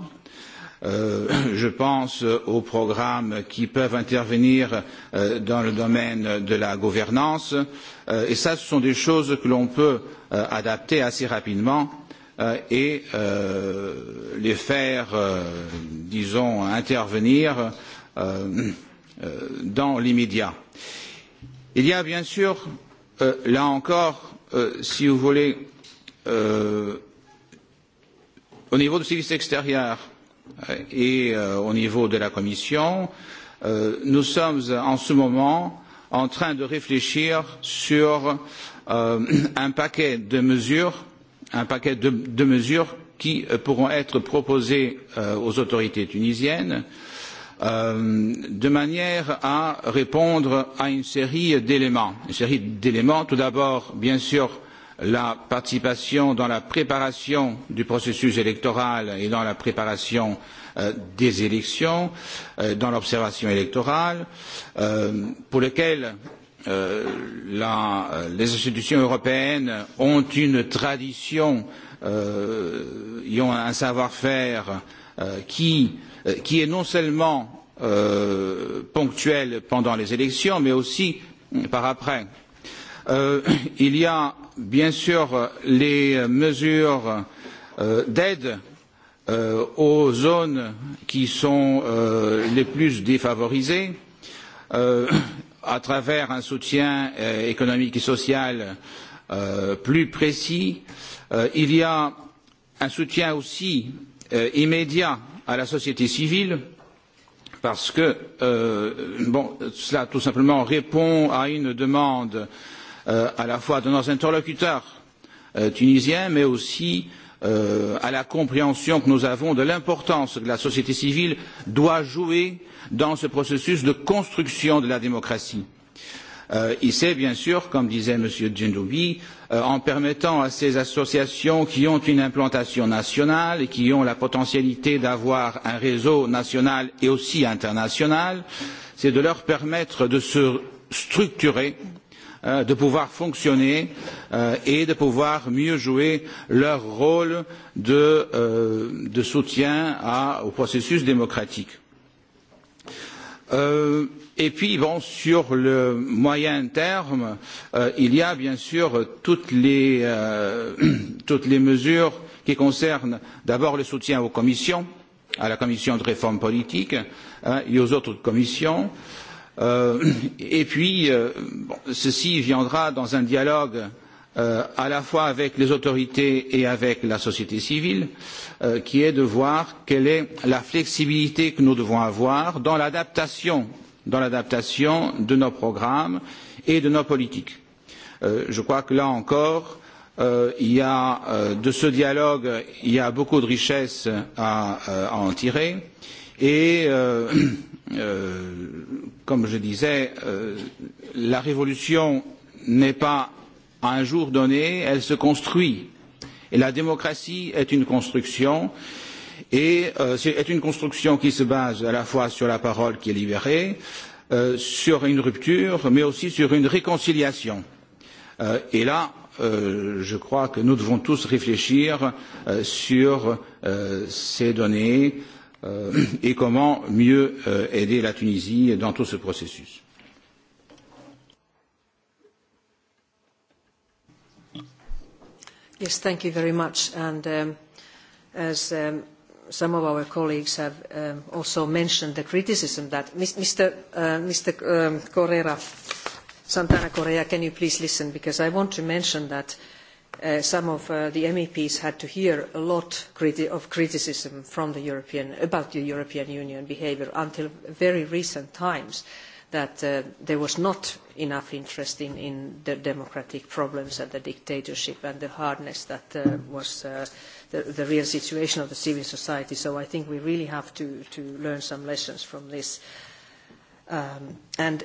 Euh, je pense aux programmes qui peuvent intervenir euh, dans le domaine de la gouvernance euh, et ça ce sont des choses que l'on peut adapter assez rapidement et les faire disons intervenir dans l'immédiat. Il y a bien sûr là encore si vous voulez au niveau du service extérieur et euh, au niveau de la Commission, euh, nous sommes en ce moment en train de réfléchir sur euh, un paquet de mesures, un paquet de, de mesures qui pourront être proposées aux autorités tunisiennes de manière à répondre à une série d'éléments. Une série d'éléments, tout d'abord, bien sûr, la participation dans la préparation du processus électoral et dans la préparation euh, des élections, euh, dans l'observation électorale, euh, pour lequel euh, la, euh, les institutions européennes ont une tradition et euh, ont un savoir-faire qui, qui, est non seulement ponctuel pendant les élections, mais aussi par après. il y a bien sûr les mesures euh, d'aide euh, aux zones qui sont euh, les plus défavorisées à travers un soutien économique et social plus précis. Il y a un soutien aussi immédiat à la société civile parce que bon, cela tout simplement répond à une demande euh, Euh, à la fois de nos interlocuteurs euh, tunisiens, mais aussi euh, à la compréhension que nous avons de l'importance que la société civile doit jouer dans ce processus de construction de la démocratie. Euh, et c'est bien sûr, comme disait M. Djendoubi, euh, en permettant à ces associations qui ont une implantation nationale et qui ont la potentialité d'avoir un réseau national et aussi international, c'est de leur permettre de se structurer euh, Euh, de pouvoir fonctionner euh, et de pouvoir mieux jouer leur rôle de, euh, de soutien à, au processus démocratique. Euh, et puis bon, sur le moyen terme euh, il y a bien sûr toutes les, euh, toutes les mesures qui concernent d'abord le soutien aux commissions à la commission de réforme politique et aux autres commissions euh, Euh, et puis, euh, bon, ceci viendra dans un dialogue euh, à la fois avec les autorités et avec la société civile, qui est de voir quelle est la flexibilité que nous devons avoir dans l'adaptation de nos programmes et de nos politiques. je crois que là encore, il y a, de ce dialogue, il y a beaucoup de richesses à, à en tirer et Euh, comme je disais, euh, la révolution n'est pas à un jour donné, elle se construit. Et la démocratie est une construction, et euh, est une construction qui se base à la fois sur la parole qui est libérée, euh, sur une rupture, mais aussi sur une réconciliation. Euh, et là, euh, je crois que nous devons tous réfléchir euh, sur euh, ces données, euh, Euh, et comment mieux euh, aider la Tunisie dans tout ce processus. Yes, thank you very much. And um, as um, some of our colleagues have um, also mentioned, the criticism that Mr. Uh, Mr. Um, Correa, Santana Correa, can you please listen? Because I want to mention that uh, Uh, some of uh, the meps had to hear a lot of criticism from the european, about the european union behaviour until very recent times that uh, there was not enough interest in, in, the democratic problems and the dictatorship and the hardness that uh, was the, the, real situation of the civil society. So I think we really have to, to learn some lessons from this. Um, and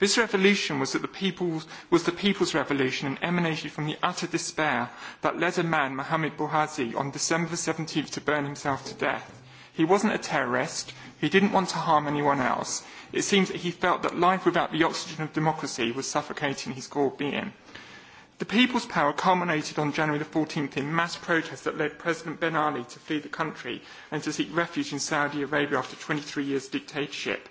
This revolution was, that the people's, was the people's revolution and emanated from the utter despair that led a man, Mohammed Bouhazi, on December 17th to burn himself to death. He wasn't a terrorist. He didn't want to harm anyone else. It seems that he felt that life without the oxygen of democracy was suffocating his core being. The people's power culminated on January the 14th in mass protests that led President Ben Ali to flee the country and to seek refuge in Saudi Arabia after 23 years' dictatorship.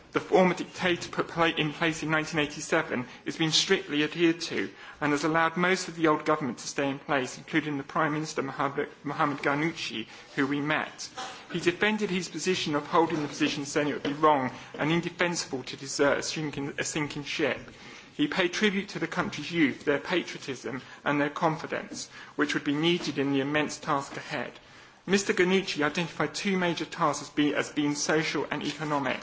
The former dictator put in place in 1987 has been strictly adhered to and has allowed most of the old government to stay in place, including the Prime Minister Mohamed Ghanouchi, who we met. He defended his position of holding the position, saying it would be wrong and indefensible to desert a sinking, a sinking ship. He paid tribute to the country's youth, their patriotism and their confidence, which would be needed in the immense task ahead. Mr. Ghanouchi identified two major tasks as being social and economic.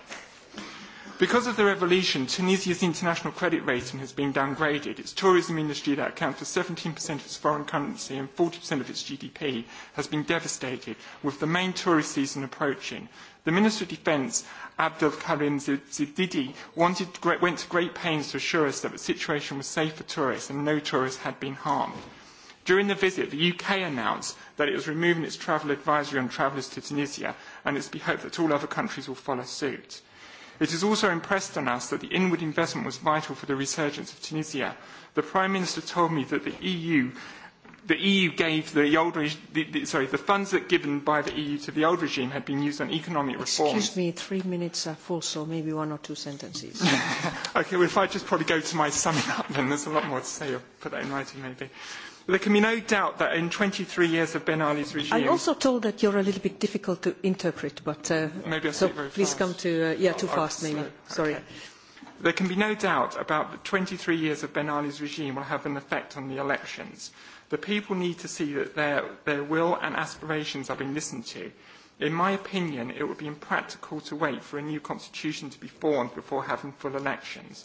Because of the revolution, Tunisia's international credit rating has been downgraded. Its tourism industry, that accounts for 17% of its foreign currency and 40% of its GDP, has been devastated, with the main tourist season approaching. The Minister of Defence, Abdel Karim Zididi, wanted, went to great pains to assure us that the situation was safe for tourists and no tourists had been harmed. During the visit, the UK announced that it was removing its travel advisory on travellers to Tunisia, and it is to be hoped that all other countries will follow suit. It is also impressed on us that the inward investment was vital for the resurgence of Tunisia. The Prime Minister told me that the EU the EU gave the old regime, the, the, sorry, the funds that given by the EU to the old regime had been used on economic reform. Excuse me, three minutes are full, so maybe one or two sentences. okay, well, if I just probably go to my summing up, then there's a lot more to say. I'll put that in writing, maybe. There can be no doubt that in 23 years of Ben Ali's regime... I'm also told that you're a little bit difficult to interpret, but... Uh, maybe I'll so very please fast. come to... Uh, yeah, too oh, oh fast, maybe. Slow. Sorry. Okay. There can be no doubt about that 23 years of Ben Ali's regime will have an effect on the elections. The people need to see that their, their will and aspirations are being listened to. In my opinion, it would be impractical to wait for a new constitution to be formed before having full elections.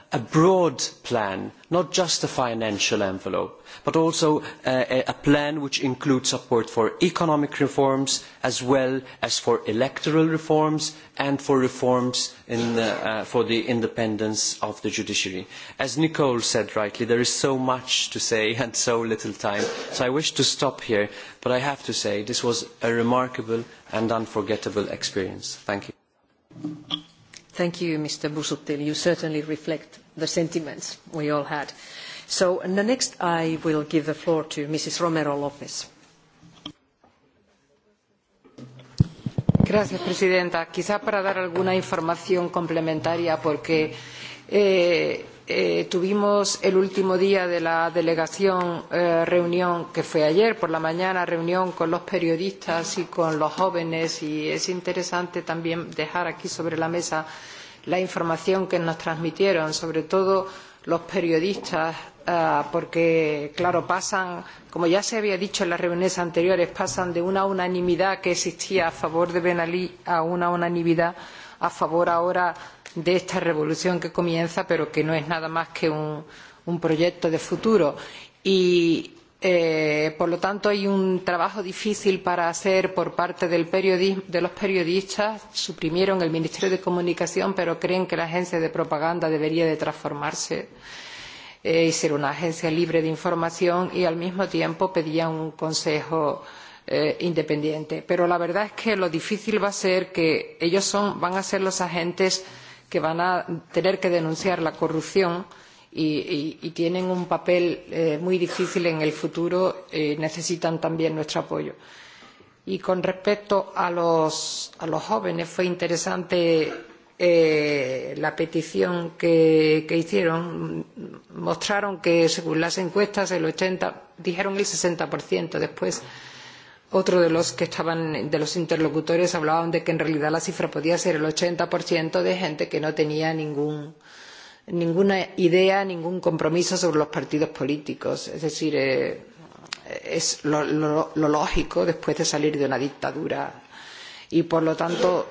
a broad plan, not just a financial envelope, but also uh, a, a plan which includes support for economic reforms as well as for electoral reforms and for reforms the, uh, for the independence of the judiciary. As Nicole said rightly, there is so much to say and so little time, so I wish to stop here, but I have to say this was a remarkable and unforgettable experience. Thank you. Thank you, Mr. Busuttil. You certainly reflect the sentiments we all had. So the next I will give the floor to Mrs. Romero Lopez. Gracias, presidenta. Quizá para dar alguna información complementaria, porque eh, eh, tuvimos el último día de la delegación eh, reunión, que fue ayer por la mañana, reunión con los periodistas y con los jóvenes, y es interesante también dejar aquí sobre la mesa eh, la información que nos transmitieron, sobre todo los periodistas, eh, porque, claro, pasan, como ya se había dicho en las reuniones anteriores, pasan de una unanimidad que existía a favor de Ben Ali a una unanimidad a favor ahora de esta revolución que comienza, pero que no es nada más que un, un proyecto de futuro. Y Eh, por lo tanto, hay un trabajo difícil para hacer por parte del de los periodistas. Suprimieron el Ministerio de Comunicación, pero creen que la agencia de propaganda debería de transformarse eh, y ser una agencia libre de información y al mismo tiempo pedían un consejo eh, independiente. Pero la verdad es que lo difícil va a ser que ellos son, van a ser los agentes que van a tener que denunciar la corrupción y y, tienen un papel eh, muy difícil en el futuro y eh, necesitan también nuestro apoyo. Y con respecto a los, a los jóvenes, fue interesante eh, la petición que, que hicieron. Mostraron que, según las encuestas, el 80, dijeron el 60%. Después, otro de los que estaban, de los interlocutores, hablaban de que en realidad la cifra podía ser el 80% de gente que no tenía ningún, eh, ninguna idea, ningún compromiso sobre los partidos políticos. Es decir, eh, es lo, lo, lo, lógico después de salir de una dictadura. Y por lo tanto,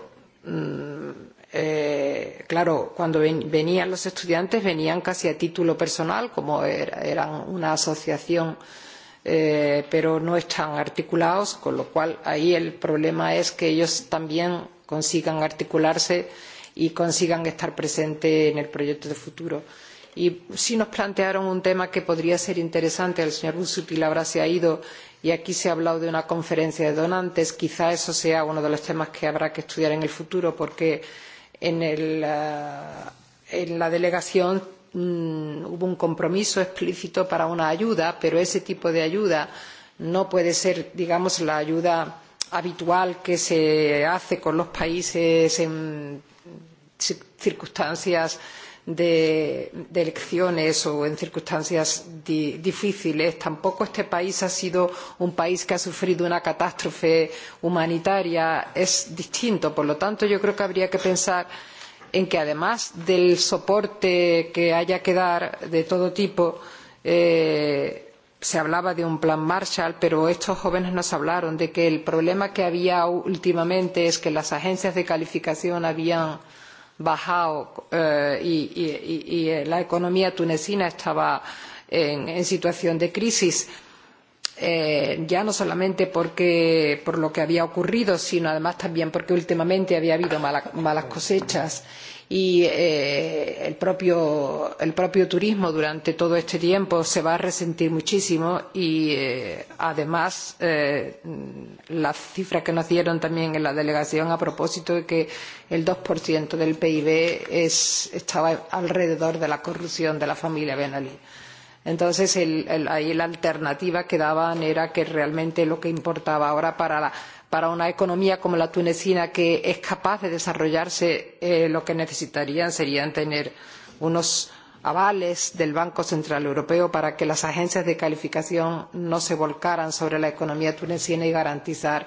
mm, eh, claro, cuando ven, venían los estudiantes venían casi a título personal, como era, eran una asociación, eh, pero no están articulados, con lo cual ahí el problema es que ellos también consigan articularse y consigan estar presentes en el proyecto de futuro. Y sí nos plantearon un tema que podría ser interesante, el señor Busuttil ahora se ha ido y aquí se ha hablado de una conferencia de donantes, quizá eso sea uno de los temas que habrá que estudiar en el futuro porque en, el, eh, en la delegación mmm, hubo un compromiso explícito para una ayuda, pero ese tipo de ayuda no puede ser, digamos, la ayuda habitual que se hace con los países en circunstancias de, de elecciones o en circunstancias di, difíciles. Tampoco este país ha sido un país que ha sufrido una catástrofe humanitaria. Es distinto. Por lo tanto, yo creo que habría que pensar en que además del soporte que haya que dar de todo tipo, eh, se hablaba de un plan Marshall, pero estos jóvenes nos hablaron de que el problema que había últimamente es que las agencias de calificación habían bajado eh, y, y, y, la economía tunecina estaba en, en situación de crisis, eh, ya no solamente porque, por lo que había ocurrido, sino además también porque últimamente había habido mala, malas cosechas. Eh, y eh, el, propio, el, propio, turismo durante todo este tiempo se va a resentir muchísimo y eh, además eh, las cifras que nos dieron también en la delegación a propósito de que el dos del PIB es, estaba alrededor de la corrupción de la familia Ben Ali. Entonces, el, el, ahí la alternativa que daban era que realmente lo que importaba ahora para la para una economía como la tunecina que es capaz de desarrollarse eh, lo que necesitarían sería tener unos avales del Banco Central Europeo para que las agencias de calificación no se volcaran sobre la economía tunecina y garantizar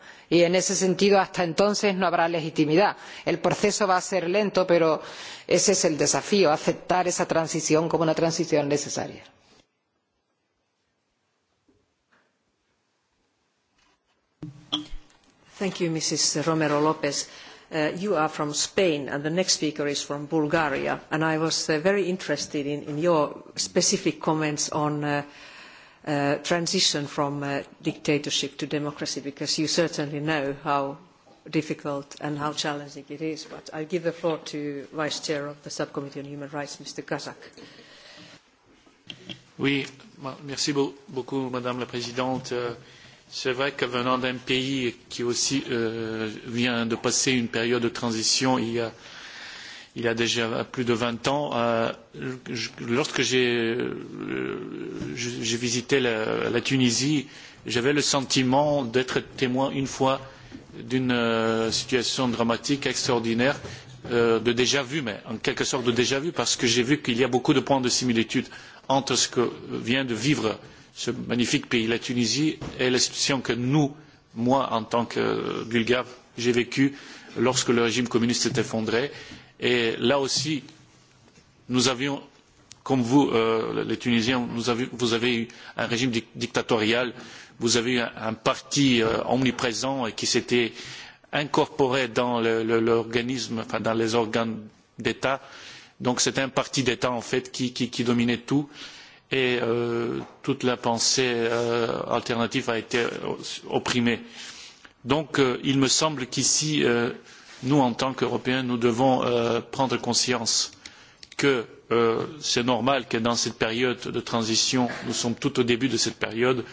y en ese sentido hasta entonces no habrá legitimidad. el proceso va a ser lento pero ese es el desafío aceptar esa transición como una transición necesaria. you, Romero Lopez. Uh, you are from Spain and the next speaker is from Bulgaria. And I was uh, very interested in, your specific comments on the uh, Uh, transition from uh, dictatorship to democracy because you certainly know how difficult and how challenging it is. But I give the floor to Vice Chair of the Subcommittee on Human Rights, Mr. Kazak. Oui, merci beaucoup, Madame la Présidente. Euh, c'est vrai que venant d'un pays qui aussi euh, vient de passer une période de transition, il y a il y a déjà plus de vingt ans. Euh, je, lorsque euh, j'ai visité la, la Tunisie, j'avais le sentiment d'être témoin une fois d'une euh, situation dramatique, extraordinaire, euh, de déjà vu, mais en quelque sorte de déjà vu, parce que j'ai vu qu'il y a beaucoup de points de similitude entre ce que vient de vivre ce magnifique pays, la Tunisie, et la situation que nous, moi, en tant que Bulgare, j'ai vécue lorsque le régime communiste s'est effondré Et là aussi, nous avions, comme vous, euh, les Tunisiens, avez, vous avez eu un régime dictatorial, vous avez eu un, un parti euh, omniprésent qui s'était incorporé dans l'organisme, le, le, enfin dans les organes d'État. Donc c'était un parti d'État en fait qui, qui, qui, dominait tout et euh, toute la pensée euh, alternative a été euh, opprimée. Donc euh, il me semble qu'ici nous, en tant qu'Européens, nous devons euh, prendre conscience que euh, c'est normal que dans cette période de transition, nous sommes tout au début de cette période,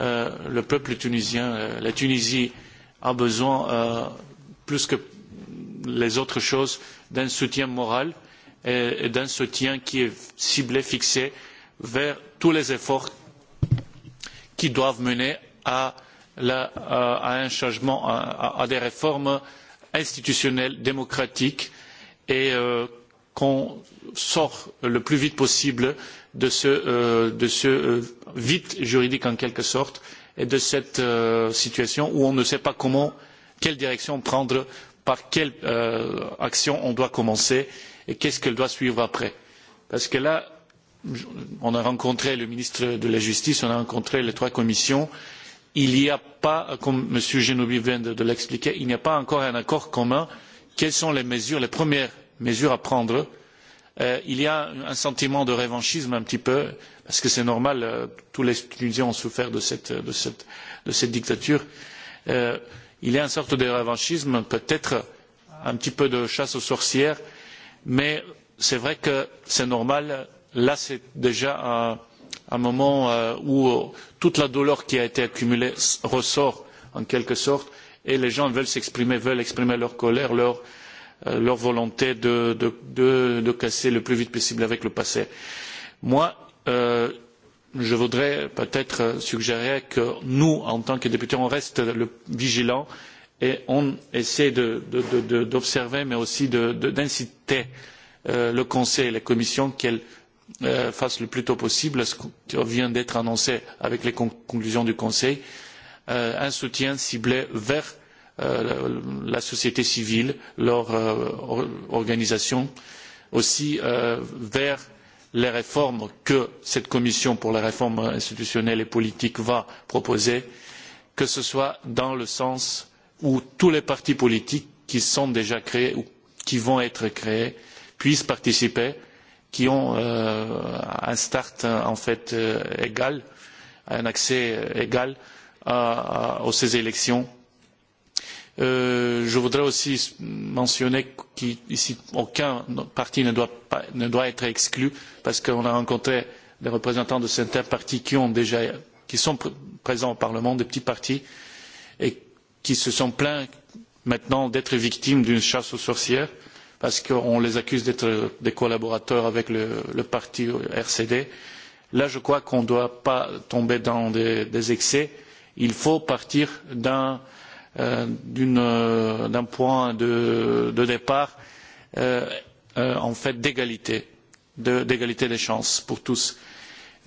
euh, le peuple tunisien, euh, la Tunisie a besoin, euh, plus que les autres choses, d'un soutien moral et, et d'un soutien qui est ciblé, fixé vers tous les efforts qui doivent mener à, la, à un changement, à, à des réformes institutionnelle démocratique et euh, qu'on sorte le plus vite possible de ce, euh, de ce euh, vide juridique en quelque sorte et de cette euh, situation où on ne sait pas comment, quelle direction prendre, par quelle euh, action on doit commencer et qu'est-ce qu'elle doit suivre après. Parce que là, on a rencontré le ministre de la Justice, on a rencontré les trois commissions, il n'y a pas, comme M. Genobi vient de, l'expliquer, il n'y a pas encore un accord commun. Quelles sont les mesures, les premières mesures à prendre euh, Il y a un sentiment de revanchisme un petit peu, parce que c'est normal, euh, tous les Tunisiens ont souffert de cette, de cette, de cette dictature. Euh, il y a une sorte de revanchisme, peut-être un petit peu de chasse aux sorcières, mais c'est vrai que c'est normal. Là, c'est déjà un un moment euh, où euh, toute la douleur qui a été accumulée ressort en quelque sorte et les gens veulent s'exprimer, veulent exprimer leur colère, leur, euh, leur volonté de, de, de, de, casser le plus vite possible avec le passé. Moi, euh, je voudrais peut-être suggérer que nous, en tant que députés, on reste vigilants et on essaie d'observer, mais aussi d'inciter euh, le Conseil et la Commission qu'elles Euh, fasse le plus tôt possible ce qui vient d'être annoncé avec les conclusions du Conseil, euh, un soutien ciblé vers euh, la société civile, leur euh, organisation, aussi euh, vers les réformes que cette commission pour les réformes institutionnelles et politiques va proposer, que ce soit dans le sens où tous les partis politiques qui sont déjà créés ou qui vont être créés puissent participer qui ont euh, un start en fait euh, égal, un accès égal à, à, à ces élections. Euh, je voudrais aussi mentionner qu'ici aucun parti ne doit, pas, ne doit être exclu parce qu'on a rencontré des représentants de certains partis qui, ont déjà, qui sont pr présents au Parlement, des petits partis, et qui se sont plaints maintenant d'être victimes d'une chasse aux sorcières parce qu'on les accuse d'être des collaborateurs avec le, le parti RCD. Là, je crois qu'on ne doit pas tomber dans des, des excès. Il faut partir d'un euh, euh point de, de départ euh, euh, en fait d'égalité, d'égalité de, des chances pour tous.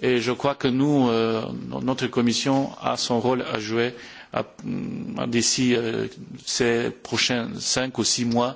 Et je crois que nous, euh, notre commission a son rôle à jouer d'ici euh, ces prochains cinq ou six mois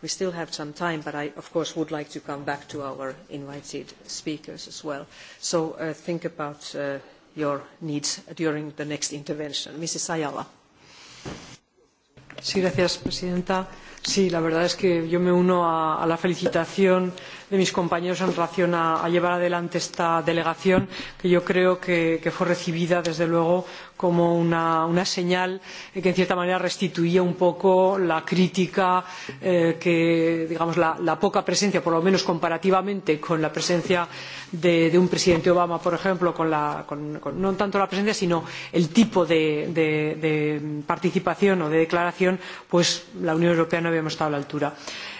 We still have some time, but I, of course, would like to come back to our invited speakers as well. So uh, think about uh, your needs during the next intervention. Mrs. Ayala. Sí, gracias, Presidenta. Sí, la verdad es que yo me uno a, a la felicitación de mis compañeros en relación con la llevada adelante de esta delegación que yo creo que, fue recibida desde luego como una, señal eh, que en cierta manera restituía un poco la crítica eh, digamos la, poca presencia por lo menos comparativamente con la presencia de, un presidente obama por ejemplo no tanto la presencia sino el tipo de, participación o de declaración pues la unión europea no habíamos estado a la altura.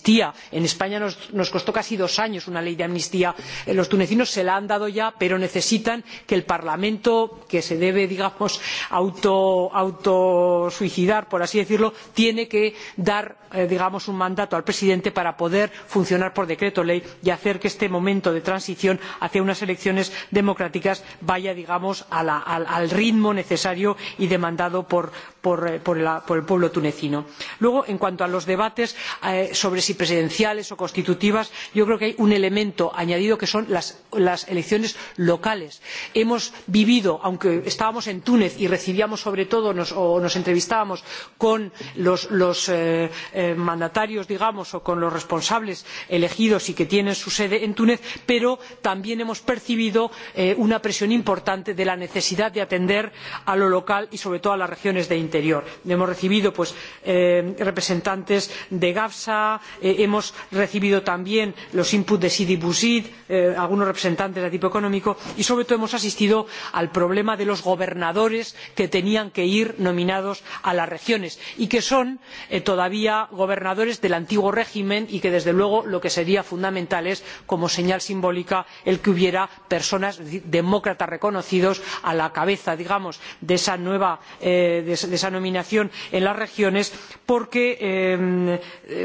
amnistía en españa nos, costó casi dos años una ley de amnistía eh, los tunecinos se la han dado ya pero necesitan que el parlamento que se debe digamos autosuicidar por así decirlo tiene que dar eh, un mandato al presidente para poder funcionar por decreto ley y hacer que este momento de transición hacia unas elecciones democráticas vaya al ritmo necesario y demandado por Eh, por, el pueblo tunecino. luego en cuanto a los debates eh, sobre si presidenciales o constitutivas yo creo que hay un elemento añadido que son las, elecciones locales. hemos vivido aunque estábamos en túnez y recibíamos sobre todo o nos entrevistábamos con los, eh, mandatarios digamos o con los responsables elegidos y que tienen su sede en túnez pero también hemos percibido una presión importante de la necesidad de atender a lo local y sobre todo a las regiones de interior. hemos recibido eh, representantes de gafsa eh, hemos recibido también los inputs de sidi bouzid eh, algunos representantes de tipo económico y sobre todo hemos asistido al problema de los gobernadores que tenían que ir nominados a las regiones y que son todavía gobernadores del antiguo régimen y que desde luego lo que sería fundamental es como señal simbólica que hubiera personas demócratas reconocidos a la cabeza digamos de esa nueva esa nominación en las regiones porque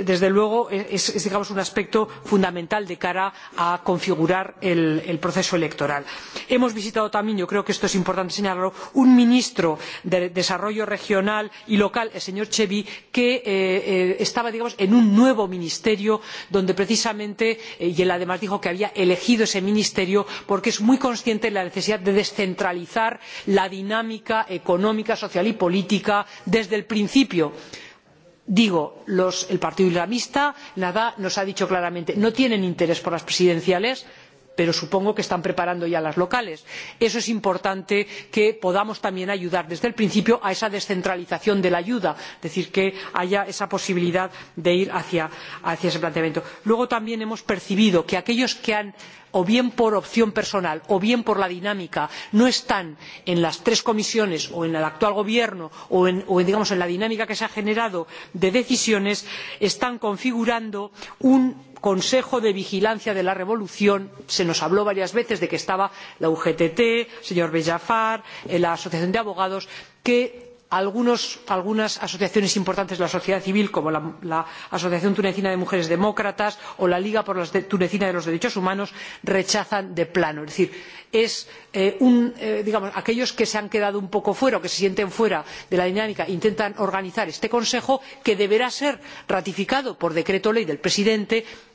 desde luego es, un aspecto fundamental de cara a configurar el, proceso electoral. hemos visitado también yo creo que esto es importante señalarlo un ministro de desarrollo regional y local el señor chebbi que eh, eh, estaba digamos, en un nuevo ministerio donde precisamente eh, y él además dijo que había elegido ese ministerio porque es muy consciente de la necesidad de descentralizar la dinámica económica social y política política desde el principio digo el partido islamista nada nos ha dicho claramente no tienen interés por las presidenciales pero supongo que están preparando ya las locales. eso es importante que podamos también ayudar desde el principio a esa descentralización de la ayuda es decir que haya esa posibilidad de ir hacia, hacia ese planteamiento. luego también hemos percibido que aquellos que han o bien por opción personal o bien por la dinámica no están en las tres comisiones o en el actual gobierno o digamos, en la dinámica que se ha generado de decisiones están configurando un consejo de vigilancia de la revolución se nos habló varias veces de que estaba la ugt el señor bellafar eh, la asociación de abogados que algunas asociaciones importantes de la sociedad civil como la, asociación tunecina de mujeres demócratas o la liga tunecina de los derechos humanos rechazan de plano es decir eh, eh, aquellos que se han quedado un poco fuera o que se sienten fuera de la dinámica intentan organizar este consejo que deberá ser ratificado por decreto ley del presidente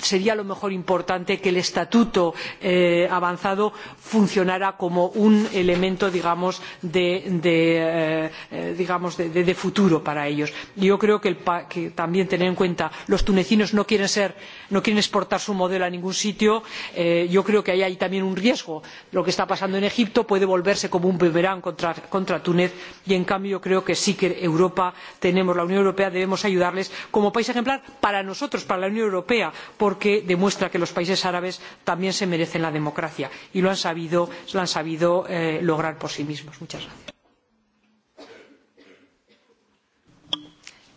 sería a lo mejor importante que el estatuto eh, avanzado funcionara como un elemento eh, eh, de, futuro para ellos. yo creo que, que también tener en cuenta que los tunecinos no quieren, ser, no quieren exportar su modelo a ningún sitio yo creo que ahí hay también un riesgo. lo que está pasando en egipto puede volverse como un boomerang contra, contra túnez y en cambio yo creo que sí que europa tenemos la unión europea debemos ayudarles como país ejemplar para nosotros para la unión europea porque demuestra que los países árabes también se merecen la democracia y lo han sabido, lo han sabido eh, lograr por sí mismos. Muchas gracias.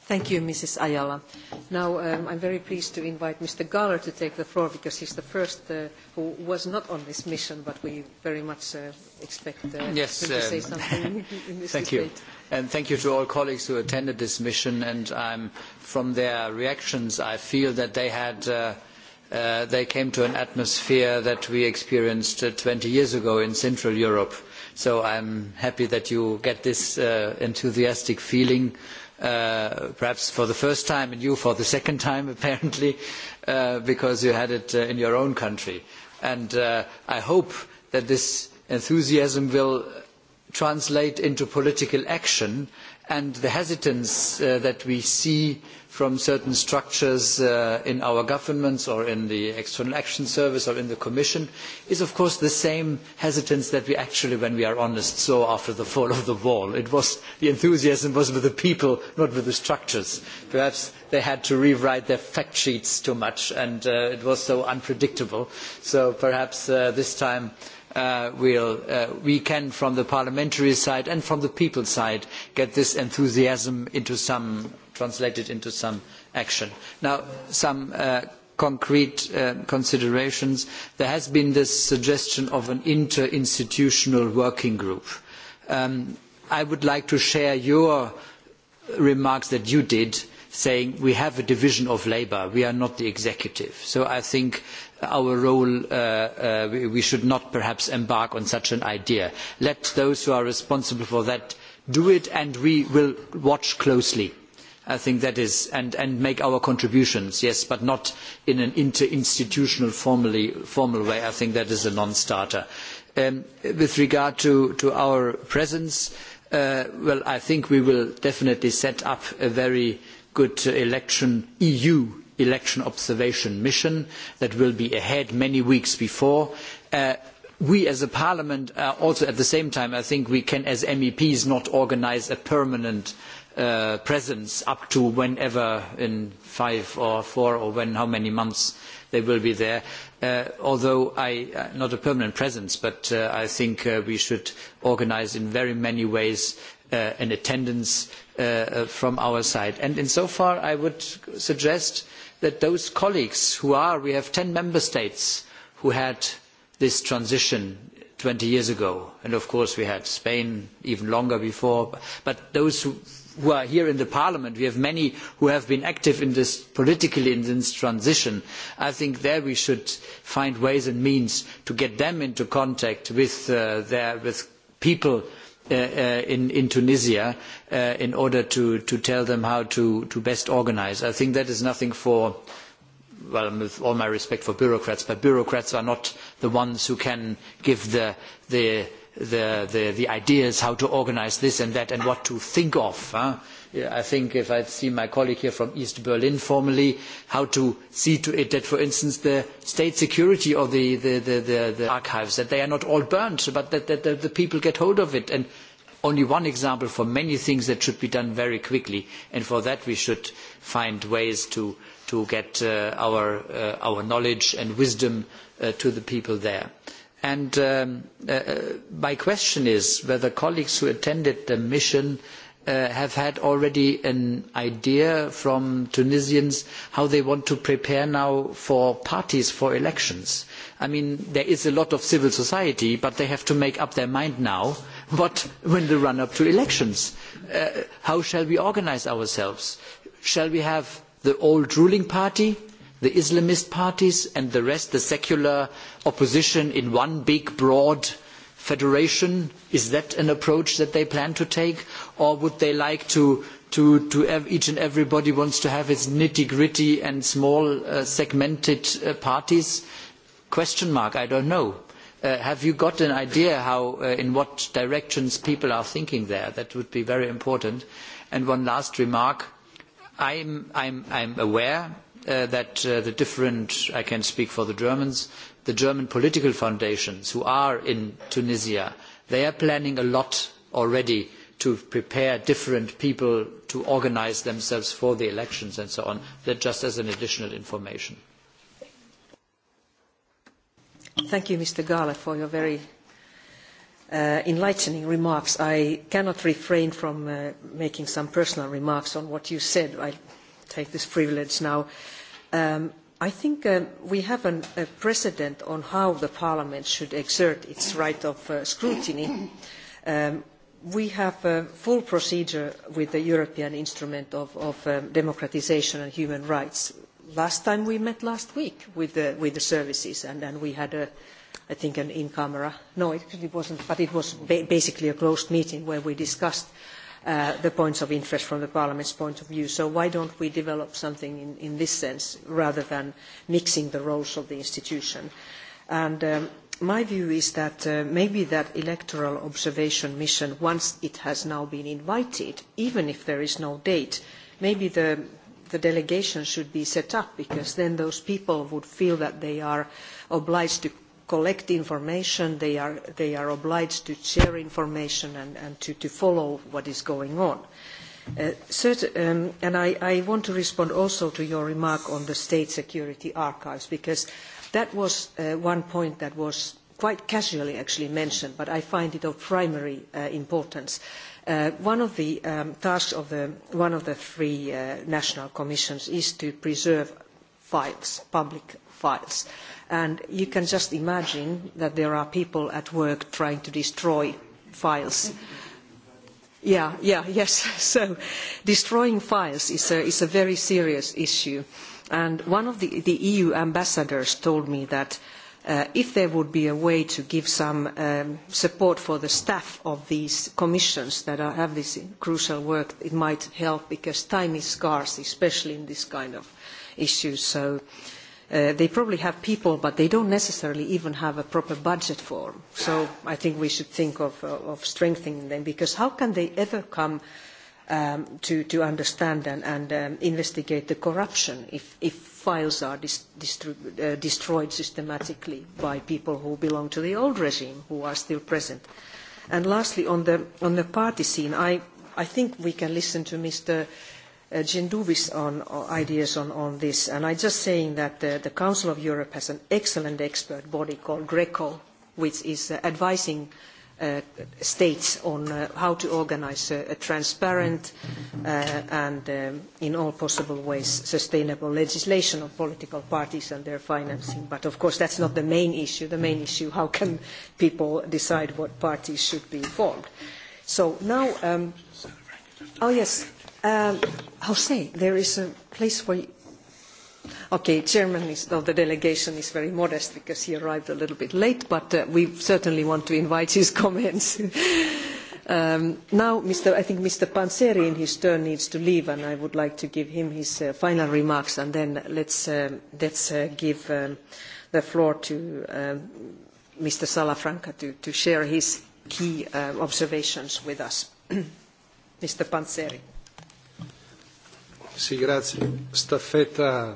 Thank you, Mrs. Ayala. Now, um, I'm very pleased to invite Mr. to take the floor because he's the first uh, who was not on this mission, but we very much uh, expect uh, yes, him to um, say something in, in this thank debate. You. And thank you to all colleagues who attended this mission. And I'm, um, from their reactions, I feel that they had. Uh, uh, they came to an atmosphere that we experienced uh, twenty years ago in Central Europe. So I am happy that you get this uh, enthusiastic feeling Uh, perhaps for the first time and you for the second time apparently uh, because you had it uh, in your own country and uh, I hope that this enthusiasm will translate into political action and the hesitance uh, that we see from certain structures uh, in our governments or in the external action service or in the commission is of course the same hesitance that we actually when we are honest saw after the fall of the wall it was the enthusiasm was with the people not with the structures perhaps they had to rewrite their fact sheets too much and uh, it was so unpredictable so perhaps uh, this time Uh, uh, we can from the parliamentary side and from the people's side get this enthusiasm into some, translated into some action. Now, some uh, concrete uh, considerations. There has been this suggestion of an interinstitutional working group. Um, I would like to share your remarks that you did saying we have a division of labour, we are not the executive. So I think our role uh, uh, we should not perhaps embark on such an idea. let those who are responsible for that do it and we will watch closely i think that is and, and make our contributions yes but not in an interinstitutional formal way i think that is a non starter. Um, with regard to, to our presence uh, well i think we will definitely set up a very good uh, election eu election observation mission that will be ahead many weeks before. Uh, we as a parliament uh, also at the same time i think we can as meps not organise a permanent uh, presence up to whenever in five or four or when how many months they will be there uh, although I, uh, not a permanent presence but uh, i think uh, we should organise in very many ways an attendance from our side and insofar i would suggest that that those colleagues who are, we have ten member states who had this transition twenty years ago, and of course we had Spain even longer before, but those who, are here in the parliament, we have many who have been active in this politically in this transition. I think there we should find ways and means to get them into contact with, uh, people uh, uh, in, in Tunisia uh, in order to, to tell them how to, to best organise. I think that is nothing for, well, with all my respect for bureaucrats, but bureaucrats are not the ones who can give the, the, the, the, the ideas how to organise this and that and what to think of. Huh? I think if I see my colleague here from East Berlin formally, how to see to it that, for instance, the state security or the, the, the, the, the archives, that they are not all burnt, but that, that, that the people get hold of it. And only one example for many things that should be done very quickly, and for that we should find ways to, to get uh, our, uh, our, knowledge and wisdom uh, to the people there. And um, uh, uh, my question is whether colleagues who attended the mission uh, have had already an idea from Tunisians how they want to prepare now for parties for elections. I mean, there is a lot of civil society, but they have to make up their mind now uh, what when the run-up to elections? Uh, how shall we organise ourselves? Shall we have the old ruling party, the Islamist parties, and the rest, the secular opposition, in one big, broad federation? Is that an approach that they plan to take, or would they like to? to, to each and everybody wants to have its nitty gritty and small uh, segmented uh, parties? Question mark. I don't know Uh, have you got an idea how, uh, in what directions people are thinking there? That would be very important. And one last remark. I'm, I'm, I'm aware uh, that uh, the different, I can speak for the Germans, the German political foundations who are in Tunisia, they are planning a lot already to prepare different people to organise themselves for the elections and so on. That just as an additional information. Thank you, Mr. Gahler, for your very uh, enlightening remarks. I cannot refrain from uh, making some personal remarks on what you said. I take this privilege now. Um, I think um, we have an, a precedent on how the Parliament should exert its right of uh, scrutiny. Um, we have a full procedure with the European Instrument of, of um, Democratisation and Human Rights, last time we met last week with the, services, and, then we had, a, I think, an in-camera. No, it, it wasn't, but it was basically a closed meeting where we discussed uh, the points of interest from the Parliament's point of view. So why don't we develop something in, this sense rather than mixing the roles of the institution? And um, my view is that uh, maybe that electoral observation mission, once it has now been invited, even if there is no date, maybe the the delegation should be set up because then those people would feel that they are obliged to collect information, they are, they are obliged to share information and, and to, to, follow what is going on. Uh, certain, um, and I, I, want to respond also to your remark on the state security archives because that was uh, one point that was quite casually actually mentioned, but I find it of primary uh, importance. Uh, Uh, one of the um, tasks of the, one of the three uh, national commissions is to preserve files, public files. And you can just imagine that there are people at work trying to destroy files. Yeah, yeah, yes. So destroying files is a, is a very serious issue. And one of the, the EU ambassadors told me that uh, Uh, if there would be a way to give some um, support for the staff of these commissions that are, have this crucial work, it might help because time is scarce, especially in this kind of issues. So uh, they probably have people, but they don't necessarily even have a proper budget for them. So I think we should think of, uh, of strengthening them because how can they ever come uh, um, to, to, understand and, and um, investigate the corruption if, if files are dis uh, destroyed systematically by people who belong to the old regime who are still present. And lastly, on the, on the party scene, I, I think we can listen to Mr. Genduvis uh, on, ideas on, on this. And I'm just saying that the, the Council of Europe has an excellent expert body called GRECO, which is uh, advising uh, Uh, states on uh, how to organise a, a transparent uh, and um, in all possible ways sustainable legislation on political parties and their financing. But of course that is not the main issue. The main issue is how can people decide what parties should be formed. So now, um, oh yes, um, Jose, there is a place where you, Okay, chairman is, of the delegation is very modest because he arrived a little bit late, but uh, we certainly want to invite his comments. um, now, Mr., I think Mr. Panzeri in his turn needs to leave, and I would like to give him his uh, final remarks, and then let's, uh, let's uh, give um, the floor to um, Mr. Salafranca to, to share his key uh, observations with us. Mr. Panzeri. Sì, grazie. Staffetta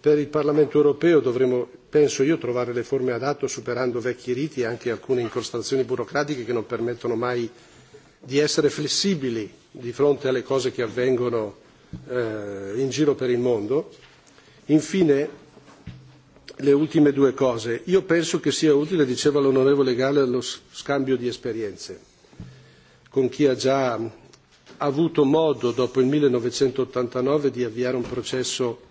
per il Parlamento europeo dovremo, penso io, trovare le forme adatto superando vecchi riti e anche alcune incrostazioni burocratiche che non permettono mai di essere flessibili di fronte alle cose che avvengono eh, in giro per il mondo. Infine, le ultime due cose. Io penso che sia utile, diceva l'onorevole Gale, lo scambio di esperienze con chi ha già avuto modo, dopo il millenovecentottantanove, di avviare un processo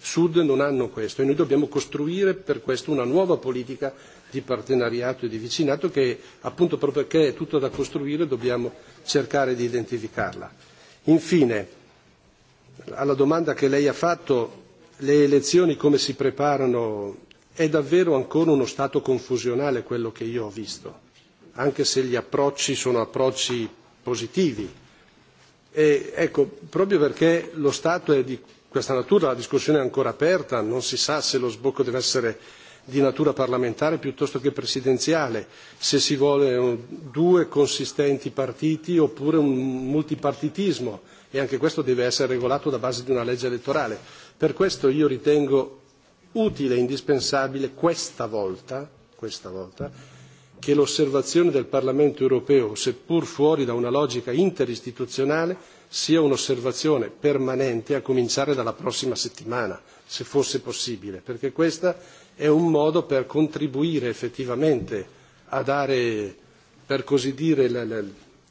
Sud non hanno questo e noi dobbiamo costruire per questo una nuova politica di partenariato e di vicinato che appunto proprio perché è tutto da costruire dobbiamo cercare di identificarla. Infine, alla domanda che lei ha fatto, le elezioni come si preparano? È davvero ancora uno stato confusionale quello che io ho visto, anche se gli approcci sono approcci positivi. E, ecco, proprio perché lo Stato è di questa natura la discussione è ancora aperta, non si sa se lo sbocco deve essere di natura parlamentare piuttosto che presidenziale, se si vuole due consistenti partiti oppure un multipartitismo e anche questo deve essere regolato da base di una legge elettorale. Per questo io ritengo utile e indispensabile questa volta, questa volta che l'osservazione del Parlamento europeo, seppur fuori da una logica interistituzionale, sia un'osservazione permanente a cominciare dalla prossima settimana, se fosse possibile, perché questo è un modo per contribuire effettivamente a dare, per così dire,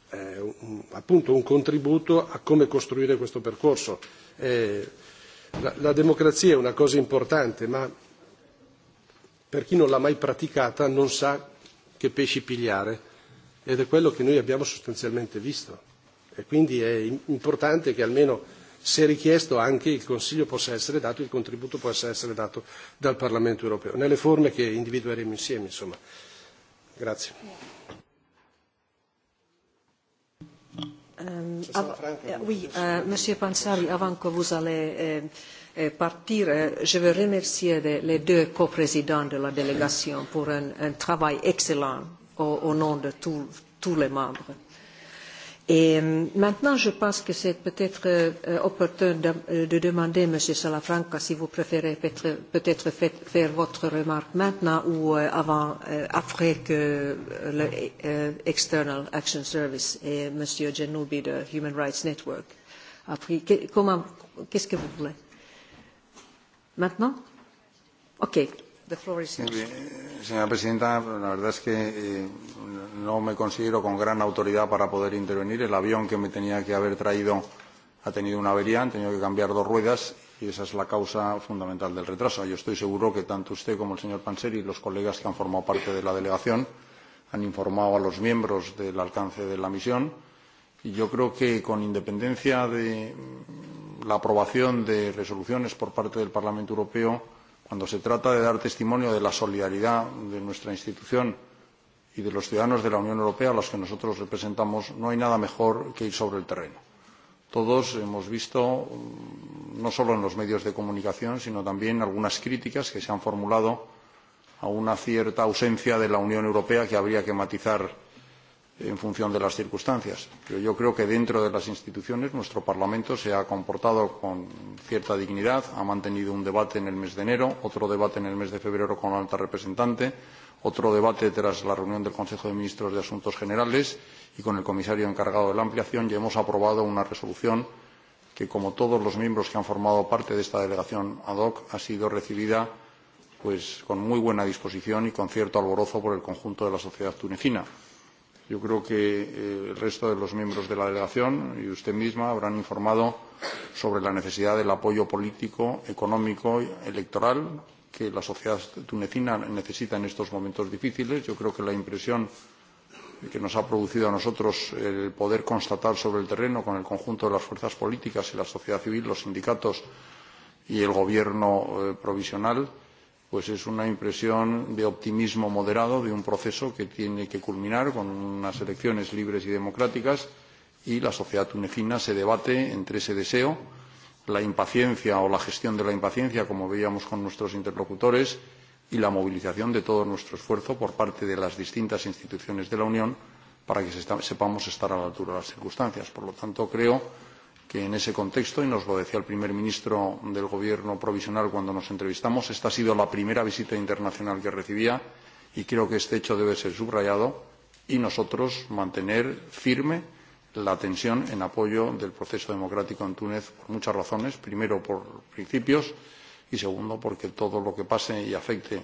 eh, appunto un contributo a come costruire questo percorso. Eh, la democrazia è una cosa importante, ma per chi non l'ha mai praticata non sa che pesci pigliare ed è quello che noi abbiamo sostanzialmente visto E quindi è importante che almeno se richiesto anche il Consiglio possa essere dato, il contributo possa essere dato dal Parlamento europeo, nelle forme che individueremo insieme. Insomma. Grazie. Ehm, eh, oui, eh, Monsieur Pansari, avant que vous allez eh, partir, je veux remercier les deux coprésidents de la délégation pour un, un travail excellent au, au nom de tout, tous les membres Et euh, maintenant, je pense que c'est peut-être euh, opportun de, euh, de demander, Monsieur Salafranca, si vous préférez peut-être peut faire votre remarque maintenant ou euh, avant, euh, après que l'External euh, Action Service et Monsieur Genoubi de Human Rights Network a pris. Qu'est-ce que vous voulez Maintenant OK. The floor is yours. Señora Presidenta, la verdad es que eh, no me considero con gran autoridad para poder intervenir. El avión que me tenía que haber traído ha tenido una avería, han tenido que cambiar dos ruedas y esa es la causa fundamental del retraso. Yo estoy seguro que tanto usted como el señor Panseri y los colegas que han formado parte de la delegación han informado a los miembros del alcance de la misión y yo creo que con independencia de la aprobación de resoluciones por parte del Parlamento Europeo, cuando se trata de dar testimonio de la solidaridad de nuestra institución y de los ciudadanos de la Unión Europea a los que nosotros representamos, no hay nada mejor que ir sobre el terreno. Todos hemos visto, mm, no solo en los medios de comunicación, sino también algunas críticas que se han formulado a una cierta ausencia de la Unión Europea que habría que matizar en función de las circunstancias. Pero yo creo que dentro de las instituciones nuestro Parlamento se ha comportado con cierta dignidad, ha mantenido un debate en el mes de enero, otro debate en el mes de febrero con la alta representante, otro debate tras la reunión del Consejo de Ministros de Asuntos Generales y con el comisario encargado de la ampliación ya hemos aprobado una resolución que, como todos los miembros que han formado parte de esta delegación ad hoc, ha sido recibida pues, con muy buena disposición y con cierto alborozo por el conjunto de la sociedad tunecina. Yo creo que eh, el resto de los miembros de la delegación y usted misma habrán informado sobre la necesidad del apoyo político, económico y electoral que la sociedad tunecina necesita en estos momentos difíciles. Yo creo que la impresión que nos ha producido a nosotros el poder constatar sobre el terreno con el conjunto de las fuerzas políticas y la sociedad civil, los sindicatos y el gobierno eh, provisional, pues es una impresión de optimismo moderado de un proceso que tiene que culminar con unas elecciones libres y democráticas y la sociedad tunecina se debate entre ese deseo la impaciencia o la gestión de la impaciencia, como veíamos con nuestros interlocutores, y la movilización de todo nuestro esfuerzo por parte de las distintas instituciones de la Unión para que sepamos estar a la altura de las circunstancias. Por lo tanto, creo que en ese contexto, y nos lo decía el primer ministro del Gobierno provisional cuando nos entrevistamos, esta ha sido la primera visita internacional que recibía y creo que este hecho debe ser subrayado y nosotros mantener firme la tensión en apoyo del proceso democrático en Túnez por muchas razones. Primero, por principios y segundo, porque todo lo que pase y afecte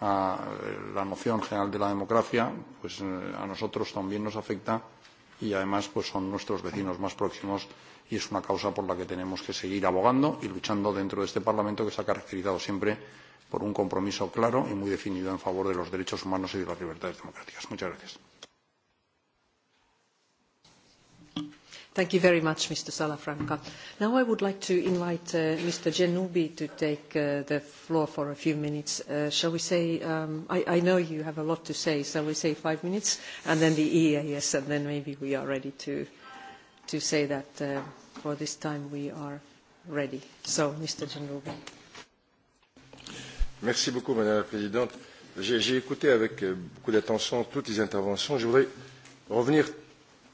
a eh, la noción general de la democracia, pues eh, a nosotros también nos afecta y además pues son nuestros vecinos más próximos y es una causa por la que tenemos que seguir abogando y luchando dentro de este Parlamento que se ha caracterizado siempre por un compromiso claro y muy definido en favor de los derechos humanos y de las libertades democráticas. Muchas gracias. Thank you very much, Mr. Salafranca. Now I would like to invite uh, Mr. Genubi to take uh, the floor for a few minutes. Uh, shall we say, um, I, I know you have a lot to say, shall we say five minutes, and then the EAS, and then maybe we are ready to, to say that uh, for this time we are ready. So, Mr. Genubi. Merci beaucoup, Madame la Présidente. J'ai écouté avec euh, beaucoup d'attention toutes les interventions. Je voudrais revenir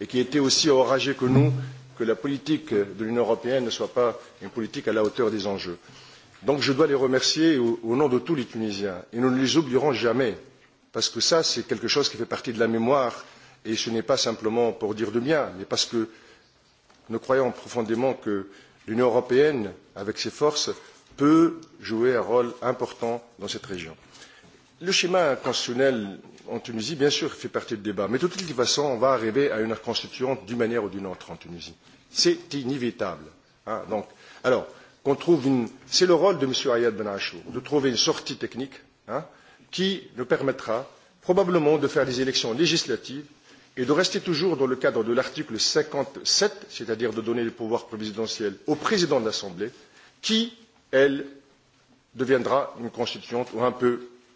et qui étaient aussi orageux que nous que la politique de l'Union européenne ne soit pas une politique à la hauteur des enjeux. Donc je dois les remercier au, au nom de tous les Tunisiens et nous ne les oublierons jamais parce que ça c'est quelque chose qui fait partie de la mémoire et ce n'est pas simplement pour dire du bien mais parce que nous croyons profondément que l'Union européenne avec ses forces peut jouer un rôle important dans cette région le schéma constitutionnel en Tunisie, bien sûr, fait partie du débat, mais de toute façon, on va arriver à une constituante d'une manière ou d'une autre en Tunisie. C'est inévitable. Hein, donc, alors, qu'on trouve une... C'est le rôle de M. Ayad Ben Achour de trouver une sortie technique hein, qui nous permettra probablement de faire des élections législatives et de rester toujours dans le cadre de l'article cinquante sept, c'est-à-dire de donner le pouvoir présidentiel au président de l'Assemblée, qui, elle, deviendra une constituante ou un peu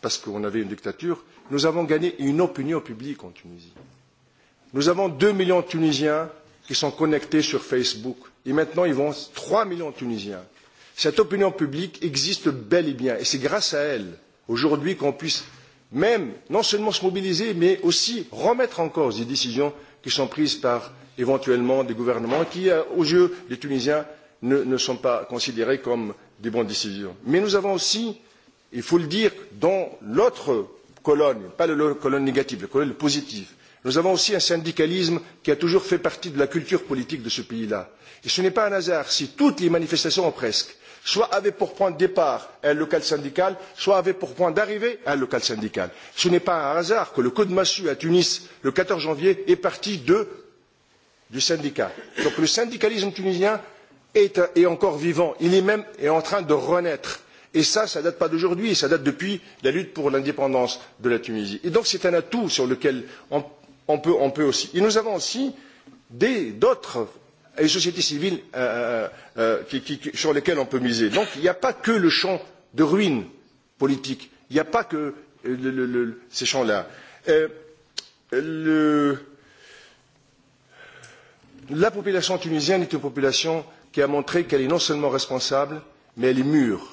parce qu'on avait une dictature, nous avons gagné une opinion publique en Tunisie. Nous avons deux millions de Tunisiens qui sont connectés sur Facebook et maintenant ils vont trois millions de Tunisiens. Cette opinion publique existe bel et bien et c'est grâce à elle aujourd'hui qu'on puisse même non seulement se mobiliser mais aussi remettre en cause des décisions qui sont prises par éventuellement des gouvernements qui, euh, aux yeux des Tunisiens, ne, ne sont pas considérés comme des bonnes décisions. Mais nous avons aussi il faut le dire, dans l'autre colonne, pas la colonne négative, la colonne positive, nous avons aussi un syndicalisme qui a toujours fait partie de la culture politique de ce pays-là. Et ce n'est pas un hasard si toutes les manifestations, ou presque, soit avaient pour point de départ un local syndical, soit avaient pour point d'arrivée un local syndical. Ce n'est pas un hasard que le coup de massue à Tunis, le quatorze janvier, est parti de, du syndicat. Donc le syndicalisme tunisien est, est encore vivant, il est même est en train de renaître Et ça, ça ne date pas d'aujourd'hui, ça date depuis la lutte pour l'indépendance de la Tunisie. Et donc c'est un atout sur lequel on, on, peut, on, peut, aussi. Et nous avons aussi d'autres euh, sociétés civiles euh, euh, euh qui, qui, sur lesquelles on peut miser. Donc il n'y a pas que le champ de ruines politiques, il n'y a pas que euh, le, le, le, ces champs-là. Euh, la population tunisienne est une population qui a montré qu'elle est non seulement responsable, mais elle est mûre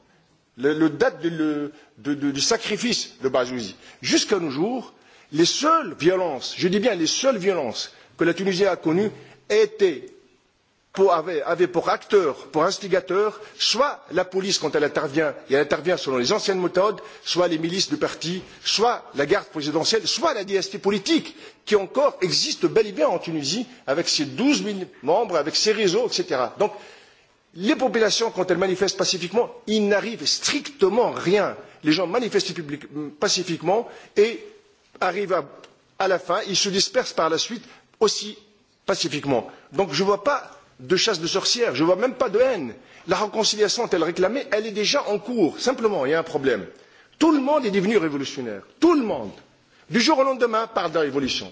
le, le date de, le, de, de, du sacrifice de Bazouzi. Jusqu'à nos jours, les seules violences, je dis bien les seules violences que la Tunisie a connues étaient pour, pour acteur, pour instigateur, soit la police quand elle intervient, et elle intervient selon les anciennes méthodes, soit les milices du parti, soit la garde présidentielle, soit la dynastie politique, qui encore existe bel et bien en Tunisie, avec ses douze 000 membres, avec ses réseaux, etc. Donc les populations, quand elles manifestent pacifiquement, il n'arrive strictement rien. Les gens manifestent pacifiquement et arrivent à, à la fin, ils se dispersent par la suite aussi pacifiquement. Donc je ne vois pas de chasse de sorcières, je ne vois même pas de haine. La réconciliation telle réclamée, elle est déjà en cours. Simplement, il y a un problème. Tout le monde est devenu révolutionnaire. Tout le monde. Du jour au lendemain, par de la révolution.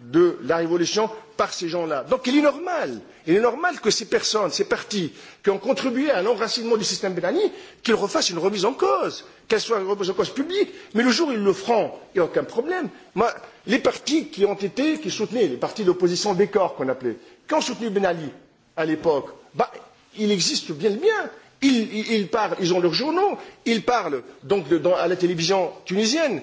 de la révolution par ces gens là. donc il est normal il est normal que ces personnes ces partis qui ont contribué à l'enracinement du système Ben Ali qu'ils refassent une remise en cause qu'elle soit une remise en cause publique mais le jour où ils le feront il n'y a aucun problème. Moi, les partis qui ont été qui soutenaient les partis d'opposition décor qu'on appelait qui ont soutenu Ben Ali à l'époque bah, il existe bien le bien ils, ils, ils parlent ils ont leurs journaux ils parlent donc de, dans, à la télévision tunisienne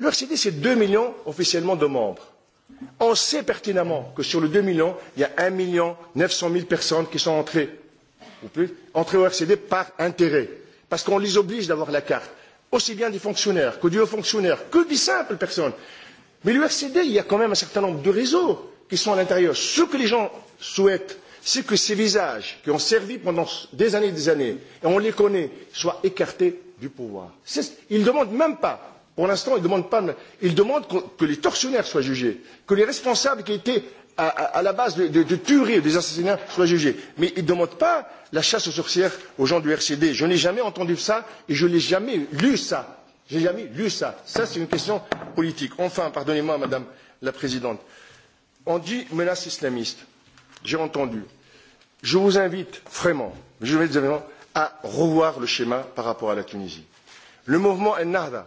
L'OCDE, c'est deux millions officiellement de membres. On sait pertinemment que sur les deux millions, il y a un million neuf cent mille personnes qui sont entrées, ou plus, entrées au RCD par intérêt, parce qu'on les oblige d'avoir la carte, aussi bien des fonctionnaires que des hauts fonctionnaires, que des simples personnes. Mais l'URCD, il y a quand même un certain nombre de réseaux qui sont à l'intérieur. Ce que les gens souhaitent, c'est que ces visages qui ont servi pendant des années et des années, et on les connaît, soient écartés du pouvoir. Ils ne demandent même pas Pour l'instant, ils demandent pas. Ils demandent qu que les tortionnaires soient jugés, que les responsables qui étaient à, à, à la base de, de, de tueries, des assassinats soient jugés. Mais ils ne demandent pas la chasse aux sorcières aux gens du RCD. Je n'ai jamais entendu ça et je n'ai jamais lu ça. J'ai jamais lu ça. Ça, c'est une question politique. Enfin, pardonnez-moi, Madame la Présidente. On dit menace islamiste. J'ai entendu. Je vous invite vraiment, je vais dire vraiment, à revoir le schéma par rapport à la Tunisie. Le mouvement El Nahda,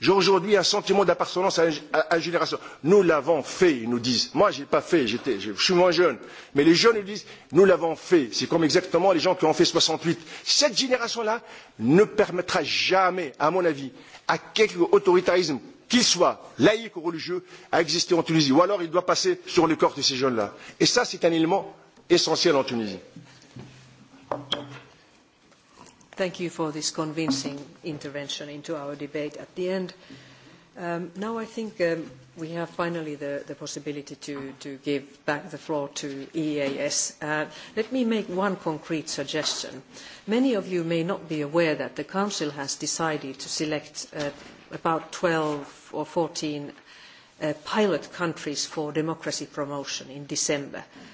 J'ai aujourd'hui un sentiment d'appartenance à, une génération. Nous l'avons fait, ils nous disent. Moi, je n'ai pas fait, je, suis moins jeune. Mais les jeunes, ils disent, nous l'avons fait. C'est comme exactement les gens qui ont fait soixante huit. Cette génération-là ne permettra jamais, à mon avis, à quelque autoritarisme qu'il soit laïque ou religieux, à exister en Tunisie. Ou alors, il doit passer sur le corps de ces jeunes-là. Et ça, c'est un élément essentiel en Tunisie. Thank you for this convincing intervention into our debate at the end. Um, now I think um, we have finally the, the possibility to, to give back the floor to EAS. Uh, let me make one concrete suggestion. Many of you may not be aware that the Council has decided to select uh, about 12 or 14 uh, pilot countries for democracy promotion in December. Mm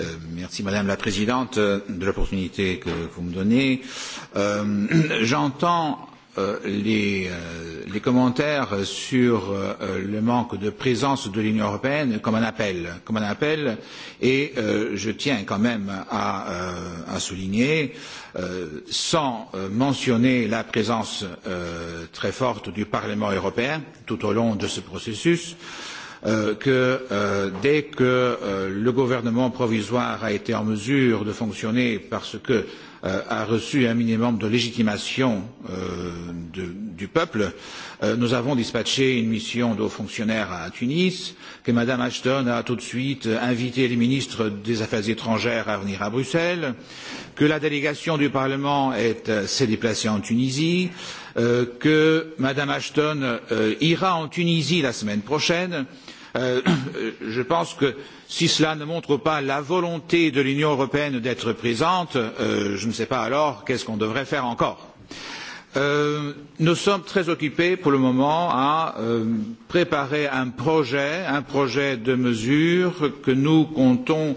Euh, merci Madame la Présidente euh, de l'opportunité que vous me donnez. Euh, J'entends euh, les, euh, les, commentaires sur le manque de présence de l'Union européenne comme un appel, comme un appel, et je tiens quand même à, à souligner sans mentionner la présence très forte du Parlement européen tout au long de ce processus, euh, Euh, que euh, dès que euh, le gouvernement provisoire a été en mesure de fonctionner parce que a reçu un minimum de légitimation euh, de, du peuple. Euh, nous avons dispatché une mission de hauts fonctionnaires à Tunis, que Mme Ashton a tout de suite invité les ministres des Affaires étrangères à venir à Bruxelles, que la délégation du Parlement s'est déplacée en Tunisie, euh, que Mme Ashton ira en Tunisie la semaine prochaine, euh, Euh, je pense que si cela ne montre pas la volonté de l'Union européenne d'être présente, euh, je ne sais pas alors qu'est-ce qu'on devrait faire encore. Euh, nous sommes très occupés pour le moment à préparer un projet, un projet de mesures que nous comptons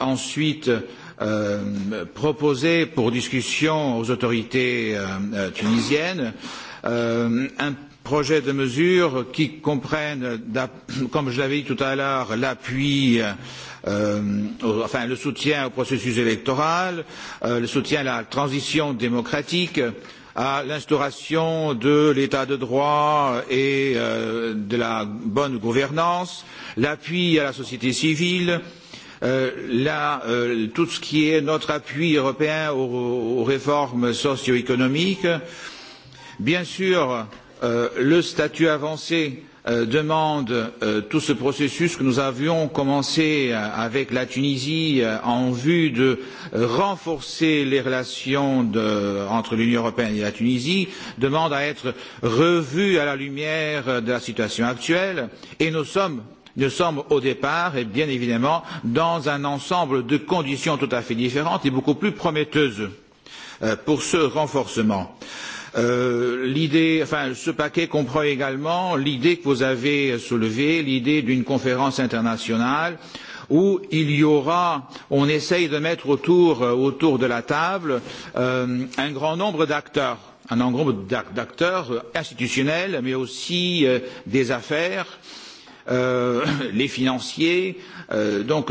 ensuite proposer pour discussion aux autorités tunisiennes. Un projets de mesures qui comprennent, comme je l'avais dit tout à l'heure, l'appui, euh, enfin le soutien au processus électoral, euh, le soutien à la transition démocratique, à l'instauration de l'état de droit et euh, de la bonne gouvernance, l'appui à la société civile, euh, la, euh, tout ce qui est notre appui européen aux, aux réformes socio-économiques. Bien sûr, Euh, le statut avancé euh, demande euh, tout ce processus que nous avions commencé avec la Tunisie en vue de renforcer les relations de, entre l'Union européenne et la Tunisie demande à être revue à la lumière de la situation actuelle et nous sommes nous sommes au départ et bien évidemment dans un ensemble de conditions tout à fait différentes et beaucoup plus prometteuses pour ce renforcement. Euh, Euh, l'idée, enfin, ce paquet comprend également l'idée que vous avez soulevée, l'idée d'une conférence internationale où il y aura, on essaye de mettre autour, euh, autour de la table euh, un grand nombre d'acteurs un grand nombre d'acteurs euh, institutionnels, mais aussi euh, des affaires, les financiers, donc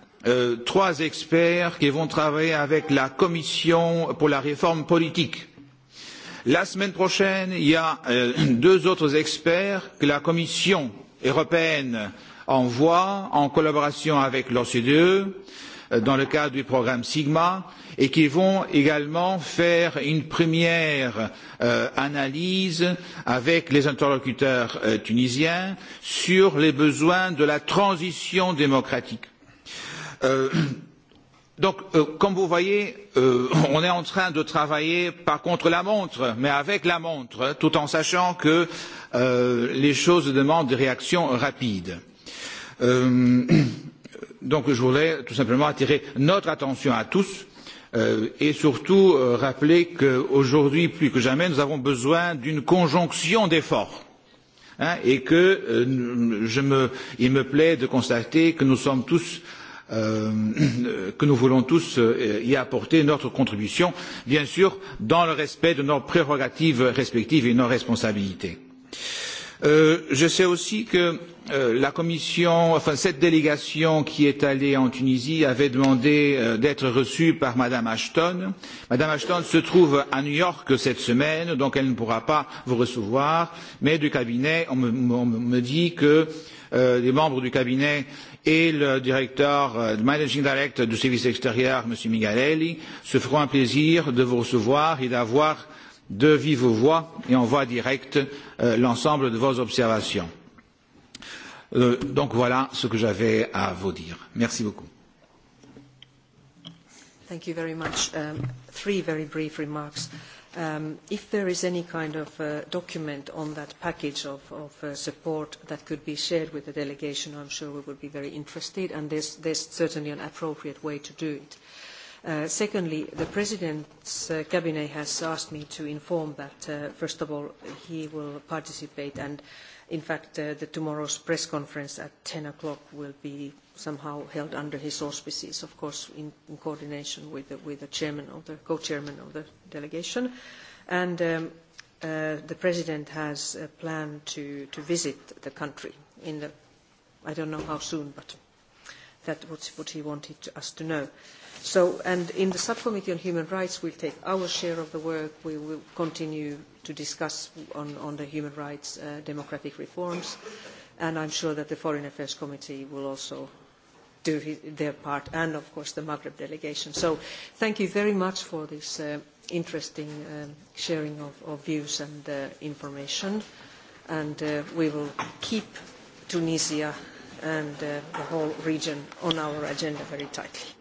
Euh, trois experts qui vont travailler avec la commission pour la réforme politique. La semaine prochaine, il y a euh, deux autres experts que la Commission européenne envoie en collaboration avec l'OCDE euh, dans le cadre du programme Sigma et qui vont également faire une première euh, analyse avec les interlocuteurs euh, tunisiens sur les besoins de la transition démocratique Euh, donc, euh, comme vous voyez, euh, on est en train de travailler pas contre la montre, mais avec la montre, tout en sachant que les choses demandent des réactions rapides. donc, je voulais tout simplement attirer notre attention à tous et surtout rappeler qu'aujourd'hui plus que jamais nous avons besoin d'une conjonction d'efforts et que euh, me, il me plaît de constater que nous sommes tous Euh, que nous voulons tous euh, y apporter notre contribution, bien sûr dans le respect de nos prérogatives respectives et de nos responsabilités. Euh, je sais aussi que la commission, enfin cette délégation qui est allée en Tunisie avait demandé d'être reçue par Madame Ashton. Madame Ashton se trouve à New York cette semaine, donc elle ne pourra pas vous recevoir, mais du cabinet, on me, on me dit que les membres du cabinet et le directeur, euh, le managing director du service extérieur, M. Migarelli, se feront un plaisir de vous recevoir et d'avoir de vive voix et en voix directe euh, l'ensemble de vos observations. Euh, donc voilà ce que j'avais à vous dire. Merci beaucoup. Thank you very much. Um, three very brief remarks. Um, if there is any kind of uh, document on that package of, of uh, support that could be shared with the delegation, I'm sure we would be very interested, and there's, there's certainly an appropriate way to do it. Uh, secondly, the President's uh, cabinet has asked me to inform that, uh, first of all, he will participate, and in fact, uh, the tomorrow's press conference at ten o'clock will be somehow held under his auspices, of course, in, in coordination with the, with the chairman of the co-chairman of the delegation. And um, uh, the president has a plan to, to visit the country in the, I don't know how soon, but that was what he wanted to, us to know. So, and in the subcommittee on human rights, we'll take our share of the work. We will continue to discuss on, on the human rights, uh, democratic reforms, and I'm sure that the Foreign Affairs Committee will also do their part, and of course the Maghreb delegation. So thank you very much for this uh, interesting um, sharing of, of, views and uh, information. And uh, we will keep Tunisia and uh, the whole region on our agenda very tightly.